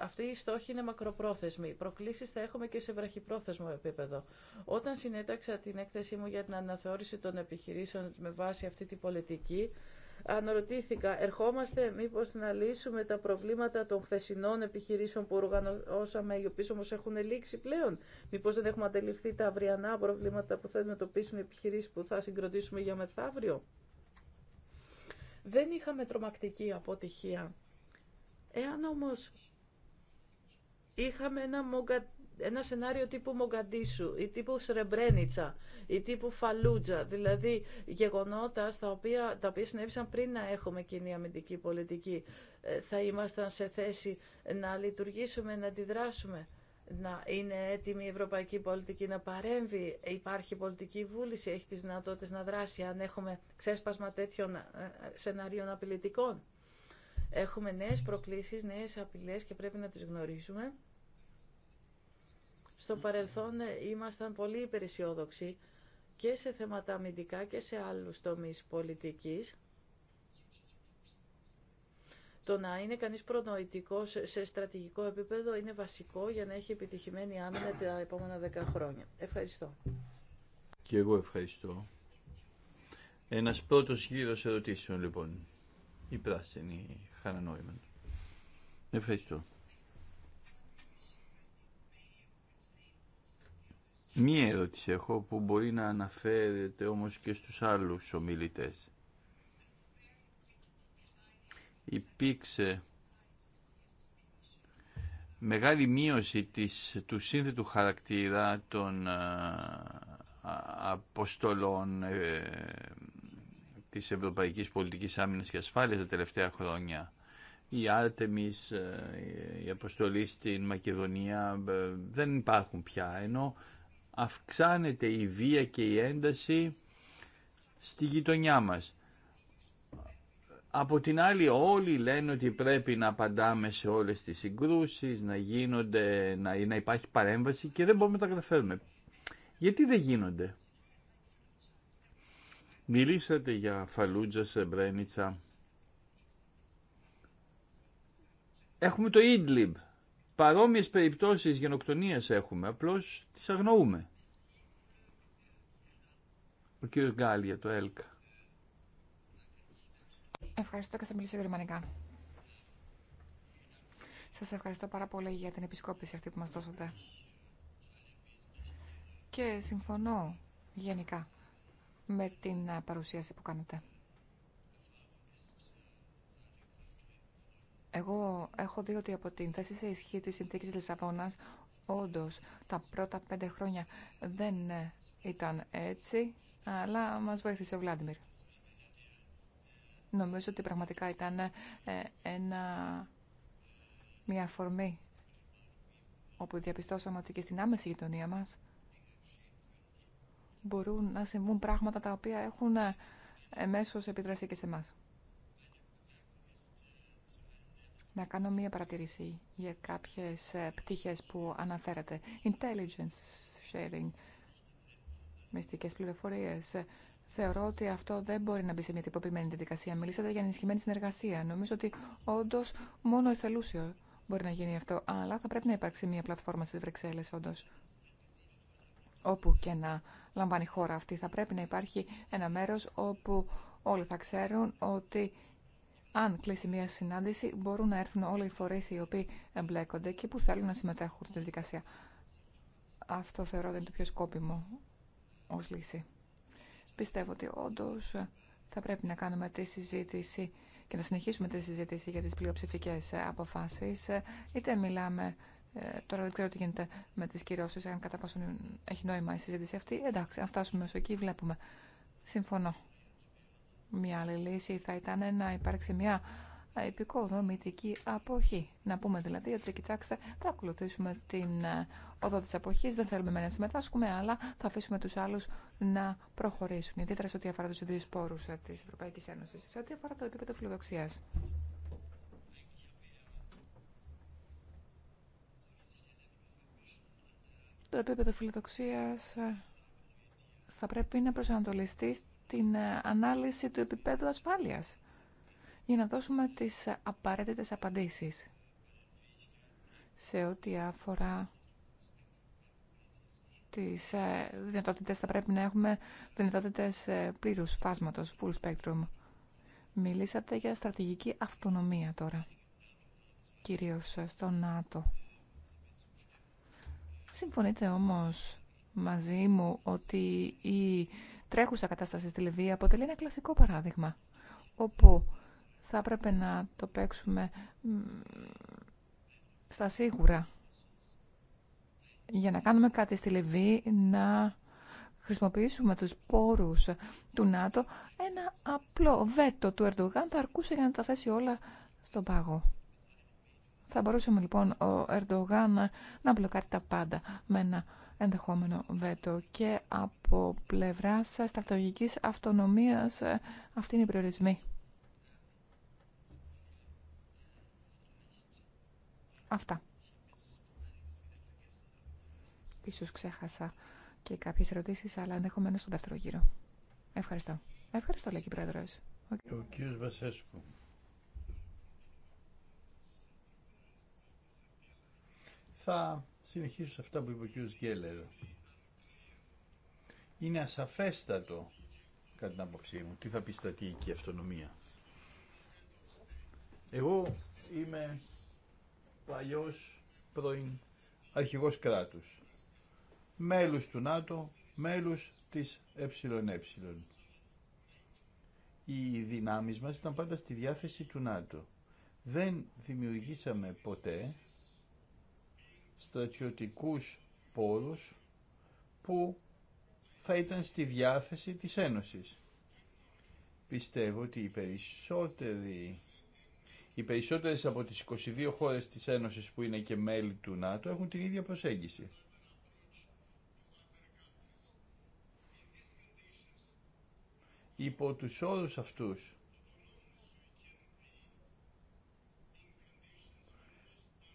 αυτή η στόχη είναι μακροπρόθεσμη. Προκλήσει θα έχουμε και σε βραχυπρόθεσμο επίπεδο. Όταν συνέταξα την έκθεσή μου για την αναθεώρηση των επιχειρήσεων με βάση αυτή τη πολιτική, αναρωτήθηκα, ερχόμαστε μήπως να λύσουμε τα προβλήματα των χθεσινών επιχειρήσεων που οργανώσαμε, οι οποίες όμως έχουν λήξει πλέον. Μήπως δεν έχουμε αντιληφθεί τα αυριανά προβλήματα που θα αντιμετωπίσουν οι επιχειρήσεις που θα συγκροτήσουμε για μεθαύριο. Δεν είχαμε τρομακτική αποτυχία. Εάν όμως είχαμε ένα μογκα ένα σενάριο τύπου Μογκαντήσου ή τύπου Σρεμπρένιτσα ή τύπου Φαλούτζα, δηλαδή γεγονότα στα οποία, τα οποία συνέβησαν πριν να έχουμε κοινή αμυντική πολιτική. Ε, θα ήμασταν σε θέση να λειτουργήσουμε, να αντιδράσουμε να είναι έτοιμη η ευρωπαϊκή πολιτική να παρέμβει, υπάρχει πολιτική βούληση, έχει τις δυνατότητες να δράσει αν έχουμε ξέσπασμα τέτοιων ε, σενάριων απειλητικών. Έχουμε νέες προκλήσεις, νέες απειλές και πρέπει να τις γνωρίζουμε. Στο παρελθόν ε, ήμασταν πολύ υπεραισιόδοξοι και σε θέματα αμυντικά και σε άλλους τομείς πολιτικής. Το να είναι κανείς προνοητικός σε στρατηγικό επίπεδο είναι βασικό για να έχει επιτυχημένη άμυνα τα επόμενα δέκα χρόνια. Ευχαριστώ. Και εγώ ευχαριστώ. Ένας πρώτος γύρος ερωτήσεων λοιπόν. Η πράσινη χαρανόημα. Ευχαριστώ. Μία ερώτηση έχω που μπορεί να αναφέρεται όμως και στους άλλους ομιλητές. Υπήρξε μεγάλη μείωση της, του σύνθετου χαρακτήρα των ε, αποστολών ε, της Ευρωπαϊκής Πολιτικής Άμυνας και Ασφάλειας τα τελευταία χρόνια. Η Άρτεμις, η αποστολή στην Μακεδονία ε, δεν υπάρχουν πια, ενώ αυξάνεται η βία και η ένταση στη γειτονιά μας. Από την άλλη όλοι λένε ότι πρέπει να απαντάμε σε όλες τις συγκρούσεις, να, γίνονται, να, να υπάρχει παρέμβαση και δεν μπορούμε να τα καταφέρουμε. Γιατί δεν γίνονται. Μιλήσατε για Φαλούτζα, Σεμπρένιτσα. Έχουμε το Ιντλιμπ Παρόμοιες περιπτώσεις γενοκτονίας έχουμε, απλώς τις αγνοούμε. Ο κύριος Γκάλ για το ΕΛΚΑ. Ευχαριστώ και θα μιλήσω γερμανικά. Σας ευχαριστώ πάρα πολύ για την επισκόπηση αυτή που μας δώσατε. Και συμφωνώ γενικά με την παρουσίαση που κάνετε. Εγώ έχω δει ότι από την θέση σε ισχύ της συνθήκης Λισαβόνα όντως τα πρώτα πέντε χρόνια δεν ε, ήταν έτσι, αλλά μας βοήθησε ο Βλάντιμιρ. Νομίζω ότι πραγματικά ήταν ε, ένα, μια αφορμή όπου διαπιστώσαμε ότι και στην άμεση γειτονία μας μπορούν να συμβούν πράγματα τα οποία έχουν ε, εμέσως επιδρασή και σε εμάς. να κάνω μία παρατηρήση για κάποιες ε, πτυχές που αναφέρατε. Intelligence sharing, μυστικές πληροφορίες. Θεωρώ ότι αυτό δεν μπορεί να μπει σε μια τυποποιημένη διαδικασία. Μιλήσατε για ενισχυμένη συνεργασία. Νομίζω ότι όντω μόνο εθελούσιο μπορεί να γίνει αυτό. Αλλά θα πρέπει να υπάρξει μια πλατφόρμα στι Βρυξέλλε, όντω. Όπου και να λαμβάνει χώρα αυτή, θα πρέπει να υπάρχει ένα μέρο όπου όλοι θα ξέρουν ότι αν κλείσει μια συνάντηση, μπορούν να έρθουν όλοι οι φορείς οι οποίοι εμπλέκονται και που θέλουν να συμμετέχουν στη διαδικασία. Αυτό θεωρώ ότι είναι το πιο σκόπιμο ως λύση. Πιστεύω ότι όντω θα πρέπει να κάνουμε τη συζήτηση και να συνεχίσουμε τη συζήτηση για τις πλειοψηφικέ αποφάσεις. Είτε μιλάμε, ε, τώρα δεν ξέρω τι γίνεται με τις κυρώσεις, αν κατά πόσο έχει νόημα η συζήτηση αυτή. Εντάξει, αν φτάσουμε μέσω εκεί βλέπουμε. Συμφωνώ. Μια άλλη λύση θα ήταν να υπάρξει μια επικοδομητική αποχή. Να πούμε δηλαδή ότι κοιτάξτε θα ακολουθήσουμε την ε, οδό τη αποχή, δεν θέλουμε να συμμετάσχουμε, αλλά θα αφήσουμε τους άλλους να προχωρήσουν. Ιδιαίτερα σε ό,τι αφορά του δύο πόρου ε, τη Ευρωπαϊκή Ένωση σε ό,τι αφορά το επίπεδο φιλοδοξία. Το επίπεδο φιλοδοξία ε, θα πρέπει να προσανατολιστεί την ε, ανάλυση του επίπεδου ασφάλειας για να δώσουμε τις απαραίτητες απαντήσεις σε ό,τι αφορά τις ε, δυνατότητες θα πρέπει να έχουμε δυνατότητες ε, πλήρους φάσματος, full spectrum. Μιλήσατε για στρατηγική αυτονομία τώρα, κυρίως στο ΝΑΤΟ. Συμφωνείτε όμως μαζί μου ότι η τρέχουσα κατάσταση στη Λιβύη αποτελεί ένα κλασικό παράδειγμα, όπου θα έπρεπε να το παίξουμε στα σίγουρα. Για να κάνουμε κάτι στη Λιβύη, να χρησιμοποιήσουμε τους πόρους του ΝΑΤΟ, ένα απλό βέτο του Ερντογάν θα αρκούσε για να τα θέσει όλα στον πάγο. Θα μπορούσαμε λοιπόν ο Ερντογάν να, μπλοκάρει τα πάντα με ένα ενδεχόμενο βέτο και από πλευρά στρατηγικής αυτονομίας ε, αυτή είναι η προορισμή. Αυτά. Ίσως ξέχασα και κάποιες ερωτήσεις, αλλά ενδεχομένω στο δεύτερο γύρο. Ευχαριστώ. Ευχαριστώ, λέει και Πρόεδρος. Ο κύριος Βασέσκου. Θα Συνεχίζω σε αυτά που είπε ο κ. Γκέλερ. Είναι ασαφέστατο, κατά την άποψή μου, τι θα πει στρατηγική αυτονομία. Εγώ είμαι παλιός πρώην αρχηγός κράτους, μέλους του ΝΑΤΟ, μέλους της ΕΕ. Οι δυνάμεις μας ήταν πάντα στη διάθεση του ΝΑΤΟ. Δεν δημιουργήσαμε ποτέ στρατιωτικούς πόρους που θα ήταν στη διάθεση της Ένωσης. Πιστεύω ότι οι περισσότεροι οι περισσότερες από τις 22 χώρες της Ένωσης που είναι και μέλη του ΝΑΤΟ έχουν την ίδια προσέγγιση. Υπό τους όρους αυτούς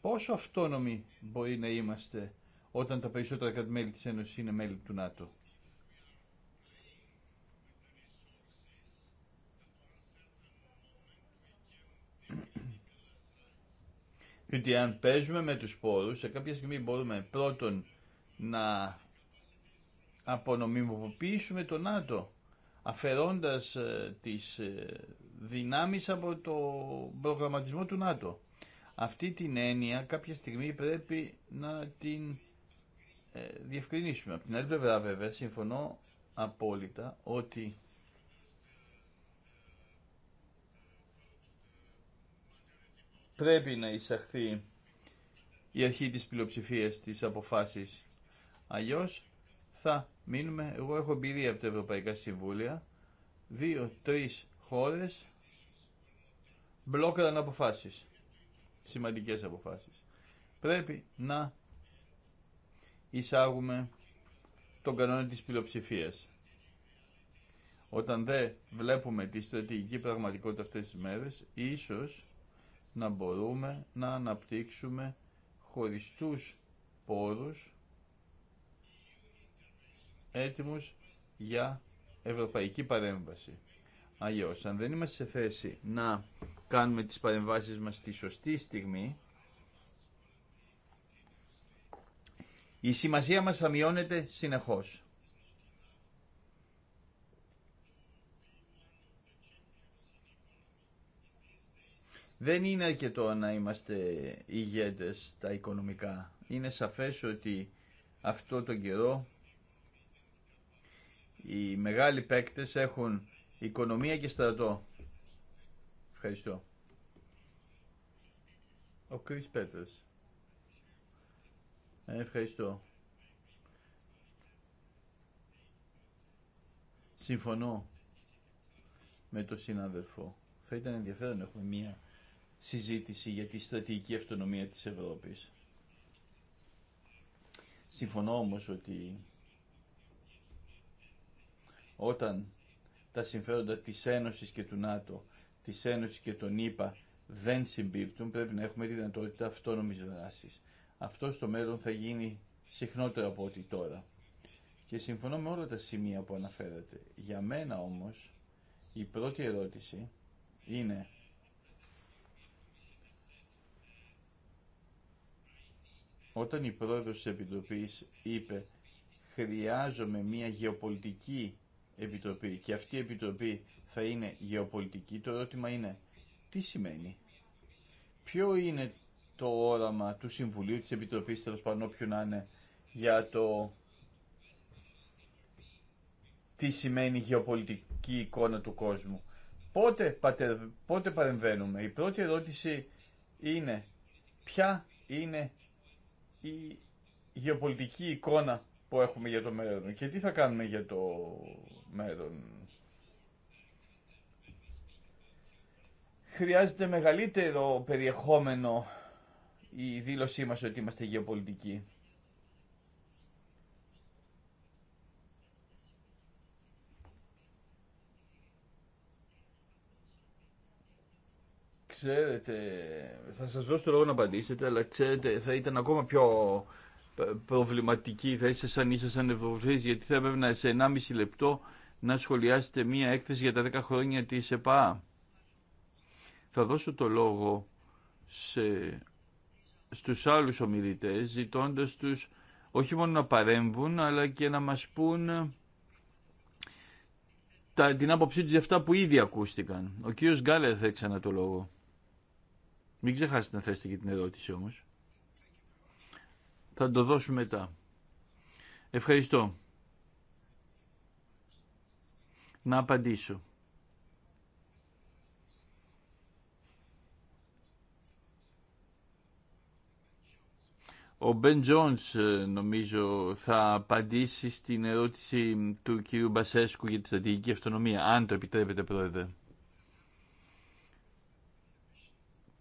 πόσο αυτόνομοι μπορεί να είμαστε όταν τα περισσότερα κράτη-μέλη της Ένωσης είναι μέλη του ΝΑΤΟ. Διότι αν παίζουμε με τους πόρους, σε κάποια στιγμή μπορούμε πρώτον να απονομιμοποιήσουμε το ΝΑΤΟ, αφαιρώντας ε, τις ε, δυνάμεις από το προγραμματισμό του ΝΑΤΟ. Αυτή την έννοια κάποια στιγμή πρέπει να την ε, διευκρινίσουμε. Από την άλλη πλευρά βέβαια συμφωνώ απόλυτα ότι πρέπει να εισαχθεί η αρχή της πλειοψηφίας της αποφάσεις. Αλλιώς θα μείνουμε, εγώ έχω εμπειρία από τα Ευρωπαϊκά Συμβούλια, δύο-τρεις χώρες μπλόκαραν αποφάσεις σημαντικές αποφάσεις. Πρέπει να εισάγουμε τον κανόνα της πλειοψηφία. Όταν δεν βλέπουμε τη στρατηγική πραγματικότητα αυτές τις μέρες, ίσως να μπορούμε να αναπτύξουμε χωριστούς πόρους έτοιμους για ευρωπαϊκή παρέμβαση. Αλλιώς, αν δεν είμαστε σε θέση να κάνουμε τις παρεμβάσεις μας στη σωστή στιγμή, η σημασία μας θα μειώνεται συνεχώς. Δεν είναι αρκετό να είμαστε ηγέτες τα οικονομικά. Είναι σαφές ότι αυτό το καιρό οι μεγάλοι παίκτες έχουν Οικονομία και στρατό. Ευχαριστώ. Ο Κρίς Πέτρας. Ε, ευχαριστώ. Συμφωνώ με τον συνάδελφο. Θα ήταν ενδιαφέρον να έχουμε μία συζήτηση για τη στρατηγική αυτονομία της Ευρώπης. Συμφωνώ όμως ότι όταν τα συμφέροντα της Ένωσης και του ΝΑΤΟ, της Ένωσης και των ΙΠΑ δεν συμπίπτουν, πρέπει να έχουμε τη δυνατότητα αυτόνομης δράσης. Αυτό στο μέλλον θα γίνει συχνότερο από ό,τι τώρα. Και συμφωνώ με όλα τα σημεία που αναφέρατε. Για μένα όμως η πρώτη ερώτηση είναι όταν η πρόεδρος της Επιτροπής είπε χρειάζομαι μια γεωπολιτική επιτροπή και αυτή η επιτροπή θα είναι γεωπολιτική, το ερώτημα είναι τι σημαίνει. Ποιο είναι το όραμα του Συμβουλίου, της Επιτροπής, τέλος πάντων να είναι, για το τι σημαίνει γεωπολιτική εικόνα του κόσμου. Πότε, πότε παρεμβαίνουμε. Η πρώτη ερώτηση είναι ποια είναι η γεωπολιτική εικόνα που έχουμε για το μέλλον και τι θα κάνουμε για το μέλλον. Χρειάζεται μεγαλύτερο περιεχόμενο η δήλωσή μας ότι είμαστε γεωπολιτικοί. Ξέρετε, θα σας δώσω το λόγο να απαντήσετε, αλλά ξέρετε, θα ήταν ακόμα πιο ε, προβληματική θα σαν είσαι σαν γιατί θα έπρεπε να σε 1,5 λεπτό να σχολιάσετε μία έκθεση για τα 10 χρόνια της ΕΠΑ. Θα δώσω το λόγο σε, στους άλλους ομιλητές ζητώντας τους όχι μόνο να παρέμβουν αλλά και να μας πούν τα, την άποψή τους για αυτά που ήδη ακούστηκαν. Ο κύριος Γκάλερ θα έξανα το λόγο. Μην ξεχάσετε να θέσετε και την ερώτηση όμως. Θα το δώσω μετά. Ευχαριστώ. Να απαντήσω. Ο Μπεν Τζόνς ε, νομίζω θα απαντήσει στην ερώτηση του κύριου Μπασέσκου για τη στρατηγική αυτονομία, αν το επιτρέπετε πρόεδρε.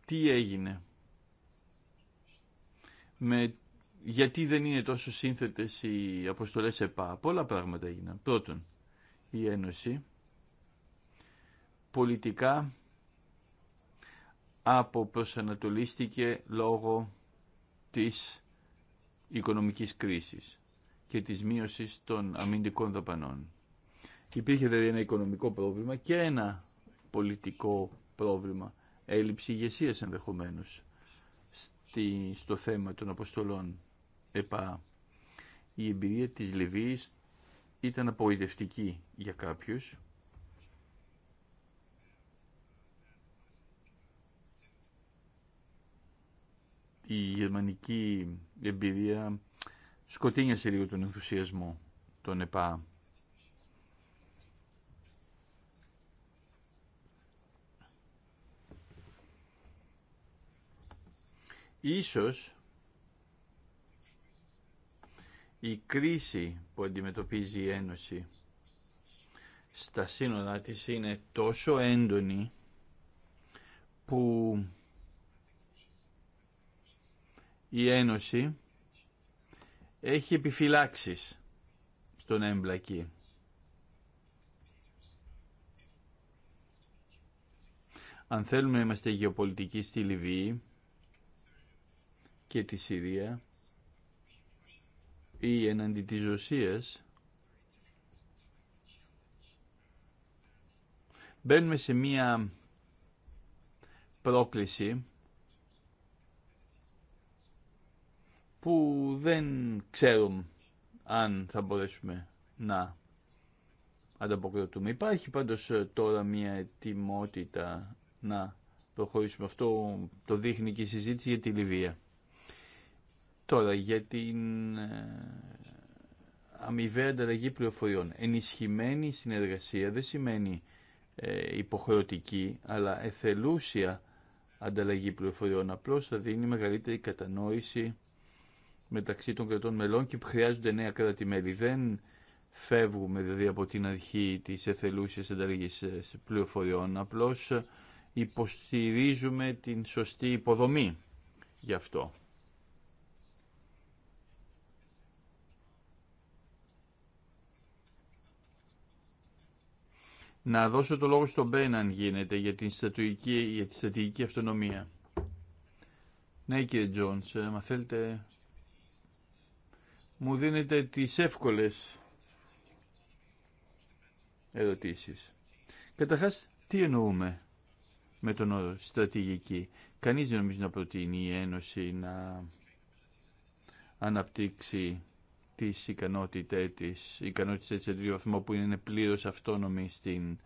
Τι έγινε με γιατί δεν είναι τόσο σύνθετες οι αποστολές ΕΠΑ. Πολλά πράγματα έγιναν. Πρώτον, η Ένωση πολιτικά αποπροσανατολίστηκε λόγω της οικονομικής κρίσης και της μείωσης των αμυντικών δαπανών. Υπήρχε δηλαδή ένα οικονομικό πρόβλημα και ένα πολιτικό πρόβλημα, έλλειψη ηγεσία ενδεχομένω στο θέμα των αποστολών. ΕΠΑ. Η εμπειρία της Λιβύης ήταν απογοητευτική για κάποιους. Η γερμανική εμπειρία σκοτίνιασε λίγο τον ενθουσιασμό των ΕΠΑ. Ίσως η κρίση που αντιμετωπίζει η Ένωση στα σύνορά της είναι τόσο έντονη που η Ένωση έχει επιφυλάξεις στον έμπλακη. Αν θέλουμε να είμαστε γεωπολιτικοί στη Λιβύη και τη Συρία, ή εναντί της Ρωσίας μπαίνουμε σε μία πρόκληση που δεν ξέρουμε αν θα μπορέσουμε να ανταποκριτούμε. Υπάρχει πάντως ε, τώρα μία ετοιμότητα να προχωρήσουμε. Αυτό το δείχνει και η συζήτηση για τη Λιβύα. Τώρα για την ε, αμοιβαία ανταλλαγή πληροφοριών. Ενισχυμένη συνεργασία δεν σημαίνει ε, υποχρεωτική, αλλά εθελούσια ανταλλαγή πληροφοριών. Απλώς θα δίνει μεγαλύτερη κατανόηση μεταξύ των κρατών μελών και χρειάζονται νέα κράτη-μέλη. Δεν φεύγουμε δηλαδή από την αρχή της εθελούσιας ανταλλαγής ε, πληροφοριών, απλώς υποστηρίζουμε την σωστή υποδομή γι' αυτό. Να δώσω το λόγο στον Μπέναν αν γίνεται για, την στρατηγική, για τη στρατηγική αυτονομία. Ναι κύριε Τζόνς, ε, μα θέλετε... Μου δίνετε τις εύκολες ερωτήσεις. Καταρχάς, τι εννοούμε με τον όρο στρατηγική. Κανείς δεν νομίζει να προτείνει η Ένωση να αναπτύξει τις ικανότητες της, ικανότητες σε δύο βαθμό που είναι πλήρως αυτόνομη στην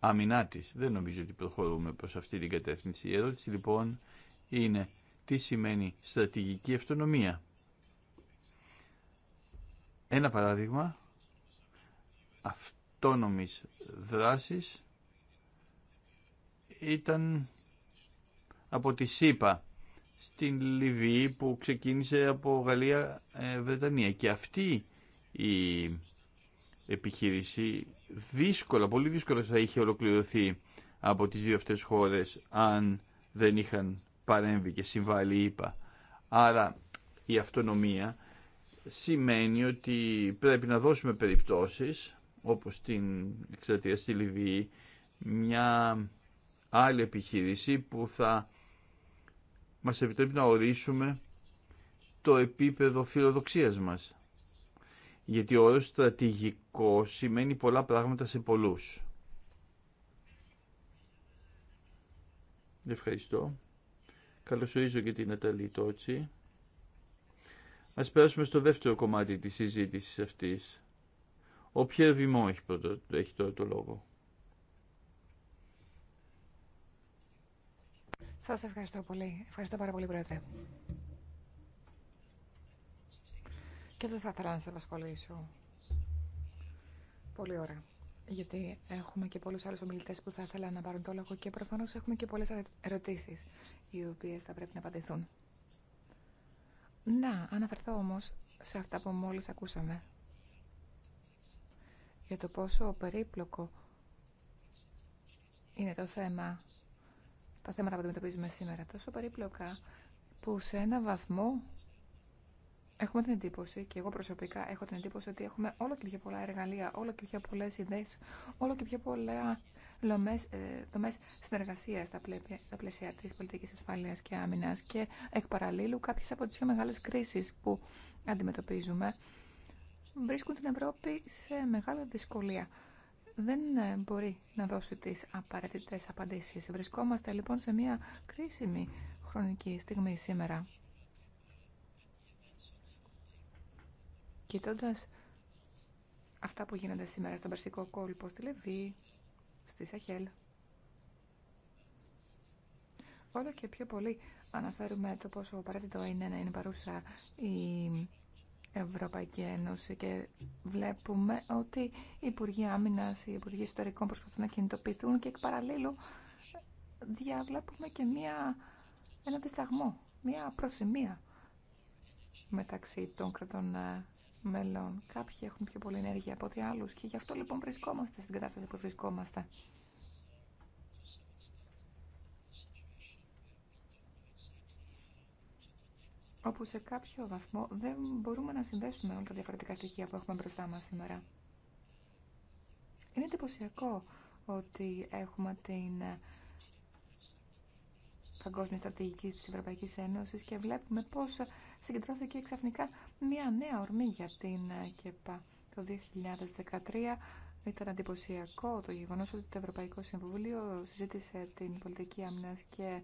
άμυνά της. Δεν νομίζω ότι προχωρούμε προς αυτή την κατεύθυνση. Η ερώτηση λοιπόν είναι τι σημαίνει στρατηγική αυτονομία. Ένα παράδειγμα αυτόνομης δράσης ήταν από τη ΣΥΠΑ στην Λιβύη που ξεκίνησε από Γαλλία ε, Βρετανία και αυτή η επιχείρηση δύσκολα, πολύ δύσκολα θα είχε ολοκληρωθεί από τις δύο αυτές χώρες αν δεν είχαν παρέμβει και συμβάλει είπα. Άρα η αυτονομία σημαίνει ότι πρέπει να δώσουμε περιπτώσεις όπως την εξαρτία στη Λιβύη μια άλλη επιχείρηση που θα μας επιτρέπει να ορίσουμε το επίπεδο φιλοδοξίας μας. Γιατί ο όρος στρατηγικό σημαίνει πολλά πράγματα σε πολλούς. Ευχαριστώ. Καλωσορίζω και την Αταλή Τότσι. Ας περάσουμε στο δεύτερο κομμάτι της συζήτησης αυτής. Ο Πιέρ Βημό έχει, έχει τώρα το λόγο. Σας ευχαριστώ πολύ. Ευχαριστώ πάρα πολύ, Πρόεδρε. Και δεν θα ήθελα να σας απασχολήσω. Πολύ ώρα, Γιατί έχουμε και πολλούς άλλους ομιλητές που θα ήθελα να πάρουν το λόγο και προφανώ έχουμε και πολλέ ερωτήσεις, οι οποίε θα πρέπει να απαντηθούν. Να, αναφερθώ όμως σε αυτά που μόλις ακούσαμε. Για το πόσο περίπλοκο είναι το θέμα τα θέματα που αντιμετωπίζουμε σήμερα τόσο περίπλοκα που σε ένα βαθμό έχουμε την εντύπωση και εγώ προσωπικά έχω την εντύπωση ότι έχουμε όλο και πιο πολλά εργαλεία, όλο και πιο πολλέ ιδέε, όλο και πιο πολλά ε, δομές συνεργασίας στα, πλαίσια τη πολιτική ασφάλεια και άμυνα. και εκ παραλλήλου κάποιε από τι πιο μεγάλε κρίσει που αντιμετωπίζουμε βρίσκουν την Ευρώπη σε μεγάλη δυσκολία δεν ε, μπορεί να δώσει τις απαραίτητες απαντήσεις. Βρισκόμαστε λοιπόν σε μια κρίσιμη χρονική στιγμή σήμερα. Κοιτώντας αυτά που γίνονται σήμερα στον Περσικό κόλπο, στη Λεβύη, στη Σαχέλ, όλο και πιο πολύ αναφέρουμε το πόσο απαραίτητο είναι να είναι παρούσα η Ευρωπαϊκή Ένωση και βλέπουμε ότι οι Υπουργοί Άμυνας, οι Υπουργοί Ιστορικών προσπαθούν να κινητοποιηθούν και εκ παραλλήλου διαβλέπουμε και μία, ένα δισταγμό, μία προθυμία μεταξύ των κρατών ε, μελών. Κάποιοι έχουν πιο πολύ ενέργεια από ό,τι άλλους και γι' αυτό λοιπόν βρισκόμαστε στην κατάσταση που βρισκόμαστε. όπου σε κάποιο βαθμό δεν μπορούμε να συνδέσουμε όλα τα διαφορετικά στοιχεία που έχουμε μπροστά μας σήμερα. Είναι εντυπωσιακό ότι έχουμε την ε, παγκόσμια στρατηγική της Ευρωπαϊκής Ένωσης και βλέπουμε πώς συγκεντρώθηκε ξαφνικά μια νέα ορμή για την ε, ΚΕΠΑ. Το 2013 ήταν εντυπωσιακό το γεγονός ότι το Ευρωπαϊκό Συμβούλιο συζήτησε την πολιτική άμυνας και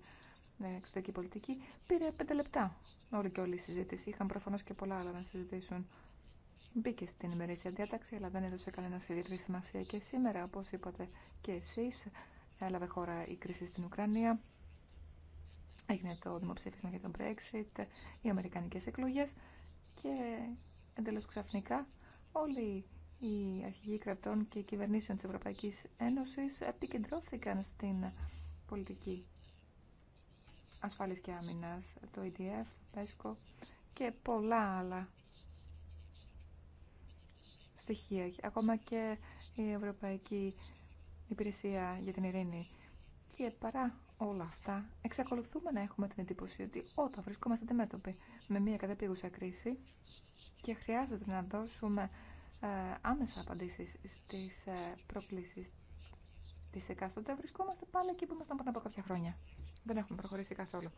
ναι, εξωτερική πολιτική πήρε πέντε λεπτά όλη και όλη η συζήτηση. Είχαν προφανώ και πολλά άλλα να συζητήσουν. Μπήκε στην ημερήσια διάταξη, αλλά δεν έδωσε κανένα ιδιαίτερη σημασία. Και σήμερα, όπω είπατε και εσεί, έλαβε χώρα η κρίση στην Ουκρανία. Έγινε το δημοψήφισμα για τον Brexit, οι Αμερικανικές εκλογές και εντελώς ξαφνικά όλοι οι αρχηγοί κρατών και κυβερνήσεων της Ευρωπαϊκής Ένωσης επικεντρώθηκαν στην πολιτική Ασφάλεια και άμυνας, το EDF, το PESCO και πολλά άλλα στοιχεία. Ακόμα και η Ευρωπαϊκή Υπηρεσία για την Ειρήνη. Και παρά όλα αυτά, εξακολουθούμε να έχουμε την εντύπωση ότι όταν βρισκόμαστε αντιμέτωποι με μια κατεπίγουσα κρίση και χρειάζεται να δώσουμε ε, άμεσα απαντήσεις στις ε, προκλήσεις της εκάστοτε, βρισκόμαστε πάλι εκεί που ήμασταν πριν από κάποια χρόνια. Δεν έχουμε προχωρήσει καθόλου.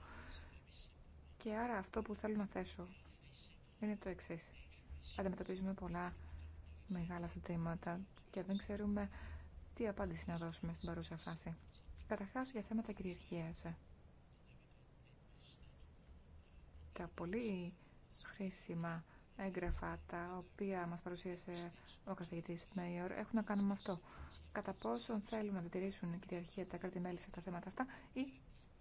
Και άρα αυτό που θέλω να θέσω είναι το εξή. Αντιμετωπίζουμε πολλά μεγάλα ζητήματα και δεν ξέρουμε τι απάντηση να δώσουμε στην παρούσα φάση. Καταρχά για θέματα κυριαρχία. Τα πολύ χρήσιμα έγγραφα τα οποία μας παρουσίασε ο καθηγητής Μέιορ έχουν να κάνουν με αυτό. Κατά πόσον θέλουν να διατηρήσουν κυριαρχία τα κράτη-μέλη σε τα θέματα αυτά ή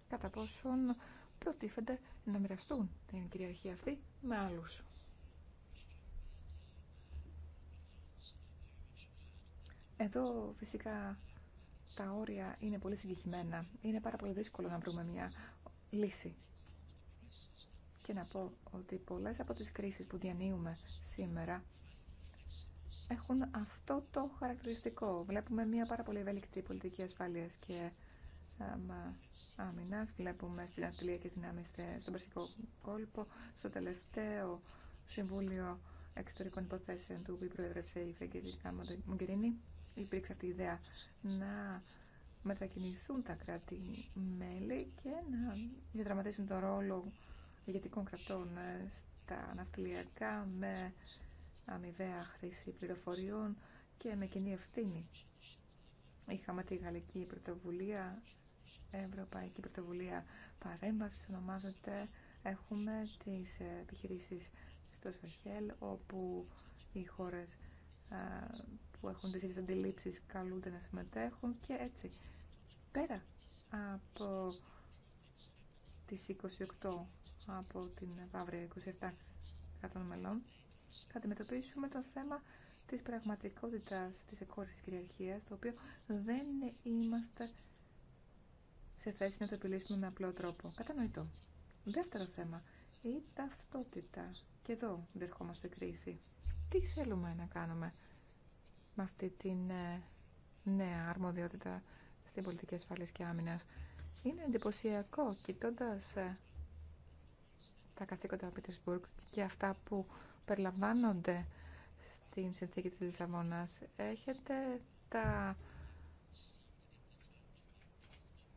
κατά πόσον προτίθενται να μοιραστούν την κυριαρχία αυτή με άλλους. Εδώ φυσικά τα όρια είναι πολύ συγκεκριμένα. Είναι πάρα πολύ δύσκολο να βρούμε μια λύση. Και να πω ότι πολλές από τις κρίσεις που διανύουμε σήμερα έχουν αυτό το χαρακτηριστικό. Βλέπουμε μια πάρα πολύ ευέλικτη πολιτική ασφάλειας και αμα άμυνα. Βλέπουμε στην αυτολία και στον Περσικό κόλπο. Στο τελευταίο Συμβούλιο Εξωτερικών Υποθέσεων του οποίου προέδρευσε η Φραγκελίκα Μογκερίνη, υπήρξε αυτή η ιδέα να μετακινηθούν τα κράτη-μέλη και να διαδραματίσουν τον ρόλο ηγετικών κρατών ε, στα ναυτιλιακά με αμοιβαία χρήση πληροφοριών και με κοινή ευθύνη. Είχαμε τη Γαλλική Πρωτοβουλία Ευρωπαϊκή Πρωτοβουλία παρέμβαση, ονομάζεται. Έχουμε τις επιχειρήσεις στο ΣΟΧΕΛ όπου οι χώρες που έχουν τις ίδιες αντιλήψεις καλούνται να συμμετέχουν και έτσι πέρα από τις 28 από την Βαύρη 27 κρατών μελών θα αντιμετωπίσουμε το θέμα της πραγματικότητας της εκχώρησης κυριαρχίας το οποίο δεν είμαστε σε θέση να το επιλύσουμε με απλό τρόπο. Κατανοητό. Δεύτερο θέμα, η ταυτότητα. Και εδώ δερχόμαστε κρίση. Τι θέλουμε να κάνουμε με αυτή την ε, νέα αρμοδιότητα στην πολιτική ασφάλεια και άμυνας. Είναι εντυπωσιακό, κοιτώντα ε, τα καθήκοντα του Πίτερσμπουργκ και αυτά που περιλαμβάνονται στην συνθήκη της Λισαβόνας, έχετε τα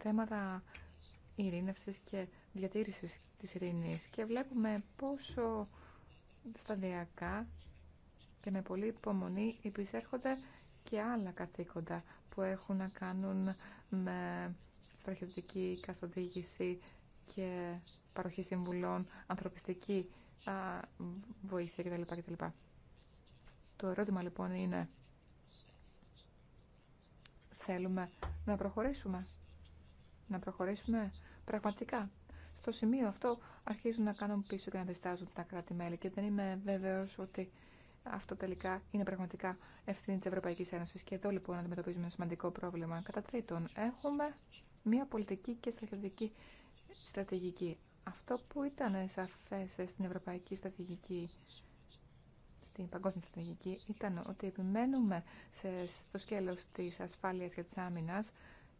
θέματα ειρήνευσης και διατήρησης της ειρήνης και βλέπουμε πόσο σταδιακά και με πολλή υπομονή υπησέρχονται και άλλα καθήκοντα που έχουν να κάνουν με στρατιωτική καθοδήγηση και παροχή συμβουλών, ανθρωπιστική α, βοήθεια κτλ. κτλ. Το ερώτημα λοιπόν είναι θέλουμε να προχωρήσουμε να προχωρήσουμε πραγματικά. Στο σημείο αυτό αρχίζουν να κάνουν πίσω και να διστάζουν τα κράτη-μέλη και δεν είμαι βέβαιος ότι αυτό τελικά είναι πραγματικά ευθύνη τη Ευρωπαϊκής Ένωσης και εδώ λοιπόν αντιμετωπίζουμε ένα σημαντικό πρόβλημα. Κατά τρίτον, έχουμε μια πολιτική και στρατιωτική στρατηγική. Αυτό που ήταν σαφέ στην Ευρωπαϊκή Στρατηγική στην παγκόσμια στρατηγική ήταν ότι επιμένουμε σε, στο σκέλος της ασφάλειας και της άμυνας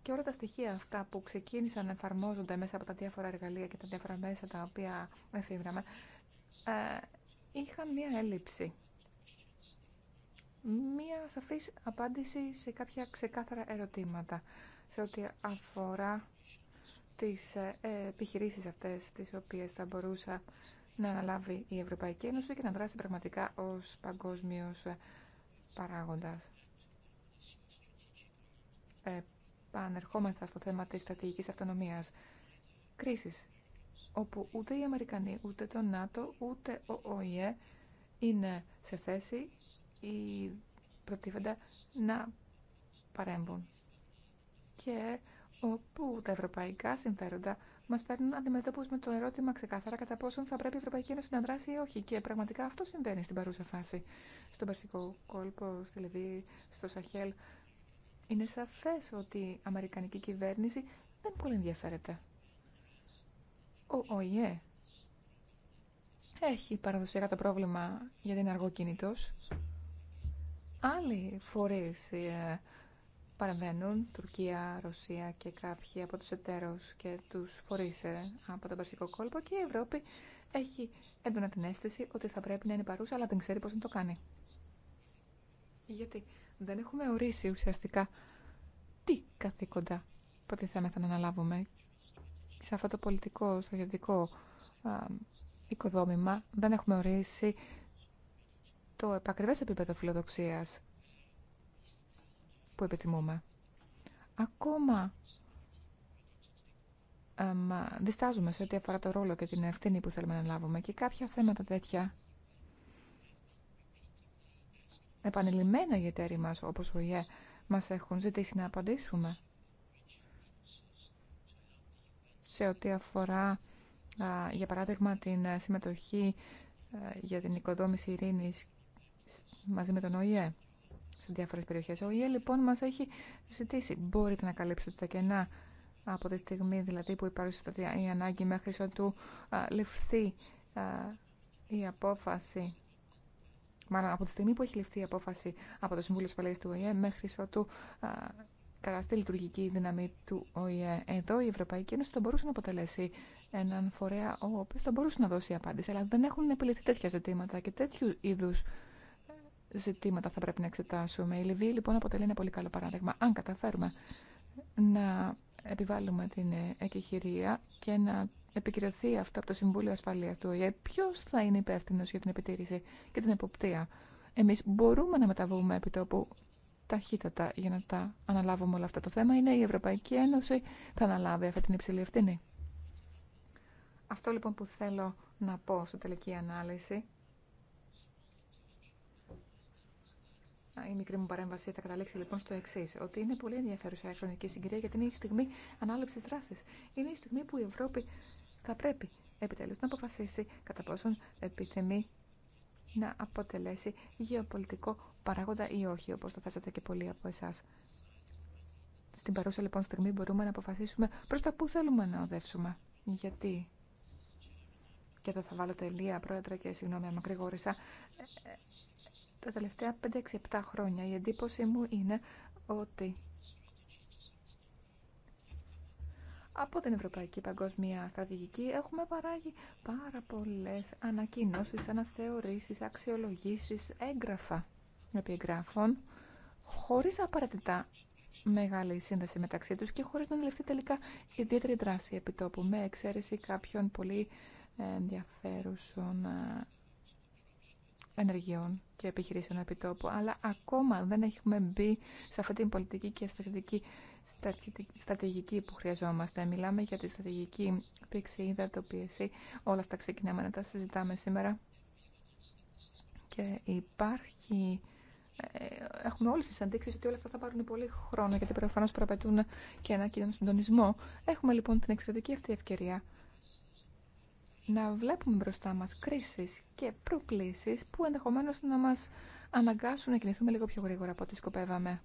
και όλα τα στοιχεία αυτά που ξεκίνησαν να εφαρμόζονται μέσα από τα διάφορα εργαλεία και τα διάφορα μέσα τα οποία εφήβραμε, ε, είχαν μία έλλειψη. Μία σαφής απάντηση σε κάποια ξεκάθαρα ερωτήματα σε ό,τι αφορά τις ε, επιχειρήσεις αυτές τις οποίες θα μπορούσα να αναλάβει η Ευρωπαϊκή Ένωση και να δράσει πραγματικά ως παγκόσμιος παράγοντας. Ε, επανερχόμεθα στο θέμα της στρατηγικής αυτονομίας κρίσης, όπου ούτε οι Αμερικανοί, ούτε το ΝΑΤΟ, ούτε ο ΟΗΕ είναι σε θέση ή προτίθεντα να παρέμβουν. Και όπου τα ευρωπαϊκά συμφέροντα μα φέρνουν αντιμέτωπου με το ερώτημα ξεκάθαρα κατά πόσον θα πρέπει η Ευρωπαϊκή Ένωση να δράσει ή όχι. Και πραγματικά αυτό συμβαίνει στην παρούσα φάση. Στον Περσικό κόλπο, στη Λιβύη, στο Σαχέλ, είναι σαφές ότι η Αμερικανική κυβέρνηση δεν πολύ ενδιαφέρεται. Ο ΟΗΕ έχει παραδοσιακά το πρόβλημα για είναι αργοκίνητος. Άλλοι φορείς ε, παραμένουν, Τουρκία, Ρωσία και κάποιοι από τους εταίρους και τους φορείς ε, από τον Περσικό κόλπο και η Ευρώπη έχει έντονα την αίσθηση ότι θα πρέπει να είναι παρούσα αλλά δεν ξέρει πώς να το κάνει. Γιατί δεν έχουμε ορίσει ουσιαστικά τι καθήκοντα προτιθέμεθα να αναλάβουμε σε αυτό το πολιτικό, στρατιωτικό οικοδόμημα. Δεν έχουμε ορίσει το επακριβές επίπεδο φιλοδοξίας που επιθυμούμε. Ακόμα διστάζουμε σε ό,τι αφορά το ρόλο και την ευθύνη που θέλουμε να λάβουμε και κάποια θέματα τέτοια επανειλημμένα οι εταίροι μας, όπως ο ΙΕ, μας έχουν ζητήσει να απαντήσουμε. Σε ό,τι αφορά, για παράδειγμα, την ε, συμμετοχή ε, για την οικοδόμηση ειρήνης μαζί με τον ΟΗΕ σε διάφορες περιοχές. Ο ΟΗΕ λοιπόν μας έχει ζητήσει. Μπορείτε να καλύψετε τα κενά από τη στιγμή δηλαδή που υπάρχει η ανάγκη μέχρι ότου ληφθεί η απόφαση μάλλον από τη στιγμή που έχει ληφθεί η απόφαση από το Συμβούλιο Ασφαλεία του ΟΗΕ μέχρι ότου καταστεί λειτουργική δύναμη του ΟΗΕ. Εδώ η Ευρωπαϊκή Ένωση θα μπορούσε να αποτελέσει έναν φορέα ο οποίο θα μπορούσε να δώσει απάντηση, αλλά δεν έχουν επιληθεί τέτοια ζητήματα και τέτοιου είδου ζητήματα θα πρέπει να εξετάσουμε. Η Λιβύη λοιπόν αποτελεί ένα πολύ καλό παράδειγμα. Αν καταφέρουμε να επιβάλλουμε την εκεχηρία και να επικυρωθεί αυτό από το Συμβούλιο Ασφαλείας του ΟΗΕ, ποιο θα είναι υπεύθυνο για την επιτήρηση και την εποπτεία. εμεί μπορούμε να μεταβούμε επί τόπου ταχύτατα για να τα αναλάβουμε όλα αυτά. Το θέμα είναι η Ευρωπαϊκή Ένωση θα αναλάβει αυτή την υψηλή ευθύνη. Αυτό λοιπόν που θέλω να πω στο τελική ανάλυση Η μικρή μου παρέμβαση θα καταλήξει λοιπόν στο εξή: Ότι είναι πολύ ενδιαφέρουσα η χρονική συγκυρία γιατί είναι η στιγμή ανάληψη δράση. Είναι η στιγμή που η Ευρώπη θα πρέπει επιτέλους να αποφασίσει κατά πόσον επιθυμεί να αποτελέσει γεωπολιτικό παράγοντα ή όχι, όπως το θέσατε και πολλοί από εσάς. Στην παρούσα λοιπόν στιγμή μπορούμε να αποφασίσουμε προς τα πού θέλουμε να οδεύσουμε. Γιατί. Και εδώ θα βάλω τελεία, πρόεδρε, και συγγνώμη αν μακρηγόρησα. Ε, ε, τα τελευταία 5-6-7 χρόνια η εντύπωση μου είναι ότι από την Ευρωπαϊκή Παγκόσμια Στρατηγική έχουμε παράγει πάρα πολλές ανακοινώσεις, αναθεωρήσεις, αξιολογήσεις, έγγραφα επί εγγράφων, χωρίς απαραίτητα μεγάλη σύνδεση μεταξύ τους και χωρίς να ληφθεί τελικά ιδιαίτερη δράση επιτόπου, με εξαίρεση κάποιων πολύ ενδιαφέρουσων ε, ενεργειών και επιχειρήσεων επιτόπου. Αλλά ακόμα δεν έχουμε μπει σε αυτή την πολιτική και στρατηγική στρατηγική που χρειαζόμαστε. Μιλάμε για τη στρατηγική πηξίδα, το πιεσί, Όλα αυτά ξεκινάμε να τα συζητάμε σήμερα. Και υπάρχει... Ε, έχουμε όλε τι αντίξει ότι όλα αυτά θα πάρουν πολύ χρόνο γιατί προφανώ προπετούν και ένα κοινό συντονισμό. Έχουμε λοιπόν την εξαιρετική αυτή ευκαιρία να βλέπουμε μπροστά μας κρίσεις και προκλήσεις που ενδεχομένως να μας αναγκάσουν να κινηθούμε λίγο πιο γρήγορα από ό,τι σκοπεύαμε.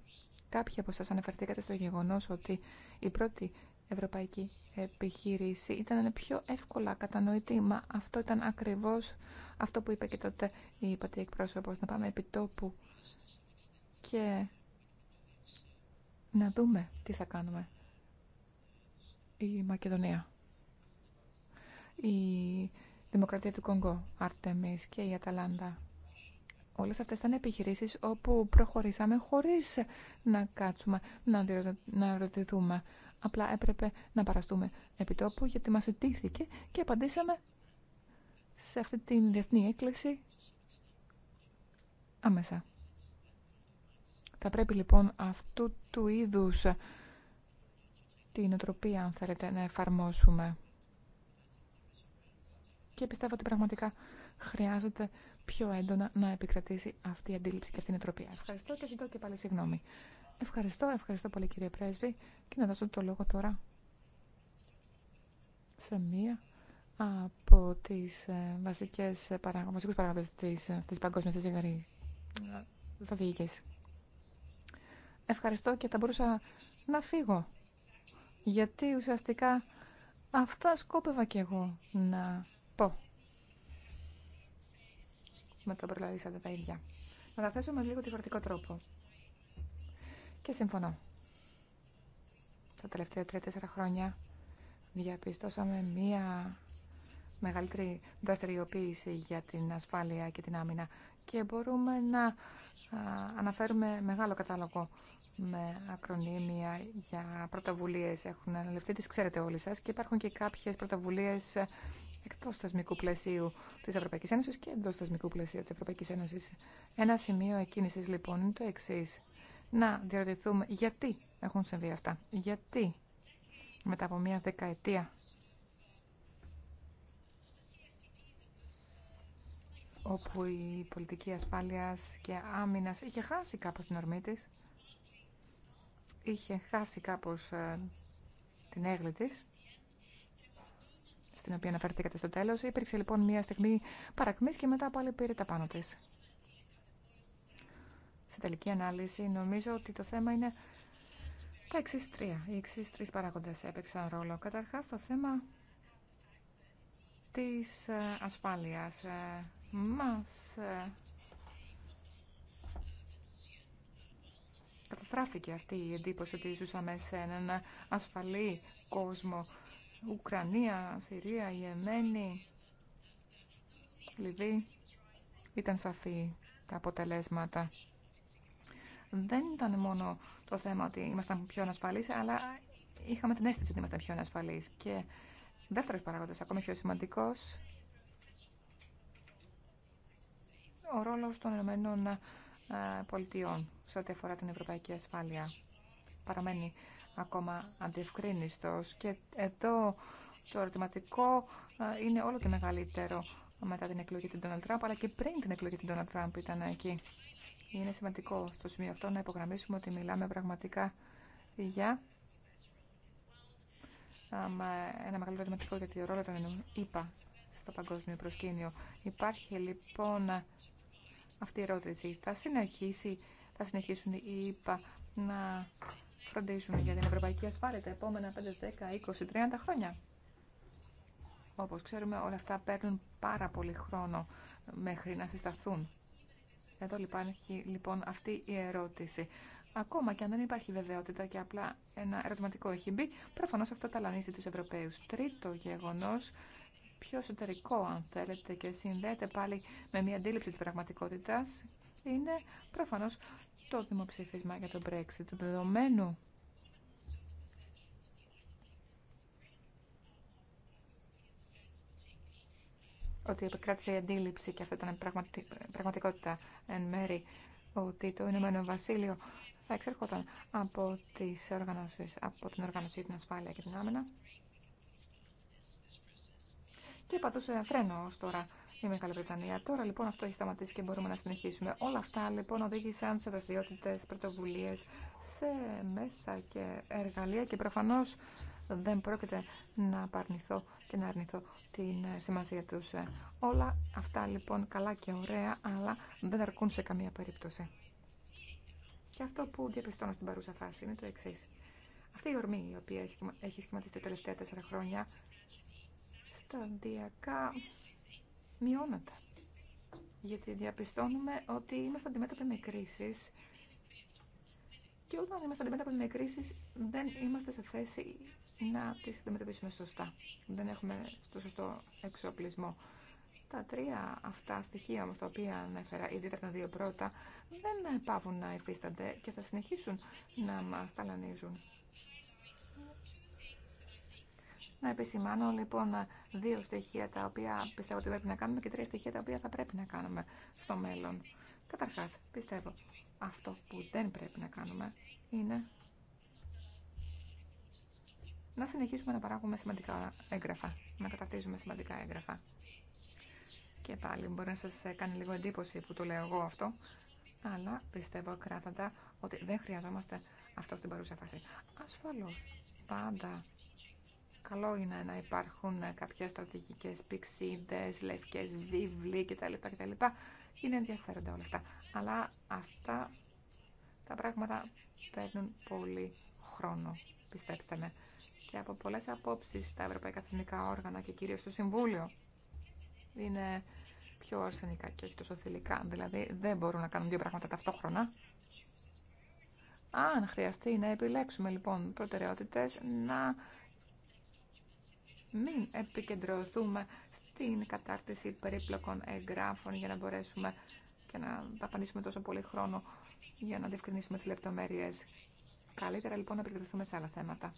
Κάποιοι από εσά αναφερθήκατε στο γεγονός ότι η πρώτη ευρωπαϊκή επιχείρηση ήταν πιο εύκολα κατανοητή, μα αυτό ήταν ακριβώς αυτό που είπε και τότε η πατή εκπρόσωπο. να πάμε επί τόπου και να δούμε τι θα κάνουμε. Η Μακεδονία. Η Δημοκρατία του Κονγκό, Αρτεμής και η Αταλάντα Όλες αυτές ήταν επιχειρήσεις όπου προχωρήσαμε χωρίς να κάτσουμε να ρωτηθούμε. Απλά έπρεπε να παραστούμε επί τόπου γιατί μας ετήθηκε και απαντήσαμε σε αυτή την διεθνή έκκληση άμεσα. Θα πρέπει λοιπόν αυτού του είδους την οτροπία, αν θέλετε, να εφαρμόσουμε. Και πιστεύω ότι πραγματικά χρειάζεται πιο έντονα να επικρατήσει αυτή η αντίληψη και αυτή η νοοτροπία. Ευχαριστώ και ζητώ και πάλι συγγνώμη. Ευχαριστώ, ευχαριστώ πολύ κύριε Πρέσβη και να δώσω το λόγο τώρα σε μία από τις ε, βασικές ε, παράγοντες, βασικούς παράγοντες της, ε, της παγκόσμιας της Ευχαριστώ και θα μπορούσα να φύγω, γιατί ουσιαστικά αυτά σκόπευα και εγώ να πω με το προλαλήσατε τα ίδια. Να τα θέσω με λίγο διαφορετικό τρόπο. Και συμφωνώ. Τα τελευταία τρία-τέσσερα χρόνια διαπιστώσαμε μία μεγαλύτερη δραστηριοποίηση για την ασφάλεια και την άμυνα και μπορούμε να αναφέρουμε μεγάλο κατάλογο με ακρονίμια για πρωτοβουλίες. Έχουν αναλυφθεί, τις ξέρετε όλοι σας και υπάρχουν και κάποιες πρωτοβουλίες εκτό θεσμικού πλαισίου τη Ευρωπαϊκή Ένωση και εντό θεσμικού πλαισίου τη Ευρωπαϊκή Ένωση. Ένα σημείο εκκίνηση λοιπόν είναι το εξή. Να διαρωτηθούμε γιατί έχουν συμβεί αυτά. Γιατί μετά από μία δεκαετία όπου η πολιτική ασφάλειας και άμυνας είχε χάσει κάπως την ορμή της, είχε χάσει κάπως ε, την έγκλη της, την οποία αναφερθήκατε στο τέλος. Υπήρξε λοιπόν μια στιγμή παρακμής και μετά πάλι πήρε τα πάνω της. Σε τελική ανάλυση νομίζω ότι το θέμα είναι τα εξή τρία. Οι εξή τρει παράγοντε έπαιξαν ρόλο. Καταρχά το θέμα τη ε, ασφάλεια. Ε, Μα ε, καταστράφηκε αυτή η εντύπωση ότι ζούσαμε σε έναν ασφαλή κόσμο Ουκρανία, Συρία, Ιεμένη, Λιβύη. Ήταν σαφή τα αποτελέσματα. Δεν ήταν μόνο το θέμα ότι ήμασταν πιο ανασφαλείς, αλλά είχαμε την αίσθηση ότι ήμασταν πιο ανασφαλείς. Και δεύτερος παράγοντας, ακόμη πιο σημαντικός, ο ρόλος των Ηνωμένων ε, σε ό,τι αφορά την ευρωπαϊκή ασφάλεια. Παραμένει ακόμα αντιευκρίνιστος και εδώ το ερωτηματικό ε, είναι όλο και μεγαλύτερο μετά την εκλογή του Ντόναλτ Τραμπ, αλλά και πριν την εκλογή του Ντόναλτ Τραμπ ήταν εκεί. Είναι σημαντικό στο σημείο αυτό να υπογραμμίσουμε ότι μιλάμε πραγματικά για ένα μεγάλο ερωτηματικό για τη ρόλο των ΗΠΑ στο παγκόσμιο προσκήνιο. Υπάρχει λοιπόν αυτή η ερώτηση. Θα, συνεχίσει, θα συνεχίσουν οι ΗΠΑ να φροντίζουν για την ευρωπαϊκή ασφάλεια τα επόμενα 5, 10, 20, 30 χρόνια. Όπως ξέρουμε όλα αυτά παίρνουν πάρα πολύ χρόνο μέχρι να συσταθούν. Εδώ λοιπόν, έχει, λοιπόν αυτή η ερώτηση. Ακόμα και αν δεν υπάρχει βεβαιότητα και απλά ένα ερωτηματικό έχει μπει, προφανώ αυτό ταλανίζει του Ευρωπαίου. Τρίτο γεγονό, πιο εσωτερικό αν θέλετε και συνδέεται πάλι με μια αντίληψη τη πραγματικότητα, είναι προφανώ το δημοψήφισμα για το Brexit, δεδομένου ότι επικράτησε η αντίληψη και αυτό ήταν πραγματι... πραγματικότητα εν μέρη ότι το Ηνωμένο Βασίλειο θα εξερχόταν από, τις οργανώσεις, από την Οργάνωση για την Ασφάλεια και την Άμενα και πατούσε φρένο ως τώρα η Μεγάλη Βρετανία. Τώρα λοιπόν αυτό έχει σταματήσει και μπορούμε να συνεχίσουμε. Όλα αυτά λοιπόν οδήγησαν σε δραστηριότητε, πρωτοβουλίε, σε μέσα και εργαλεία και προφανώ δεν πρόκειται να απαρνηθώ και να αρνηθώ την ε, σημασία του. Ε, όλα αυτά λοιπόν καλά και ωραία, αλλά δεν αρκούν σε καμία περίπτωση. Και αυτό που διαπιστώνω στην παρούσα φάση είναι το εξή. Αυτή η ορμή η οποία έχει σχηματιστεί τα τελευταία τέσσερα χρόνια σταδιακά μειώνεται. Γιατί διαπιστώνουμε ότι είμαστε αντιμέτωποι με κρίσει και όταν είμαστε αντιμέτωποι με κρίσει δεν είμαστε σε θέση να τι αντιμετωπίσουμε σωστά. Δεν έχουμε στο σωστό εξοπλισμό. Τα τρία αυτά στοιχεία όμω τα οποία ανέφερα, ιδιαίτερα τα δύο πρώτα, δεν πάβουν να υφίστανται και θα συνεχίσουν να μας ταλανίζουν. Να επισημάνω λοιπόν δύο στοιχεία τα οποία πιστεύω ότι πρέπει να κάνουμε και τρία στοιχεία τα οποία θα πρέπει να κάνουμε στο μέλλον. Καταρχάς, πιστεύω, αυτό που δεν πρέπει να κάνουμε είναι να συνεχίσουμε να παράγουμε σημαντικά έγγραφα, να καταρτίζουμε σημαντικά έγγραφα. Και πάλι μπορεί να σας κάνει λίγο εντύπωση που το λέω εγώ αυτό, αλλά πιστεύω κράτατα ότι δεν χρειαζόμαστε αυτό στην παρούσα φάση. Ασφαλώς, πάντα Καλό είναι να υπάρχουν κάποιες στρατηγικές πηξίδες, λευκές βίβλοι κτλ. κτλ. Είναι ενδιαφέροντα όλα αυτά. Αλλά αυτά τα πράγματα παίρνουν πολύ χρόνο, πιστέψτε με. Και από πολλές απόψεις τα ευρωπαϊκά θεσμικά όργανα και κυρίως το Συμβούλιο είναι πιο αρσενικά και όχι τόσο θηλυκά. Δηλαδή δεν μπορούν να κάνουν δύο πράγματα ταυτόχρονα. Αν χρειαστεί να επιλέξουμε λοιπόν προτεραιότητες, να μην επικεντρωθούμε στην κατάρτιση περίπλοκων εγγράφων για να μπορέσουμε και να ταπανίσουμε τόσο πολύ χρόνο για να διευκρινίσουμε τις λεπτομέρειες. Καλύτερα λοιπόν να επικεντρωθούμε σε άλλα θέματα.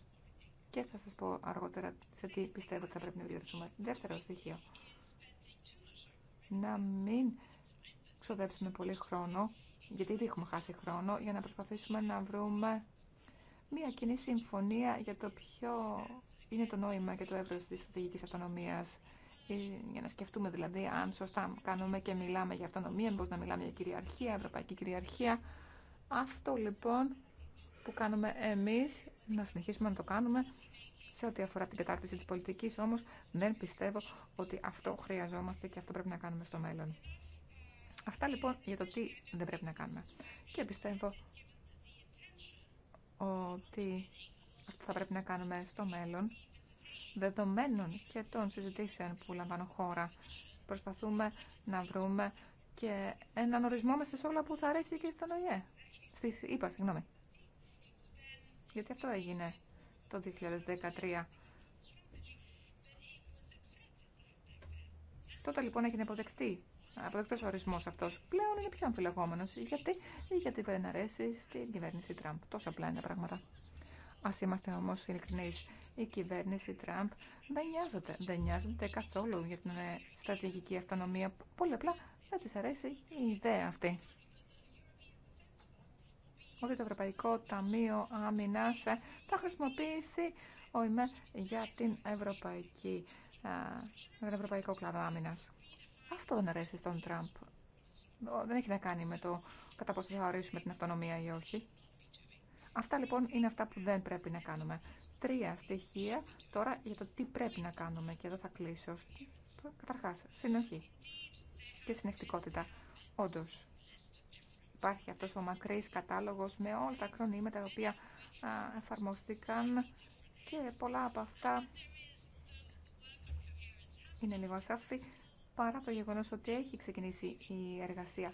Και θα σας πω αργότερα σε τι πιστεύω ότι θα πρέπει να επικεντρωθούμε. Δεύτερο στοιχείο. Να μην ξοδέψουμε πολύ χρόνο, γιατί ήδη έχουμε χάσει χρόνο, για να προσπαθήσουμε να βρούμε μια κοινή συμφωνία για το ποιο είναι το νόημα και το έβρος της στρατηγικής αυτονομίας. Ε, για να σκεφτούμε δηλαδή αν σωστά κάνουμε και μιλάμε για αυτονομία, μήπως να μιλάμε για κυριαρχία, ευρωπαϊκή κυριαρχία. Αυτό λοιπόν που κάνουμε εμείς, να συνεχίσουμε να το κάνουμε σε ό,τι αφορά την κατάρτιση της πολιτικής, όμως δεν πιστεύω ότι αυτό χρειαζόμαστε και αυτό πρέπει να κάνουμε στο μέλλον. Αυτά λοιπόν για το τι δεν πρέπει να κάνουμε. Και πιστεύω ότι αυτό θα πρέπει να κάνουμε στο μέλλον, δεδομένων και των συζητήσεων που λαμβάνω χώρα. Προσπαθούμε να βρούμε και έναν ορισμό μέσα σε όλα που θα αρέσει και στον ΟΗΕ. Στη ΕΠΑ, συγγνώμη. Γιατί αυτό έγινε το 2013. Τότε λοιπόν έγινε αποδεκτή. Αποδεκτό ορισμό αυτό. Πλέον είναι πιο αμφιλεγόμενο. Γιατί, γιατί δεν αρέσει στην κυβέρνηση Τραμπ. Τόσο απλά είναι τα πράγματα. Ας είμαστε όμως ειλικρινείς, η κυβέρνηση Τραμπ δεν νοιάζεται δεν καθόλου για την ε, στρατηγική αυτονομία. Πολύ απλά δεν της αρέσει η ιδέα αυτή. Ότι το Ευρωπαϊκό Ταμείο Αμυνάς ε, θα χρησιμοποιηθεί ο ΙΜΕ για την Ευρωπαϊκή, τον Ευρωπαϊκό Κλάδο Άμυνας. Αυτό δεν αρέσει στον Τραμπ. Δεν έχει να κάνει με το κατά πόσο θα ορίσουμε την αυτονομία ή όχι. Αυτά λοιπόν είναι αυτά που δεν πρέπει να κάνουμε. Τρία στοιχεία τώρα για το τι πρέπει να κάνουμε και εδώ θα κλείσω. Καταρχάς, συνοχή και συνεχτικότητα. όντω. υπάρχει αυτός ο μακρύς κατάλογος με όλα τα κρονήματα τα οποία εφαρμοστήκαν και πολλά από αυτά είναι λίγο ασάφη παρά το γεγονός ότι έχει ξεκινήσει η εργασία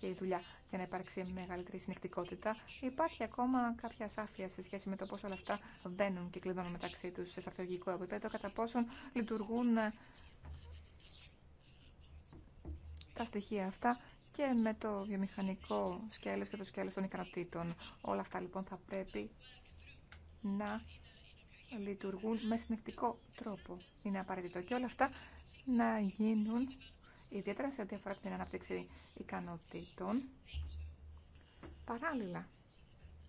και η δουλειά για να υπάρξει μεγαλύτερη συνεκτικότητα. Υπάρχει ακόμα κάποια ασάφεια σε σχέση με το πόσο όλα αυτά δένουν και κλειδώνουν μεταξύ του σε στρατηγικό επίπεδο, κατά πόσον λειτουργούν ε, τα στοιχεία αυτά και με το βιομηχανικό σκέλος και το σκέλος των ικανοτήτων. Όλα αυτά λοιπόν θα πρέπει να λειτουργούν με συνεκτικό τρόπο. Είναι απαραίτητο και όλα αυτά να γίνουν ιδιαίτερα σε ό,τι αφορά την ανάπτυξη ικανοτήτων, παράλληλα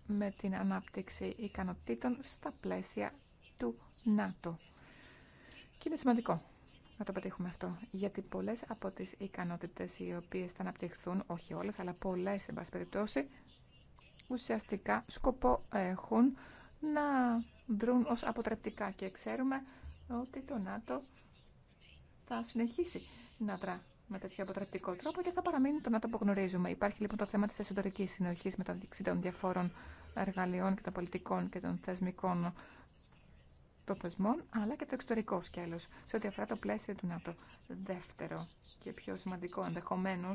με την ανάπτυξη ικανοτήτων στα πλαίσια του ΝΑΤΟ. Και είναι σημαντικό να το πετύχουμε αυτό, γιατί πολλές από τις ικανότητες οι οποίες θα αναπτυχθούν, όχι όλες, αλλά πολλές, σε βάση περιπτώσει, ουσιαστικά σκοπό έχουν να δρουν ως αποτρεπτικά και ξέρουμε ότι το ΝΑΤΟ θα συνεχίσει να δρά με τέτοιο αποτρεπτικό τρόπο και θα παραμείνει το να το απογνωρίζουμε. Υπάρχει λοιπόν το θέμα τη εσωτερική συνοχή μεταξύ των διαφόρων εργαλείων και των πολιτικών και των θεσμικών των θεσμών, αλλά και το εξωτερικό σκέλο, σε ό,τι αφορά το πλαίσιο του ΝΑΤΟ. Δεύτερο και πιο σημαντικό ενδεχομένω,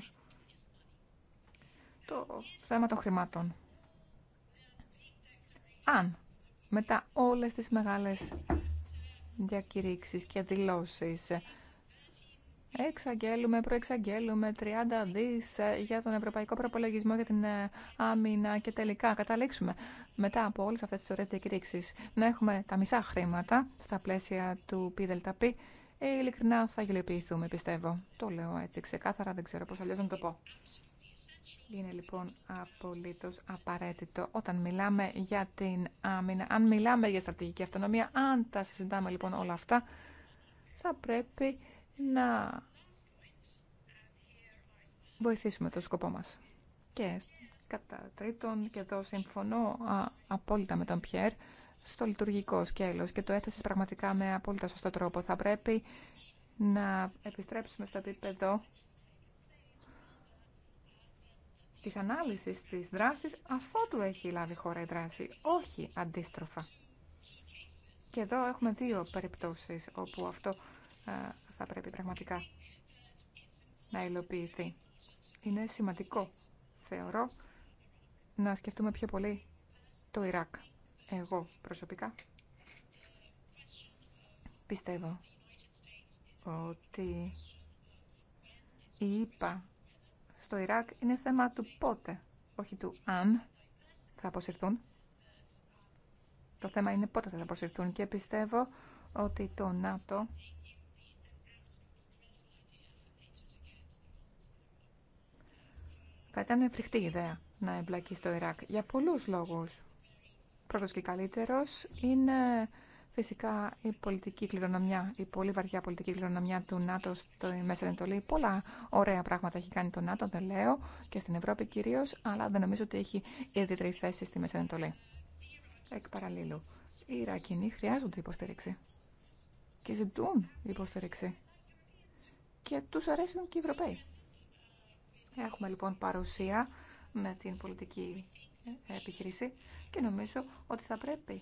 το θέμα των χρημάτων. Αν μετά όλες τις μεγάλες διακηρύξεις και δηλώσεις Εξαγγέλουμε, προεξαγγέλουμε 30 δι ε, για τον Ευρωπαϊκό Προπολογισμό για την ε, άμυνα και τελικά καταλήξουμε μετά από όλε αυτέ τι ωραίε διακηρύξει να έχουμε τα μισά χρήματα στα πλαίσια του ΠΔΠ. Ειλικρινά θα γελιοποιηθούμε, πιστεύω. Το λέω έτσι ξεκάθαρα, δεν ξέρω πώ αλλιώ να το πω. Είναι λοιπόν απολύτως απαραίτητο όταν μιλάμε για την άμυνα, αν μιλάμε για στρατηγική αυτονομία, αν τα συζητάμε λοιπόν όλα αυτά, θα πρέπει να βοηθήσουμε το σκοπό μας. Και κατά τρίτον, και εδώ συμφωνώ α, απόλυτα με τον Πιέρ, στο λειτουργικό σκέλος και το έθεσες πραγματικά με απόλυτα σωστό τρόπο. Θα πρέπει να επιστρέψουμε στο επίπεδο της ανάλυσης της δράσης του έχει λάβει χώρα η δράση, όχι αντίστροφα. Και εδώ έχουμε δύο περιπτώσεις όπου αυτό θα πρέπει πραγματικά να υλοποιηθεί. Είναι σημαντικό, θεωρώ, να σκεφτούμε πιο πολύ το Ιράκ. Εγώ προσωπικά πιστεύω ότι η ΙΠΑ στο Ιράκ είναι θέμα του πότε, όχι του αν θα αποσυρθούν. Το θέμα είναι πότε θα αποσυρθούν και πιστεύω ότι το ΝΑΤΟ Θα ήταν φρικτή ιδέα να εμπλακεί στο Ιράκ για πολλούς λόγους. Πρώτος και καλύτερος είναι φυσικά η πολιτική κληρονομιά, η πολύ βαριά πολιτική κληρονομιά του ΝΑΤΟ στο Μέσα Ανατολή. Πολλά ωραία πράγματα έχει κάνει το ΝΑΤΟ, δεν λέω, και στην Ευρώπη κυρίω, αλλά δεν νομίζω ότι έχει ιδιαίτερη θέση στη Μέσα Ανατολή. Εκ παραλλήλου, οι Ιρακινοί χρειάζονται υποστήριξη. Και ζητούν υποστήριξη. Και του αρέσουν και οι Ευρωπαίοι. Έχουμε λοιπόν παρουσία με την πολιτική επιχείρηση και νομίζω ότι θα πρέπει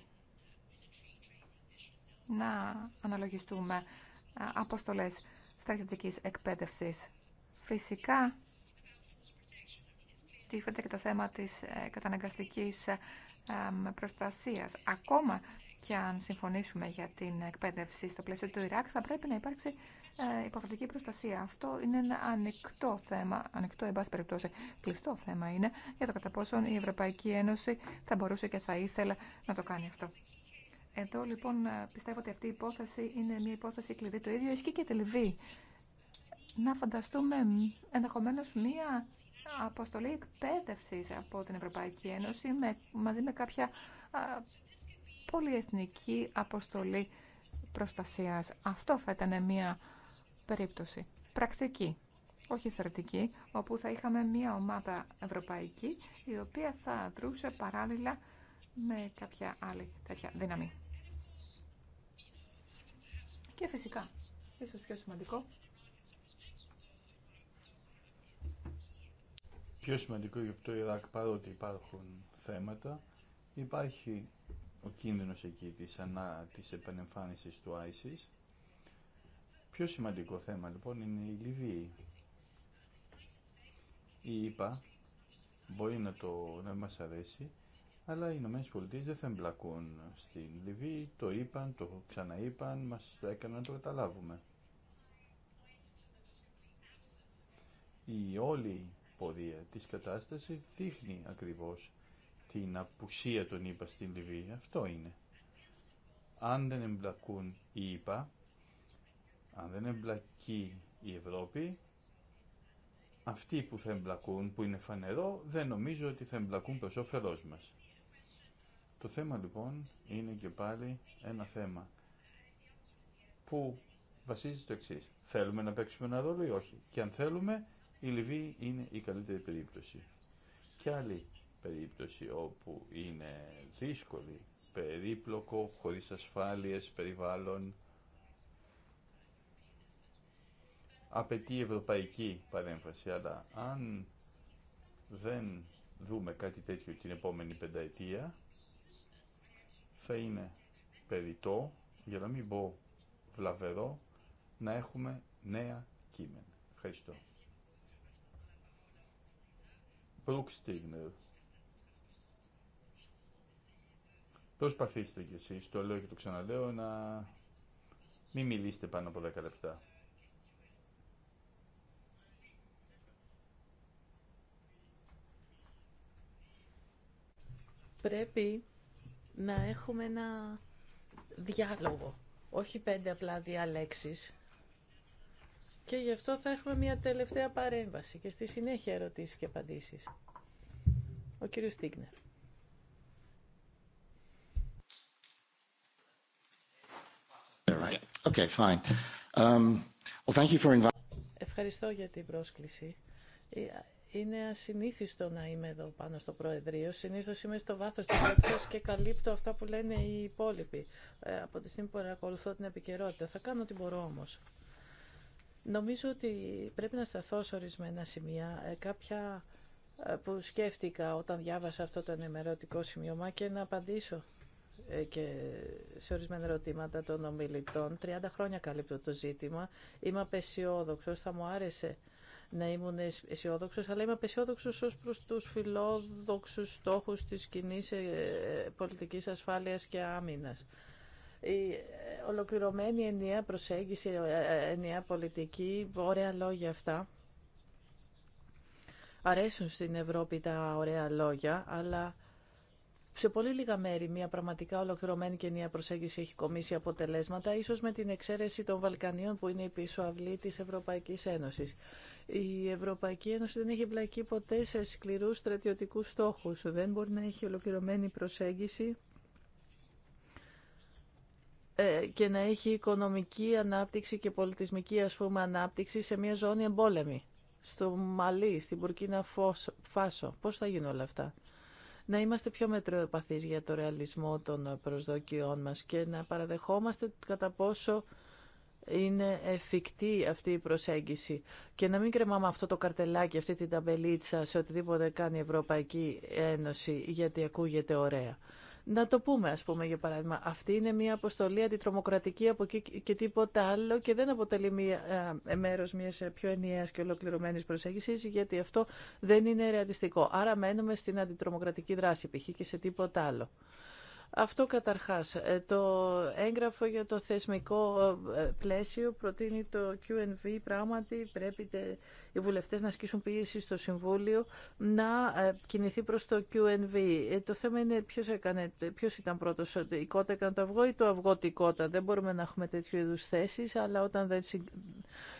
να αναλογιστούμε αποστολές στρατιωτικής εκπαίδευσης. Φυσικά, τίθεται και το θέμα της ε, καταναγκαστικής ε, προστασία. Ακόμα και αν συμφωνήσουμε για την εκπαίδευση στο πλαίσιο του Ιράκ, θα πρέπει να υπάρξει ε, υποχρεωτική προστασία. Αυτό είναι ένα ανοιχτό θέμα, ανοιχτό εν πάση περιπτώσει, κλειστό θέμα είναι, για το κατά πόσον η Ευρωπαϊκή Ένωση θα μπορούσε και θα ήθελε να το κάνει αυτό. Εδώ λοιπόν ε, πιστεύω ότι αυτή η υπόθεση είναι μια υπόθεση κλειδί. Το ίδιο ισχύει και τη Λιβύη. Να φανταστούμε ενδεχομένω μια αποστολή εκπαίδευση από την Ευρωπαϊκή Ένωση μαζί με κάποια α, πολυεθνική αποστολή προστασίας. Αυτό θα ήταν μια περίπτωση πρακτική, όχι θεωρητική, όπου θα είχαμε μια ομάδα ευρωπαϊκή η οποία θα δρούσε παράλληλα με κάποια άλλη τέτοια δύναμη. Και φυσικά, ίσως πιο σημαντικό, πιο σημαντικό για το Ιράκ παρότι υπάρχουν θέματα, υπάρχει ο κίνδυνος εκεί της, ανά, της επανεμφάνισης του ISIS. Πιο σημαντικό θέμα λοιπόν είναι η Λιβύη. Η ΙΠΑ μπορεί να, το, να μας αρέσει, αλλά οι Ηνωμένες Πολιτείες δεν θα εμπλακούν στην Λιβύη, το είπαν, το ξαναείπαν, μας έκαναν να το καταλάβουμε. Η όλη πορεία της κατάστασης δείχνει ακριβώς την απουσία των ΙΠΑ στην Λιβύη. Αυτό είναι. Αν δεν εμπλακούν οι ΙΠΑ, αν δεν εμπλακεί η Ευρώπη, αυτοί που θα εμπλακούν, που είναι φανερό, δεν νομίζω ότι θα εμπλακούν προς όφελός μας. Το θέμα λοιπόν είναι και πάλι ένα θέμα που βασίζεται στο εξή. Θέλουμε να παίξουμε ένα ρόλο ή όχι. Και αν θέλουμε, η Λιβύη είναι η καλύτερη περίπτωση. Και άλλη περίπτωση όπου είναι δύσκολη, περίπλοκο, χωρίς ασφάλειες, περιβάλλον, απαιτεί ευρωπαϊκή παρέμβαση, αλλά αν δεν δούμε κάτι τέτοιο την επόμενη πενταετία, θα είναι περιττό, για να μην πω βλαβερό, να έχουμε νέα κείμενα. Ευχαριστώ. Μπρουκστίγνερ. Προσπαθήστε κι εσείς, το λέω και το ξαναλέω, να μην μιλήσετε πάνω από 10 λεπτά. Πρέπει να έχουμε ένα διάλογο, όχι πέντε απλά διαλέξεις. Και γι' αυτό θα έχουμε μια τελευταία παρέμβαση και στη συνέχεια ερωτήσεις και απαντήσεις. Ο κύριος Στίγνερ. Um, Ευχαριστώ για την πρόσκληση. Ε, είναι ασυνήθιστο να είμαι εδώ πάνω στο Προεδρείο. Συνήθω είμαι στο βάθο τη έκθεση και καλύπτω αυτά που λένε οι υπόλοιποι. Ε, από τη στιγμή που παρακολουθώ την επικαιρότητα. Θα κάνω ό,τι μπορώ όμω. Νομίζω ότι πρέπει να σταθώ σε ορισμένα σημεία. Ε, κάποια ε, που σκέφτηκα όταν διάβασα αυτό το ενημερωτικό σημείωμα και να απαντήσω ε, και σε ορισμένα ερωτήματα των ομιλητών. 30 χρόνια καλύπτω το ζήτημα. Είμαι απεσιόδοξο. Θα μου άρεσε να ήμουν αισιόδοξο, αλλά είμαι απεσιόδοξο ω προ του φιλόδοξου στόχου τη κοινή πολιτική ασφάλεια και άμυνα η ε, ολοκληρωμένη ενιαία προσέγγιση, ε, ε, ενιαία πολιτική, ωραία λόγια αυτά. Αρέσουν στην Ευρώπη τα ωραία λόγια, αλλά σε πολύ λίγα μέρη μια πραγματικά ολοκληρωμένη και ενιαία προσέγγιση έχει κομίσει αποτελέσματα, ίσως με την εξαίρεση των Βαλκανίων που είναι η πίσω αυλή της Ευρωπαϊκής Ένωσης. Η Ευρωπαϊκή Ένωση δεν έχει μπλακεί ποτέ σε σκληρούς στρατιωτικούς στόχους, δεν μπορεί να έχει ολοκληρωμένη προσέγγιση ε, και να έχει οικονομική ανάπτυξη και πολιτισμική ας ανάπτυξη σε μια ζώνη εμπόλεμη. Στο Μαλί, στην Πουρκίνα Φάσο. Πώς θα γίνουν όλα αυτά. Να είμαστε πιο μετροεπαθείς για το ρεαλισμό των προσδοκιών μας και να παραδεχόμαστε κατά πόσο είναι εφικτή αυτή η προσέγγιση και να μην κρεμάμε αυτό το καρτελάκι, αυτή την ταμπελίτσα σε οτιδήποτε κάνει η Ευρωπαϊκή Ένωση γιατί ακούγεται ωραία. Να το πούμε, ας πούμε, για παράδειγμα, αυτή είναι μια αποστολή αντιτρομοκρατική από εκεί και τίποτα άλλο και δεν αποτελεί μια, ε, μέρος μιας ε, πιο ενιαίας και ολοκληρωμένης προσέγγισης, γιατί αυτό δεν είναι ρεαλιστικό. Άρα μένουμε στην αντιτρομοκρατική δράση, π.χ. και σε τίποτα άλλο. Αυτό καταρχάς. Ε, το έγγραφο για το θεσμικό ε, πλαίσιο προτείνει το QNV. Πράγματι πρέπει οι βουλευτές να ασκήσουν πίεση στο Συμβούλιο να ε, κινηθεί προς το QNV. Το θέμα είναι ποιος, έκανε, ποιος ήταν πρώτος, η κότα έκανε το αυγό ή το αυγό τη κότα. Δεν μπορούμε να έχουμε τέτοιου είδους θέσεις, αλλά όταν δεν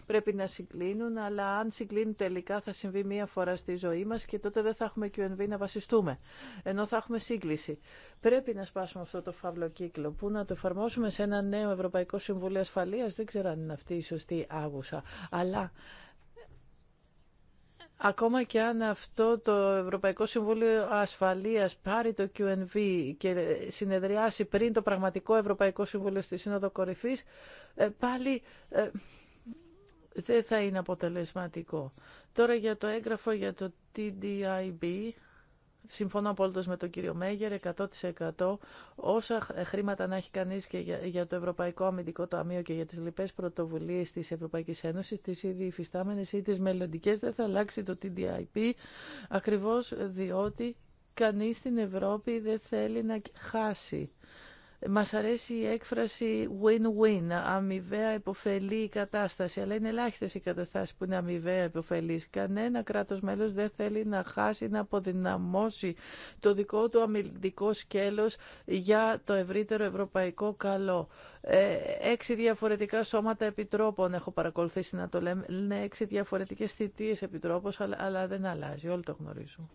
πρέπει να συγκλίνουν, αλλά αν συγκλίνουν τελικά θα συμβεί μία φορά στη ζωή μας και τότε δεν θα έχουμε QNV να βασιστούμε, ενώ θα έχουμε σύγκληση. Πρέπει να σπάσουμε αυτό το φαύλο κύκλο, πού να το εφαρμόσουμε σε ένα νέο Ευρωπαϊκό Συμβούλιο Ασφαλείας, δεν ξέρω αν είναι αυτή η σωστή άγουσα, αλλά... Ακόμα και αν αυτό το Ευρωπαϊκό Συμβούλιο Ασφαλείας πάρει το QNV και συνεδριάσει πριν το πραγματικό Ευρωπαϊκό Συμβούλιο στη Σύνοδο Κορυφής, ε, πάλι ε, δεν θα είναι αποτελεσματικό. Τώρα για το έγγραφο για το TDIB, Συμφωνώ απόλυτα με τον κύριο Μέγερ, 100% όσα ε, χρήματα να έχει κανείς και για το Ευρωπαϊκό Αμυντικό Ταμείο και για τις λοιπές πρωτοβουλίες της Ευρωπαϊκής Ένωσης, τις ήδη υφιστάμενες ή τις μελλοντικέ δεν θα αλλάξει το TDIP, ακριβώς διότι κανείς στην Ευρώπη δεν θέλει να χάσει. Μας αρέσει η έκφραση win-win, αμοιβαία υποφελή κατάσταση, αλλά είναι ελάχιστες οι καταστάσεις που είναι αμοιβαία υποφελής. Κανένα κράτος μέλος δεν θέλει να χάσει, να αποδυναμώσει το δικό του αμυντικό σκέλος για το ευρύτερο ευρωπαϊκό καλό. Ε, έξι διαφορετικά σώματα επιτρόπων έχω παρακολουθήσει να το λέμε, είναι έξι διαφορετικές θητείες επιτρόπων, αλλά, αλλά δεν αλλάζει, όλοι το γνωρίζουν.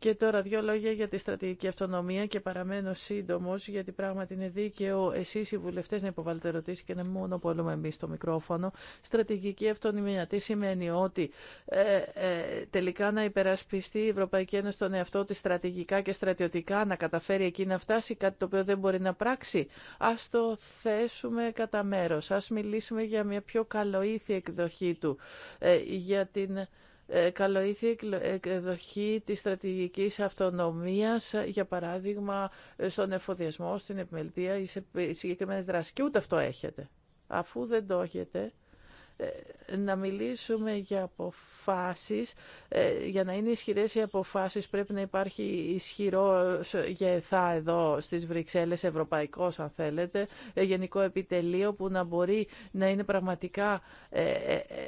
Και τώρα δύο λόγια για τη στρατηγική αυτονομία και παραμένω σύντομο γιατί πράγματι είναι δίκαιο εσεί οι βουλευτέ να υποβάλλετε ερωτήσει και να μην μονοπολούμε εμεί το μικρόφωνο. Στρατηγική αυτονομία τι σημαίνει ότι ε, ε, τελικά να υπερασπιστεί η Ευρωπαϊκή Ένωση τον εαυτό τη στρατηγικά και στρατιωτικά, να καταφέρει εκεί να φτάσει, κάτι το οποίο δεν μπορεί να πράξει. Α το θέσουμε κατά μέρο. Α μιλήσουμε για μια πιο καλοήθη εκδοχή του, ε, για την ε, καλοήθη ε, εκδοχή της στρατηγικής αυτονομίας, ε, για παράδειγμα, στον εφοδιασμό, στην επιμελητία ή σε συγκεκριμένες δράσεις. Και ούτε αυτό έχετε. Αφού δεν το έχετε, ε, να μιλήσουμε για αποφάσεις, ε, για να είναι ισχυρές οι αποφάσεις πρέπει να υπάρχει ισχυρό γεθά εδώ στις Βρυξέλλες, ευρωπαϊκός αν θέλετε, ε, γενικό επιτελείο που να μπορεί να είναι πραγματικά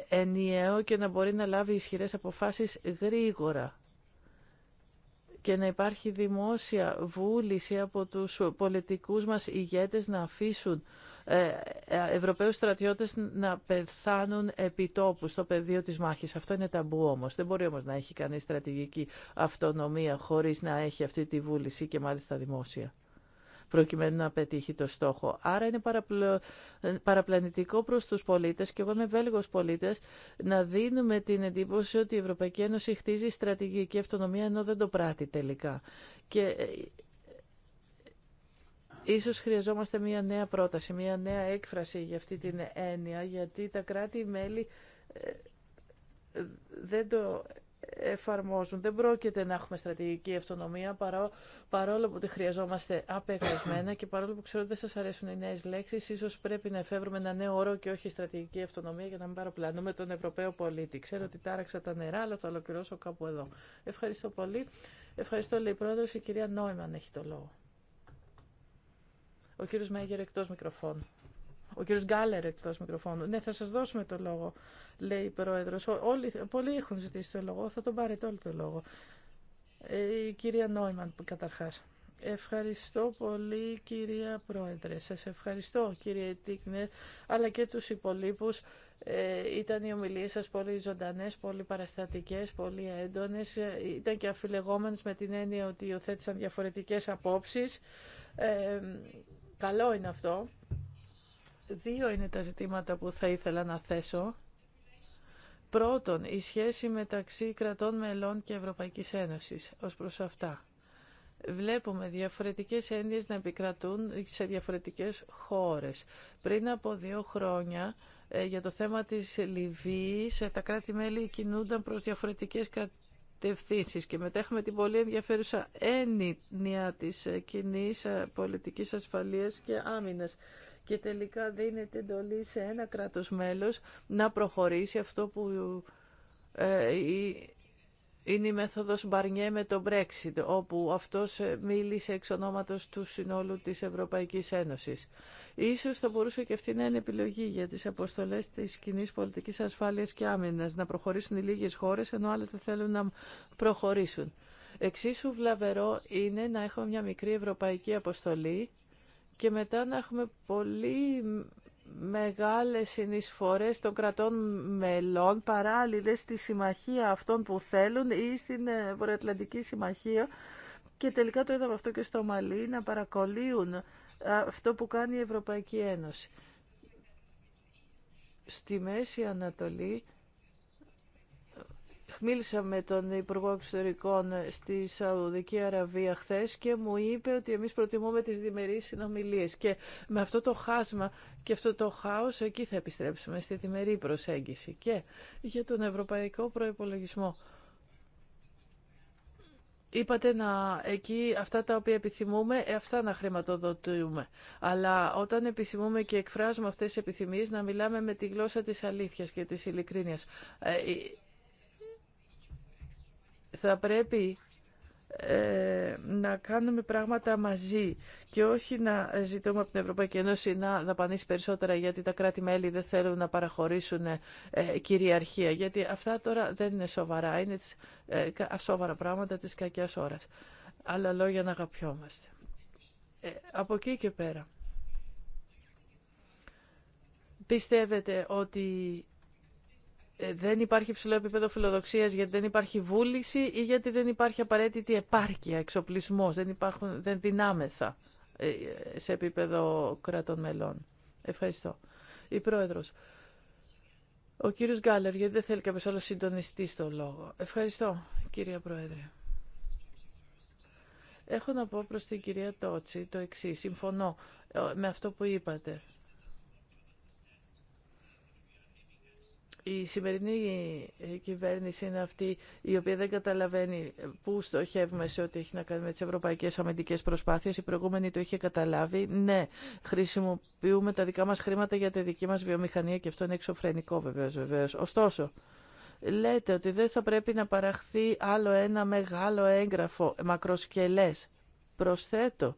ενιαίο και να μπορεί να λάβει ισχυρές αποφάσεις γρήγορα και να υπάρχει δημόσια βούληση από τους πολιτικούς μας ηγέτες να αφήσουν ε, ε, Ευρωπαίους στρατιώτες να πεθάνουν επιτόπου στο πεδίο της μάχης. Αυτό είναι ταμπού όμως. Δεν μπορεί όμως να έχει κανείς στρατηγική αυτονομία χωρίς να έχει αυτή τη βούληση και μάλιστα δημόσια προκειμένου να πετύχει το στόχο. Άρα είναι παραπλο... παραπλανητικό προς τους πολίτες και εγώ είμαι Βέλγος πολίτες να δίνουμε την εντύπωση ότι η Ευρωπαϊκή Ένωση χτίζει στρατηγική αυτονομία ενώ δεν το πράττει τελικά. Και ε, Ίσως χρειαζόμαστε μια νέα πρόταση, μια νέα έκφραση για αυτή την έννοια, γιατί τα κράτη-μέλη ε, δεν το εφαρμόζουν. Δεν πρόκειται να έχουμε στρατηγική αυτονομία παρόλο που τη χρειαζόμαστε απεγνωσμένα και παρόλο που ξέρω ότι δεν σα αρέσουν οι νέε λέξει, ίσω πρέπει να εφεύρουμε ένα νέο όρο και όχι στρατηγική αυτονομία για να μην παραπλανούμε τον Ευρωπαίο πολίτη. Ξέρω ότι τάραξα τα νερά, αλλά θα ολοκληρώσω κάπου εδώ. Ευχαριστώ πολύ. Ευχαριστώ, λέει η πρόεδρο. Η κυρία Νόημαν έχει το λόγο. Ο κύριο Μέγερ εκτό μικροφώνου. Ο κύριο Γκάλερ εκτό μικροφώνου. Ναι, θα σα δώσουμε το λόγο, λέει η πρόεδρο. Όλοι, πολλοί έχουν ζητήσει το λόγο, θα τον πάρετε όλοι το λόγο. Ε, η κυρία Νόημαν, καταρχά. Ευχαριστώ πολύ κυρία Πρόεδρε. Σα ευχαριστώ κύριε Τίκνερ, αλλά και του υπολείπους. Ε, ήταν οι ομιλίες σας πολύ ζωντανές, πολύ παραστατικές, πολύ έντονες. Ε, ήταν και αφιλεγόμενες με την έννοια ότι υιοθέτησαν διαφορετικές απόψεις. Ε, Καλό είναι αυτό. Δύο είναι τα ζητήματα που θα ήθελα να θέσω. Πρώτον, η σχέση μεταξύ κρατών μελών και Ευρωπαϊκής Ένωσης ως προς αυτά. Βλέπουμε διαφορετικές έννοιες να επικρατούν σε διαφορετικές χώρες. Πριν από δύο χρόνια, ε, για το θέμα της Λιβύης, ε, τα κράτη-μέλη κινούνταν προς διαφορετικές και μετά έχουμε την πολύ ενδιαφέρουσα έννοια της ε, κοινή ε, πολιτικής ασφαλείας και άμυνας και τελικά δίνεται εντολή σε ένα κράτος μέλος να προχωρήσει αυτό που ε, είναι η μέθοδος Μπαρνιέ με το Brexit, όπου αυτός ε, μίλησε εξ ονόματος του συνόλου της Ευρωπαϊκής Ένωσης. Ίσως θα μπορούσε και αυτή να είναι επιλογή για τις αποστολές της κοινή πολιτικής ασφάλειας και άμυνας, να προχωρήσουν οι λίγες χώρες, ενώ άλλες δεν θέλουν να προχωρήσουν. Εξίσου βλαβερό είναι να έχουμε μια μικρή ευρωπαϊκή αποστολή και μετά να έχουμε πολύ μεγάλες συνεισφορές των κρατών μελών παράλληλες στη συμμαχία αυτών που θέλουν ή στην ε, Βορειοατλαντική Συμμαχία και τελικά το είδαμε αυτό και στο Μαλί να παρακολύουν ε, αυτό που κάνει η Ευρωπαϊκή Ένωση. Στη Μέση Ανατολή Μίλησα με τον Υπουργό Εξωτερικών στη Σαουδική Αραβία χθε και μου είπε ότι εμεί προτιμούμε τι διμερείς συνομιλίε. και με αυτό το χάσμα και αυτό το χάο, εκεί θα επιστρέψουμε στη διμερή προσέγγιση και για τον Ευρωπαϊκό προπολογισμό. Είπατε να εκεί αυτά τα οποία επιθυμούμε, ε, αυτά να χρηματοδοτούμε. Αλλά όταν επιθυμούμε και εκφράζουμε αυτές τις επιθυμίες, να μιλάμε με τη γλώσσα της αλήθειας και της ειλικρίνειας. Ε, θα πρέπει ε, να κάνουμε πράγματα μαζί και όχι να ζητούμε από την Ευρωπαϊκή Ένωση να δαπανίσει περισσότερα γιατί τα κράτη-μέλη δεν θέλουν να παραχωρήσουν ε, κυριαρχία. Γιατί αυτά τώρα δεν είναι σοβαρά, είναι ε, σοβαρά πράγματα της κακιάς ώρας. Άλλα λόγια να αγαπιόμαστε. Ε, από εκεί και πέρα. Πιστεύετε ότι ε, δεν υπάρχει υψηλό επίπεδο φιλοδοξία γιατί δεν υπάρχει βούληση ή γιατί δεν υπάρχει απαραίτητη επάρκεια, εξοπλισμό, δεν, υπάρχουν, δεν δυνάμεθα ε, σε επίπεδο κρατών μελών. Ευχαριστώ. Η Πρόεδρος. Ο κύριος Γκάλερ, γιατί δεν θέλει κάποιος άλλος γιατι δεν θελει καποιος αλλο συντονιστη στο λόγο. Ευχαριστώ, κυρία Πρόεδρε. Έχω να πω προς την κυρία Τότσι. το εξή. Συμφωνώ ε, με αυτό που είπατε. η σημερινή ε, κυβέρνηση είναι αυτή η οποία δεν καταλαβαίνει ε, πού στοχεύουμε σε ό,τι έχει να κάνει με τις ευρωπαϊκές αμυντικές προσπάθειες. Η προηγούμενη το είχε καταλάβει. Ναι, χρησιμοποιούμε τα δικά μας χρήματα για τη δική μας βιομηχανία και αυτό είναι εξωφρενικό βεβαίως. βεβαίως. Ωστόσο, λέτε ότι δεν θα πρέπει να παραχθεί άλλο ένα μεγάλο έγγραφο μακροσκελές. Προσθέτω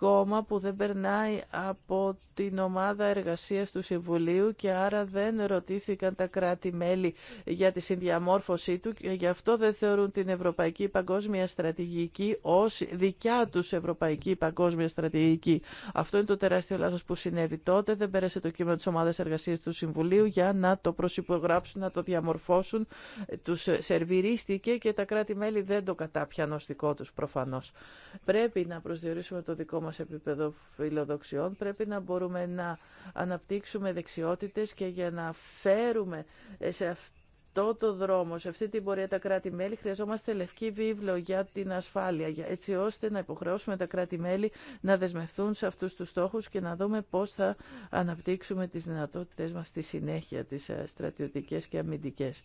κόμμα που δεν περνάει από την ομάδα εργασίας του Συμβουλίου και άρα δεν ρωτήθηκαν τα κράτη-μέλη για τη συνδιαμόρφωσή του και γι' αυτό δεν θεωρούν την Ευρωπαϊκή Παγκόσμια Στρατηγική ως δικιά τους Ευρωπαϊκή Παγκόσμια Στρατηγική. Αυτό είναι το τεράστιο λάθος που συνέβη τότε. Δεν πέρασε το κείμενο της ομάδας εργασίας του Συμβουλίου για να το προσυπογράψουν, να το διαμορφώσουν. Τους σερβιρίστηκε και τα κράτη-μέλη δεν το κατάπιαν ως δικό τους προφανώς. Πρέπει να προσδιορίσουμε το δικό μας σε επίπεδο φιλοδοξιών. Πρέπει να μπορούμε να αναπτύξουμε δεξιότητες και για να φέρουμε σε αυτό το δρόμο, σε αυτή την πορεία τα κράτη-μέλη, χρειαζόμαστε λευκή βίβλο για την ασφάλεια, έτσι ώστε να υποχρεώσουμε τα κράτη-μέλη να δεσμευθούν σε αυτούς τους στόχους και να δούμε πώς θα αναπτύξουμε τις δυνατότητες μας στη συνέχεια, τις ε, στρατιωτικές και αμυντικές.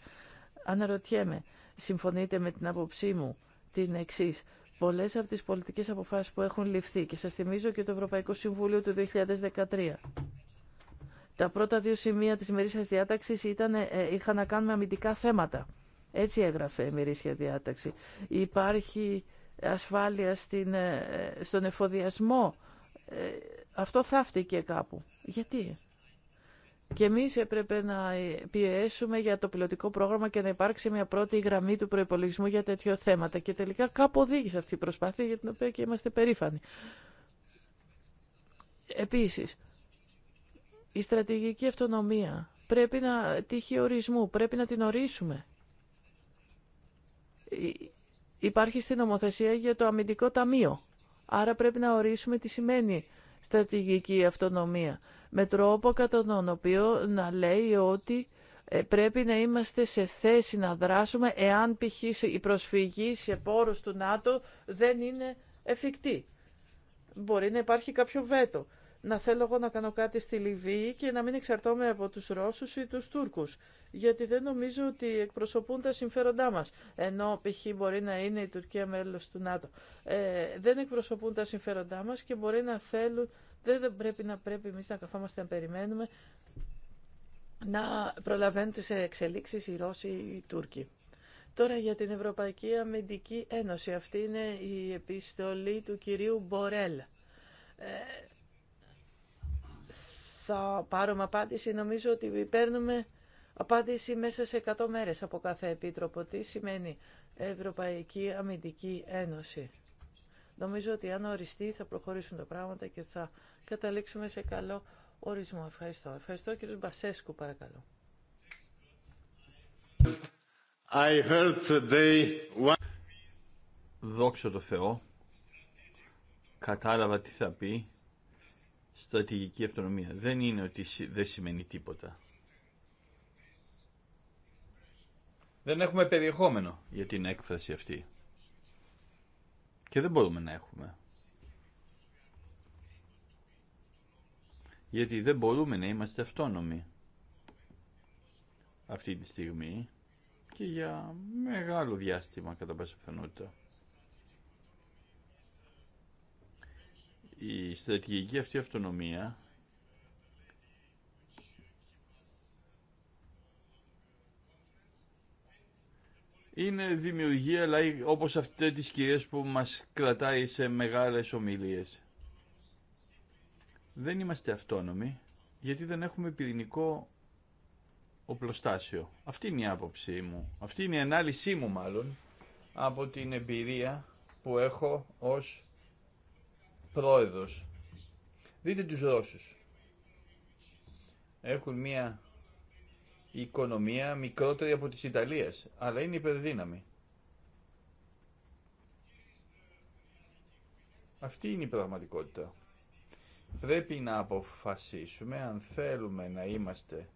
Αναρωτιέμαι, συμφωνείτε με την άποψή μου την εξής, Πολλέ από τι πολιτικές αποφάσεις που έχουν ληφθεί και σα θυμίζω και το Ευρωπαϊκό Συμβούλιο του 2013. Τα πρώτα δύο σημεία της ημερήσια διάταξης ήταν, ε, ε, είχαν να κάνουν με αμυντικά θέματα. Έτσι έγραφε η ημερήσια διάταξη. Υπάρχει ασφάλεια στην, ε, στον εφοδιασμό. Αυτό θαύτηκε κάπου. Γιατί. Και εμεί έπρεπε να πιέσουμε για το πιλωτικό πρόγραμμα και να υπάρξει μια πρώτη γραμμή του προπολογισμού για τέτοια θέματα. Και τελικά κάπου οδήγησε αυτή η προσπάθεια για την οποία και είμαστε περήφανοι. Επίσης, η στρατηγική αυτονομία πρέπει να τύχει ορισμού, πρέπει να την ορίσουμε. Υπάρχει στην νομοθεσία για το αμυντικό ταμείο, άρα πρέπει να ορίσουμε τι σημαίνει στρατηγική αυτονομία με τρόπο κατά τον οποίο να λέει ότι ε, πρέπει να είμαστε σε θέση να δράσουμε εάν π.χ. η προσφυγή σε πόρους του ΝΑΤΟ δεν είναι εφικτή. Μπορεί να υπάρχει κάποιο βέτο. Να θέλω εγώ να κάνω κάτι στη Λιβύη και να μην εξαρτώμαι από τους Ρώσους ή τους Τούρκους. Γιατί δεν νομίζω ότι εκπροσωπούν τα συμφέροντά μας. Ενώ π.χ. μπορεί να είναι η Τουρκία μέλος του ΝΑΤΟ. Ε, δεν εκπροσωπούν τα συμφέροντά μας και μπορεί να θέλουν δεν, πρέπει να πρέπει εμείς να καθόμαστε να περιμένουμε να προλαβαίνουν τις εξελίξεις οι Ρώσοι ή οι Τούρκοι. Τώρα για την Ευρωπαϊκή Αμυντική Ένωση. Αυτή είναι η επιστολή του κυρίου Μπορέλ. Ε, θα πάρουμε απάντηση. Νομίζω ότι παίρνουμε απάντηση μέσα σε 100 μέρες από κάθε επίτροπο. Τι σημαίνει Ευρωπαϊκή Αμυντική Ένωση. Νομίζω ότι αν οριστεί θα προχωρήσουν τα πράγματα και θα καταλήξουμε σε καλό ορισμό. Ευχαριστώ. Ευχαριστώ κύριο Μπασέσκου παρακαλώ. I heard today one... Δόξα τω Θεώ, κατάλαβα τι θα πει στρατηγική αυτονομία. Δεν είναι ότι δεν σημαίνει τίποτα. Δεν έχουμε περιεχόμενο για την έκφραση αυτή. Και δεν μπορούμε να έχουμε. Γιατί δεν μπορούμε να είμαστε αυτόνομοι αυτή τη στιγμή και για μεγάλο διάστημα κατά πάσα πιθανότητα. Η στρατηγική αυτή αυτονομία είναι δημιουργία like, όπως αυτές τις κυρίας που μας κρατάει σε μεγάλες ομιλίες. Δεν είμαστε αυτόνομοι γιατί δεν έχουμε πυρηνικό οπλοστάσιο. Αυτή είναι η άποψή μου. Αυτή είναι η ανάλυση μου μάλλον από την εμπειρία που έχω ως πρόεδρος. Δείτε τους Ρώσους. Έχουν μία η οικονομία μικρότερη από της Ιταλίας, αλλά είναι υπερδύναμη. Αυτή είναι η πραγματικότητα. Πρέπει να αποφασίσουμε αν θέλουμε να είμαστε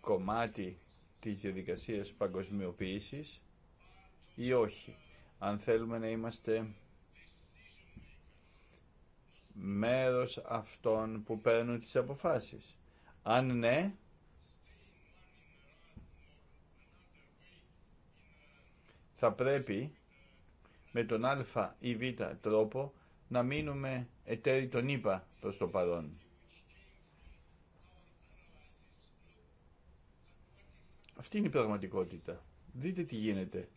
κομμάτι της διαδικασίας παγκοσμιοποίησης ή όχι. Αν θέλουμε να είμαστε μέρος αυτών που παίρνουν τις αποφάσεις. Αν ναι, θα πρέπει με τον α ή β τρόπο να μείνουμε εταίροι τον ΙΠΑ προς το παρόν. Αυτή είναι η πραγματικότητα. Δείτε τι γίνεται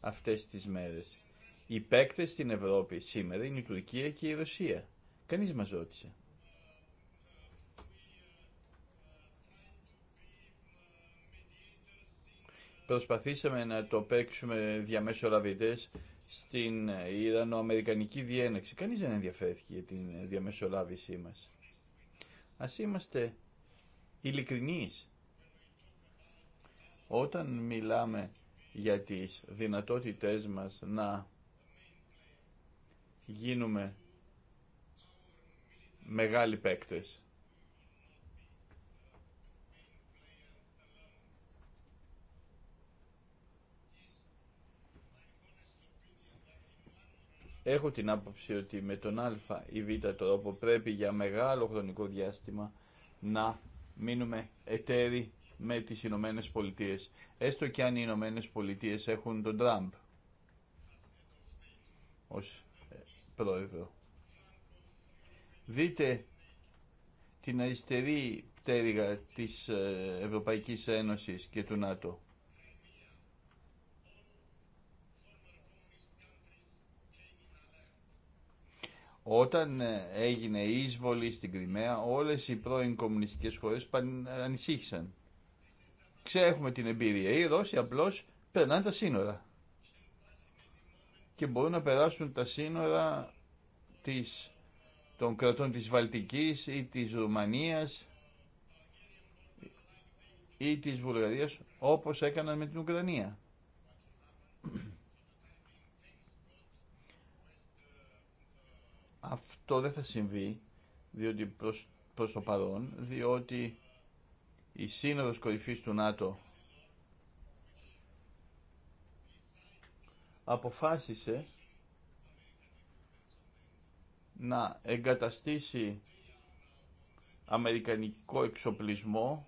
αυτές τις μέρες. Οι παίκτες στην Ευρώπη σήμερα είναι η Τουρκία και η Ρωσία. Κανείς μας ρώτησε. Προσπαθήσαμε να το παίξουμε διαμέσου στην Ιρανοαμερικανική διένεξη. Κανείς δεν ενδιαφέρθηκε για την διαμεσολάβησή μας. Ας είμαστε ειλικρινεί, Όταν μιλάμε για τις δυνατότητές μας να γίνουμε μεγάλοι παίκτες, Έχω την άποψη ότι με τον α ή β τρόπο πρέπει για μεγάλο χρονικό διάστημα να μείνουμε εταίροι με τις Ηνωμένε Πολιτείες. Έστω και αν οι Ηνωμένε Πολιτείες έχουν τον Τραμπ ως ε, πρόεδρο. Δείτε την αριστερή πτέρυγα της ε, Ευρωπαϊκής Ένωσης και του ΝΑΤΟ. Όταν ε, έγινε η εισβολή στην Κρυμαία, όλες οι πρώην κομμουνιστικές χώρες ε, ανησύχησαν. Ξέχουμε την εμπειρία. Οι Ρώσοι απλώς περνάνε τα σύνορα. Και μπορούν να περάσουν τα σύνορα της, των κρατών της Βαλτικής ή της Ρουμανίας ή της Βουλγαρίας όπως έκαναν με την Ουκρανία. Αυτό δεν θα συμβεί διότι προς, προς το παρόν, διότι η σύνοδος κορυφής του ΝΑΤΟ αποφάσισε να εγκαταστήσει αμερικανικό εξοπλισμό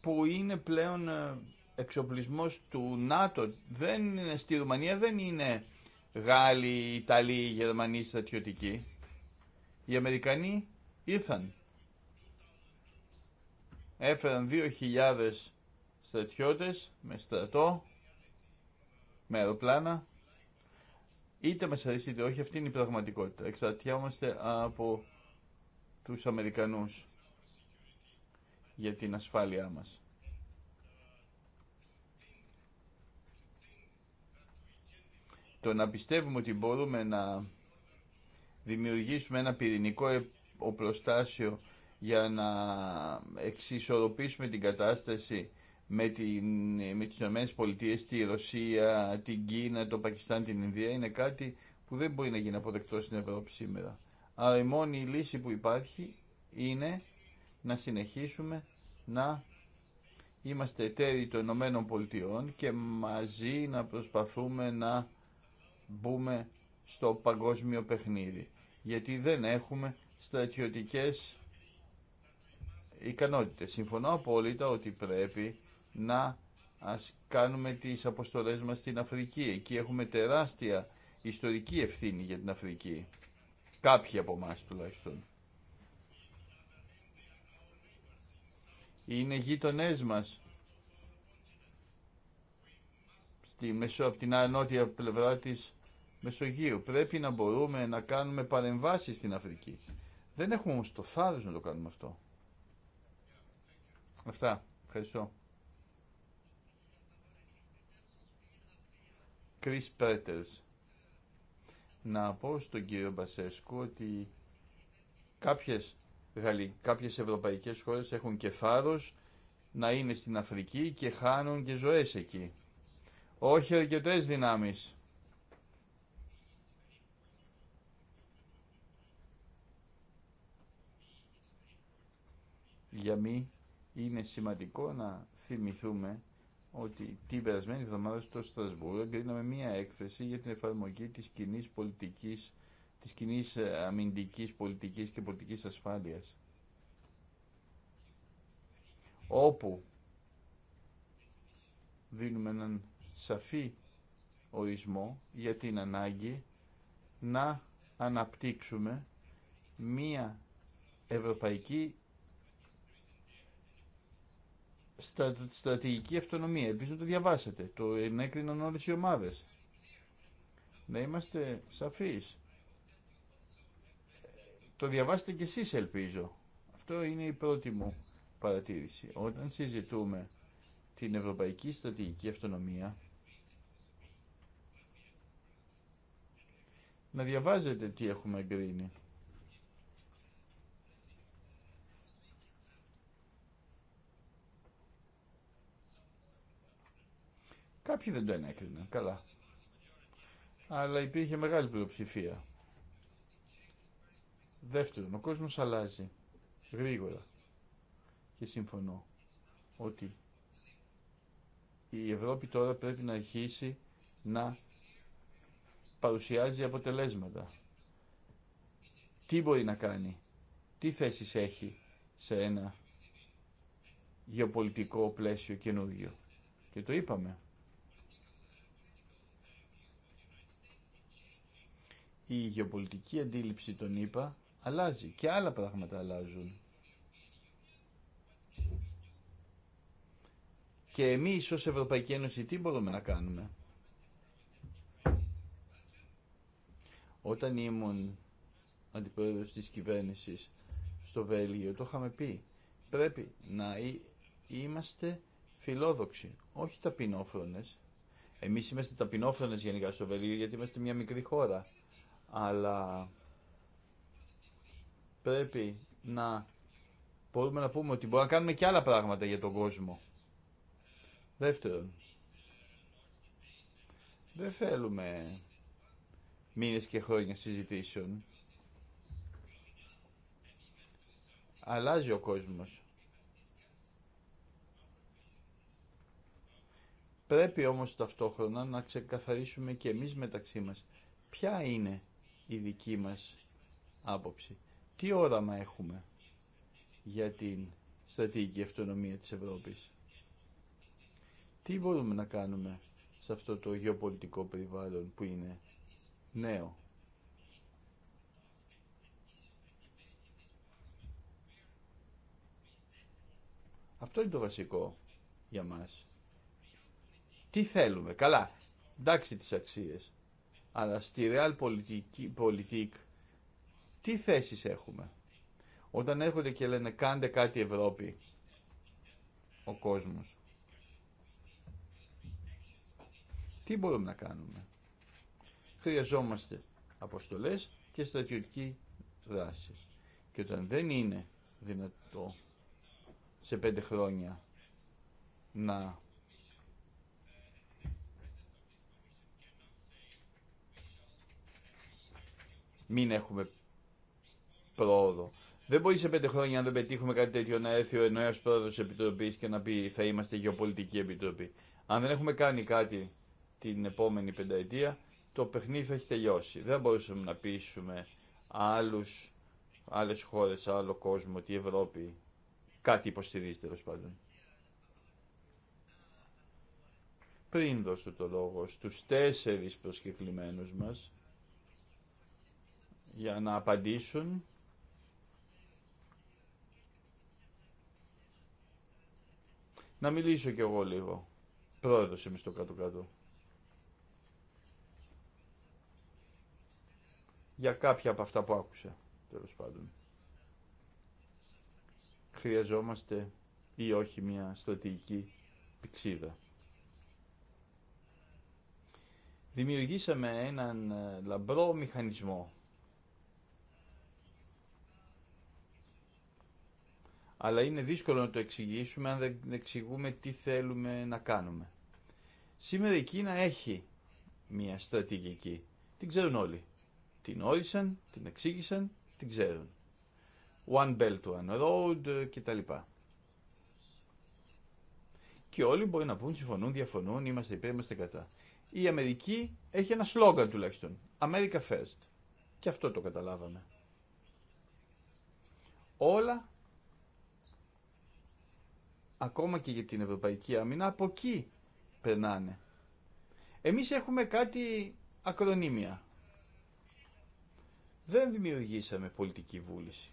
που είναι πλέον ε, εξοπλισμός του ΝΑΤΟ. Δεν είναι στη Ρουμανία, δεν είναι Γάλλοι, Ιταλοί, Γερμανοί στρατιωτικοί. Οι Αμερικανοί ήρθαν. Έφεραν 2.000 στρατιώτες με στρατό, με αεροπλάνα. Είτε μας αρέσει είτε όχι, αυτή είναι η πραγματικότητα. Εξαρτιόμαστε από τους Αμερικανούς για την ασφάλειά μας. Το να πιστεύουμε ότι μπορούμε να δημιουργήσουμε ένα πυρηνικό οπλοστάσιο για να εξισορροπήσουμε την κατάσταση με, την, με τις Ηνωμένες τη Ρωσία, την Κίνα, το Πακιστάν, την Ινδία είναι κάτι που δεν μπορεί να γίνει αποδεκτό στην Ευρώπη σήμερα. Άρα η μόνη λύση που υπάρχει είναι να συνεχίσουμε να είμαστε εταίροι των Ηνωμένων και μαζί να προσπαθούμε να μπούμε στο παγκόσμιο παιχνίδι. Γιατί δεν έχουμε στρατιωτικές ικανότητες. Συμφωνώ απόλυτα ότι πρέπει να κάνουμε τις αποστολές μας στην Αφρική. Εκεί έχουμε τεράστια ιστορική ευθύνη για την Αφρική. Κάποιοι από εμά τουλάχιστον. Είναι γείτονέ μας στη μεσο, από την νότια πλευρά της Μεσογείου. Πρέπει να μπορούμε να κάνουμε παρεμβάσεις στην Αφρική. Δεν έχουμε όμως το θάρρος να το κάνουμε αυτό. Αυτά. Ευχαριστώ. Chris Πέτερς. Να πω στον κύριο Μπασέσκου ότι κάποιες, κάποιες ευρωπαϊκές χώρες έχουν και θάρρος να είναι στην Αφρική και χάνουν και ζωές εκεί. Όχι αρκετές δυνάμεις για μη είναι σημαντικό να θυμηθούμε ότι την περασμένη εβδομάδα στο Στρασβούργο εγκρίναμε μία έκθεση για την εφαρμογή της κοινή πολιτικής της ε, αμυντικής πολιτικής και πολιτικής ασφάλειας όπου δίνουμε έναν σαφή ορισμό για την ανάγκη να αναπτύξουμε μία ευρωπαϊκή στα, στρατηγική αυτονομία. Επίσης το διαβάσετε, Το ενέκριναν όλες οι ομάδες. Να είμαστε σαφείς. Το διαβάσετε κι εσείς ελπίζω. Αυτό είναι η πρώτη μου παρατήρηση. Όταν συζητούμε την Ευρωπαϊκή Στρατηγική Αυτονομία, να διαβάζετε τι έχουμε εγκρίνει. Κάποιοι δεν το ενέκριναν. Καλά. Αλλά υπήρχε μεγάλη πλειοψηφία. Δεύτερον, ο κόσμος αλλάζει γρήγορα και συμφωνώ ότι η Ευρώπη τώρα πρέπει να αρχίσει να παρουσιάζει αποτελέσματα. Τι μπορεί να κάνει, τι θέσεις έχει σε ένα γεωπολιτικό πλαίσιο καινούργιο. Και το είπαμε. η γεωπολιτική αντίληψη των ΗΠΑ αλλάζει και άλλα πράγματα αλλάζουν. Και εμείς ως Ευρωπαϊκή Ένωση τι μπορούμε να κάνουμε. Όταν ήμουν αντιπρόεδρος της κυβέρνησης στο Βέλγιο, το είχαμε πει. Πρέπει να είμαστε φιλόδοξοι, όχι ταπεινόφρονες. Εμείς είμαστε ταπεινόφρονες γενικά στο Βέλγιο γιατί είμαστε μια μικρή χώρα αλλά πρέπει να μπορούμε να πούμε ότι μπορούμε να κάνουμε και άλλα πράγματα για τον κόσμο. Δεύτερον, δεν θέλουμε μήνες και χρόνια συζητήσεων. Αλλάζει ο κόσμος. Πρέπει όμως ταυτόχρονα να ξεκαθαρίσουμε και εμείς μεταξύ μας ποια είναι η δική μας άποψη. Τι όραμα έχουμε για την στρατηγική αυτονομία της Ευρώπης. Τι μπορούμε να κάνουμε σε αυτό το γεωπολιτικό περιβάλλον που είναι νέο. Αυτό είναι το βασικό για μας. Τι θέλουμε. Καλά. Εντάξει τις αξίες. Αλλά στη Real πολιτική, τι θέσεις έχουμε. Όταν έρχονται και λένε κάντε κάτι Ευρώπη ο κόσμος. Τι μπορούμε να κάνουμε. Χρειαζόμαστε αποστολές και στρατιωτική δράση. Και όταν δεν είναι δυνατό σε πέντε χρόνια να μην έχουμε πρόοδο. Δεν μπορεί σε πέντε χρόνια, αν δεν πετύχουμε κάτι τέτοιο, να έρθει ο νέο πρόεδρο Επιτροπή και να πει θα είμαστε γεωπολιτική επιτροπή. Αν δεν έχουμε κάνει κάτι την επόμενη πενταετία, το παιχνίδι θα έχει τελειώσει. Δεν μπορούσαμε να πείσουμε άλλους, άλλες χώρες, άλλο κόσμο, ότι η Ευρώπη κάτι υποστηρίζει τέλο πάντων. Πριν δώσω το λόγο στους τέσσερις προσκεκλημένους μας, για να απαντήσουν. Να μιλήσω κι εγώ λίγο. Πρόεδρος είμαι στο κάτω-κάτω. Για κάποια από αυτά που άκουσα, τέλος πάντων. Χρειαζόμαστε ή όχι μια στρατηγική πηξίδα. Δημιουργήσαμε έναν λαμπρό μηχανισμό αλλά είναι δύσκολο να το εξηγήσουμε αν δεν εξηγούμε τι θέλουμε να κάνουμε. Σήμερα η Κίνα έχει μια στρατηγική. Την ξέρουν όλοι. Την όρισαν, την εξήγησαν, την ξέρουν. One Belt, One Road κτλ. Και όλοι μπορεί να πούν, συμφωνούν, διαφωνούν, είμαστε υπέρ, είμαστε κατά. Η Αμερική έχει ένα σλόγγαν τουλάχιστον. America First. Και αυτό το καταλάβαμε. Όλα ακόμα και για την Ευρωπαϊκή Άμυνα, από εκεί περνάνε. Εμείς έχουμε κάτι ακρονίμια. Δεν δημιουργήσαμε πολιτική βούληση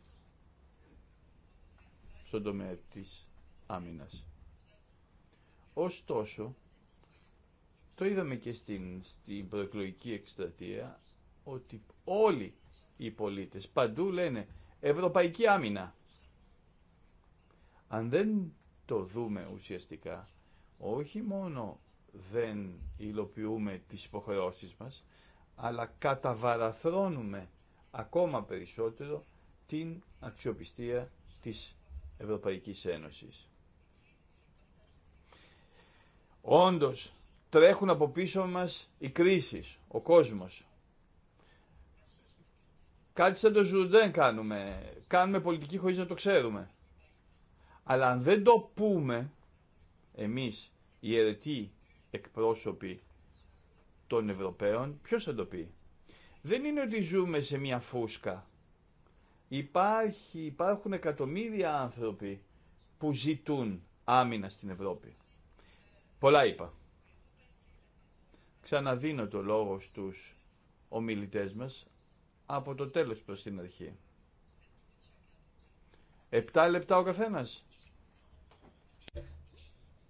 στον τομέα της άμυνας. Ωστόσο, το είδαμε και στην, στην προεκλογική εκστρατεία, ότι όλοι οι πολίτες παντού λένε «Ευρωπαϊκή άμυνα». Αν δεν το δούμε ουσιαστικά, όχι μόνο δεν υλοποιούμε τις υποχρεώσεις μας, αλλά καταβαραθρώνουμε ακόμα περισσότερο την αξιοπιστία της Ευρωπαϊκής Ένωσης. Όντως, τρέχουν από πίσω μας οι κρίσεις, ο κόσμος. Κάτι σαν το ζουρδέν κάνουμε. Κάνουμε πολιτική χωρίς να το ξέρουμε. Αλλά αν δεν το πούμε εμείς οι αιρετοί εκπρόσωποι των Ευρωπαίων, ποιος θα το πει. Δεν είναι ότι ζούμε σε μια φούσκα. Υπάρχει, υπάρχουν εκατομμύρια άνθρωποι που ζητούν άμυνα στην Ευρώπη. Πολλά είπα. Ξαναδίνω το λόγο στους ομιλητές μας από το τέλος προς την αρχή. Επτά λεπτά ο καθένας.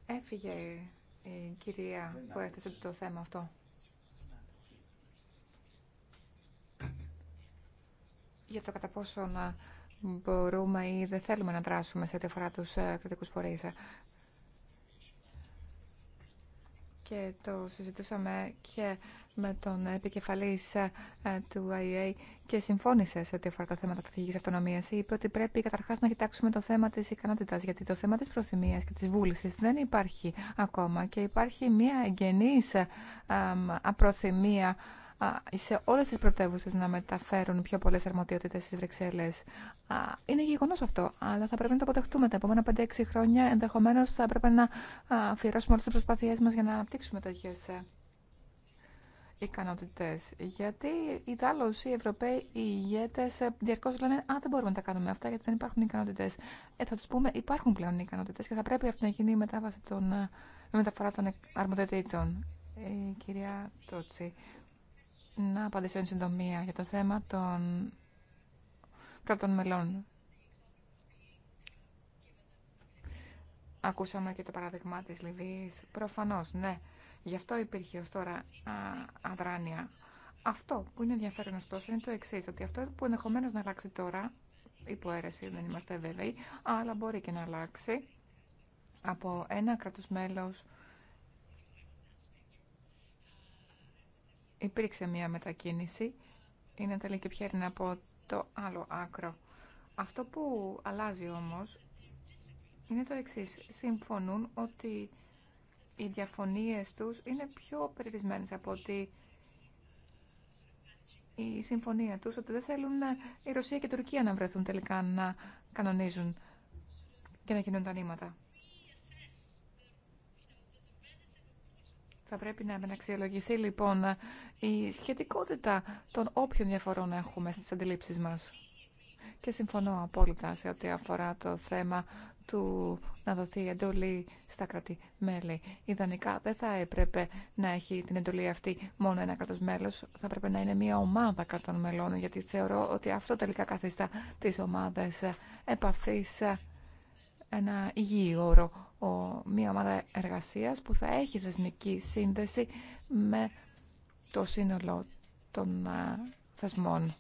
Έφυγε η κυρία που έθεσε το θέμα αυτό. Για το κατά πόσο να μπορούμε ή δεν θέλουμε να δράσουμε σε ό,τι αφορά τους ε, κρατικούς φορείς και το συζητούσαμε και με τον επικεφαλής ε, του IEA και συμφώνησε σε ό,τι αφορά τα θέματα τη αυτονομία, Είπε ότι πρέπει καταρχά να κοιτάξουμε το θέμα τη ικανότητα, γιατί το θέμα τη προθυμία και τη βούληση δεν υπάρχει ακόμα και υπάρχει μια εγγενή ε, απροθυμία σε όλε τι πρωτεύουσε να μεταφέρουν πιο πολλέ αρμοδιότητες στι Βρυξέλλε. Είναι γεγονό αυτό, αλλά θα πρέπει να το αποτεχτούμε. Τα επόμενα 5-6 χρόνια Ενδεχομένω θα πρέπει να αφιερώσουμε όλε τι προσπάθειέ μα για να αναπτύξουμε τέτοιε ικανότητε. Γιατί οι Ιταλός, οι Ευρωπαίοι, οι ηγέτε διαρκώ λένε «Α, δεν μπορούμε να τα κάνουμε αυτά γιατί δεν υπάρχουν ικανότητε. Ε, θα του πούμε «Υπάρχουν πλέον ικανοτήτε και θα πρέπει αυτή να γίνει η ε, μεταφορά των αρμοδιοτήτων». Η κυρία Τότσι, να απαντήσω εν συντομία για το θέμα των πρώτων μελών. Ακούσαμε και το παράδειγμα της Λιβύης. Προφανώς, ναι. Γι' αυτό υπήρχε ως τώρα α, αδράνεια. Αυτό που είναι ενδιαφέρον ωστόσο είναι το εξή, ότι αυτό που ενδεχομένως να αλλάξει τώρα, υποαίρεση δεν είμαστε βέβαιοι, αλλά μπορεί και να αλλάξει από ένα κράτος μέλος υπήρξε μια μετακίνηση. Είναι τελικά και πιέρνει από το άλλο άκρο. Αυτό που αλλάζει όμως είναι το εξής. Συμφωνούν ότι οι διαφωνίες τους είναι πιο περιορισμένες από ότι η συμφωνία τους ότι δεν θέλουν η Ρωσία και η Τουρκία να βρεθούν τελικά να κανονίζουν και να κινούν τα νήματα. Θα πρέπει να επαναξιολογηθεί λοιπόν η σχετικότητα των όποιων διαφορών έχουμε στις αντιλήψεις μας. Και συμφωνώ απόλυτα σε ό,τι αφορά το θέμα του να δοθεί εντολή στα κράτη-μέλη. Ιδανικά δεν θα έπρεπε να έχει την εντολή αυτή μόνο ένα κράτος μέλος, θα έπρεπε να είναι μια ομάδα κρατών μελών, γιατί θεωρώ ότι αυτό τελικά καθιστά τις ομάδες επαφής ένα υγιή μια ομάδα εργασίας που θα έχει θεσμική σύνδεση με το σύνολο των θεσμών,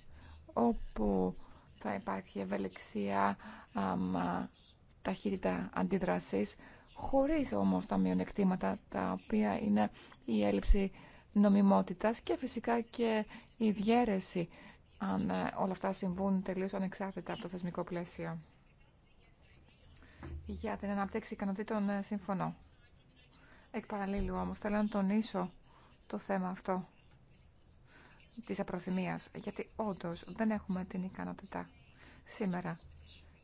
όπου θα υπάρχει ευελιξία, ταχύτητα αντίδρασης, χωρίς όμως τα μειονεκτήματα τα οποία είναι η έλλειψη νομιμότητας και φυσικά και η διέρεση αν ε, όλα αυτά συμβούν τελείως ανεξάρτητα από το θεσμικό πλαίσιο για την ανάπτυξη ικανοτήτων ε, συμφωνώ. Εκ παραλίλου, όμως θέλω να τονίσω το θέμα αυτό της απροθυμίας, γιατί όντως δεν έχουμε την ικανότητα σήμερα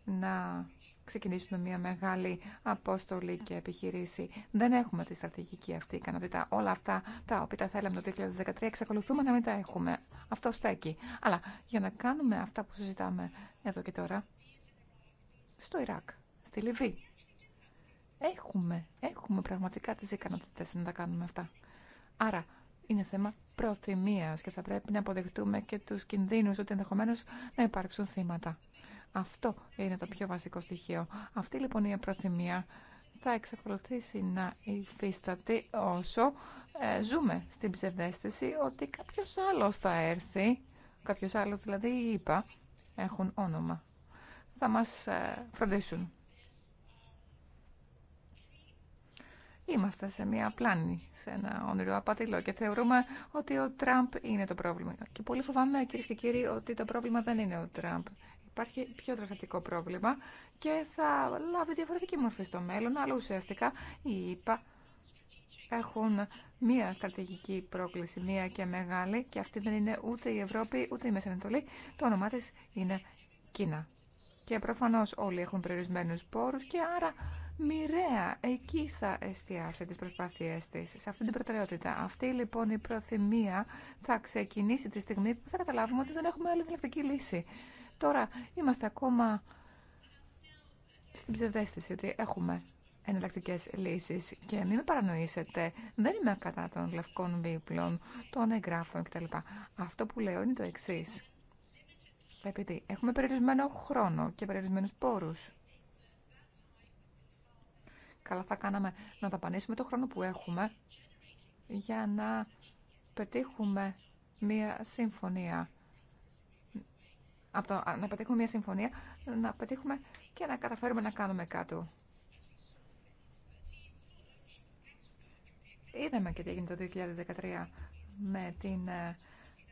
να ξεκινήσουμε μια μεγάλη απόστολη και επιχειρήση. Δεν έχουμε τη στρατηγική αυτή ικανότητα. Όλα αυτά τα οποία τα θέλαμε το 2013 εξακολουθούμε να μην τα έχουμε. Αυτό στέκει. Αλλά για να κάνουμε αυτά που συζητάμε εδώ και τώρα, στο Ιράκ στη Λιβύη. Έχουμε, έχουμε πραγματικά τις ικανότητες να τα κάνουμε αυτά. Άρα, είναι θέμα προθυμίας και θα πρέπει να αποδεχτούμε και τους κινδύνους ότι ενδεχομένως να υπάρξουν θύματα. Αυτό είναι το πιο βασικό στοιχείο. Αυτή λοιπόν η προθυμία θα εξακολουθήσει να υφίσταται όσο ε, ζούμε στην ψευδέστηση ότι κάποιος άλλο θα έρθει, κάποιος άλλος δηλαδή είπα, έχουν όνομα, θα μας ε, φροντίσουν. Είμαστε σε μια πλάνη, σε ένα όνειρο απατηλό και θεωρούμε ότι ο Τραμπ είναι το πρόβλημα. Και πολύ φοβάμαι, κυρίε και κύριοι, ότι το πρόβλημα δεν είναι ο Τραμπ. Υπάρχει πιο δραστατικό πρόβλημα και θα λάβει διαφορετική μορφή στο μέλλον, αλλά ουσιαστικά οι ΙΠΑ ΕΕ έχουν μία στρατηγική πρόκληση, μία και μεγάλη, και αυτή δεν είναι ούτε η Ευρώπη ούτε η Μέση Ανατολή. Το όνομά τη είναι Κίνα. Και προφανώ όλοι έχουν περιορισμένου πόρου και άρα μοιραία. Εκεί θα εστιάσει τις προσπάθειές της, σε αυτή την προτεραιότητα. Αυτή λοιπόν η προθυμία θα ξεκινήσει τη στιγμή που θα καταλάβουμε ότι δεν έχουμε άλλη εναλλακτική λύση. Τώρα είμαστε ακόμα στην ψευδέστηση ότι έχουμε εναλλακτικέ λύσει. Και μην με παρανοήσετε, δεν είμαι κατά των λευκών βίπλων, των εγγράφων κτλ. Αυτό που λέω είναι το εξή. Επειδή έχουμε περιορισμένο χρόνο και περιορισμένου πόρου Καλά θα κάναμε να δαπανίσουμε το χρόνο που έχουμε για να πετύχουμε μία συμφωνία. Από να πετύχουμε μία συμφωνία, να πετύχουμε και να καταφέρουμε να κάνουμε κάτω. Είδαμε και τι έγινε το 2013 με την ε,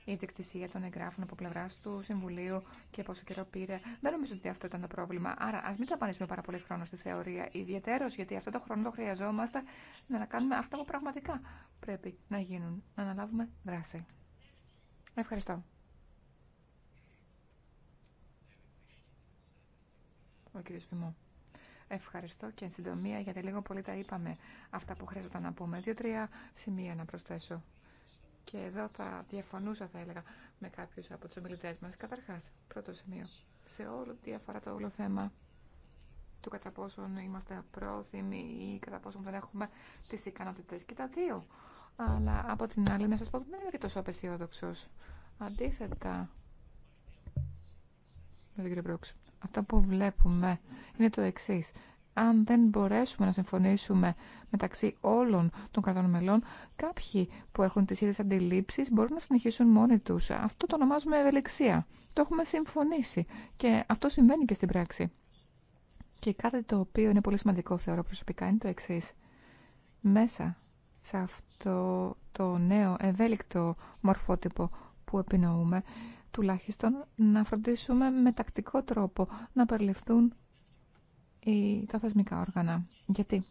η διεκτησία των εγγράφων από πλευρά του Συμβουλίου και πόσο καιρό πήρε. Δεν νομίζω ότι αυτό ήταν το πρόβλημα. Άρα, α μην ταπανίσουμε πάρα πολύ χρόνο στη θεωρία, ιδιαίτερω γιατί αυτό το χρόνο το χρειαζόμαστε να κάνουμε αυτά που πραγματικά πρέπει να γίνουν. Να αναλάβουμε δράση. Ευχαριστώ. Ο κύριος Φιμό. Ευχαριστώ και εν συντομία γιατί λίγο πολύ τα είπαμε αυτά που χρειάζεται να πούμε. Δύο-τρία σημεία να προσθέσω και εδώ θα διαφωνούσα θα έλεγα με κάποιους από τους ομιλητές μας. Καταρχάς, πρώτο σημείο, σε όλο τι αφορά το όλο θέμα του κατά πόσον είμαστε πρόθυμοι ή κατά πόσον δεν έχουμε τις ικανότητες και τα δύο. Αλλά από την άλλη να σας πω δεν είμαι και τόσο απεσιόδοξο. Αντίθετα, με τον κύριο αυτό που βλέπουμε είναι το εξής αν δεν μπορέσουμε να συμφωνήσουμε μεταξύ όλων των κρατών μελών, κάποιοι που έχουν τις ίδιες αντιλήψεις μπορούν να συνεχίσουν μόνοι τους. Αυτό το ονομάζουμε ευελιξία. Το έχουμε συμφωνήσει και αυτό συμβαίνει και στην πράξη. Και κάτι το οποίο είναι πολύ σημαντικό θεωρώ προσωπικά είναι το εξή. Μέσα σε αυτό το νέο ευέλικτο μορφότυπο που επινοούμε, τουλάχιστον να φροντίσουμε με τακτικό τρόπο να περιληφθούν ή τα θεσμικά όργανα. Γιατί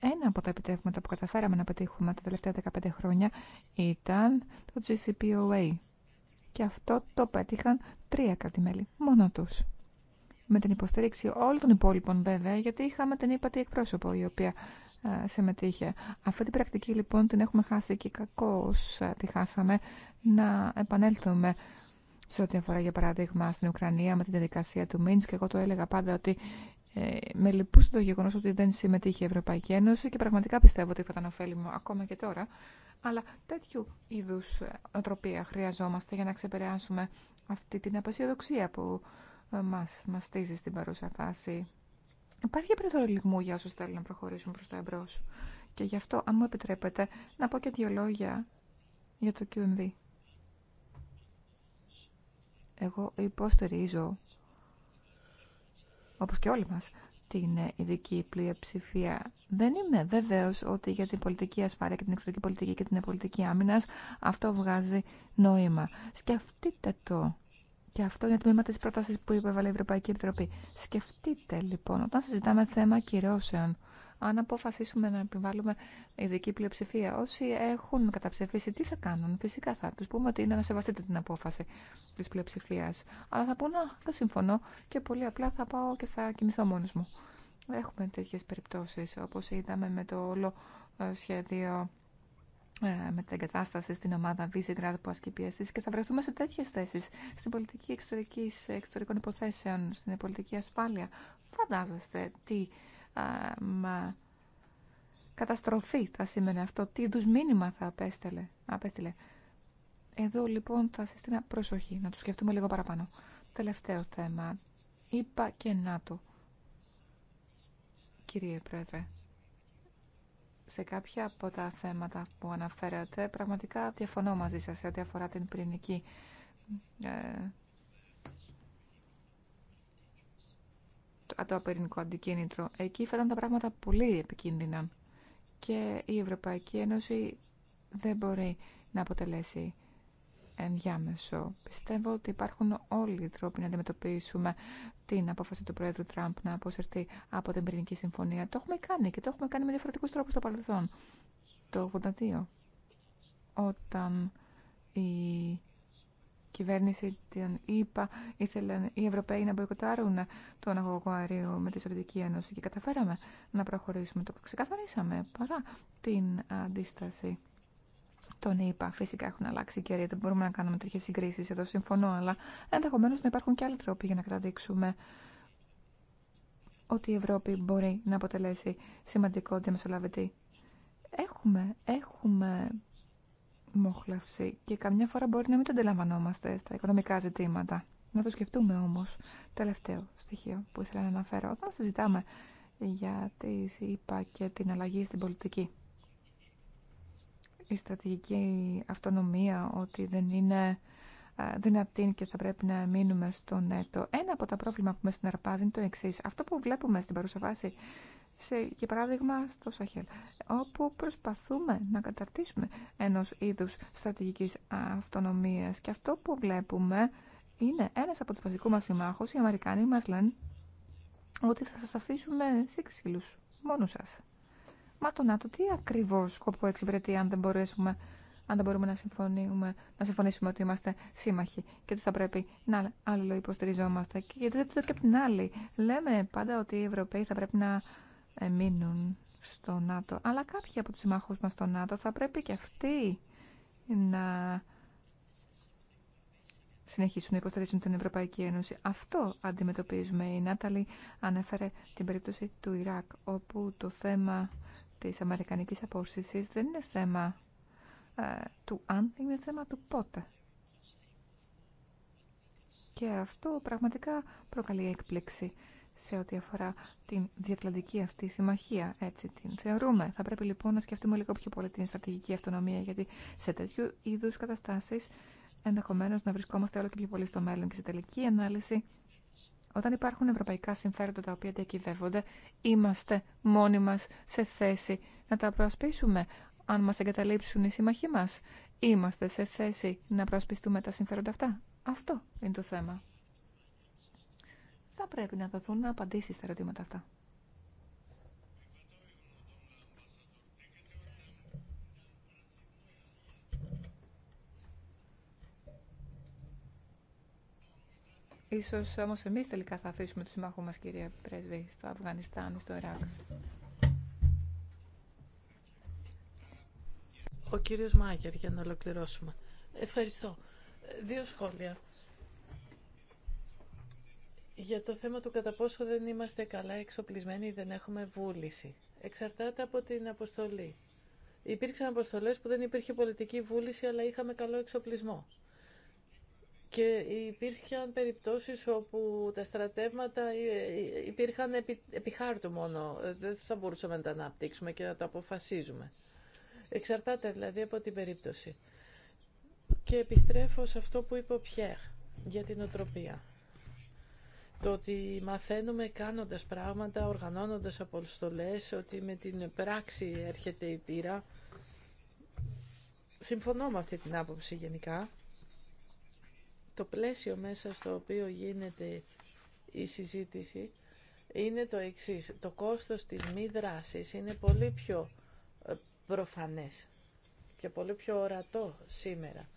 ένα από τα επιτεύγματα που καταφέραμε να πετύχουμε τα τελευταία 15 χρόνια ήταν το GCPOA. Και αυτό το πέτυχαν τρία κρατημέλη, μόνο τους. Με την υποστήριξη όλων των υπόλοιπων βέβαια, γιατί είχαμε την ύπατη εκπρόσωπο η οποία ε, συμμετείχε. Αυτή την πρακτική λοιπόν την έχουμε χάσει και κακώς ε, τη χάσαμε να επανέλθουμε σε ό,τι αφορά για παράδειγμα στην Ουκρανία με την διαδικασία του Μίντς και εγώ το έλεγα πάντα ότι ε, με λυπούσε το γεγονός ότι δεν συμμετείχε η Ευρωπαϊκή Ένωση και πραγματικά πιστεύω ότι θα ήταν ωφέλιμο ακόμα και τώρα. Αλλά τέτοιου είδους νοοτροπία ε, χρειαζόμαστε για να ξεπεράσουμε αυτή την απεσιοδοξία που ε, μας μαστίζει στην παρούσα φάση. Υπάρχει λιγμού για όσους θέλουν να προχωρήσουν προς τα εμπρό. Και γι' αυτό, αν μου επιτρέπετε, να πω και δύο λόγια για το QMV. Εγώ υποστηρίζω όπως και όλοι μας, την ε, ειδική πλειοψηφία. Δεν είμαι βεβαίως ότι για την πολιτική ασφάλεια και την εξωτερική πολιτική και την πολιτική άμυνας αυτό βγάζει νόημα. Σκεφτείτε το. Και αυτό για το τμήμα τη πρόταση που είπε η Ευρωπαϊκή Επιτροπή. Σκεφτείτε λοιπόν, όταν συζητάμε θέμα κυρώσεων, αν αποφασίσουμε να επιβάλλουμε ειδική πλειοψηφία. Όσοι έχουν καταψηφίσει, τι θα κάνουν. Φυσικά θα του πούμε ότι είναι να σεβαστείτε την απόφαση τη πλειοψηφία. Αλλά θα πούνε, θα συμφωνώ και πολύ απλά θα πάω και θα κινηθώ μόνο μου. Έχουμε τέτοιε περιπτώσει, όπω είδαμε με το όλο ε, σχέδιο ε, με την εγκατάσταση στην ομάδα Visegrad που ασκεί πιέσει και θα βρεθούμε σε τέτοιε θέσει στην πολιτική εξωτερικής, εξωτερικών υποθέσεων, στην πολιτική ασφάλεια. Φαντάζεστε τι μα, καταστροφή θα σήμαινε αυτό, τι είδου μήνυμα θα απέστελε, απέστειλε. Εδώ λοιπόν θα συστήνα προσοχή, να το σκεφτούμε λίγο παραπάνω. Τελευταίο θέμα, είπα και να το. Κύριε Πρόεδρε, σε κάποια από τα θέματα που αναφέρατε, πραγματικά διαφωνώ μαζί σας σε ό,τι αφορά την πυρηνική ε, το απερινικό αντικίνητρο. Εκεί φαίνονταν τα πράγματα πολύ επικίνδυνα και η Ευρωπαϊκή Ένωση δεν μπορεί να αποτελέσει ενδιάμεσο. Πιστεύω ότι υπάρχουν όλοι οι τρόποι να αντιμετωπίσουμε την απόφαση του Πρόεδρου Τραμπ να αποσυρθεί από την πυρηνική συμφωνία. Το έχουμε κάνει και το έχουμε κάνει με διαφορετικού τρόπου στο παρελθόν. Το 82, όταν η κυβέρνηση την ΕΠΑ ήθελαν οι Ευρωπαίοι να μποϊκοτάρουν τον αγωγό αερίου με τη Σοβιετική Ένωση και καταφέραμε να προχωρήσουμε. Το ξεκαθαρίσαμε παρά την αντίσταση τον είπα. Φυσικά έχουν αλλάξει και δεν μπορούμε να κάνουμε τέτοιε συγκρίσει, εδώ συμφωνώ, αλλά ενδεχομένω να υπάρχουν και άλλοι τρόποι για να καταδείξουμε ότι η Ευρώπη μπορεί να αποτελέσει σημαντικό διαμεσολαβητή. Έχουμε, έχουμε και καμιά φορά μπορεί να μην το αντιλαμβανόμαστε στα οικονομικά ζητήματα. Να το σκεφτούμε όμω Τελευταίο στοιχείο που ήθελα να αναφέρω. Όταν συζητάμε για τη ΣΥΠΑ και την αλλαγή στην πολιτική. Η στρατηγική αυτονομία ότι δεν είναι ε, δυνατή και θα πρέπει να μείνουμε στο ΝΕΤΟ. Ένα από τα πρόβλημα που με συναρπάζει είναι το εξή. Αυτό που βλέπουμε στην παρούσα σε, για παράδειγμα στο Σαχέλ, όπου προσπαθούμε να καταρτήσουμε ενός είδους στρατηγικής αυτονομίας. Και αυτό που βλέπουμε είναι ένας από τους βασικούς μας συμμάχους, οι Αμερικάνοι μας λένε ότι θα σας αφήσουμε σε ξύλους, μόνο σας. Μα το ΝΑΤΟ τι ακριβώς σκοπό εξυπηρετεί αν δεν μπορέσουμε αν δεν μπορούμε να, συμφωνήσουμε, να συμφωνήσουμε ότι είμαστε σύμμαχοι και ότι θα πρέπει να άλλο υποστηριζόμαστε. Και γιατί το και από την άλλη. Λέμε πάντα ότι οι Ευρωπαίοι θα πρέπει να μείνουν στο ΝΑΤΟ. Αλλά κάποιοι από τους συμμάχους μας στο ΝΑΤΟ θα πρέπει και αυτοί να συνεχίσουν να υποστηρίζουν την Ευρωπαϊκή Ένωση. Αυτό αντιμετωπίζουμε. Η Νάταλη ανέφερε την περίπτωση του Ιράκ, όπου το θέμα της αμερικανικής απόσυσης δεν είναι θέμα ε, του αν, είναι θέμα του πότε. Και αυτό πραγματικά προκαλεί έκπληξη σε ό,τι αφορά την διατλαντική αυτή συμμαχία. Έτσι την θεωρούμε. Θα πρέπει λοιπόν να σκεφτούμε λίγο πιο πολύ την στρατηγική αυτονομία, γιατί σε τέτοιου είδου καταστάσει ενδεχομένω να βρισκόμαστε όλο και πιο πολύ στο μέλλον. Και σε τελική ανάλυση, όταν υπάρχουν ευρωπαϊκά συμφέροντα τα οποία διακυβεύονται, είμαστε μόνοι μα σε θέση να τα προασπίσουμε. Αν μα εγκαταλείψουν οι σύμμαχοί μα, είμαστε σε θέση να προασπιστούμε τα συμφέροντα αυτά. Αυτό είναι το θέμα θα πρέπει να δοθούν να απαντήσει στα ερωτήματα αυτά. Ίσως όμως εμείς τελικά θα αφήσουμε τους συμμάχους μας, κυρία Πρέσβη, στο Αφγανιστάν στο Ιράκ. Ο κύριος Μάγερ, για να ολοκληρώσουμε. Ευχαριστώ. Δύο σχόλια για το θέμα του κατά πόσο δεν είμαστε καλά εξοπλισμένοι ή δεν έχουμε βούληση. Εξαρτάται από την αποστολή. Υπήρξαν αποστολές που δεν υπήρχε πολιτική βούληση, αλλά είχαμε καλό εξοπλισμό. Και υπήρχαν περιπτώσεις όπου τα στρατεύματα ε, ε, υπήρχαν επί, επί χάρτου μόνο. Δεν θα μπορούσαμε να τα αναπτύξουμε και να τα αποφασίζουμε. Εξαρτάται δηλαδή από την περίπτωση. Και επιστρέφω σε αυτό που είπε ο Πιέρ για την οτροπία το ότι μαθαίνουμε κάνοντας πράγματα, οργανώνοντας αποστολές, ότι με την πράξη έρχεται η πείρα. Συμφωνώ με αυτή την άποψη γενικά. Το πλαίσιο μέσα στο οποίο γίνεται η συζήτηση είναι το εξής. Το κόστος της μη δράσης είναι πολύ πιο ε, προφανές και πολύ πιο ορατό σήμερα.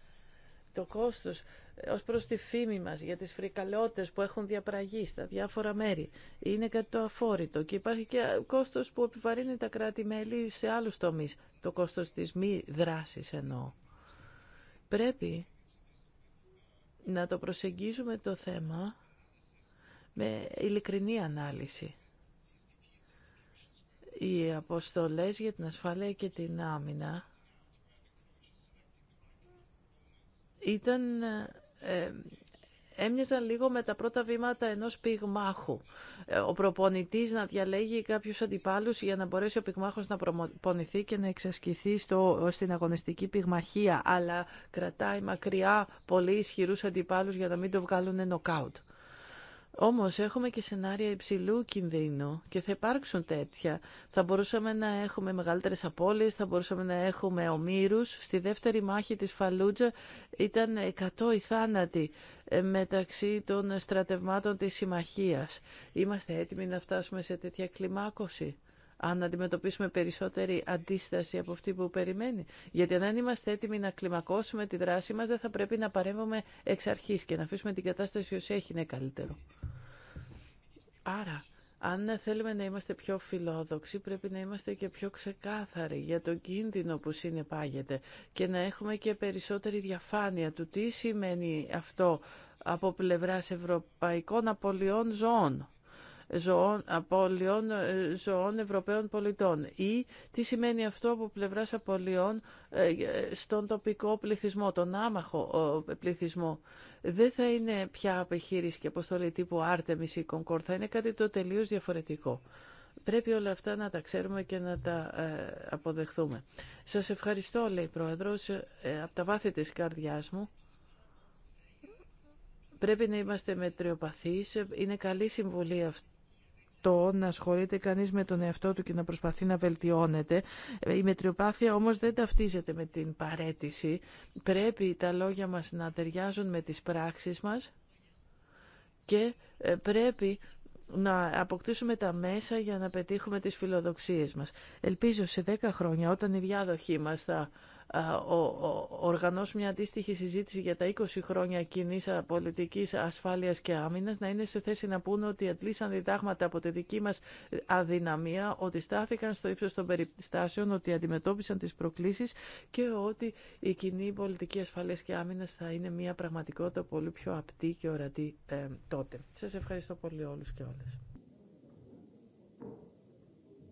Το κόστος ως προς τη φήμη μας για τις φρικαλαιότητες που έχουν διαπραγεί στα διάφορα μέρη. Είναι κάτι το αφόρητο και υπάρχει και κόστος που επιβαρύνει τα κράτη-μέλη σε άλλους τομείς. Το κόστος της μη δράσης εννοώ. Πρέπει να το προσεγγίζουμε το θέμα με ειλικρινή ανάλυση. Οι αποστολές για την ασφάλεια και την άμυνα ήταν ε, έμοιαζαν λίγο με τα πρώτα βήματα ενός πυγμάχου. Ε, ο προπονητής να διαλέγει κάποιους αντιπάλους για να μπορέσει ο πυγμάχος να προπονηθεί και να εξασκηθεί στο, στην αγωνιστική πυγμαχία, αλλά κρατάει μακριά πολύ ισχυρούς αντιπάλους για να μην το βγάλουν νοκάουτ. Όμως έχουμε και σενάρια υψηλού κινδύνου και θα υπάρξουν τέτοια. Θα μπορούσαμε να έχουμε μεγαλύτερες απώλειες, θα μπορούσαμε να έχουμε ομήρους. Στη δεύτερη μάχη της Φαλούτζα ήταν 100 οι θάνατοι ε, μεταξύ των στρατευμάτων της Συμμαχίας. Είμαστε έτοιμοι να φτάσουμε σε τέτοια κλιμάκωση αν αντιμετωπίσουμε περισσότερη αντίσταση από αυτή που περιμένει. Γιατί αν δεν είμαστε έτοιμοι να κλιμακώσουμε τη δράση μας, δεν θα πρέπει να παρέμβουμε εξ αρχή και να αφήσουμε την κατάσταση ως έχει είναι καλύτερο. Άρα, αν ναι, θέλουμε να είμαστε πιο φιλόδοξοι, πρέπει να είμαστε και πιο ξεκάθαροι για τον κίνδυνο που συνεπάγεται και να έχουμε και περισσότερη διαφάνεια του τι σημαίνει αυτό από πλευράς ευρωπαϊκών απολειών ζώων ζωών, απώλειων ε, ζωών Ευρωπαίων πολιτών ή τι σημαίνει αυτό από πλευράς απώλειων ε, ε, στον τοπικό πληθυσμό, τον άμαχο πληθυσμό. Δεν θα είναι πια επιχείρηση και αποστολή τύπου Άρτεμις ή Κονκόρ, θα είναι κάτι το τελείως διαφορετικό. Πρέπει όλα αυτά να τα ξέρουμε και να τα αποδεχθούμε. Σας ευχαριστώ, λέει η Πρόεδρος, από τα βάθη της καρδιάς μου. Πρέπει να είμαστε μετριοπαθείς. Είναι καλή συμβουλή αυτή το να ασχολείται κανείς με τον εαυτό του και να προσπαθεί να βελτιώνεται. Η μετριοπάθεια όμως δεν ταυτίζεται με την παρέτηση. Πρέπει τα λόγια μας να ταιριάζουν με τις πράξεις μας και ε, πρέπει να αποκτήσουμε τα μέσα για να πετύχουμε τις φιλοδοξίες μας. Ελπίζω σε 10 χρόνια όταν οι διάδοχοί μας θα ο οργανώσει μια αντίστοιχη συζήτηση για τα 20 χρόνια κοινή πολιτική ασφάλεια και άμυνα, να είναι σε θέση να πούνε ότι αντλήσαν διδάγματα από τη δική μα αδυναμία, ότι στάθηκαν στο ύψο των περιστάσεων, ότι αντιμετώπισαν τι προκλήσει και ότι η κοινή πολιτική ασφάλεια και άμυνα θα είναι μια πραγματικότητα πολύ πιο απτή και ορατή ε, τότε. Σα ευχαριστώ πολύ όλου και όλε.